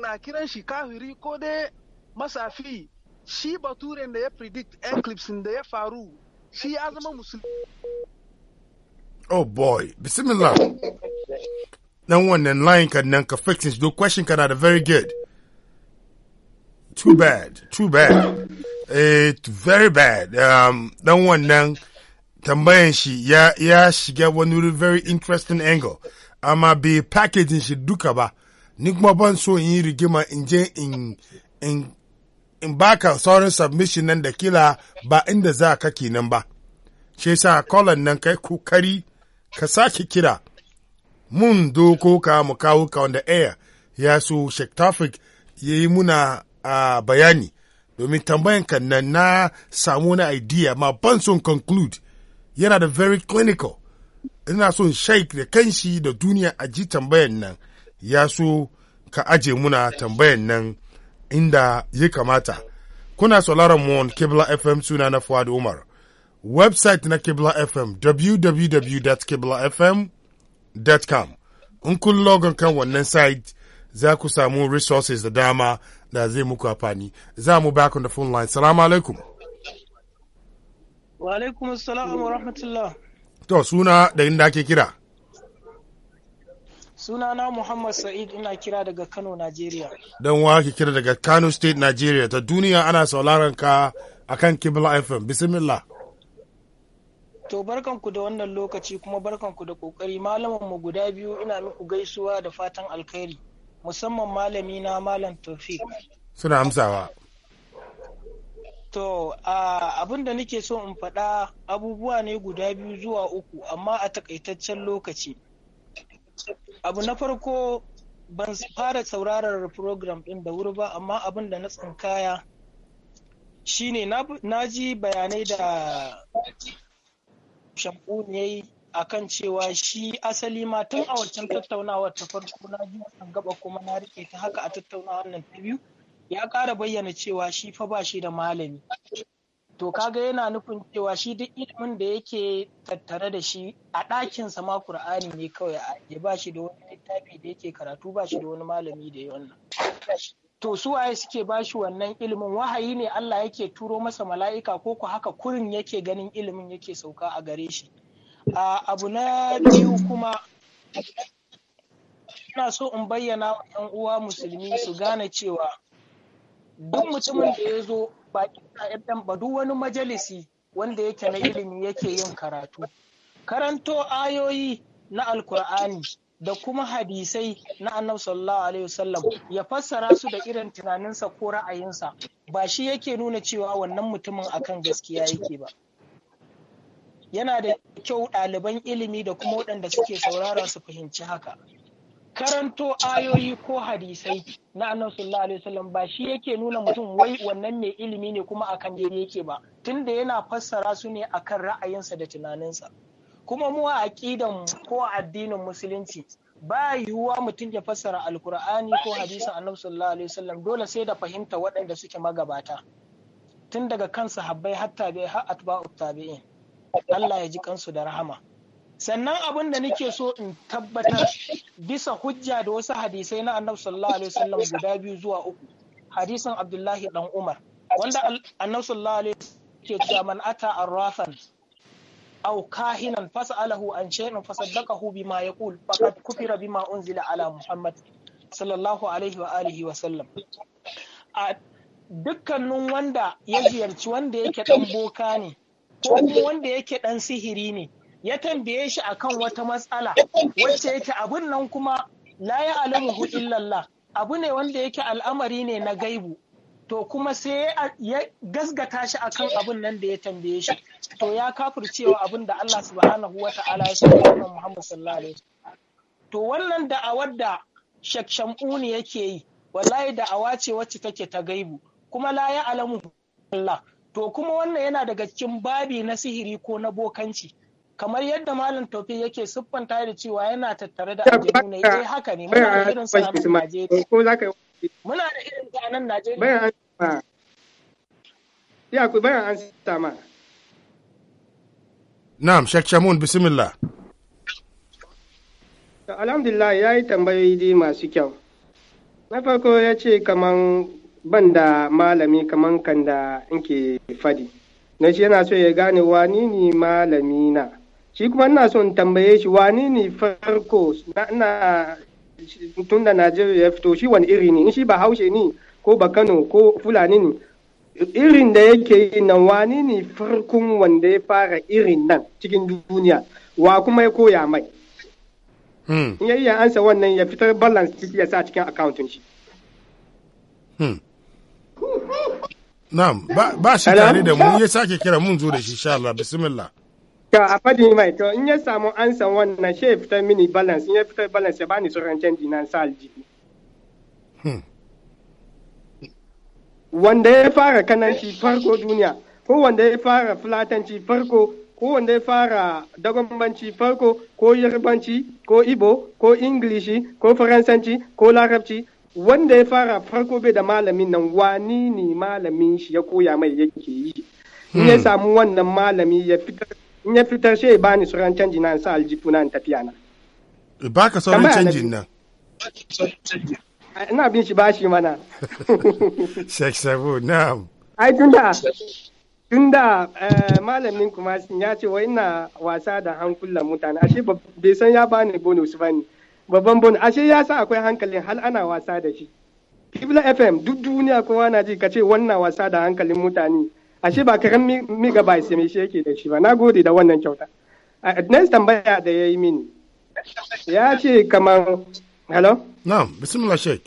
na kiran shi kafiri ko dai masafi shi baturen da ya predict eclipse da ya faru shi ya zama musulmi Oh boy. Bismillah. Nan wannan line ka nan ka fixing shi. question ka na da very good. Too bad. Too bad. it's very bad. Um, dan wannan tambayan shi ya, ya shiga wani very interesting angle. Amma bai packaging shi duka ba. Ni kuma ban so in yi rigima in je in, in in baka sauran submission nan da kila ba inda za ka kenan ba. Shi yasa kolon nan kai kokari ka sake kira mun doko ka mu kawo ka wanda air ya so Sheikh Tafik ya yi muna a bayani domin tambayan kan nan na samu na idea ma ban son conclude yana da very clinical ina son sheikh da kanshi da duniya a ji tambayan nan ya so ka aje muna tambayan nan inda ya kamata kuna sauraron mu on Kibla FM suna na Fuad Umar website na Kibla FM www.kiblafm.com in kun logon kan wannan site za ku samu resources da dama da zai muku amfani za mu back on the phone line salamu alaikum wa alaikum assalam wa rahmatullah to suna da inda ake kira sunana Muhammad Sa'id ina kira daga Kano, Najeriya. Dan ke kira daga Kano State, nigeria ta duniya ana sauraron ka akan Kibla FM. Bismillah. To barkanku da wannan lokaci kuma barkanku da kokari malaman mu guda biyu ina muku gaisuwa da fatan alkhairi musamman malami na malam Tofik. Suna amsawa. To abin da nake so in faɗa abubuwa ne guda biyu zuwa uku amma a takaitaccen lokaci. Abu na farko ban fara sauraron program ɗin da wuri ba amma abin da na tsinkaya shine na ji bayanai da shamkun ya yi akan cewa shi asali ma tun a wancan tattaunawar ta farko na ji wannan gaba kuma na rike ta haka a tattaunawar nan ta biyu ya kara bayyana cewa shi fa ba shi da malami to kaga yana nufin cewa shi duk ilimin da yake tattare da shi a ɗakinsa ma qur'ani ne kawai ya ba shi da wani littafi da yake karatu ba shi da wani malami da ya wannan to su waye suke bashi wannan ilimin wahayi ne Allah yake turo masa mala'ika ko ku haka kurin yake ganin ilimin yake sauka a gare shi abu na biyu kuma ina so in bayyana wa 'yan uwa musulmi su gane cewa duk mutumin da ya zo ba duk wani majalisi wanda yake na ilimi yake yin karatu karanto ayoyi na alkur'ani da kuma hadisai na annabi sallallahu alaihi wasallam ya fassara su da irin tunaninsa ko ra'ayinsa ba shi yake nuna cewa wannan mutumin akan gaskiya yake ba yana da kyau ɗaliban ilimi da kuma waɗanda suke saurara su fahimci haka karanto ayoyi ko hadisai na annabi sallallahu alaihi wasallam ba shi yake nuna mutum wai wannan mai ilimi ne kuma akan daidai yake ba tunda yana fassara su ne akan ra'ayinsa da tunaninsa. kuma mu a aqidan ko addinin musulunci ba yiwuwa mutum ya fassara alkur'ani ko hadisin annabi sallallahu alaihi wasallam dole sai da fahimta waɗanda suke magabata tun daga kan sahabbai har tabi'i har atba'ut tabi'in Allah ya ji kansu da rahama sannan abin da nake so in tabbatar bisa hujja da wasu hadisai na annabi sallallahu alaihi wasallam guda biyu zuwa uku hadisin abdullahi dan umar wanda annabi sallallahu alaihi wasallam ke cewa man ata arrafan aw kahinan fas'alahu an shay'in fasaddaqahu bima yaqul faqad kufira bima unzila ala muhammad sallallahu alaihi wa alihi wa sallam a dukkanin wanda ya ziyarci wanda yake dan boka ne ko kuma wanda yake dan sihiri ne ya tambaye shi akan wata matsala wacce yake abun nan kuma la ya alamu illallah abu ne wanda yake al'amari ne na gaibu to kuma sai ya gasgata shi akan eh. abin nan da ya tambaye shi to ya kafircewa abin da Allah subhanahu wa ta'ala ya sanya wa Muhammad sallallahu alaihi to wannan da'awar da Sheikh Shamuni yake yi wallahi da'awa ce wacce take ta gaibu kuma la ya alamu Allah to kuma wannan yana daga cikin babi na sihiri ko na bokanci kamar yadda malam tofi yake siffanta da cewa yana tattare da aljanu ne eh haka ne muna irin sa Najeriya muna da irin ta nan Najeriya bayan an sita ma na'am Sheikh Shamun bismillah alhamdulillah ya yi tambayoyi masu kyau na farko ya ce kaman ban da malami kaman kan da nke fadi na shi yana so ya gane wani ne malami na shi kuma ina so in tambaye shi wani ne farko na tun da Najeriya ya fito shi wani iri ne in shi ba haushe ne ko ba Kano ko Fulani ne irin da yake yi nan wani ne farkon wanda ya fara irin nan cikin duniya wa kuma ya koya mai hmm. in ya ansa wannan ya fitar balance ciki ya sa cikin akawuntin shi hmm. na'am ba shi tare da mu ya sake kira mun zo da shi insha Allah bismillah To a fadi mai to in ya samu ansan wannan shi ya fitar mini balance in ya fitar balance ya bani sauran canji na sa aljihu. Hmm. Wanda ya fara kananci farko duniya ko wanda ya fara fulatanci farko ko wanda ya fara dagwambanci farko ko yarbanci ko ibo ko ingilishi ko faransanci ko larabci wanda ya fara farko bai da malamin nan wani ne malamin shi ya koya mai yake yi. In ya hmm. samu wannan malami ya fitar in ya fitar sai ya bani sauran canji na sa aljifu na tafiya na ba ka sauran canji nan ina bin shi bashi mana na Sabo na'am da tun da malamin kuma ya ce wa ina wasa da hankulan mutane ashe bai san ya bani bonus bane babban bonus ashe ya sa akwai hankalin hal ana wasa da shi Kibla FM duk duniya kowa na ji kace wannan wasa da hankalin mutane ashe ba karan megabytes mai shi yake da shi ba na gode da wannan kyauta next tambaya da ya yi mini ya ce kamar hello na'am bismillah sheik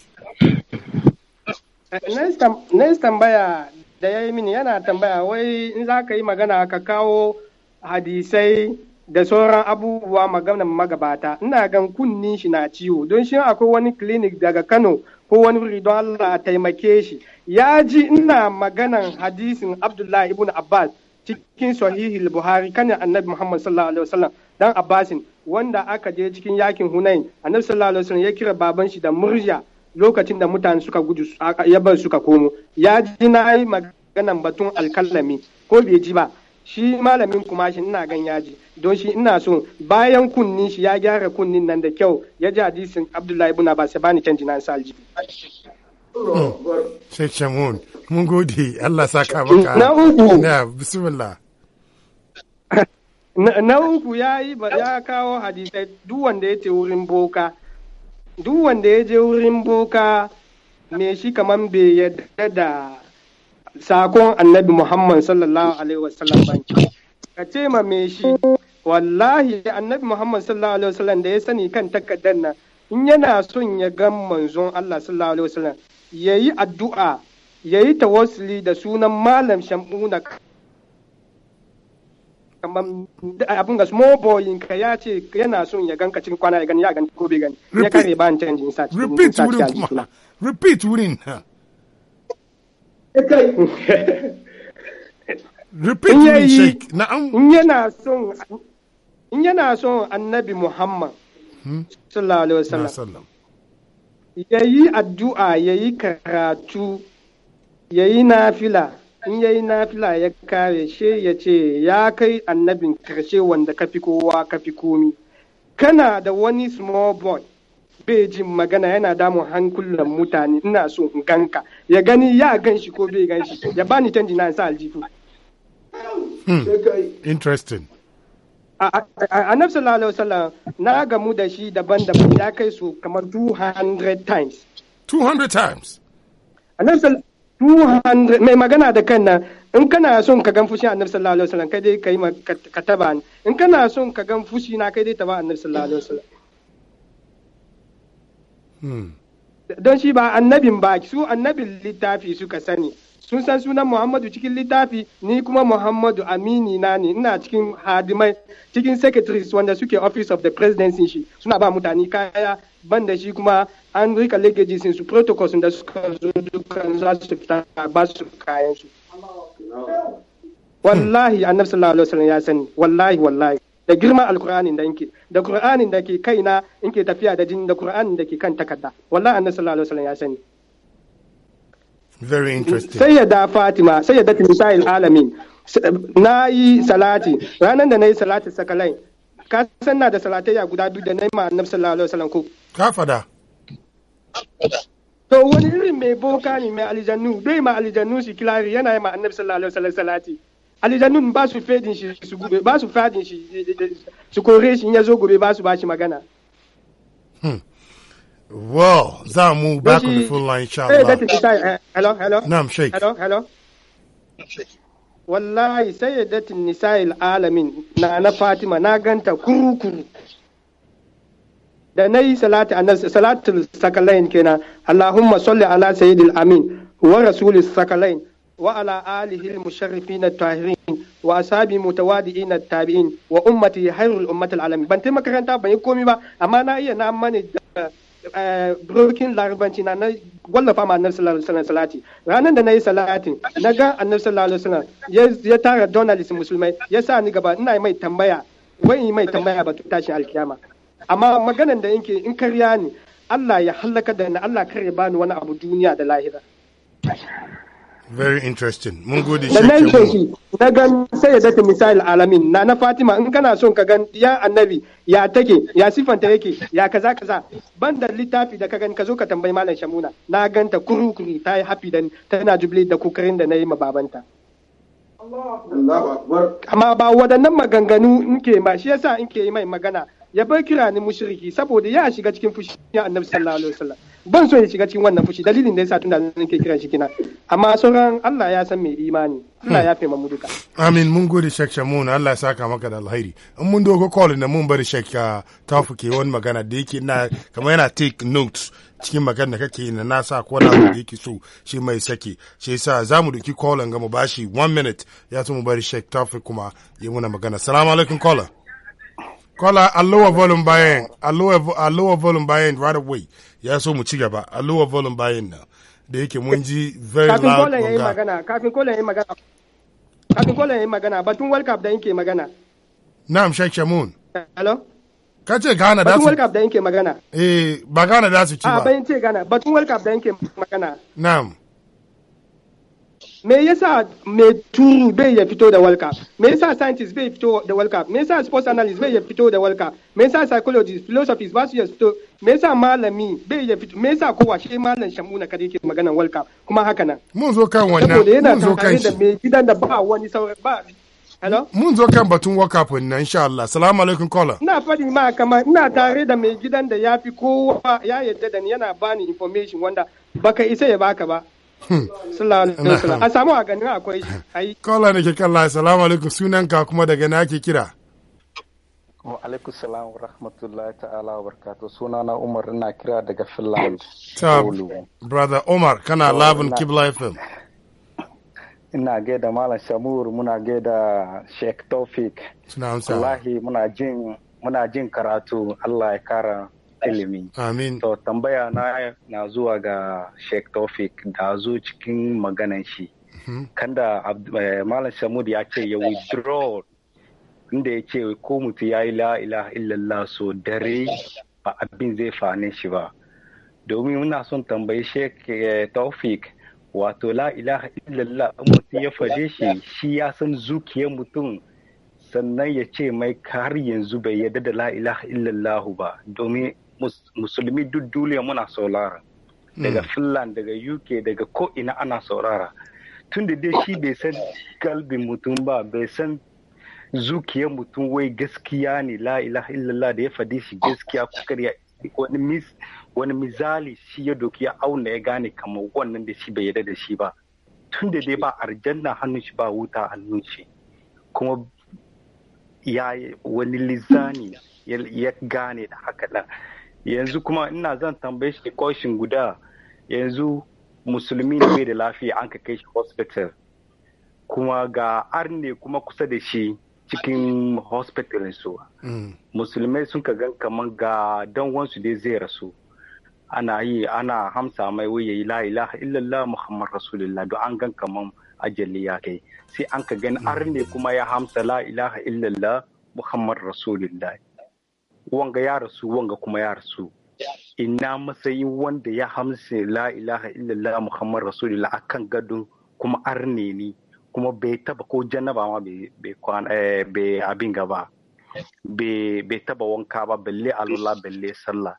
next tambaya da ya yi mini yana tambaya wai in za ka yi magana ka kawo hadisai da sauran abubuwa maganar magabata ina gan kunnin shi na ciwo don shi akwai wani clinic daga kano ko wani wuri don Allah a taimake shi ya ji ina maganan hadisin Abdullahi ibn Abbas cikin sahihil Buhari kan Annabi Muhammad sallallahu alaihi wasallam dan Abbasin wanda aka je cikin yakin Hunain Annabi sallallahu alaihi wasallam ya kira baban shi da murja lokacin da mutane suka gudu ya bar suka komo ya ji na yi maganan batun alkalami ko bai ji ba shi malamin kuma shi ina gan ya ji don shi ina so bayan kunnin shi ya gyara kunnin nan da kyau ya ji hadisin abdullahi ibn abbas ya bani canji na sa aljibi Sheikh Shamun, mun gode Allah ka maka. Na uku. Na bismillah. Na uku ya yi ya kawo hadisai duk wanda ya ce wurin boka. Duk wanda ya je wurin boka me shi kaman bai yadda da sakon annabi Muhammad sallallahu alaihi wasallam banki. Ka ce ma me shi wallahi annabi muhammad sallallahu alaihi wasallam da ya sani kan takardar nan in yana son ya ga manzon allah sallallahu alaihi wasallam ya yi addu'a ya yi tawassuli da sunan malam shamuna kamar abin ga small boy ka ya ce yana son ya ganka cikin kwana ya gani ya gani ko bai gani ya kare ba canji in sati repeat wurin repeat wurin repeat wurin shek na'am in yana son in yana son annabi Muhammad hmm? sallallahu alaihi wasallam ya yi addu'a ya yi karatu ya yi nafila in ya yi nafila ya kare she ya ce ya kai annabin karshe wanda ka kowa kafi fi komi kana da wani small boy bai jin magana yana damun hankulan mutane ina so in ganka ya gani ya gan shi ko bai gan shi ya bani canji na sa aljihu hmm. interesting A nafsa alaihi na gamu da shi daban-daban ya kai su kamar 200 times 200 times annabi 200 mai magana da kan nan in kana son ka gan fushi a nafsa alaihi wasallam kai dai kai ka taba ni in kana son ka gan fushi na kai dai taba a nafsa alaihi wasallam hmm. don shi ba annabin ba su annabin littafi suka sani sun san sunan Muhammadu cikin littafi ni kuma Muhammadu Amini na ne ina cikin hadimai cikin secretaries wanda suke office of the presidency shi suna ba mutane kaya ban da shi kuma an rika legacies su protocols da suka zo dukkan za su fita ba su kayan su wallahi annabi sallallahu alaihi wasallam ya sani wallahi wallahi da girman alkur'anin da yake da qur'anin da ke kaina in ke tafiya da jini da qur'anin da ke kan takarda wallahi annabi sallallahu alaihi wasallam ya sani Very interesting. Sayyada Fatima, Sayyada Timisa'il Alamin. Na yi salati, ranar da na yi salati sakalai, ka san na da salatayya guda biyu da na yi ma annabi sallallahu alaihi wasallam ko. Ka fada. To wani irin mai boka ne mai aljannu, bai ma aljannu shi kilari yana yi ma annabi sallallahu alaihi wasallam salati. Aljannun ba su fadin shi su gube, ba su fadin shi su kore shi in ya zo gobe ba su ba shi magana. Hmm. Well, Zamu back on the full line, inshallah. Eh, hello, hello. No, I'm shaking. Hello, hello. Wallahi say that in nisa'il alamin na na Fatima na ganta kuru. Da na yi salati salatul sakalain kenan. Allahumma salli ala sayyidil amin wa rasulis sakalain wa ala alihi al-musharrifin at-tahirin wa ashabi mutawadi'in at-tabi'in wa ummati khairul ummatil alamin. Ban taimaka makaranta ban yi komi ba amma na iya na mani da Eh, brokin larabanci na wallafa ma annabi sallallahu alaihi wasallam salati ranan da nayi salatin na ga annabi sallallahu alaihi wasallam ya tara journalist musulmai ya sa ni gaba ina mai tambaya wai mai tambaya ba tashin alkiyama amma maganan da yake in karya ne Allah ya halaka da ni Allah kare bani wani abu duniya da lahira very interesting mun gode shi nan ke shi na gan sai da ta misal alamin na na Fatima in kana son ka gan ya annabi ya take ya sifanta yake ya kaza kaza ban da littafi da ka gan ka zo ka tambayi malam Shamuna na ganta kuru kuru ta yi happy dan tana jubilee da kokarin da na yi ma babanta amma ba waɗannan maganganu in ke ma shi yasa in ke yi mai magana ya bar kira ni mushriki saboda ya shiga cikin fushi annabi sallallahu alaihi wasallam ban so ya shiga cikin wannan fushi dalilin da yasa tunda nake kiran shi kina amma sauran Allah ya san mai imani Allah hmm. ya fema mu duka amin mun gode Sheikh Shamun Allah ya saka maka da alheri in mun dogo call da mun bari Sheikh uh, Tafuke wani magana da yake na kamar yana take notes cikin magana kake na na sa ko na da yake so shi mai saki shi yasa zamu duki call ga mu bashi 1 minute ya so mu bari Sheikh Tafuke kuma ya muna magana assalamu alaikum caller Kola, a lower volume by end. A lower, a lower volume by end right away. ya so mu ci gaba a lower volume bayan nan da yake mun ji very loud kafin kola yayi magana kafin kola yayi magana kafin kola yayi magana batun world cup da yake magana na'am Sheikh Shamun hello ka ce gana da su batun world cup da yake magana eh ba gana da su ci ba a bayan ce Ghana batun world cup da yake magana na'am me yasa mai turu bai ya fito da walka me yasa scientist bai fito da walka me yasa sports analyst bai ya fito da walka me yasa psychologist philosophist ba su ya fito me yasa malami bai ya fito me yasa kowa shi malam shamu na kare ke maganan walka kuma haka nan mun zo kan wannan mun zo kan shi mai gidan da ba wani sauran ba Hello? Mun zo kan batun fun nan insha Allah. Salamu alaikum kola. Ina fadi ma kama ina tare da mai gidan da ya fi kowa ya yadda da ni yana bani information wanda baka isa ya baka ba. a samu a ganin akwai shi kola ne ke kalla assalamu alaikum sunan ka kuma daga na ake kira wa alaikum salam wa rahmatullahi ta'ala wa barakatuh suna na umar ina kira daga finland ta brother umar kana labin kibla fm ina gaida malam shamur muna gaida sheikh tofik wallahi muna jin muna jin karatu allah ya kara ilimi. Amin. To tambaya na na zuwa ga Sheikh Tofik da zu cikin maganan shi. Mhm. Kanda eh, Malam Samud ya ce ya withdraw inda ya ce ko mutu ya yi la'ila illallah so dare ba abin zai fane shi ba. Domin muna son tambayi Sheikh eh, Tofik wato la'ila illallah mutum ya faje shi shi ya san zukiyar mutum sannan ya ce mai har yanzu bai yarda da la'ilaha illallahu ba domin musulmi duk duniya muna saurara hmm. daga finland daga uk daga ko ina ana saurara tun da dai shi bai san kalbin mutum ba bai san zukiyar mutum wai gaskiya ne la ilaha illallah da ya fadi shi gaskiya ko kariya. wani misali shi ya doki ya auna ya gane kamar wannan da shi bai yarda da shi ba tun da dai ba arjanna hannun shi ba wuta hannun shi kuma ya wani lizani ya gane da haka yanzu kuma ina zan tambaye shi koshin guda yanzu musulmi ne bai da lafiya an ka kai shi hospital kuma ga arne kuma kusa da shi cikin hospital su mm. musulmai sun ka gan kaman ga dan wansu dai zai rasu ana yi ana hamsa mai waye la ilaha illallah muhammad rasulullah don an gan kaman ajali ya kai sai an ka gan mm. arne kuma ya hamsa la ilaha illallah muhammad rasulullah wanga ya rasu wanga kuma ya rasu ina matsayin wanda ya hamsin la ilaha illallah muhammad rasulullah akan gadon kuma arne ne kuma bai taba ko jannaba ma eh, bai abin gaba bai taba wanka ba balle alwala balle sallah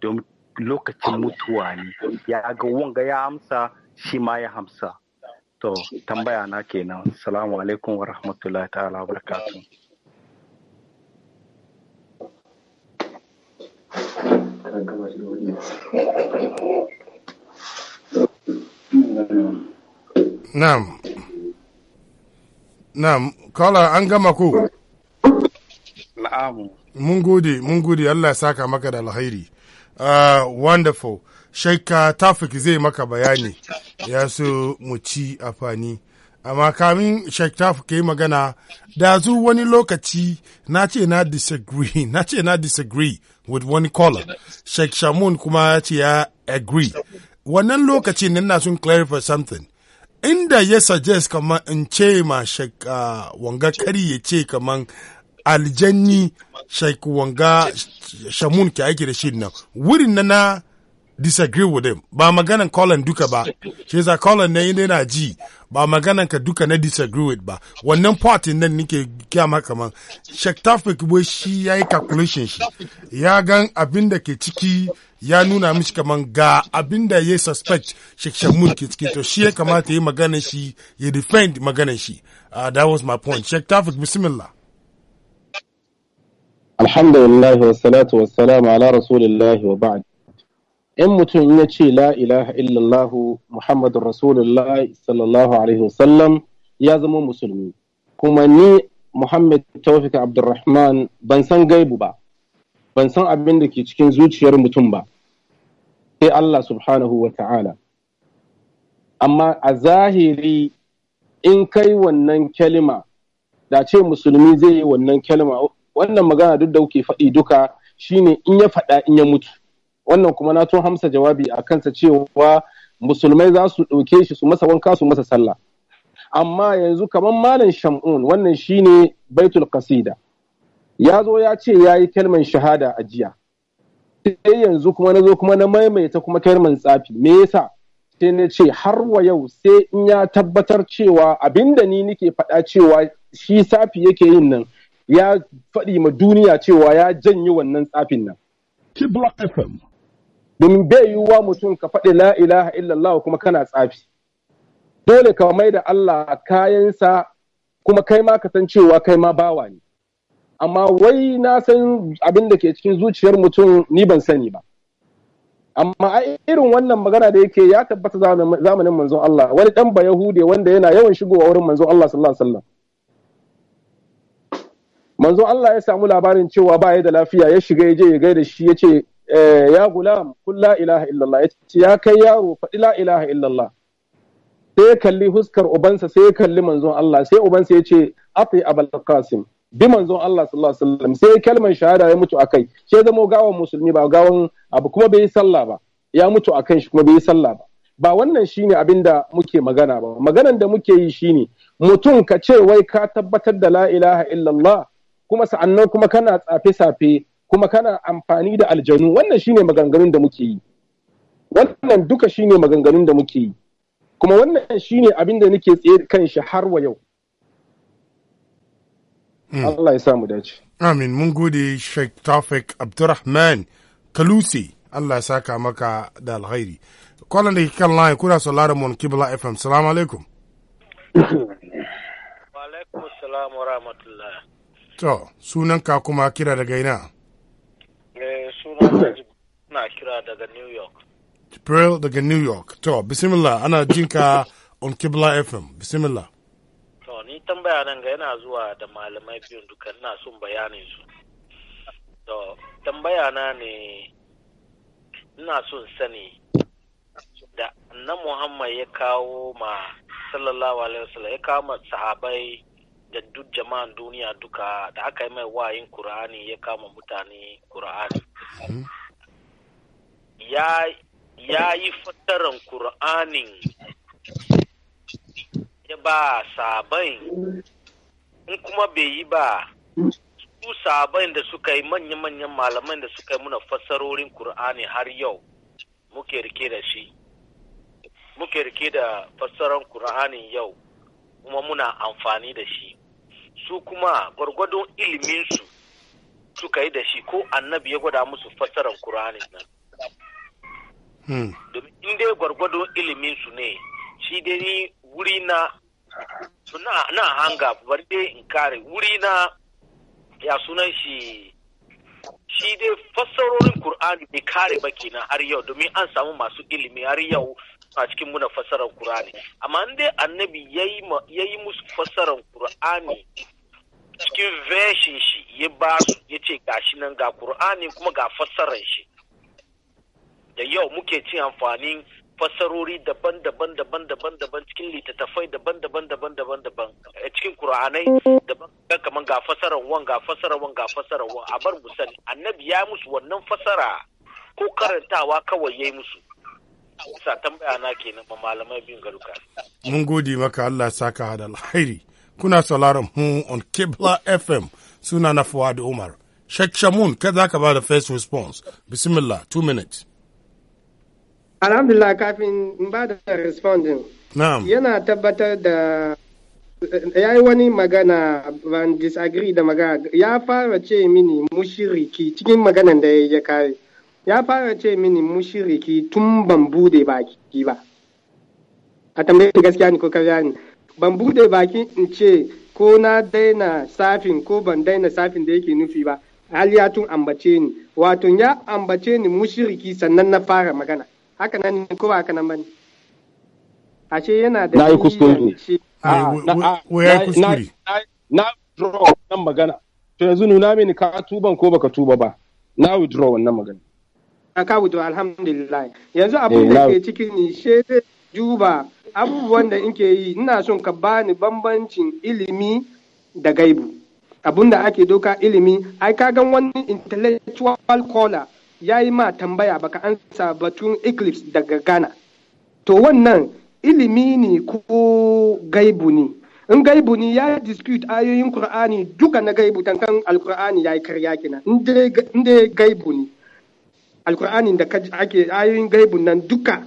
don lokacin mutuwa ne ya ga wanga ya hamsa shi ma ya hamsa to tambaya na kenan assalamu alaikum wa rahmatullahi ta'ala wa barakatuh gama shi wani Na'am. Na'am, kala an gama ko? Na'am. Mun gode, mun gode Allah ya saka maka da alhairi. Uh, ah, wonderful. shaika Tafik zai maka bayani. Ya so mu ci afani. amma kamin shaktafu ke magana da zu wani lokaci na ce na disagree na ce na disagree with wani caller shek Shamun kuma ya ce ya agree wannan lokacin nan na sun clarify something inda ya suggest kamar in ce ma shek ah, wanga kari ya ce kamar aljanni shek wanga Shamun ke ake da shi nan wurin na na disagree with him ba maganan Colin duka ba is a Colin na yin na ji ba maganan ka duka na disagree with ba wannan part nan nike kya maka kaman shek Tafik boy shi yayi calculation shi ya gan abin da ke ciki ya nuna mishi kaman ga abin da ya suspect shek shamul ke ciki to shi ya kamata yi maganan shi ya defend maganan shi uh, that was my point shek Tafik bismillah alhamdulillah wa salatu wa salam ala rasulillah wa ba'd in mutum ya ce la ilaha illallahu muhammadun rasulullah sallallahu alaihi wasallam ya zama musulmi kuma ni muhammad taufik abdurrahman ban san gaibu ba ban san abin da ke cikin zuciyar mutum ba sai allah subhanahu wa ta'ala amma a zahiri in kai wannan kalima da ce musulmi zai yi wannan kalima wannan magana duk da kuke faɗi duka shine in ya faɗa in ya mutu wannan kuma na tun hamsa jawabi a kansa cewa musulmai za su ɗauke shi su masa wanka su masa sallah amma yanzu kamar malam shamun wannan shine baitul qasida ya zo ya ce ya yi kalman shahada a jiya sai yanzu kuma na zo kuma na maimaita kuma kalman tsafi me yasa sai na ce har wa yau sai in ya tabbatar cewa abin da ni nike faɗa cewa shi tsafi yake yin nan ya faɗi ma duniya cewa ya janye wannan tsafin nan. Ki Block FM domin bai yiwuwa mutum ka faɗi la ilaha illallah kuma kana tsafi dole ka mai da Allah kayansa kuma kai ma ka san cewa kai ma bawa ne amma wai na san abin da ke cikin zuciyar mutum ni ban sani ba amma a irin wannan magana da yake ya tabbata zamanin manzon Allah wani dan ba yahude wanda yana yawan shigowa wurin manzon Allah sallallahu alaihi wasallam manzon Allah ya samu labarin cewa ba ya da lafiya ya shiga ya je ya gaida shi ya ce Eh, ya gulam kun la ilaha illallah ya ce ya kai yaro faɗi la ilaha illallah sai ya kalli huskar ubansa sai ya kalli manzon Allah sai ubansa ya ce afi abal qasim bi manzon Allah sallallahu alaihi wasallam sai kalmar shahada ya mutu akai sai zama gawan musulmi ba gawan abu kuma bai yi sallah ba ya mutu akan shi kuma bai yi sallah ba ba wannan shine abin da muke magana ba maganan da muke yi shine mutum ka ce wai ka tabbatar da la ilaha illallah kuma sa'annan kuma kana tsafe-safe kuma kana amfani da aljanu wannan shine maganganun da muke yi wannan duka shine maganganun da muke yi kuma wannan shine abin da nake tsaye kan shi har wa yau hmm. Allah ya samu dace amin mun gode Sheikh Tawfik Abdurrahman Kalusi Allah ya saka maka da alkhairi kwallon da ke kan line kuna sauraron mu Kibla FM salamu alaikum wa alaikum assalam wa rahmatullah to sunanka kuma kira daga ina Na kira daga New York. Pearl daga New York. To, bismillah ana jin ka on Kibla FM. Bismillah. To, ni tambaya nan ga yana zuwa da malamai biyu duka ina son bayanin su. To, tambaya na ne ina son sani da annan Muhammad ya kawo ma sallallahu alaihi wasallam ya kawo ma sahabai da duk jama'an duniya duka da aka yi mai wayin kur'ani ya kama mutane kur'ani ya yi fataran kur'anin ya ba sabai in kuma bai yi ba su sabai da suka yi manya-manyan malaman da suka yi muna fassarorin kur'ani har yau muke rike da shi muke rike da fassarar kur'anin yau kuma muna amfani da shi su kuma gwargwadon iliminsu suka yi da shi ko annabi ya gwada musu fassarar kur'ani nan. Hmm. Domin in dai gwargwadon iliminsu ne shi dai ni wuri na na hanga bari dai in kare wuri na ya sunan shi shi dai fassarorin Kur'ani bai kare ba kenan har yau domin an samu masu ilimi har yau a cikin muna fassarar Kur'ani amma in dai annabi yi musu fassarar Kur'ani cikin veshin shi ya ba su ya ce gashi nan ga Kur'ani kuma ga fassarar shi da yau muke cin amfanin fassarori daban-daban daban-daban daban cikin littattafai daban-daban daban-daban daban eh, cikin Kur'anai daban kaman ga fassarar wan ga fassarar wan ga fassarar wan a bar mu annabi ya musu wannan fassara ko karantawa kawai yayi musu sa tambaya na kenan ma malamai biyun garuka. Mun gode maka Allah saka hada alhairi. Kuna sauraron mu on Kibla FM suna na Fuad Umar. Shakshamun kai za ka ba da first response. Bismillah, two minutes. Alhamdulillah kafin in ba da responding. Na'am. Yana tabbatar da ya yi wani magana ban disagree da magana ya fara ce mini mushiriki cikin maganan da ya kare. ya fara ce mini mushiriki tun ban bude baki ba a tambaye gaskiya ne ko karya ne ban bude baki in ce ko na daina safin ko ban daina safin da yake nufi ba hali ya tun ambace ni wato ya ambace ni mushiriki sannan na fara magana haka nan ne ko ba haka nan bane ashe yana da na yi kuskure na withdraw wannan magana to yanzu nuna mini ka tuban ko baka tuba ba na withdraw wannan magana kawo da alhamdulillah yanzu abin eh, da ke cikin ni she zai duba abubuwan da nke yi ina son ka bani bambancin ilimi da gaibu abun da ake doka ilimi ai ka gan wani intellectual caller ya yi ma tambaya baka ansa batun eclipse daga gana to wannan ilimi ne ko gaibu ne in gaibu ne ya dispute ayoyin qur'ani duka na gaibu tankan alqur'ani ya yi karya kenan in dai gaibu ne alkur'anin da ake ayoyin gaibun nan duka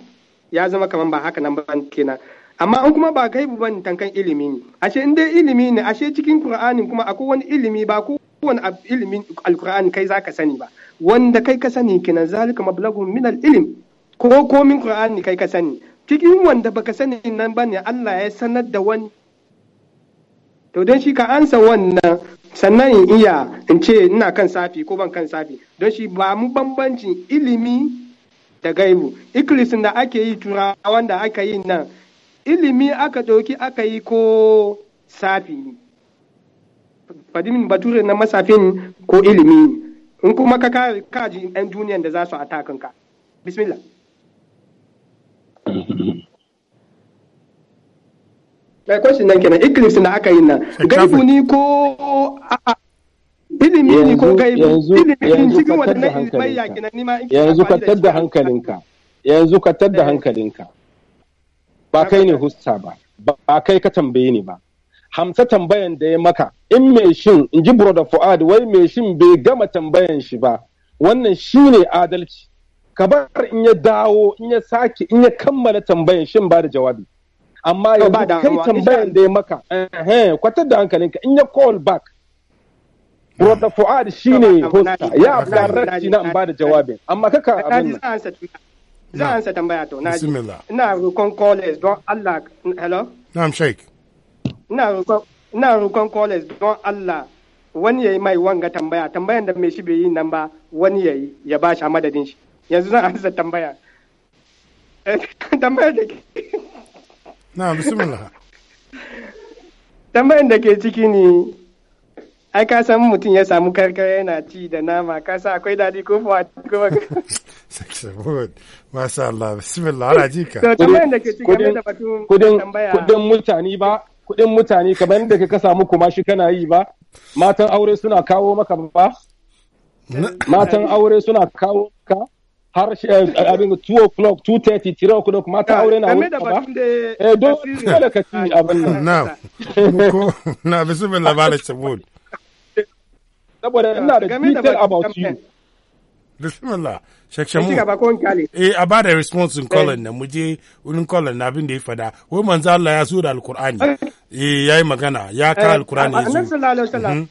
ya zama kamar ba haka nan ba kenan amma an kuma ba gaibu ba tankan ilimi ne ashe in dai ilimi ne ashe cikin qur'anin kuma akwai wani ilimi ba ko wani ilimin alkur'ani kai zaka sani ba wanda kai ka sani kenan zalika mablaghum min al-ilm ko komin qur'ani kai ka sani cikin wanda baka sani nan bane Allah ya sanar da wani to don shi ka ansa wannan sannan in iya in ce ina kan safi ko ban kan safi don shi ba mu bambancin ilimi da gaibu ikilisin da ake yi turawan wanda aka yi nan ilimi aka ɗauki aka yi ko safi fadimin bature na masafin ko ilimi in kuma ka kaji 'yan duniyan da za su a takanka, bismillah Mai nan Yanzu ka tadda hankalinka. Yanzu ka tadda eh. hankalinka. Ba kai ne husta ba. kai ka tambaye ni ba. Hamsa tambayan da ya maka in mai shin in ji Broda Fuad wai mai shin bai gama tambayan shi ba wannan shi ne adalci. Kabar in ya dawo in ya sake in ya kammala tambayan shin ba da jawabi. amma yanzu kai tambayan da ya maka kwata da hankalinka in ya call back Brother Fuad shine hosta ya abda rakci na ba da jawabin amma kaka abin za a ansa tambaya to na ji ina roƙon callers don Allah hello na'am sheik ina roƙon ina callers don Allah wani yayi mai wanga tambaya tambayan da mai shi bai yi nan ba wani yayi ya ba shi a madadin shi yanzu zan ansa tambaya tambaya da ke na bismillah tambayan da ke ciki ne ai ka san mutum ya samu karkara yana ci da nama ka sa akwai dadi ko fa ko ba masha Allah bismillah ana ji ka da ke ciki da tambaya kudin mutane ba kudin mutane kamar ka samu kuma shi kana yi ba matan aure suna kawo maka ba matan aure suna kawo ka har eh, abin 2 o'clock 2.30 3 o'clock mata ah, aure na wuri ba eh don kada ka ci abin nan na ko na bisu bin labarin sabon saboda ina da detail about you bismillah shek shamu eh a ba da response in eh. colin na muje wurin colin na abin da ya fada wai manzo Allah ya sura alqur'ani eh, eh yayi magana ya ka alqur'ani ya zo hmm?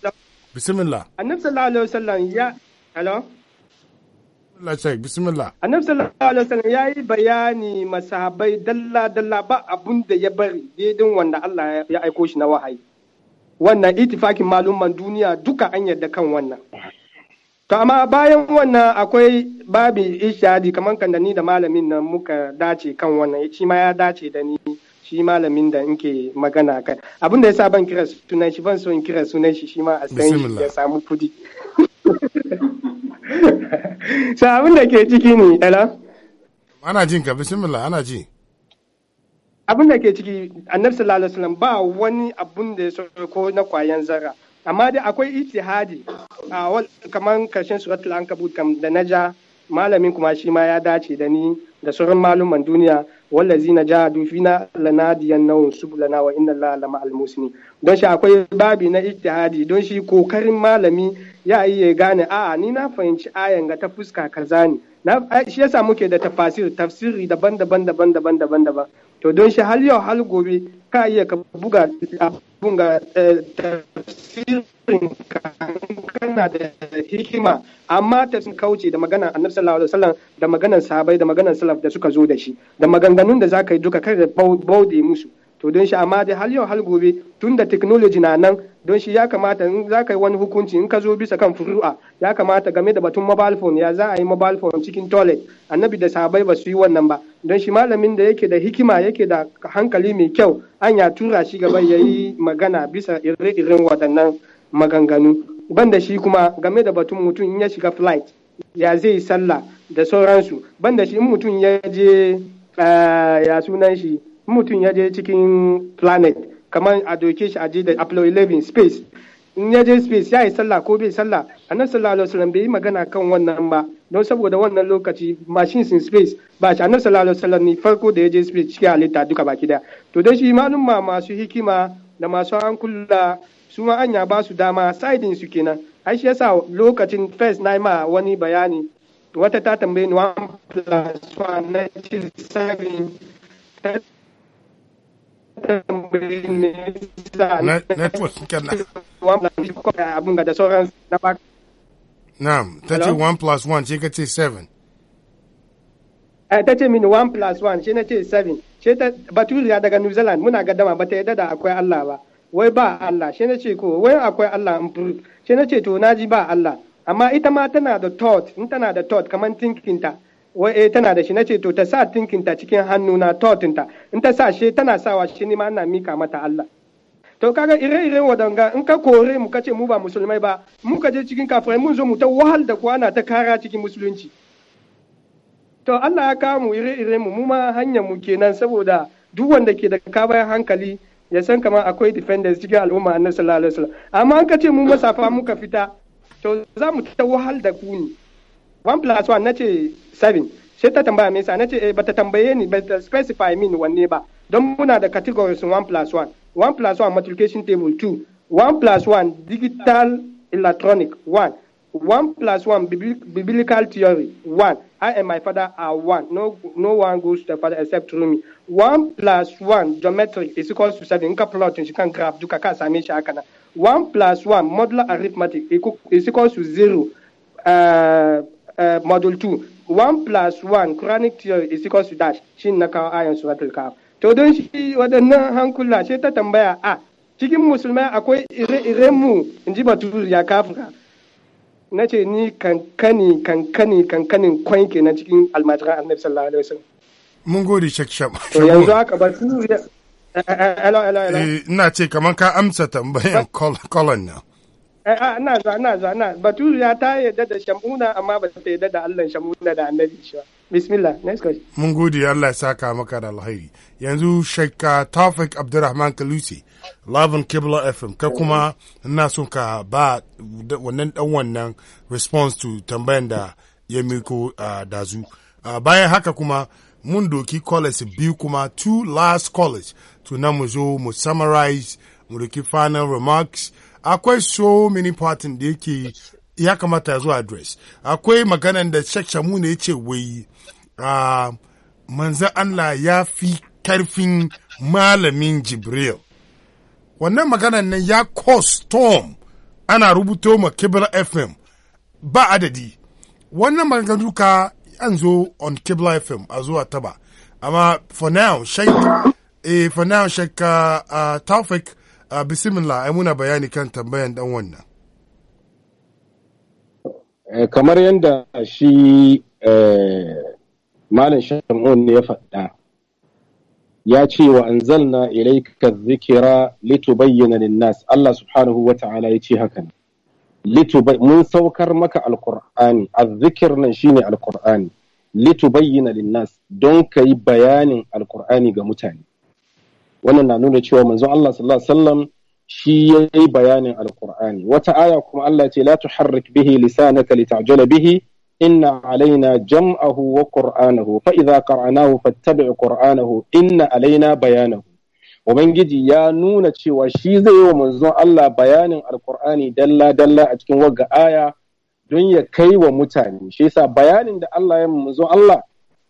bismillah annabi sallallahu alaihi wasallam ya hello bismillah annabi sallallahu alaihi wasallam yi bayani masahabai dalla dalla ba abun da ya bari daidin wanda Allah ya aiko shi na wahayi wannan itifakin malumman duniya duka an yarda kan wannan to amma bayan wannan akwai babi ishadi kamar kan da ni da malamin nan muka dace kan wannan shi ma ya dace da ni shi malamin da nke magana kai abin da sa ban kira sunan shi ban so in kira sunan shi shi ma a ya samu kudi sa abin da ke ciki ne ɗala? ana jin ka bismillah ana ji abin da ke ciki annabi sallallahu alaihi wasallam ba wani abun da ya ko na kwayan zara amma dai akwai ijtihadi a kamar karshen suratul ankabut kam da naja malamin kuma shi ma ya dace da ni da sauran maluman duniya wallazina jahadu fina lanadiyannahum subulana wa inna allaha lama'al don shi akwai babi na ijtihadi don shi kokarin malami ya ya gane a'a ni na fahimci ayan ga ta fuska kaza ne shi yasa muke da tafasir tafsiri daban-daban daban-daban daban-daban to don shi har yau har gobe ka iya ka buga abun ga eh, tafsirin kana da hikima amma ta sun kauce da magana annabi sallallahu alaihi wasallam da maganar sahabbai da maganar salaf da suka zo da shi da maganganun da zaka yi duka kai da baude musu to don shi amma dai har yau har gobe tun da technology na nan don shi ya kamata in za ka yi wani hukunci in ka zo bisa kan furu'a ya kamata game da batun mobile phone ya za a yi mobile phone cikin toilet annabi da sahabai ba su yi wannan ba don shi malamin da yake da hikima yake da hankali mai kyau an ya tura shi gaba ya yi magana bisa ire-iren waɗannan maganganu ban da shi kuma game da batun mutum in ya shiga flight ya zai sallah da sauransu ban da shi in mutum ya je eh, ya sunan shi mutum ya je cikin planet kamar a doke shi a je da apollo 11 space in ya je space ya yi sallah ko bai sallah annabi sallallahu alaihi wasallam bai yi magana kan wannan ba don saboda wannan lokaci machines in space ba shi annabi sallallahu alaihi wasallam ne farko da ya je space cikin halitta duka baki daya to dai shi malumma masu hikima da masu hankula su ma anya ba su dama sidin su kenan ai shi yasa lokacin first na ma wani bayani wata ta tambaye ni wa. plus 1 na 7 network da ba na'am eh, ta plus 1 ce ka ce 7 ta ce mini 1 plus 1 shi na ce 7 shi ta baturiya daga new zealand muna gaddama ba ta yadda da akwai allah ba wai ba allah shi na ce ko wai akwai allah in shi na ce to na ji ba allah amma ita ma tana da thought in tana da thought kamar thinking ta wai eh, tana da shi nace to ta sa tinkinta cikin hannuna ta in ta sa shi tana sawa shi ni ma ina mika mata Allah to kaga ire-iren wadanga in ka kore mu kace mu ba musulmai ba mu ka je cikin kafirai mun zo mu ta wahal da ku ana ta kara cikin musulunci to Allah ya kawo mu ire-iren mu mu ma hanyar mu kenan saboda duk wanda ke da bayan hankali ya san kamar akwai defenders cikin al'umma annabi sallallahu alaihi wasallam amma an kace mu masafa muka fita to za mu ta wahal da ku ne one plus 1 na ce 7 sai ta tambaya me yasa na ce eh, bata tambaye ni bata specify min wanne ba don muna da categories one plus one one plus one multiplication table two one plus one digital electronic one one plus one biblical theory one I and my father are one. No, no one goes to the father except through me. One plus one geometry is equals to seven. In plot she can graph duka ka same shi haka One plus one modular arithmetic is equals to zero. Uh, uh, model 2 1 plus 1 chronic theory is equal to dash shi na kawo ayan suratul kahf to don shi waɗannan hankula sai ta tambaya a ah, cikin musulmai akwai ire ire mu in ji baturu ya kafura na ce ni kankani kankani kankanin kwan na cikin almajiran annabi sallallahu alaihi wasallam mun gode shek sham to yanzu haka baturu eh, eh, eh, ina ce kamar ka amsa tambayan kolon nan Eh, ah, ina za ina za ina baturu ya ta yadda da shamuna amma ba ta yadda da Allah shamuna da annabi shi bismillah next question mun gode Allah ya saka maka da alheri yanzu shakka tafik Abdurrahman Kalusi Labin Kibla FM ka kuma ina son ka ba wannan dan wannan response to tambayan da ya miko ah, dazu ah, bayan haka kuma mun doki college biyu kuma two last college to na mu zo mu summarize mu doki final remarks akwai so many pattern da yake ya kamata ya zo address akwai maganan da Sheikh Shamu ne ya wai ah, manzan Allah ya fi karfin malamin Jibril wannan maganan nan ya cause storm ana rubuto ma Kibla FM ba adadi wannan maganganu ka an zo on Kibla FM a zuwa taba amma for now Sheikh eh, for now uh, Taufik a bismillah ai muna bayani kan tambayan dan wannan eh, kamar yadda shi eh, malam shamun ya faɗa ya ce wa anzalna ilaika zikira litubayyana linnas Allah subhanahu wa ta'ala ya ce haka mun saukar maka alkur'ani azzikir nan shine alkur'ani litubayyana linnas don ka yi bayanin alkur'ani ga mutane wannan na nuna cewa manzon Allah sallallahu alaihi wasallam shi yayi bayanin alqur'ani wata aya kuma Allah ce la tuharrik bihi lisanaka litajala bihi inna alaina jam'ahu wa qur'anahu fa idza qara'nahu fattabi' qur'anahu inna alaina bayanahu ubangiji ya nuna cewa shi zai yi wa manzon Allah bayanin alqur'ani dalla dalla a cikin wagga aya don ya kai wa mutane shi yasa bayanin da Allah ya manzon Allah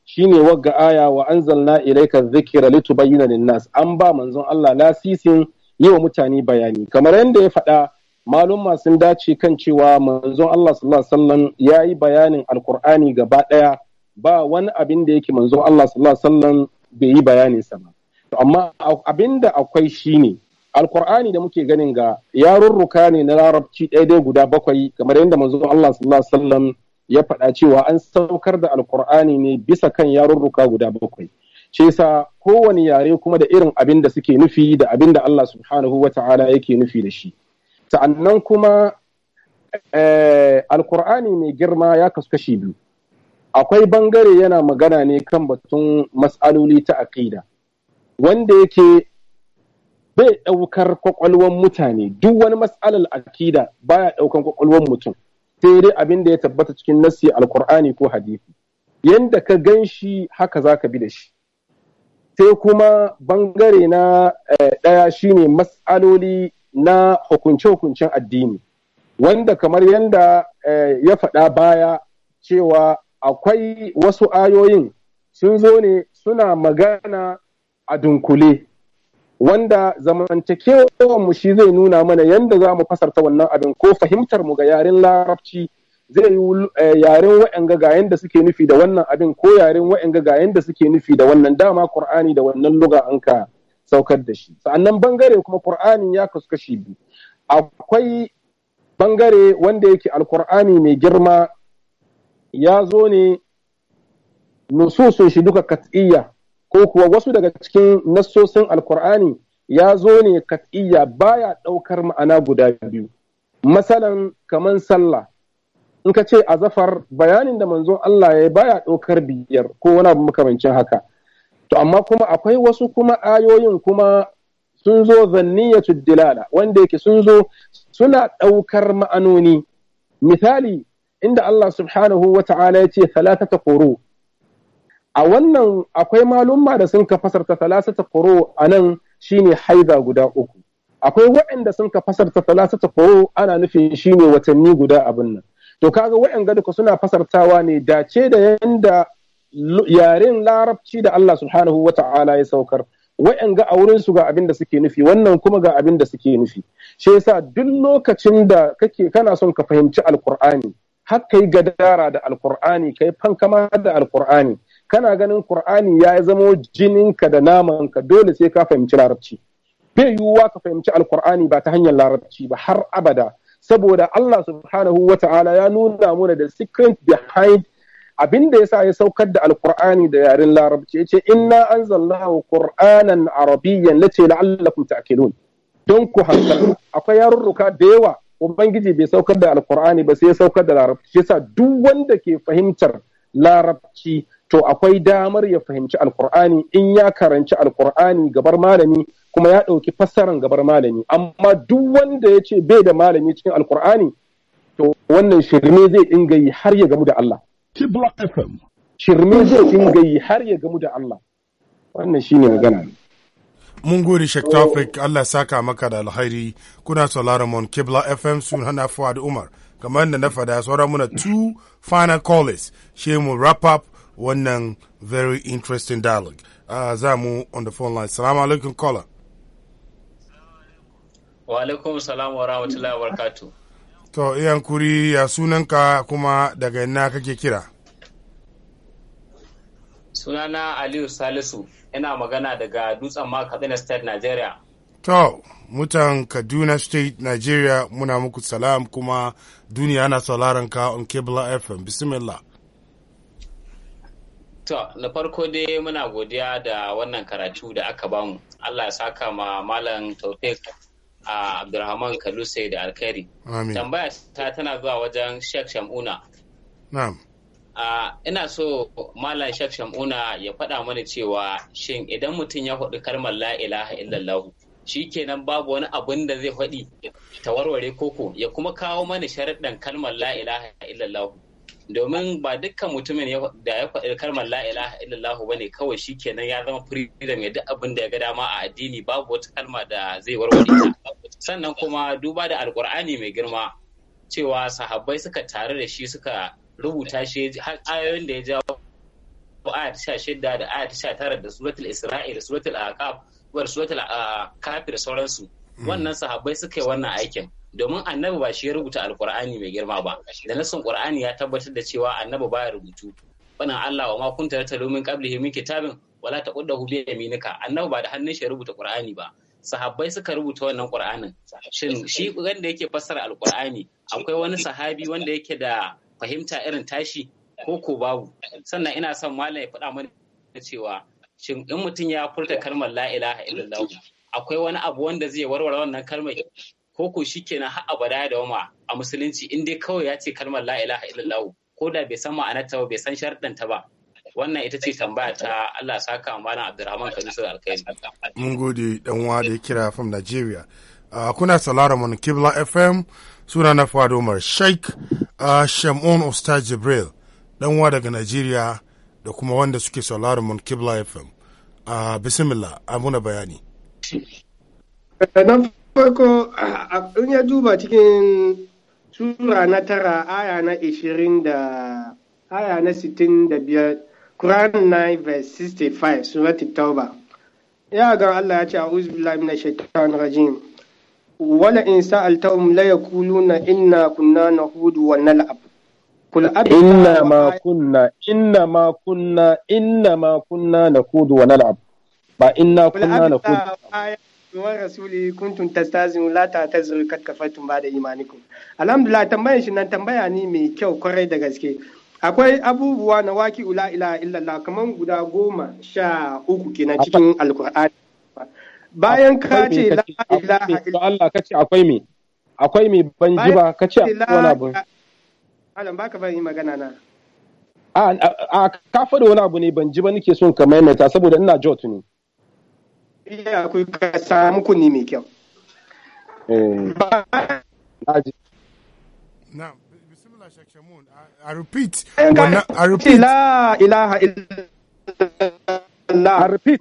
shine wagga aya wa anzalna ilayka dhikra litubayyana linnas an ba manzon Allah lasisin yi wa mutane bayani kamar yadda ya faɗa malumma sun dace kan cewa manzon Allah sallallahu alaihi wasallam ya yi bayanin alkur'ani gaba ɗaya ba wani abin da yake manzon Allah sallallahu alaihi wasallam bai yi bayanin sa ba amma abin da akwai shine alkur'ani da muke ganin ga yarurruka ne na larabci ɗaya guda bakwai kamar yadda manzon Allah sallallahu alaihi wasallam ya faɗa cewa an saukar da alkur'ani ne bisa kan yarurruka guda bakwai ce sa kowane yare kuma da irin abin da suke nufi da abin da Allah subhanahu wa ta'ala yake nufi da shi sa'annan kuma eh, alkur'ani mai girma ya kasu kashi biyu akwai bangare yana magana ne kan batun mas'aloli ta aƙida wanda yake bai ɗaukar kwakwalwar mutane duk wani matsalar aƙida baya ɗaukar ƙwaƙwalwar mutum sai dai abin da ya tabbata cikin nassi alkur'ani ko hadisi Yadda ka gan shi haka za ka bi da shi sai kuma bangare na eh, ɗaya shine matsaloli na hukunce-hukuncen addini wanda kamar yanda eh, ya faɗa baya cewa akwai wasu ayoyin sun zo ne suna magana a dunkule wanda zamantakewar mu shi zai nuna mana yadda za mu fasarta wannan abin ko fahimtar mu ga yaren larabci zai yi eh, yaren wa'in ga yadda suke nufi da wannan abin ko yaren wa'in ga yadda suke nufi da wannan dama qur'ani da wannan luga an ka saukar da shi sa'annan bangare kuma qur'ani ya kasu kashi biyu akwai bangare wanda yake alqur'ani mai girma ya zo ne nususun shi duka kat'iyya ko kuwa wasu daga cikin nassosin alkur'ani ya zo ne kat'iyya baya ɗaukar ma'ana guda biyu masalan kamar sallah in ka ce azafar bayanin da manzon Allah ya baya ɗaukar biyar ko wani abu makamancin haka to amma kuma akwai wasu kuma ayoyin kuma sun zo zanniyatu dilala wanda yake sun zo suna ɗaukar ma'anoni misali inda Allah subhanahu wa ta'ala ya ce salatata quru a wannan akwai malumma da sun ka fasarta talasata koro a nan shine haiza guda uku akwai waɗanda sun ka fasarta talasata koro ana nufin shine watanni guda abin nan to kaga waɗanda duka suna fasartawa ne dace da yanda yaren larabci da Allah subhanahu wa ta'ala ya saukar waɗanda a wurin su ga abin da suke nufi wannan kuma ga abin da suke nufi shi yasa duk lokacin da kake kana son ka fahimci alkur'ani har kai gadara da alkur'ani kai fankama da alkur'ani kana ganin Kur'ani ya zamo jininka da namanka dole sai ka fahimci larabci bai yiwuwa ka fahimci alkur'ani ba ta hanyar larabci ba har abada saboda Allah subhanahu wa ta'ala ya nuna muna da secret behind abin da ya sa ya saukar da Al-Qur'ani da yaren larabci yace inna anzalnahu kur'anan arabiyyan lati la'allakum ta'qilun don ku hankali akwai yarurruka da yawa ubangiji bai saukar da alkur'ani ba sai ya saukar da larabci sa duk wanda ke fahimtar larabci to akwai damar ya fahimci alkur'ani in ya karanci alkur'ani gabar malami kuma ya ɗauki fassaran gabar malami amma duk wanda ya ce bai da malami cikin alkur'ani to wannan shirme zai dinga yi har ya gamu da Allah shirme zai dinga yi har ya gamu da Allah wannan shine magana mun gode Sheikh Tawfik Allah saka maka da alhairi kuna sauraron mun Kibla FM Sun hana Fuad Umar kamar da na fada sauran muna two final callers shemu wrap up wannan very interesting dialogue uh, za mu on the phone line salamu alaikum caller wa alaikum salam wa rahmatullahi wa barakatu to iyan kuri ya sunanka kuma daga ina kake kira sunana aliyu salisu ina magana daga dutsen ma kaduna state nigeria to mutan kaduna state nigeria muna muku salam kuma duniya na sauraron ka on cable fm bismillah To, na farko dai muna godiya da wannan karatu da aka bamu. Allah ya saka ma Malam Taufik a Abdulrahman Kaluse da Alkhairi. Tambaya ta tana zuwa wajen Sheikh Shamuna. Na'am. ina so Malam Sheikh Shamuna ya faɗa mana cewa shin idan mutum ya faɗi kalmar la ilaha illallah kenan babu wani abun da zai faɗi ta warware koko ya kuma kawo mana sharaɗin kalmar la ilaha illallah. domin ba dukkan mutumin da ya faɗi kalmar la ilaha illallah ba ne kawai shi kenan ya zama freedom ya duk abin da ya ga dama a addini babu wata kalma da zai warware sannan kuma duba da alkur'ani mai girma cewa sahabbai suka tare da shi suka rubuta shi har ayoyin da ya jawo aya ta shida da aya ta tara da suratul israil suratul aqab da suratul ah, kafir sauransu mm. wannan sahabbai suka yi wannan aikin domin annabi ba shi ya rubuta alkur'ani mai girma ba da nasin qur'ani ya tabbatar da cewa annabi baya rubutu bana Allah wa ma kunta tatlu min kitabin min kitabin wala taquddahu bi yaminika annabi ba da hannun shi ya rubuta qur'ani ba sahabbai suka rubuta wannan qur'anin shin shi wanda yake fassara alkur'ani akwai wani sahabi wanda yake da fahimta irin tashi ko ko babu sannan ina son malam ya faɗa mana cewa shin in mutum ya furta kalmar la ilaha illallah akwai wani abu wanda zai warware wannan kalmar ko ko kenan har abada da wama a musulunci in dai kawai ya ce kalmar la ilaha illallah ko da bai san ta ba bai san sharɗanta ba wannan ita ce tambaya ta Allah saka malam Abdulrahman Kamisu sai alkhairi mun gode dan uwa da ya kira from Nigeria kuna salara mun Kibla FM suna na Fuad Umar Sheikh Shamun Ustaz Jibril dan uwa daga Nigeria da kuma wanda suke salara mun Kibla FM bismillah amuna bayani eh, farko in ya duba cikin sura na tara aya na ishirin da aya na sittin da biyar Quran 9 verse 65 sura tauba ya ga Allah ya ce a a'udhu billahi minash shaitanir rajim wala in sa'altahum la yaquluna inna kunna nahudu wa nal'ab kul inna ma kunna inna ma kunna inna ma kunna nahudu wa nal'ab ba inna kunna nahudu wa rasuli kuntum tastazinu la ta'taziru kad kafartum ba'da imanikum alhamdulillah tambayan shi nan tambaya ne mai kyau kwarai da gaske akwai abubuwa na waki ula ila illallah kamar guda goma sha uku kenan cikin alkur'ani bayan ka ce la ilaha illallah Allah kace akwai me akwai me ban ji ba kace wani abu Alan baka ban yi magana na a ka faɗi wani abu ne ban ji ba nake son ka maimaita saboda ina jot ne iya akwai ka samu mai kyau eh. a repeat. Eh, a repeat. La ilaha illallah. I repeat.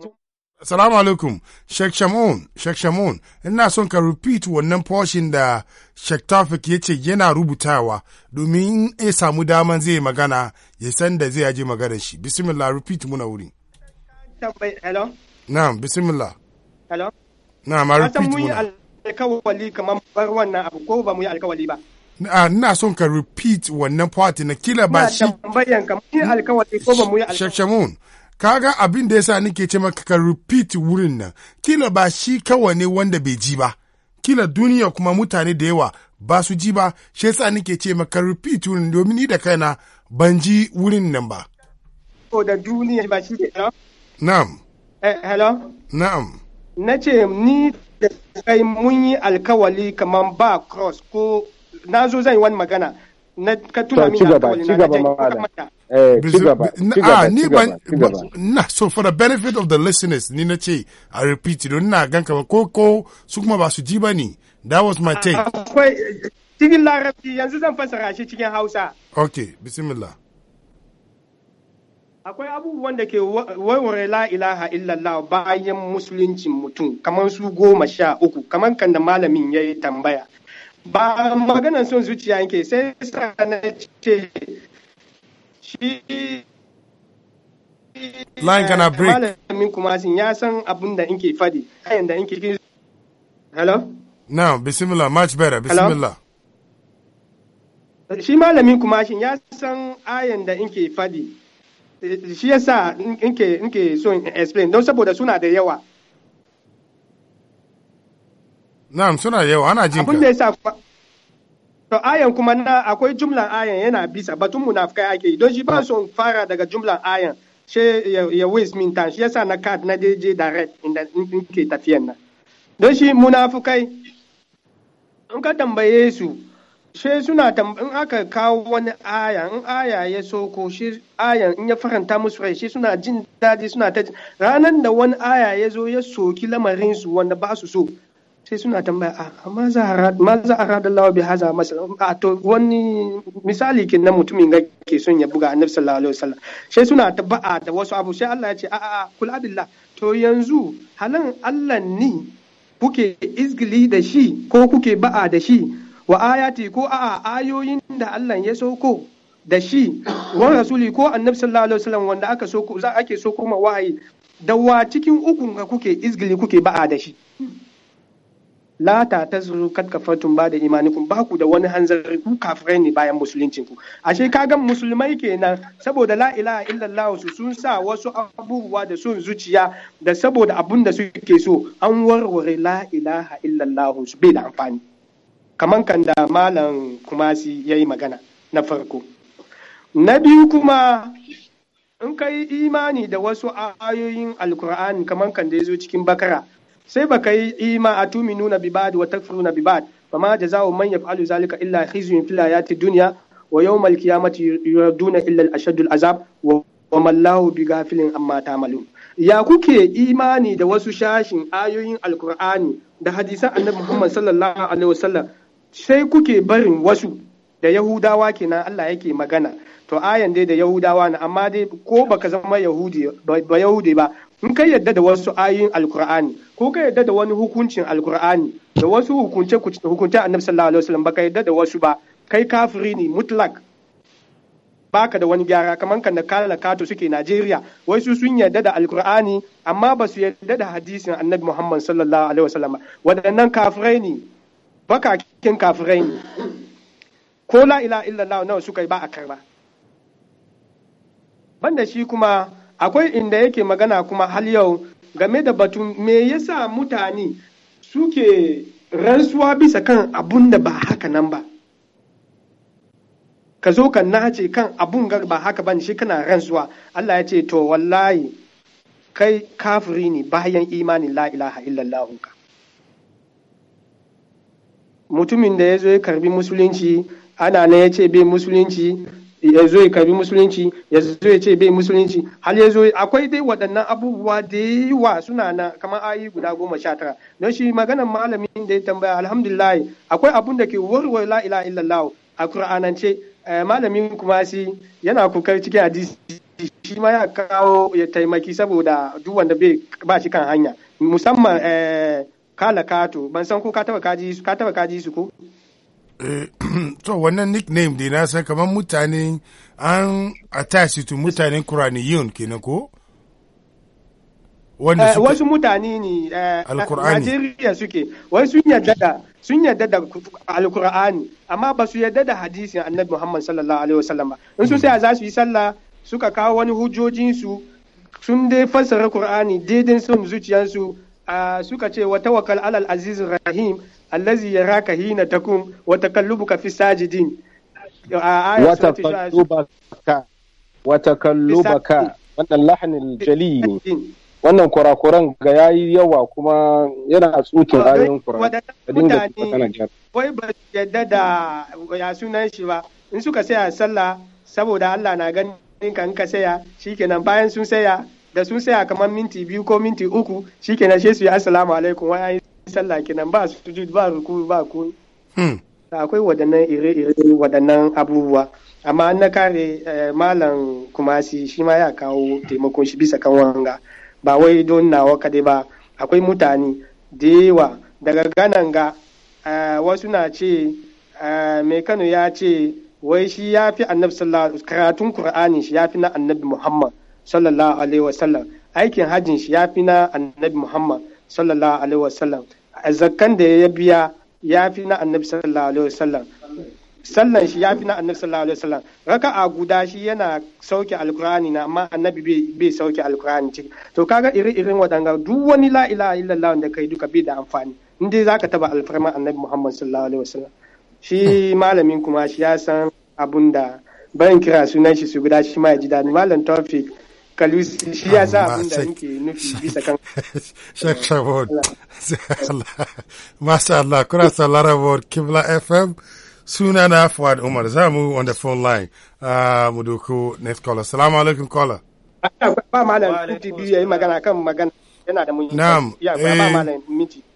Salamu alaikum, Sheikh Shamun, Sheikh Shamun, ina son ka repeat wannan portion da Sheikh Tafik ya ce yana rubutawa domin in ya samu daman zai magana ya san da zai aje magana shi. Bismillah, repeat muna wuri. Hello? Na'am, bismillah. Hello? Na'am, a repeat mun yi alkawali kamar bar wannan abu ko ba mu yi alkawali ba. Ah, ina son ka repeat wannan part na kila ba shi. Ina tambayan ka mun yi alkawali ko ba mu yi alkawali. Shakshamun. Kaga abin da yasa nake ce maka ka repeat wurin nan. Kila ba shi kawai ne wanda bai ji ba. Kila duniya kuma mutane da yawa ba su ji ba, shi yasa nake ce maka repeat wurin domin ni da kaina ban ji wurin nan ba. Ko da duniya ba shi ke Na'am. Eh, hello na'am na ce ni da kai mun yi alkawali kamar ba cross ko na zo zan yi wani magana na ka tuna min alkawali na na Eh, cigaba, cigaba, ah, cigaba, cigaba. Na, so for the benefit of the listeners, ni na ce, I repeat, don na gan ba, ko ko su kuma ba su ji ba ni. That was my take. Akwai, cikin larabci yanzu zan fasara shi cikin Hausa. Okay, bismillah. akwai abubuwan da ke warware la ilaha illallah bayan musuluncin mutum kamar su goma sha uku kamar kan da malamin ya yi tambaya ba maganan son zuciya yake sai sana ce shi line kana break malamin kuma sun ya san abin da inke fadi ayan da inke hello now bismillah much better bismillah hello? shi malamin kuma shin ya san ayan da inke fadi shi yasa nke nke so explain don saboda suna da yawa na'am suna da yawa ana jin ka abin da yasa to ayan kuma na akwai jumlan ayan yana bisa batun munafikai ake don shi ba ah. son fara daga jumlan ayan she ya waste min time shi yasa na card na je direct inda ke tafiyan nan don shi munafukai in ka tambaye su she suna in aka kawo wani aya in aya ya soko shi ayan in ya faranta musu rai shi suna jin daɗi suna ta ranan da wani aya ya zo ya soki lamarin su wanda ba su so sai suna tambaya ah, a ma za a rada lawa bi haza masala a ah, to wani misali ke na mutumin ga ke son ya buga annabi sallallahu alaihi wasallam sai suna ta ba'a da wasu abu sai Allah ya ce a ah, a kul abillah to yanzu halan Allah ni kuke izgili da shi ko kuke ba'a da shi wa ayati ko a ayoyin da Allah ya sauko da shi wa rasuli ko annabi sallallahu alaihi wasallam wanda aka soko za ake soko ma wahayi da wa cikin ukun ga kuke izgili kuke ba'a da shi la ta tazru kat kafartum ba da imanikum ba ku da wani hanzari ku kafirai ne bayan musuluncin ku ashe kagan musulmai kenan saboda la ilaha illallah su sun sa wasu abubuwa da sun zuciya da saboda abun da suke so an warware la ilaha illallah su bai da amfani kamar kan da malam kumasi ya yi magana na farko na biyu kuma in ka yi imani da wasu ayoyin alkur'ani kamar kan da ya zo cikin bakara sai baka yi ima a tumi nuna bibad wa takfiru na bibad ba ma jaza'u man fa'alu zalika illa fila ya hayati duniya. wa yawmal qiyamati yarduna illa al azab wa mallahu bi gafilin amma ta malu. ya kuke imani da wasu shashin ayoyin alkur'ani da hadisan annabi Muhammad sallallahu alaihi wasallam sai kuke barin wasu da yahudawa kenan Allah yake magana to ayan dai da yahudawa na amma dai ko baka zama yahudi ba yahudi ba in ka yadda da wasu ayoyin alkur'ani ko ka yadda da wani hukuncin alkur'ani da wasu hukunce hukunce annabi sallallahu alaihi wasallam baka yadda da wasu ba kai kafiri ne mutlak baka da wani gyara kamar kan da kala kato suke Najeriya wai su sun yadda da alkur'ani amma ba su yadda da hadisin annabi Muhammad sallallahu alaihi wasallam waɗannan kafirai ne baka cikin kafirai ne ko la ila illallah nawa suka yi ba a karba banda shi kuma akwai inda yake magana kuma hal yau game da batun me yasa mutane suke rantsuwa bisa kan abun da ba haka nan ba ka zo ka nace kan abun gar ba haka ba shi kana rantsuwa Allah ya ce to wallahi kai kafiri ne bayan imanin la ilaha illallah ka mutumin da ya zo ya karbi musulunci ana na ya ce bai musulunci ya zo ya karbi musulunci ya zo ya ce bai musulunci hal ya zo akwai dai waɗannan abubuwa da yawa suna na kamar ayi guda goma sha tara don shi maganan malamin da ya tambaya alhamdulillah akwai abun da ke warware la ilaha illallah a kur'anance eh, malamin kuma shi yana kokari cikin hadisi shi ma ya kawo ya taimaki saboda duk wanda bai ba shi kan hanya musamman eh, kala kato ban san ko ka taba kaji su ka taba kaji su ko eh, to wannan nickname dai na san kamar mutane an attach to mutanen Quraniyun kenan ko wanda eh, suka wasu mutane ne eh, Najeriya suke wai sun yadda da sun yadda da alkur'ani amma ba su yadda da hadisin annabi Muhammad sallallahu alaihi wasallam ba in sun mm. sai za su yi sallah suka kawo wani hujjojinsu sun dai fassara Qur'ani daidai sun zuciyarsu suka ce wa tawakkal alal aziz rahim allazi yaraka hina takum wa takallubuka fi sajidin wa takallubaka wa takallubaka wannan lahanin jali ne wannan kurakuran ga yayi yawa kuma yana tsukin ayoyin kurakuran mutane wai ba su yadda da ya sunan shi ba in suka saya sallah saboda Allah na ganin kan ka saya shikenan bayan sun saya da sun saya kamar minti biyu ko minti uku shikenan sai su yi assalamu alaikum wai ayi sallah kenan ba su sujud ba ruku ba da hmm. akwai waɗannan ire-ire waɗannan abubuwa amma an na kare eh, malam kumasi shi ma ya kawo taimakon shi bisa kan wanga ba wai don nawa kadai ba akwai mutane da yawa daga ganan ga eh, wasu na ce eh, mai kano ya ce wai shi ya fi annabi sallallahu karatun qur'ani shi ya fi na annabi muhammad sallallahu alaihi wasallam aikin hajjin shi ya fi na annabi muhammad sallallahu alaihi wasallam zakkan da ya biya ya fi na annabi sallallahu alaihi wasallam sallan shi ya fi na annabi sallallahu alaihi wasallam raka'a guda shi yana sauke alkur'ani na amma annabi bai sauke alkur'ani ciki to kaga iri irin waɗanga duk wani la ila illallah da kai duka bai da amfani in dai zaka taba alfarma annabi muhammad sallallahu alaihi wasallam shi malamin kuma shi ya san abun da bayan kira sunan shi su guda shi ma ya ji daɗi malam tawfiq kalusi shi ya sa abin da muke nufi bisa kan Sheikh Shabot Masha Allah kuna sauraron Kibla FM suna na Fuad Umar za mu on the phone line ah, mu doku next caller assalamu alaikum caller ba biyu yayi magana kan magana yana da muhimmanci ya ba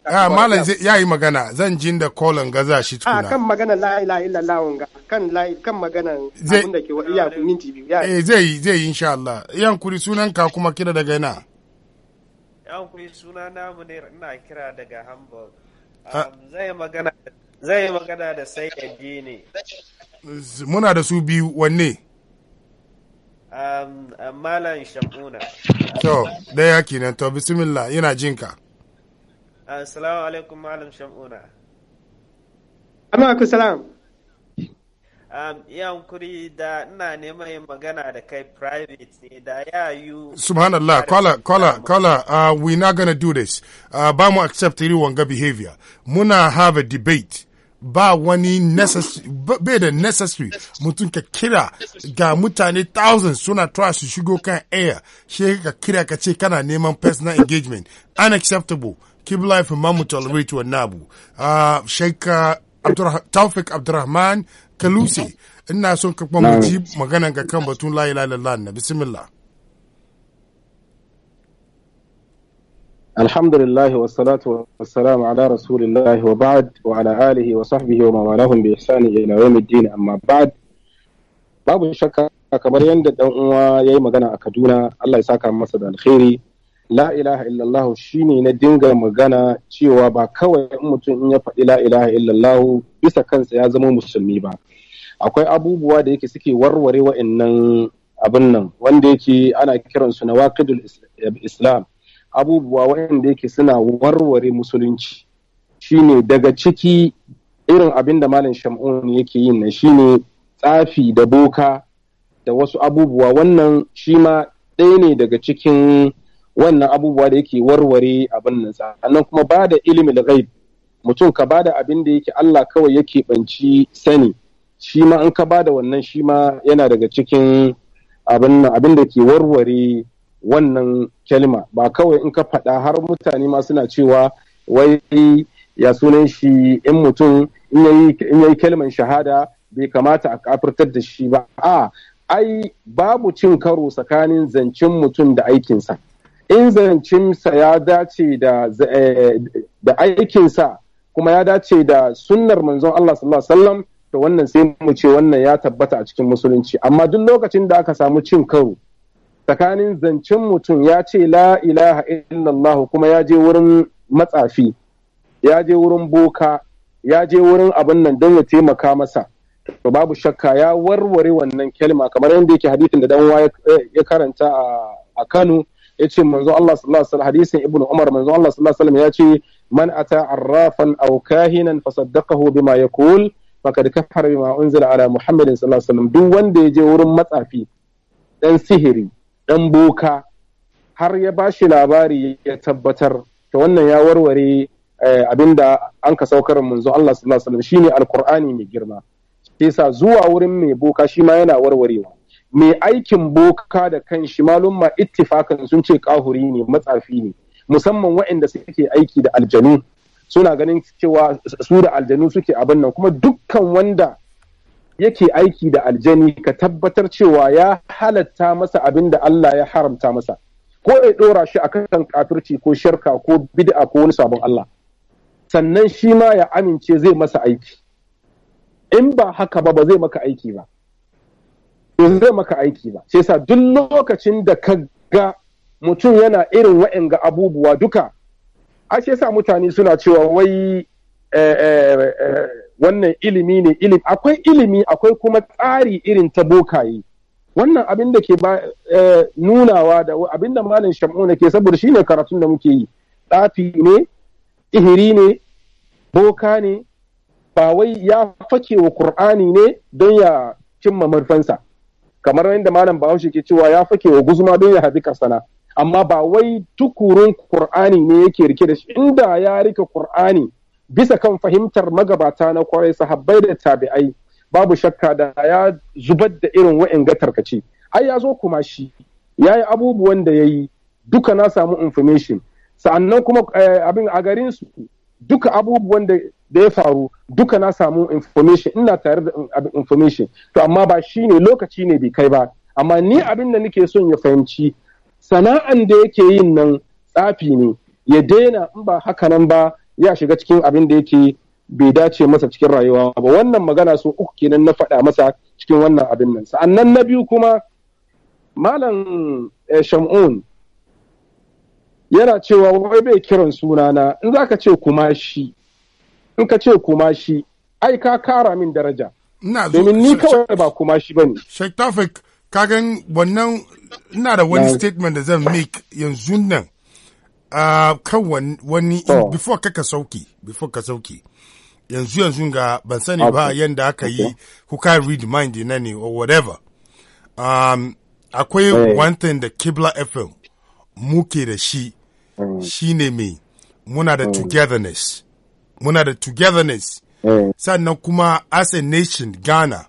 Ah, malam ya yi magana zan jin da kolon gaza shi ah, tukuna. Ah, kan magana la ilaha illallah wanga kan la kan magana abin da ke wa iya minti biyu. Eh zai yi zai yi insha Allah. Yan kuri sunan ka kuma kira daga ina. Yan kuri suna na mu ne ina kira daga Hamburg. Ah. Um, zai magana zai magana da sai ne. Muna da su biyu wanne? Um, uh, malam Shamuna. To, daya nan to bismillah yana jinka. ka. assalamu alaikum malam shamuna alaikum salam um, yan da ina neman yin magana da kai private ne da ya yi. subhanallah kola kola kola uh, we not gonna do this uh, ba mu accept iri wanga behavior muna have a debate ba wani necessary bai da necessary mutum ka kira ga mutane thousands suna tura su shigo kan air shi ka kira ka ce kana neman personal engagement unacceptable kibla fa mu tolerate wannan abu ah, uh, sheik taufik abdurrahman kalusi ina son ka kuma ji magana ga kan batun la ilaha illallah na bismillah alhamdulillah wa salatu wa salam ala rasulillah wa ba'd wa ala alihi wa sahbihi wa mawalahum bi ihsani ila yawmiddin amma ba'd babu shakka kamar yadda dan uwa yayi magana a Kaduna Allah ya saka masa da alkhairi la ilaha illallah shine na dinga magana cewa ba kawai in mutum in ya faɗi la ilaha illallah bisa kansa ya zama musulmi ba akwai abubuwa da yake suke warware wa'annan abin nan wanda yake ana kiransu na waqidul islam abubuwa wa'anda yake suna warware musulunci shine daga ciki irin abin da malam shamun yake yin nan shine tsafi da boka da wasu abubuwa wannan shi ma ɗaya ne daga cikin wannan abubuwa da yake warware abin nan sannan kuma ba da ilimin ghaib mutum ka bada abin da yake Allah kawai yake banci sani shi ma an ka bada wannan shi ma yana daga cikin abin da ke warware wannan kalma ba kawai in ka faɗa har mutane ma suna cewa wai ya sunan shi in mutum in yayi kalman shahada bai kamata a kafirtar da shi ba a ai babu cin karo tsakanin zancen mutum da aikinsa in zancinsa ya dace eh, da aikinsa kuma ya dace da sunnar manzon Allah sallallahu alaihi wasallam to wannan sai mu ce wannan ya tabbata a cikin musulunci amma duk lokacin da aka samu cin karu, tsakanin zancen mutum ya ce la ilaha illallah kuma ya je wurin matsafi ya je wurin boka ya je wurin abin nan don ya taimaka masa to babu shakka ya warware wannan kalma kamar yadda yake hadithin da dan ya karanta a Kano yace manzo Allah sallallahu alaihi wasallam hadisin ibnu umar manzo Allah sallallahu alaihi wasallam yace man ata arrafan aw kahinan fasaddaqahu bima yaqul faqad kafara bima unzila ala muhammadin sallallahu alaihi wasallam duk wanda ya je wurin matsafi dan sihiri dan boka har ya bashi labari ya tabbatar to wannan ya warware eh, abinda an ka saukar manzo Allah sallallahu alaihi wasallam shine alqur'ani mai girma sai zuwa wurin mai boka shi ma yana warwarewa mai aikin boka da kan shi malumma ittifakan sun ce kahuri ne matsafi ne musamman waɗanda suke aiki da aljanu suna ganin cewa su da aljanu suke abin nan kuma dukkan wanda yake aiki da aljani ka tabbatar cewa ya halatta masa abin da Allah ya haramta masa ko ya ɗora shi a akan kafirci ko shirka ko bid'a ko wani sabon Allah sannan shi ma ya amince zai masa aiki in ba haka ba ba zai maka aiki ba zai maka aiki ba sai sa duk lokacin da ka ga mutum yana irin wa'in ga abubuwa duka a sai sa mutane suna cewa wai eh, eh, eh, wannan ilimi ne ilimi akwai ilimi akwai kuma tsari irin ta bokaye wannan abin da ke nunawa da abin da malin ne ke saboda shi ne karatun da muke yi tsafi ne ihiri ne boka ne ba wai ya fake wa ne don ya cimma marfansa kamar yadda malam bahaushe ke cewa ya fake wa guzuma don ya haɗi kasana amma ba wai tukurun qur'ani ne yake rike da shi inda ya rika qur'ani bisa kan fahimtar magabata na kwarai sahabbai da tabi'ai babu shakka da ya zubar da irin wa'in ga tarkace ai ya zo kuma shi ya yi abubuwan da ya yi duka na samu information sa'annan kuma eh, abin a garin su duka abubuwan da da ya faru duka na samu information ina tare da information to amma ba shi ne lokaci ne bai kai ba amma ni abin da nake son ya fahimci sana'an da yake yin nan tsafi ne ya daina in ba haka nan ba ya shiga cikin abin da yake bai dace masa cikin rayuwa ba wannan magana so uku kenan na faɗa masa cikin wannan abin nan sa'annan na biyu kuma malam eh, shamun yana cewa wai bai kiran sunana in zaka ce kuma shi in ka ce kuma shi ai ka kara min daraja domin ni kawai ba kuma shi ne. Sheikh Tafik kagan wannan ina da wani statement da zan make yanzu nan uh, kan wani before kaka sauki before ka sauki yanzu yanzu ga ban sani ba yanda aka yi kuka who can read mind na ne or whatever um, akwai wantan eh. one thing da kibla fm muke da shi hmm. shi shine mai muna da hmm. togetherness muna da togetherness eh. sannan kuma as a nation ghana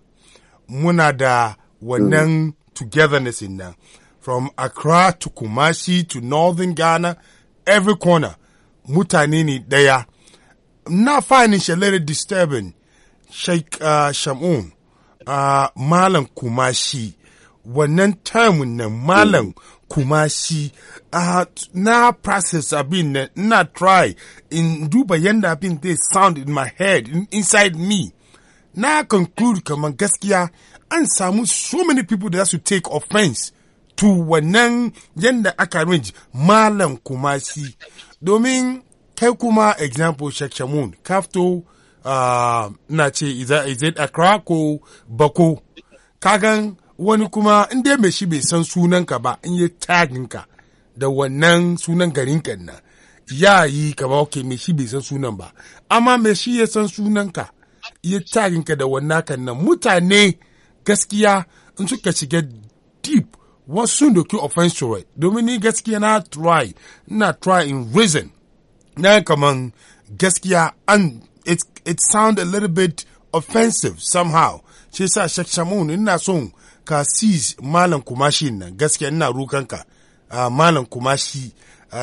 muna da wannan mm. togetherness in nan from accra to kumasi to northern ghana every corner mutane ne daya na fani shalere disturbing sheik uh, shamun uh, malam kumashi wannan time nan malam mm. kuma shi ah, na process abin nan na try in duba yanda abin zai sound in my head in, inside me na conclude kamar gaskiya an samu so many people da su take offense to wannan yanda aka arrange malam kuma shi domin kai kuma example Sheikh kafto uh, ah, na ce is it Accra ko Bako kagan wani kuma in dai mai shi bai san sunanka ba in yi taginka da wannan sunan garinka nan ya yi ka ba ok mai shi bai san sunan ba amma mai shi ya san sunanka ya taginka da wannan kan nan mutane gaskiya in suka shiga deep wasu doki offense to domin ni gaskiya na try na try in reason na kaman gaskiya an it, it sound a little bit offensive somehow shi sa Sheikh ina son ka si malam kumashi nan gaskiya ina ka uh, malam kumashi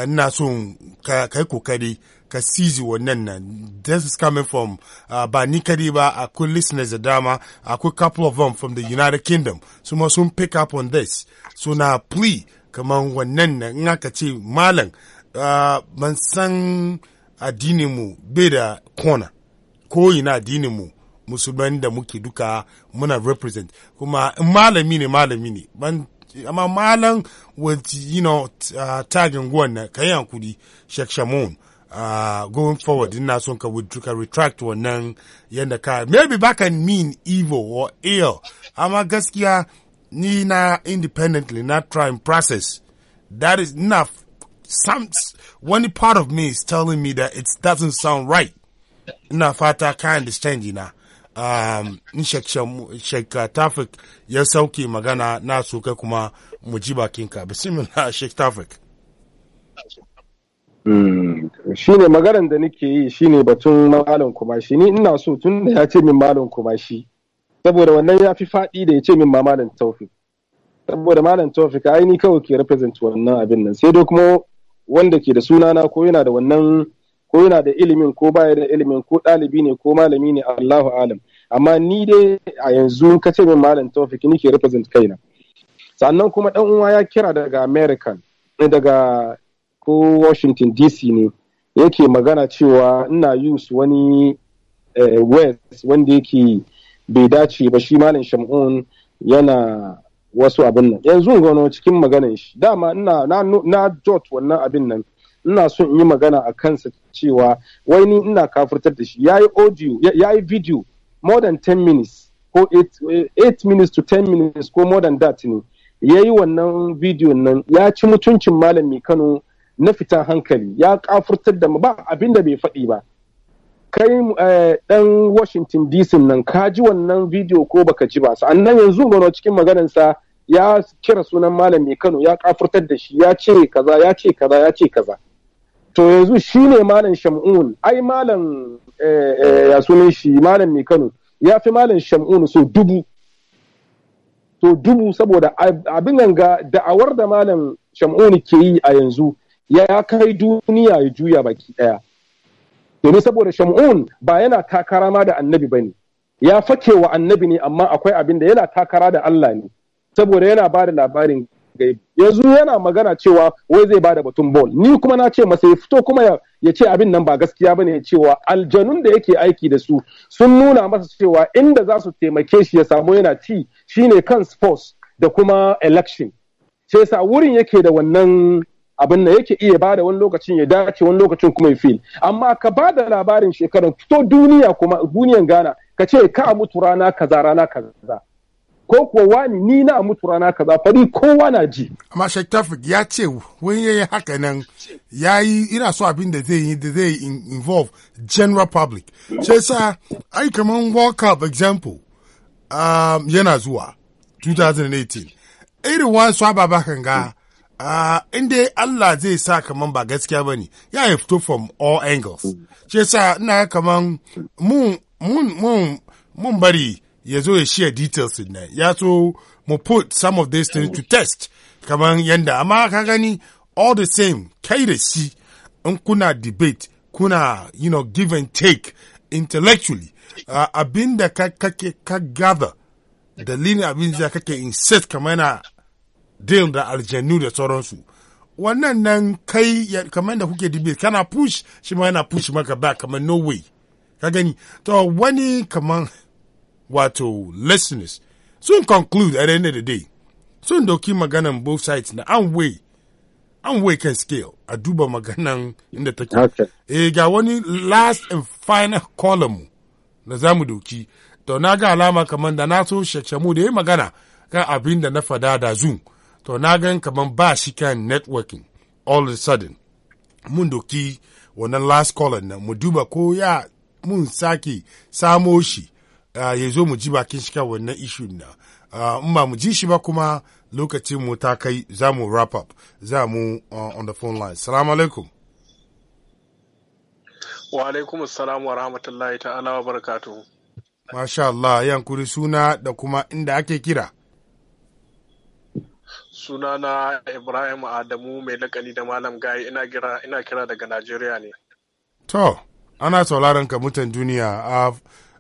ina so son ka yi kokari ka seize wannan nan this is coming from uh, ba ni kadai ba akwai listeners da dama akwai couple of them from the united kingdom su ma sun pick up on this so na plea kamar wannan nan in aka ce malam uh, ban san addinin mu bai da kona ko ina addinin mu musulman da muke duka muna represent kuma malami ne malami ne ban amma malam with you know uh, tagin guwan na kayi hankuri Sheikh Shamoun uh, going forward ina son ka ka retract wannan yadda ka maybe ba ka mean evil or ill amma gaskiya ni na independently na try and process that is enough some one part of me is telling me that it doesn't sound right na fata ka understand ina Um, Sheikh Tafik ya sauke magana na su kai kuma mu ji bakinka. Bismillah Sheikh Tafik. Hmm, shi ne maganar da nake yi shi ne batun malam kumashi ni ina so tun da ya ce min malam kumashi saboda wannan ya fi faɗi da ya ce min ma malam taufik saboda malam taufik ai ni kawai ke represent wannan abin nan sai dai kuma wanda ke da sunana ko yana da wannan ko yana da ilimin ko baya da ilimin ko ɗalibi ne ko malami ne Allahu alam amma ni dai a yanzu ka ce min malam Tawfik ke represent na. sannan kuma dan uwa ya kira daga American daga ko Washington DC ne yake magana cewa ina use wani eh, West wanda yake bai dace ba shi malam Shamun yana wasu abin nan yanzu gano cikin maganan shi dama ina na jot wannan abin nan ina so in yi magana a kansa cewa wai ni ina kafirtar da shi yayi audio yayi video more than 10 minutes ko 8 minutes to 10 minutes ko more than that ne yayi wannan video nan ya ci mutuncin malami Kano na fitan hankali ya kafurtar da ba abin da bai faɗi ba kai dan eh, Washington DC nan ka ji wannan video ko baka ji ba sa'annan yanzu gano cikin maganarsa ya kira sunan malami Kano ya kafurtar da shi ya ce kaza ya ce kaza ya ce kaza to yanzu shi ne malam shamun ai malam eh, eh, ya sunan shi malam mai kano ya fi malam shamun so dubu so dubu saboda abin ganga da'awar da malam shamun ke yi a yanzu ya kai duniya ya juya baki daya domin saboda shamun ba yana takara ma da annabi ba ne. ya fake wa annabi ne amma akwai abin da yana takara da Allah ne saboda yana ba da labarin yanzu yana magana cewa wai zai bada batun ball ni kuma na ce masa ya fito kuma ya ce abin nan ba gaskiya bane cewa aljanun da yake aiki da su sun nuna masa cewa inda za su taimake shi ya samu yana ci shine kan sports da kuma election sai sa wurin yake da wannan abin da yake iya bada wani lokacin ya dace wani lokacin kuma ya fil amma ka ba da labarin shekaran fito duniya kuma duniyan Ghana ka ce ka mutu rana kaza rana kaza ko kuwa wani ni na mutu rana kaza fari kowa na ji. Amma Sheikh Tafik ya ce wani yayi haka nan ya yi ina so abin da zai yi involve general public. Ce sa ai kaman World Cup example um, yana zuwa 2018. Irin wani swaba ba kan ga uh, inda Allah zai sa kaman ba gaskiya ba ne ya yi fito from all angles. Ce sa ina kaman mun mun mun bari ya zo ya share details din nan ya so mu put some of these things to test kamar yanda amma ka gani all the same kai da shi in kuna debate kuna you know give and take intellectually uh, abin da ka kake ka gather dalilin abin da kake insist kamar na deal da aljannu da sauransu wannan nan kai kamar da kuke debate kana push shi ma yana push maka back kamar no way ka gani to wani kamar wato listeners sun conclude at the end of the day sun doki maganan both sides na an way an way can scale a duba maganan inda take okay. e ga wani last and final column na za mu doki to na ga alama kamar da na so shakshamu da ya magana kan abin da na fada da zoom to na gan kamar ba shi kan networking all of a sudden mun doki wannan last column na mu duba ko ya mun sake samo shi Ah, ya zo mu ji bakin shi kan wannan ishu na ah, in ba mu ji shi ba kuma lokacin mu ta kai za mu wrap up za mu ah, on the phone line salamu alaikum wa alaikum assalam wa rahmatullahi ta'ala wa barakatu Masha Allah, yankuri suna da kuma inda ake kira. Sunana Ibrahim Adamu mai lakani da Malam Gaye ina kira, daga Najeriya ne. To, ana sauraron ka mutan duniya. Uh,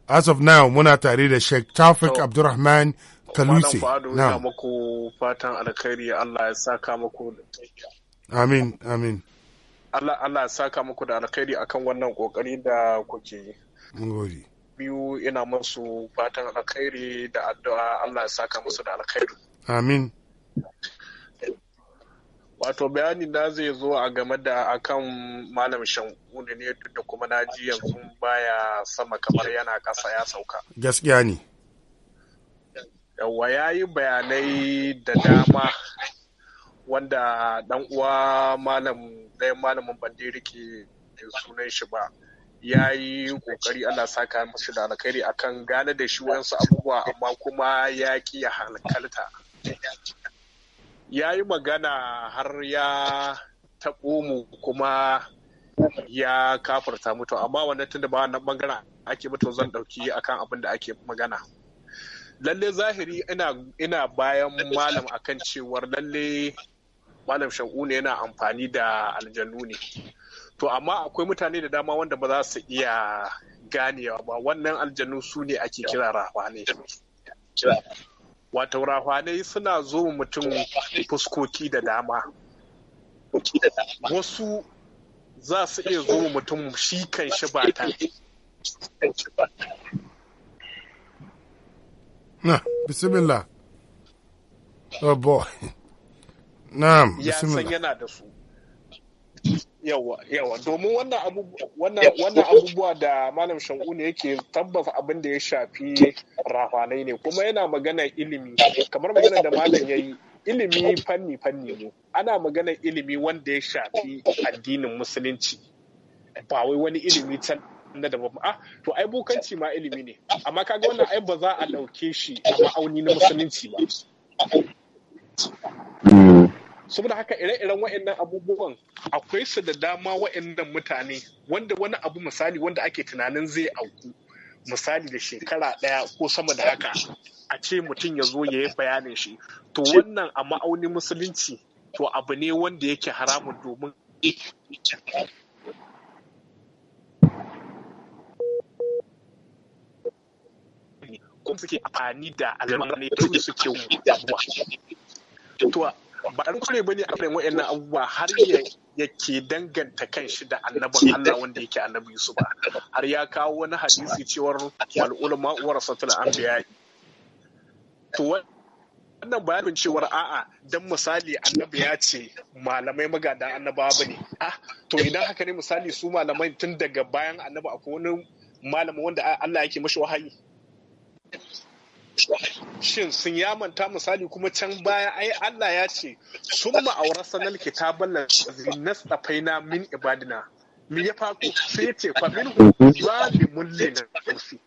as of now muna tare da sheikh tafik so, abdurrahman kaluse na muku fatan alkhairi allah ya saka muku da amin amin allah ya saka muku da alkhairi akan wannan kokari da kuke yi gode biyu ina musu fatan alkhairi da addu'a allah ya saka musu da alkhairi amin wato bayani na zai zo a game da akan malam shan'uni ne da kuma naji yanzu baya sama kamar yana ƙasa ya sauka gaskiya ne yawa ya yi bayanai da dama wanda dan uwa malam malamin bandiri ke sunan shi ba ya yi kokari ana saka masu da alkhairi akan gane da shi wayansu abubuwa amma kuma ya ki ya halkalta ya yi magana har ya taɓo mu kuma ya kafarta mutu amma wannan da ba wannan ake mutu zan ɗauki akan abin da ake magana lalle zahiri ina, bayan malam akan cewar lalle malam shan'u ne yana amfani da aljannu ne to amma akwai mutane da dama wanda ba za su iya ganewa ba wannan aljannu su ne ake kira ne. wato rahwanai suna zo mutum fuskoki da dama wasu za su iya zo mutum shi kan shi ba ta na bismillah oh boy na bismillah ya san yana da su yawa yawa domin wannan abubuwa da malam Shan'u ne yake tabbas abin da ya shafi rafanai ne kuma yana magana ilimi kamar magana da malam ya yi ilimi fanni fanni ne ana magana ilimi wanda ya shafi addinin musulunci ba wai wani ilimi can na babu ah to ai bokanci ma ilimi ne amma kaga wannan ai ba za a ɗauke shi a ma'auni na musulunci ba hmm. saboda haka ire-iren wa'annan abubuwan akwai su da dama wa'annan mutane wanda wani abu misali wanda ake tunanin zai auku misali da shekara ɗaya ko sama da haka a ce mutum ya zo ya yi bayanin shi to wannan a ma'aunin musulunci to abu ne wanda yake haramun domin kuma suke amfani da almanai da suke wuce to ba dan kure bane a irin wayannan abubuwa har yake danganta kan shi da annabin Allah wanda yake annabi Yusuf har ya kawo wani hadisi cewar wal ulama warasatul anbiya to wannan bayanin cewar a'a dan misali annabi ya ce malamai magadan annabawa bane ah to idan haka ne misali su malamai tun daga bayan annabi akwai wani malamin wanda Allah yake mashi wahayi shin sun ya manta misali kuma can baya ai Allah ya ce sun ma'aura sanar kitaban lazinas na min ibadina me ya fako sai ya ce fa min na linafsi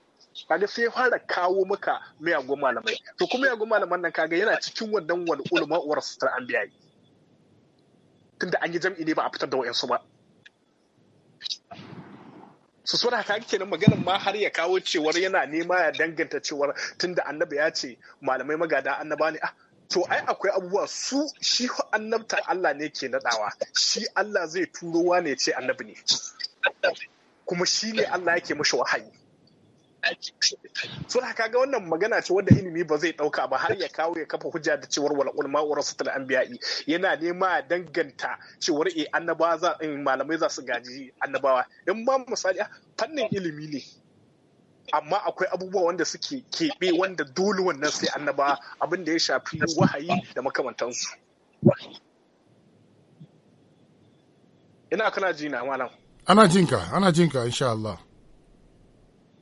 kaga sai ya fara kawo maka miyagun malamai to kuma miyagun malaman nan kaga yana cikin wannan wal ulama uwar sutar an biyayi tunda an yi jam'i ne ba a fitar da wa'yansu ba su suna haka kenan maganin ma har ya kawo cewar yana nema ya danganta cewar tunda annabi ya ce malamai magada annaba ne ah to ai akwai abubuwa su shi annabta Allah ne ke nadawa shi Allah zai turo ne ce annabi ne kuma shi ne Allah yake mashi wahayi sun haka ga wannan magana ce wadda ilimi ba zai dauka ba har ya kawo ya kafa hujja da cewar wal ulama wa rasul anbiya'i yana nema danganta cewar eh annabawa za eh, malamai za su gaji annabawa in ba misali ah, fannin ilimi ne amma akwai abubuwa wanda suke keɓe wanda dole wannan sai annaba abin da ya shafi wahayi da makamantansu ina kana ji na malam ana jinka ana jinka insha Allah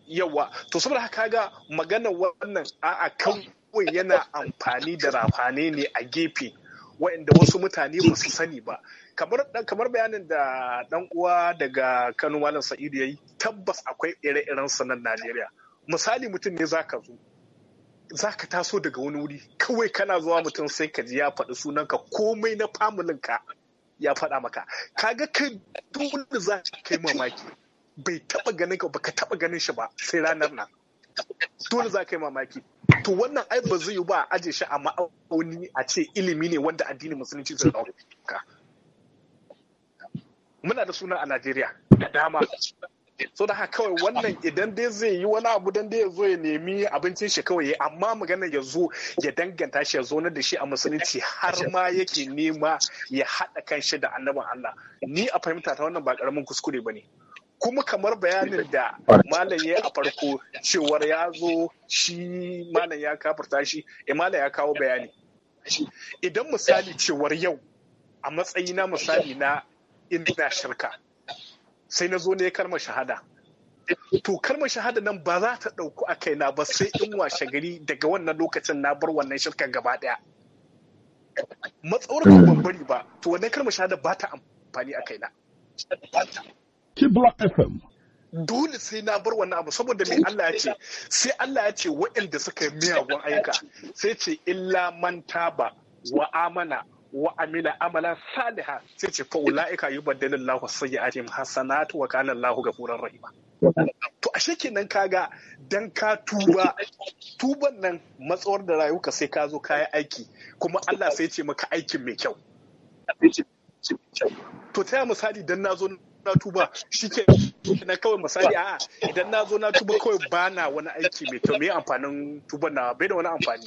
yawa to saboda haka ga maganar wannan a'a kawai yana amfani da rafane ne a gefe waɗanda wasu mutane ba su sani ba kamar bayanin da dan uwa daga Kano Malam Sa'idu yayi tabbas akwai ire-iren sanan Najeriya misali mutum ne zaka zo za taso daga wani wuri kawai kana zuwa mutum sai ka ji ya faɗi sunanka komai na familinka ya faɗa maka kaga kai dole za ka kai mamaki bai taba ganin ka baka taba ganin shi ba sai ranar nan dole za ka yi mamaki to wannan ai ba zai yi ba a shi a ma'auni a ce ilimi ne wanda addini musulunci zai dauka muna da suna a Najeriya da dama so da haka kawai wannan idan dai zai yi wani abu dan dai ya zo ya nemi abincin shi kawai amma magana ya zo ya danganta shi ya zo na da shi a musulunci har ma yake nema ya haɗa kan shi da annabin Allah ni a fahimta ta wannan ba ƙaramin kuskure ba ne. kuma kamar bayanin da malam ya a farko cewar ya zo shi malam ya kafarta shi eh, malam ya kawo bayani idan misali cewar yau a matsayi na misali na ina shirka sai na zo ne kalmar shahada to kalmar shahada nan ba za ta ɗauku a kaina ba sai in washe gari daga wannan lokacin na bar wannan shirka gaba ɗaya matsawar ban bari ba to wannan kalmar shahada ba ta amfani a kaina ci block fm dole sai na bar wannan abu saboda mai Allah ya ce sai Allah ya ce waɗanda suka yi miyagun ayyuka sai ce illa man taba wa amana wa amila amalan saliha sai ce fa ulaika yubaddilu Allahu sayyi'atihim hasanatu wa kana Allahu ghafurur rahim to ashe kenan kaga dan ka tuba tuban nan matsawar da rayuka sai ka zo kayi aiki kuma Allah sai ce maka aikin mai kyau to ta misali don na na tuba shi ke na kawai misali a'a idan na na tuba kawai ba na wani aiki mai kyau mai amfanin tuban na bai da wani amfani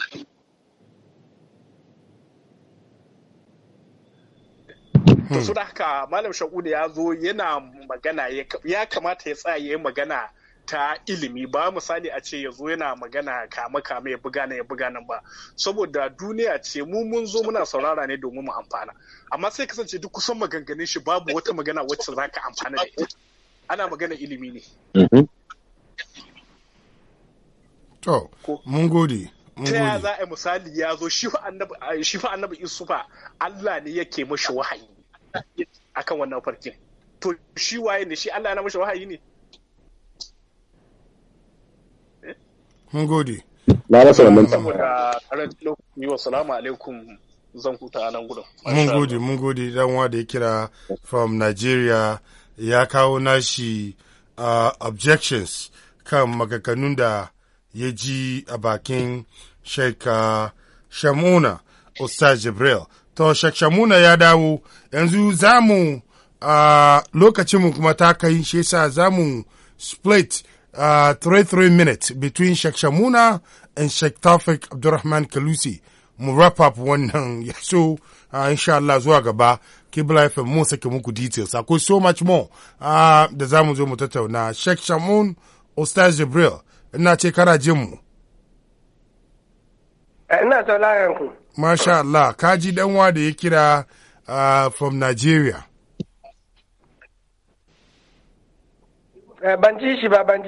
to su da haka malam shaku ya zo yana magana ya kamata ya tsaya ya yi magana ta ilimi ba misali a ce ya zo yana magana kame kame ya buga nan ya buga nan ba saboda duniya ce mu mun zo muna saurara ne domin mu amfana amma sai kasance duk kusan maganganun shi babu wata magana wacce za ka amfana da ita ana magana ilimi ne mm-hmm. to mun gode ta ya za a misali ya zo shi fa annabi isufa Allah ne yake mashi wahayi akan wannan farkin to shi waye ne shi Allah na mashi wahayi ne Mun gode. Na rasa wannan saboda wa salamu alaikum zan huta nan gudun. Mun gode, mun gode dan wa da ya kira from Nigeria ya kawo nashi uh, objections kan magaganun da ya ji a bakin Sheikh uh, Shamuna Ustaz Jibril. To, Sheikh Shamuna ya dawo, yanzu za mu uh, lokacinmu kuma ta kai shi yasa za mu split uh, three three minutes between Sheikh Shamuna and Sheikh Tafik Abdurrahman Kalusi mu wrap up wannan ya so uh, insha Allah zuwa gaba Kibla FM mun sake muku details akwai so much more uh, da za mu zo mu tattauna Sheikh Shamun Ustaz Jibril ina ce kana jin mu eh, ina sauraron ku Masha Allah kaji dan wa da ya kira uh, from Nigeria Eh, ban ji shi ba ban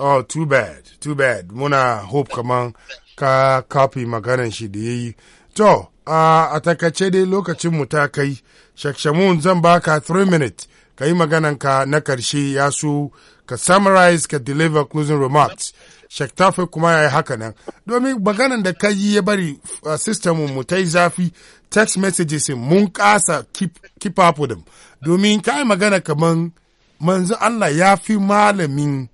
oh too bad too bad muna hope kaman ka copy maganan shi da yayi to a takace dai lokacin mu ta kai shakshamun zan baka 3 minutes ka yi ka na karshe ya so ka summarize ka deliver closing remarks shaktafe kuma ya yi haka nan domin maganan da ka yi ya bari uh, system mu ta yi zafi text messages mun kasa keep, keep up with them domin ka yi magana kaman manzo Allah ya fi malamin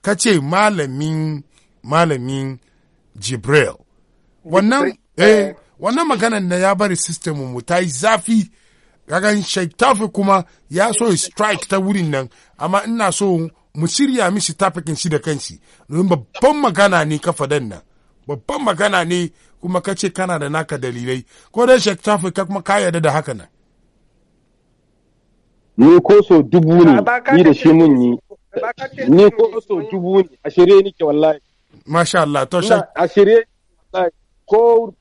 ka ce malamin malamin Jibril wannan eh. eh wannan maganan na ya bari system mu ta yi zafi kagan shaitafi kuma ya so strike ta wurin nan amma ina so mu shirya mishi tafikin shi da kanshi domin babban magana ne ka fadan nan babban magana ne kuma ka ce kana da naka dalilai ko dai shaitafi ka kuma ka yarda da haka nan ni ko so dubu ne ni da shi mun yi ni ko so dubu ne a shirye ke wallahi masha Allah to sha a shirye ko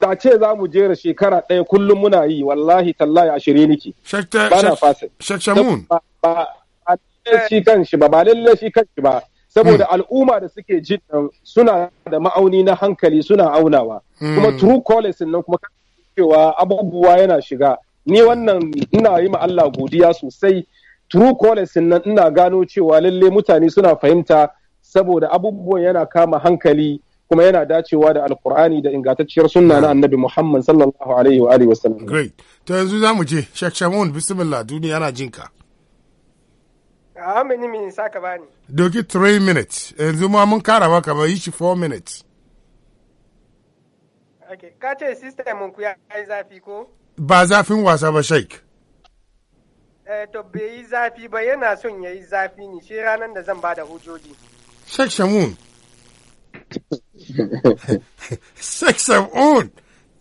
da ce za mu jera shekara ɗaya kullum muna yi wallahi tallahi a shirye ke bana fasa shakshamun ba a shi kan shi ba ba lalle shi kan shi ba saboda hmm. al'umma da suke jin um, suna da ma'auni na hankali suna aunawa hmm. kuma true college nan kuma cewa abubuwa yana shiga ni wannan ina yi ma Allah godiya sosai true callers nan ina gano cewa lalle mutane suna fahimta saboda abubuwan yana kama hankali kuma yana dacewa da alkur'ani da ingantacciyar sunna na annabi muhammad sallallahu alaihi wa alihi wasallam great to yanzu zamu je shek shamun bismillah duniya yana jinka Amin min saka bani. Doki 3 minutes, yanzu ma mun kara maka ba yi shi 4 minutes. Okay, ka ce system ku ya yi zafi ko? ba zafin wasa ba sheik eh, to bai yi zafi ba yana son ya yi zafi ne shi ranar da zan ba da hujjoji Shek shamun Shek shamun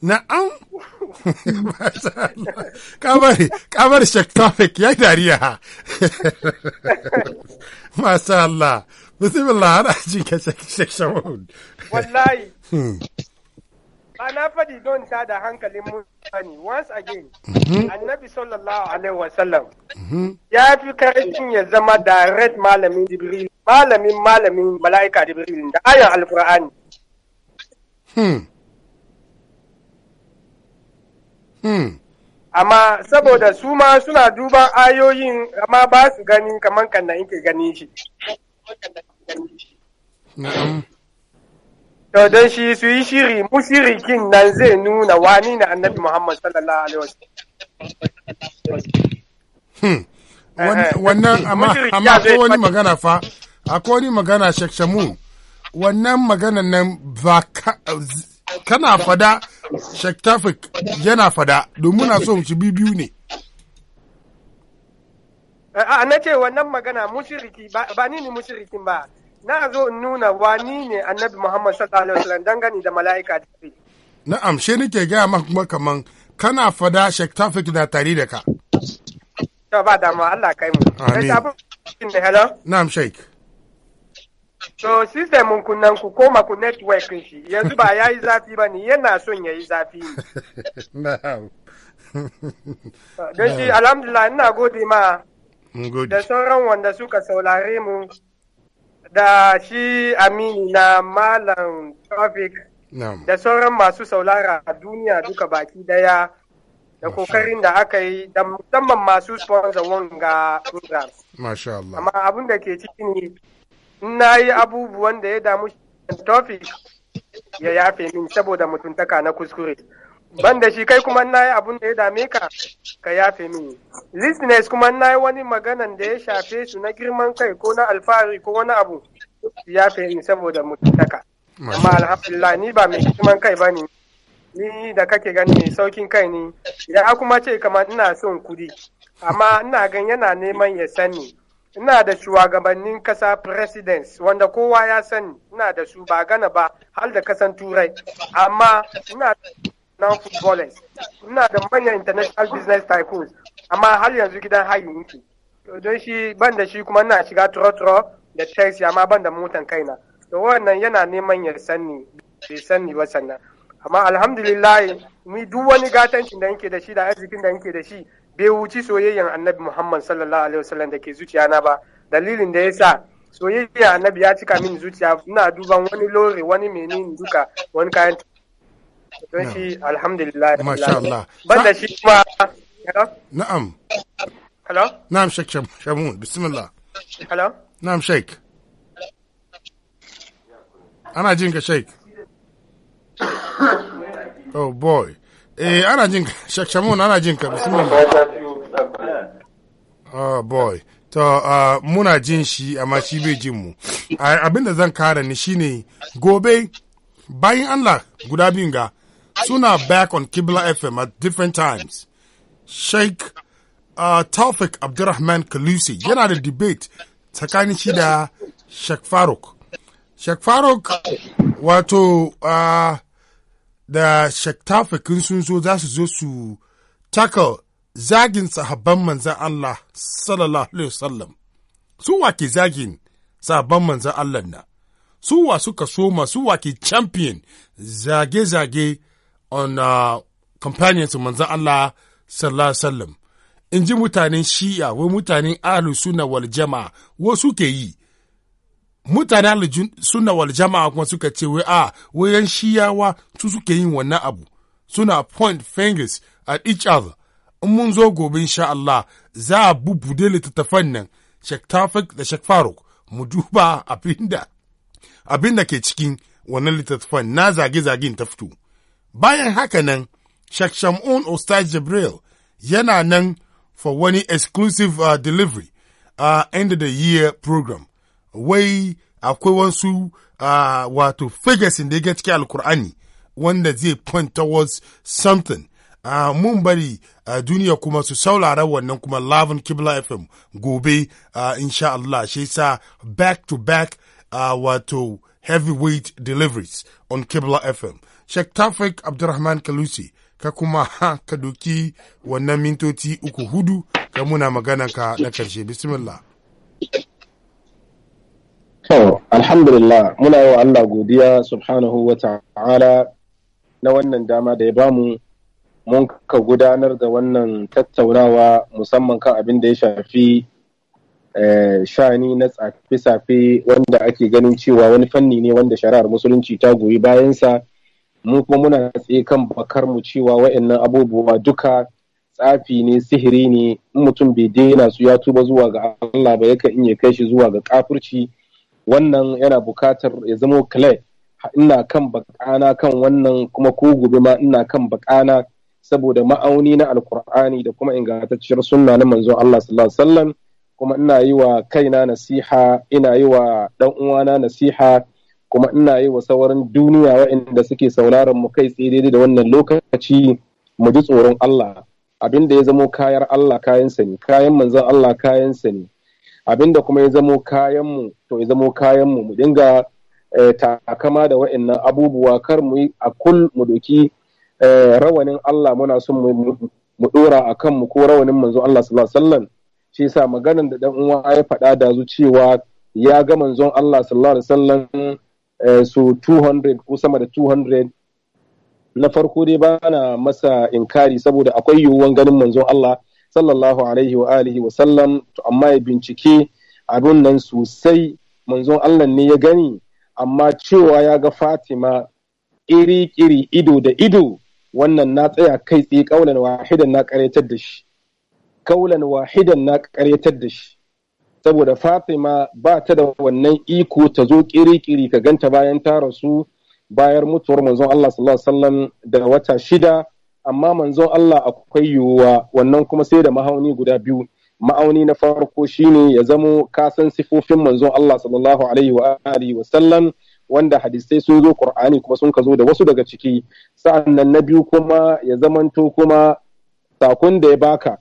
na an kamar shek tafik ya dariya masha Allah bismillah ana jin ka shek shamun wallahi hmm. ba na faɗi don ta da hankalin mutane once again mhm. annabi sallallahu alaihi wasallam mhm. ya fi karfin ya zama da red malamin jibril malamin malamin mala'ika jibril da ayan alkur'ani hmm. hmm. amma saboda su ma suna duban ayoyin amma ba su gani kamar kanna da ke gani shi To don shi su yi shiri mushirikin nan zai nuna wani na annabi Muhammad sallallahu alaihi wasallam. Hmm. Eh, eh. Wannan amma amma ko wani magana fa akwai wani magana shakshamu wannan magana nan ba kana fada shaktafik Tafik yana fada domin na so shi biyu ne. Eh, A ah, na ce wannan magana mushiriki ba ni ne mushirikin ba na zo in nuna wani ne annabi Muhammad sallallahu alaihi wasallam dangane da mala'ika jibril na'am she nake gaya maka kuma kaman kana fada Sheikh Tafik na tare da ka to ba dama Allah kai mu amin hello na'am Sheikh to system mun kunnan ku koma ku network shi yanzu ba yayi zafi ba ni yana son yayi zafi na'am don shi alhamdulillah ina gode ma da sauran wanda suka saurare mu da shi amini na malam traffic da sauran masu saulara a duniya duka baki daya da kokarin da aka yi da musamman masu sponsor wanga program. Masha Amma abin da ke ciki ne na yi abubuwan da ya damu shi traffic ya yafe min saboda mutuntaka na kuskure. ban da shi kai kuma na yi abun da ya dame ka ka yafe mini listeners kuma na yi wani maganan da ya shafe su na girman kai ko na alfahari ko wani abu yafe ni saboda mutaka amma alhamdulillah ni ba mai girman kai ba ne ni da kake gani mai saukin kai ne ya kuma ce kamar ina son kudi amma ina gan yana neman ya sani ina da shugabannin kasa presidents wanda kowa ya sani ina da su ba gana ba har da kasan turai amma ina na footballers ina da manyan international business tycoons amma har yanzu gidan hayi yake don shi ban da shi kuma ina shiga turo-turo da taxi amma ban da motan kaina to wannan yana neman ya sanni bai sanni ba sannan amma alhamdulillah mu duk wani gatancin da yake da shi da arzikin da nake da shi bai wuci soyayyen annabi muhammad sallallahu alaihi wasallam da ke zuciya na ba dalilin da yasa soyayya annabi ya cika min zuciya ina duban wani lori wani menene duka wani kayan Don shi alhamdulillah. Allah. Banda shi kuma. Na'am. Hello? Na'am Shamun, bismillah. Hello? Na'am Ana jin ka oh boy. Eh ana jin ka Shamun ana jin ka bismillah. Oh boy. To uh, muna jin shi amma shi bai jin mu. Ah, Abinda zan kara ni shine gobe bayan Allah guda biyun ga suna back on Kibla FM at different times. Sheikh uh, Taufik Abdurrahman Kalusi yana da debate tsakanin shi da Sheikh Faruk. Sheikh Faruk wato uh, da Sheikh Taufik sun zo za su zo su tackle zagin sahabban manzan Allah sallallahu alaihi wasallam. Su wa ke zagin sahabban manzan Allah na? Su wa suka soma su wa ke champion zage-zage on uh, companions manzan Allah sallallahu alaihi wasallam in ji mutanen shi'a wai mutanen ahlu sunna wal jama'a wo suke yi mutanen ahlu sunna wal jama'a kuma suka ce wai a ah, wai yan shiyawa su suke yin wannan abu suna point fingers at each other in mun zo gobe insha Allah za a da littattafan nan Sheikh Tafik da Sheikh Faruk mu duba abinda abinda ke cikin wannan littattafan na zage-zagen ta fito Bayan haka nan, Sheikh Shamun Ustaz Jibril yana nan for wani exclusive uh, delivery uh, end of the year program. Wai akwai wasu uh, wato figures da ya cikin alkur'ani wanda zai point towards something. Uh, mun bari uh, duniya kuma su saulara wannan kuma lavin kibla fm gobe uh, insha Allah shi sa back to back uh, wato heavyweight deliveries on kibla fm Sheikh Tafik Abdurrahman Kalusi ka kuma ka doki wannan mintoci uku hudu ga muna magana ka na karshe bismillah. To, alhamdulillah muna yi wa Allah godiya subhanahu wa ta'ala na wannan dama da ya bamu mun ka gudanar da wannan tattaunawa musamman kan abin da ya shafi eh, shani na tsafi-safi wanda ake ganin cewa wani fanni ne wanda shari'ar musulunci ta goyi bayansa mu kuma muna tsaye kan bakar mu cewa wa'annan abubuwa duka tsafi ne sihiri ne in mutum bai daina su ya tuba zuwa ga Allah ba yakan iya kai shi zuwa ga kafirci wannan yana bukatar ya zamo clay ina kan bakana kan wannan kuma ko gobe ma ina kan bakana saboda ma'auni na alkur'ani da kuma ingantacciyar sunna na manzon Allah sallallahu alaihi wasallam kuma ina yi wa kaina nasiha ina yi wa dan uwana nasiha kuma ina yi wa sauran duniya waɗanda suke sauraron mu kai tsaye daidai da wannan lokaci mu ji tsoron Allah abin da ya zamo kayar Allah kayansa ne kayan manzon Allah kayansa ne abin da kuma ya zamo kayan mu to ya zamo kayan mu mu dinga eh, takama da waɗannan abubuwa kar mu yi a kul mu doki eh, rawanin Allah muna son mu dora a kanmu ko rawanin manzon Allah sallallahu alaihi wasallam shi yasa maganar da dan uwa ya faɗa da zu cewa ya ga manzon Allah sallallahu alaihi wasallam Eh, su 200 ko sama da 200 na farko dai ba na masa inkari saboda akwai yiwuwan ganin manzon Allah sallallahu alaihi wa alihi wa sallam to amma ya bincike abin nan sosai manzon Allah ne ya gani amma cewa ya ga Fatima iri-iri ido da ido wannan na tsaya kai tsaye kaulan wahidan na karyatar da kaulan wahidan na da shi saboda Fatima ba ta da wannan iko ta zo kiri-kiri ka ganta bayan ta rasu bayar mutuwar manzon Allah sallallahu alaihi wasallam da wata shida amma manzon Allah akwai yiwuwa wannan kuma sai da mahauni guda biyu ma'auni na farko shine ya zamo kasan sifofin manzon Allah sallallahu alaihi wa alihi wa wanda hadisai sun zo Qur'ani kuma sun ka zo da wasu daga ciki sa'annan na biyu kuma ya zamanto kuma sakon da ya baka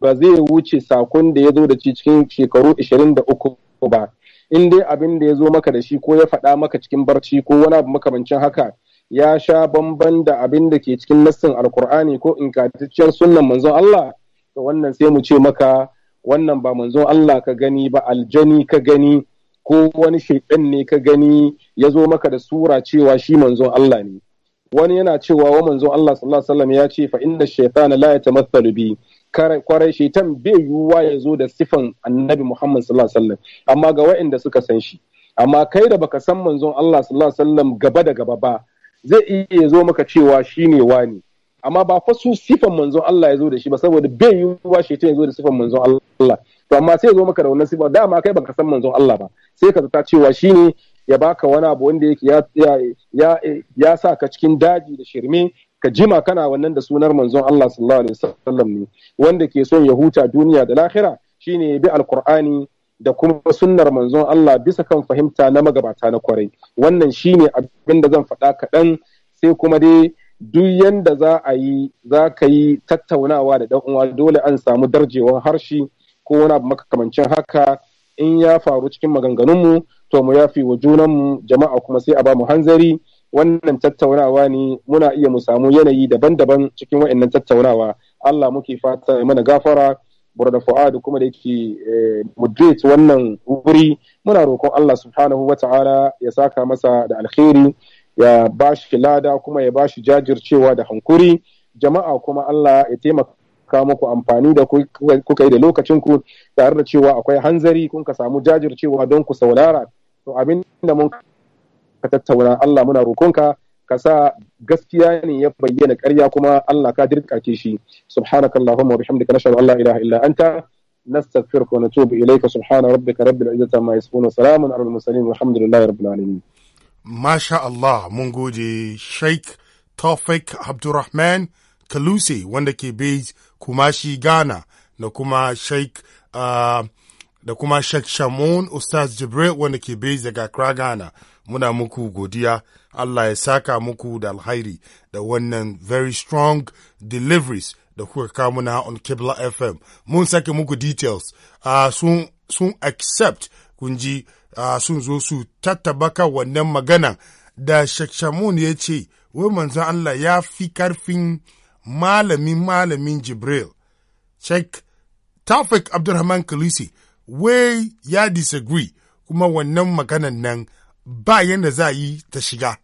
ba zai wuce sakon da ya zo da ci cikin shekaru 23 ba in dai abin da ya zo maka da shi ko ya faɗa maka cikin barci ko wani abu makamancin haka ya sha bamban da abin da ke cikin nassin alkur'ani ko ingantacciyar sunnan manzon Allah to wannan sai mu ce maka wannan ba manzon Allah ka gani ba aljani ka gani ko wani shaidan ne ka gani ya zo maka da sura cewa shi manzon Allah ne wani yana cewa wa manzon Allah sallallahu alaihi wasallam ya ce fa inna shaytana la yatamathalu bi kwarai shaitan bai yiwuwa ya zo da sifan annabi muhammad sallallahu alaihi wasallam amma ga waɗanda suka san shi amma kai da baka san manzon allah sallallahu alaihi wasallam gaba da gaba ba zai iya zo maka cewa shine wani amma ba fa su sifan manzon allah ya zo da shi ba saboda bai yiwuwa shaitan ya zo da sifan manzon allah to amma sai ya zo maka da wannan sifa dama kai baka san manzon allah ba sai ka zata cewa shine ya baka wani abu wanda yake ya, ya, ya, ya sa ka cikin daji da shirme ka jima kana wannan da sunar manzon Allah sallallahu alaihi wasallam ne wanda ke son ya huta duniya da lahira shine ya bi alkur'ani da kuma sunnar manzon Allah bisa kan fahimta na magabata na kwarai wannan shine abin da zan faɗa kaɗan sai kuma dai duk yanda za a yi za ka yi tattaunawa da uwa dole an samu darjewan harshe ko wani abu makamancin haka in ya faru cikin maganganunmu to mu yafi wa junanmu jama'a kuma sai a ba mu hanzari wannan tattaunawa ne muna iya mu samu yanayi daban-daban cikin wa'annan tattaunawa Allah muke fata mana gafara Burda Fu'adu kuma da yake eh, moderate wannan wuri muna roƙon Allah subhanahu wa ta'ala ya saka masa da alkhairi ya ba shi lada kuma ya ba shi jajircewa da hankuri jama'a kuma Allah ya taimaka muku amfani da kuka yi da lokacinku tare da cewa akwai hanzari kun ka samu jajircewa don ku saurara to abin da mun ka tattauna Allah muna roƙonka ka sa gaskiya ne ya bayyana ƙarya kuma Allah ka dirƙake shi subhanakallahumma wa bihamdika nashhadu an la ilaha illa anta نستغفرك ونتوب إليك سبحان ربك رب العزة عما يصفون وسلام على المرسلين والحمد لله رب العالمين ما masha allah mun gode Sheikh Tawfik abdulrahman Kalusi wanda ke Bej Kumashi Ghana da kuma Sheikh ah, da kuma Sheikh Shamun Ustaz Jibril wanda ke Bej daga Accra Ghana muna muku godiya Allah ya saka muku da alhairi da wannan very strong deliveries da kuka kawo na on Kibla FM mun sake muku details uh, sun sun accept kunji uh, ah, sun zo su tattabaka wannan magana da shakshamun ya ce wai manzon Allah ya fi karfin malamin malamin Jibril check Tafik Abdulrahman Kalisi wai ya disagree kuma wannan maganan nan ba yadda za yi ta shiga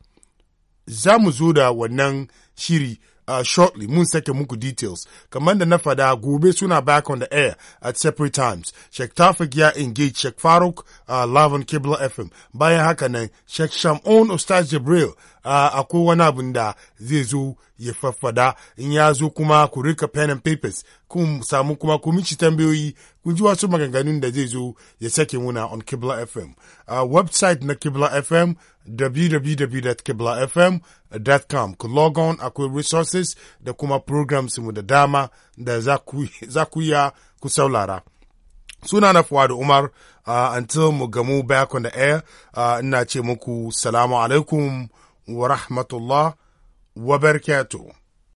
za mu zo da wannan shiri uh, shortly mun sake muku details Commander Nafada na fada gobe back on the air at separate times Sheikh Tafik ya engage Sheikh Farouk, uh, live on Kibla FM bayan hakane, Sheikh Shamoun Ustaz Jibril uh, akwai wani abin da zai zo ya kuma ku pen and papers Kum samu kuma ku mici tambayoyi kun ji wasu muna on Kibla FM uh, website na Kibla FM www.kiblafm.com ku log on akwai resources da kuma programs mu da dama da za ku ya ku saulara. Suna na Fuad Umar uh, until mu gamu back on the air uh, ina ce muku salamu alaikum wa rahmatullah wa barakatuh.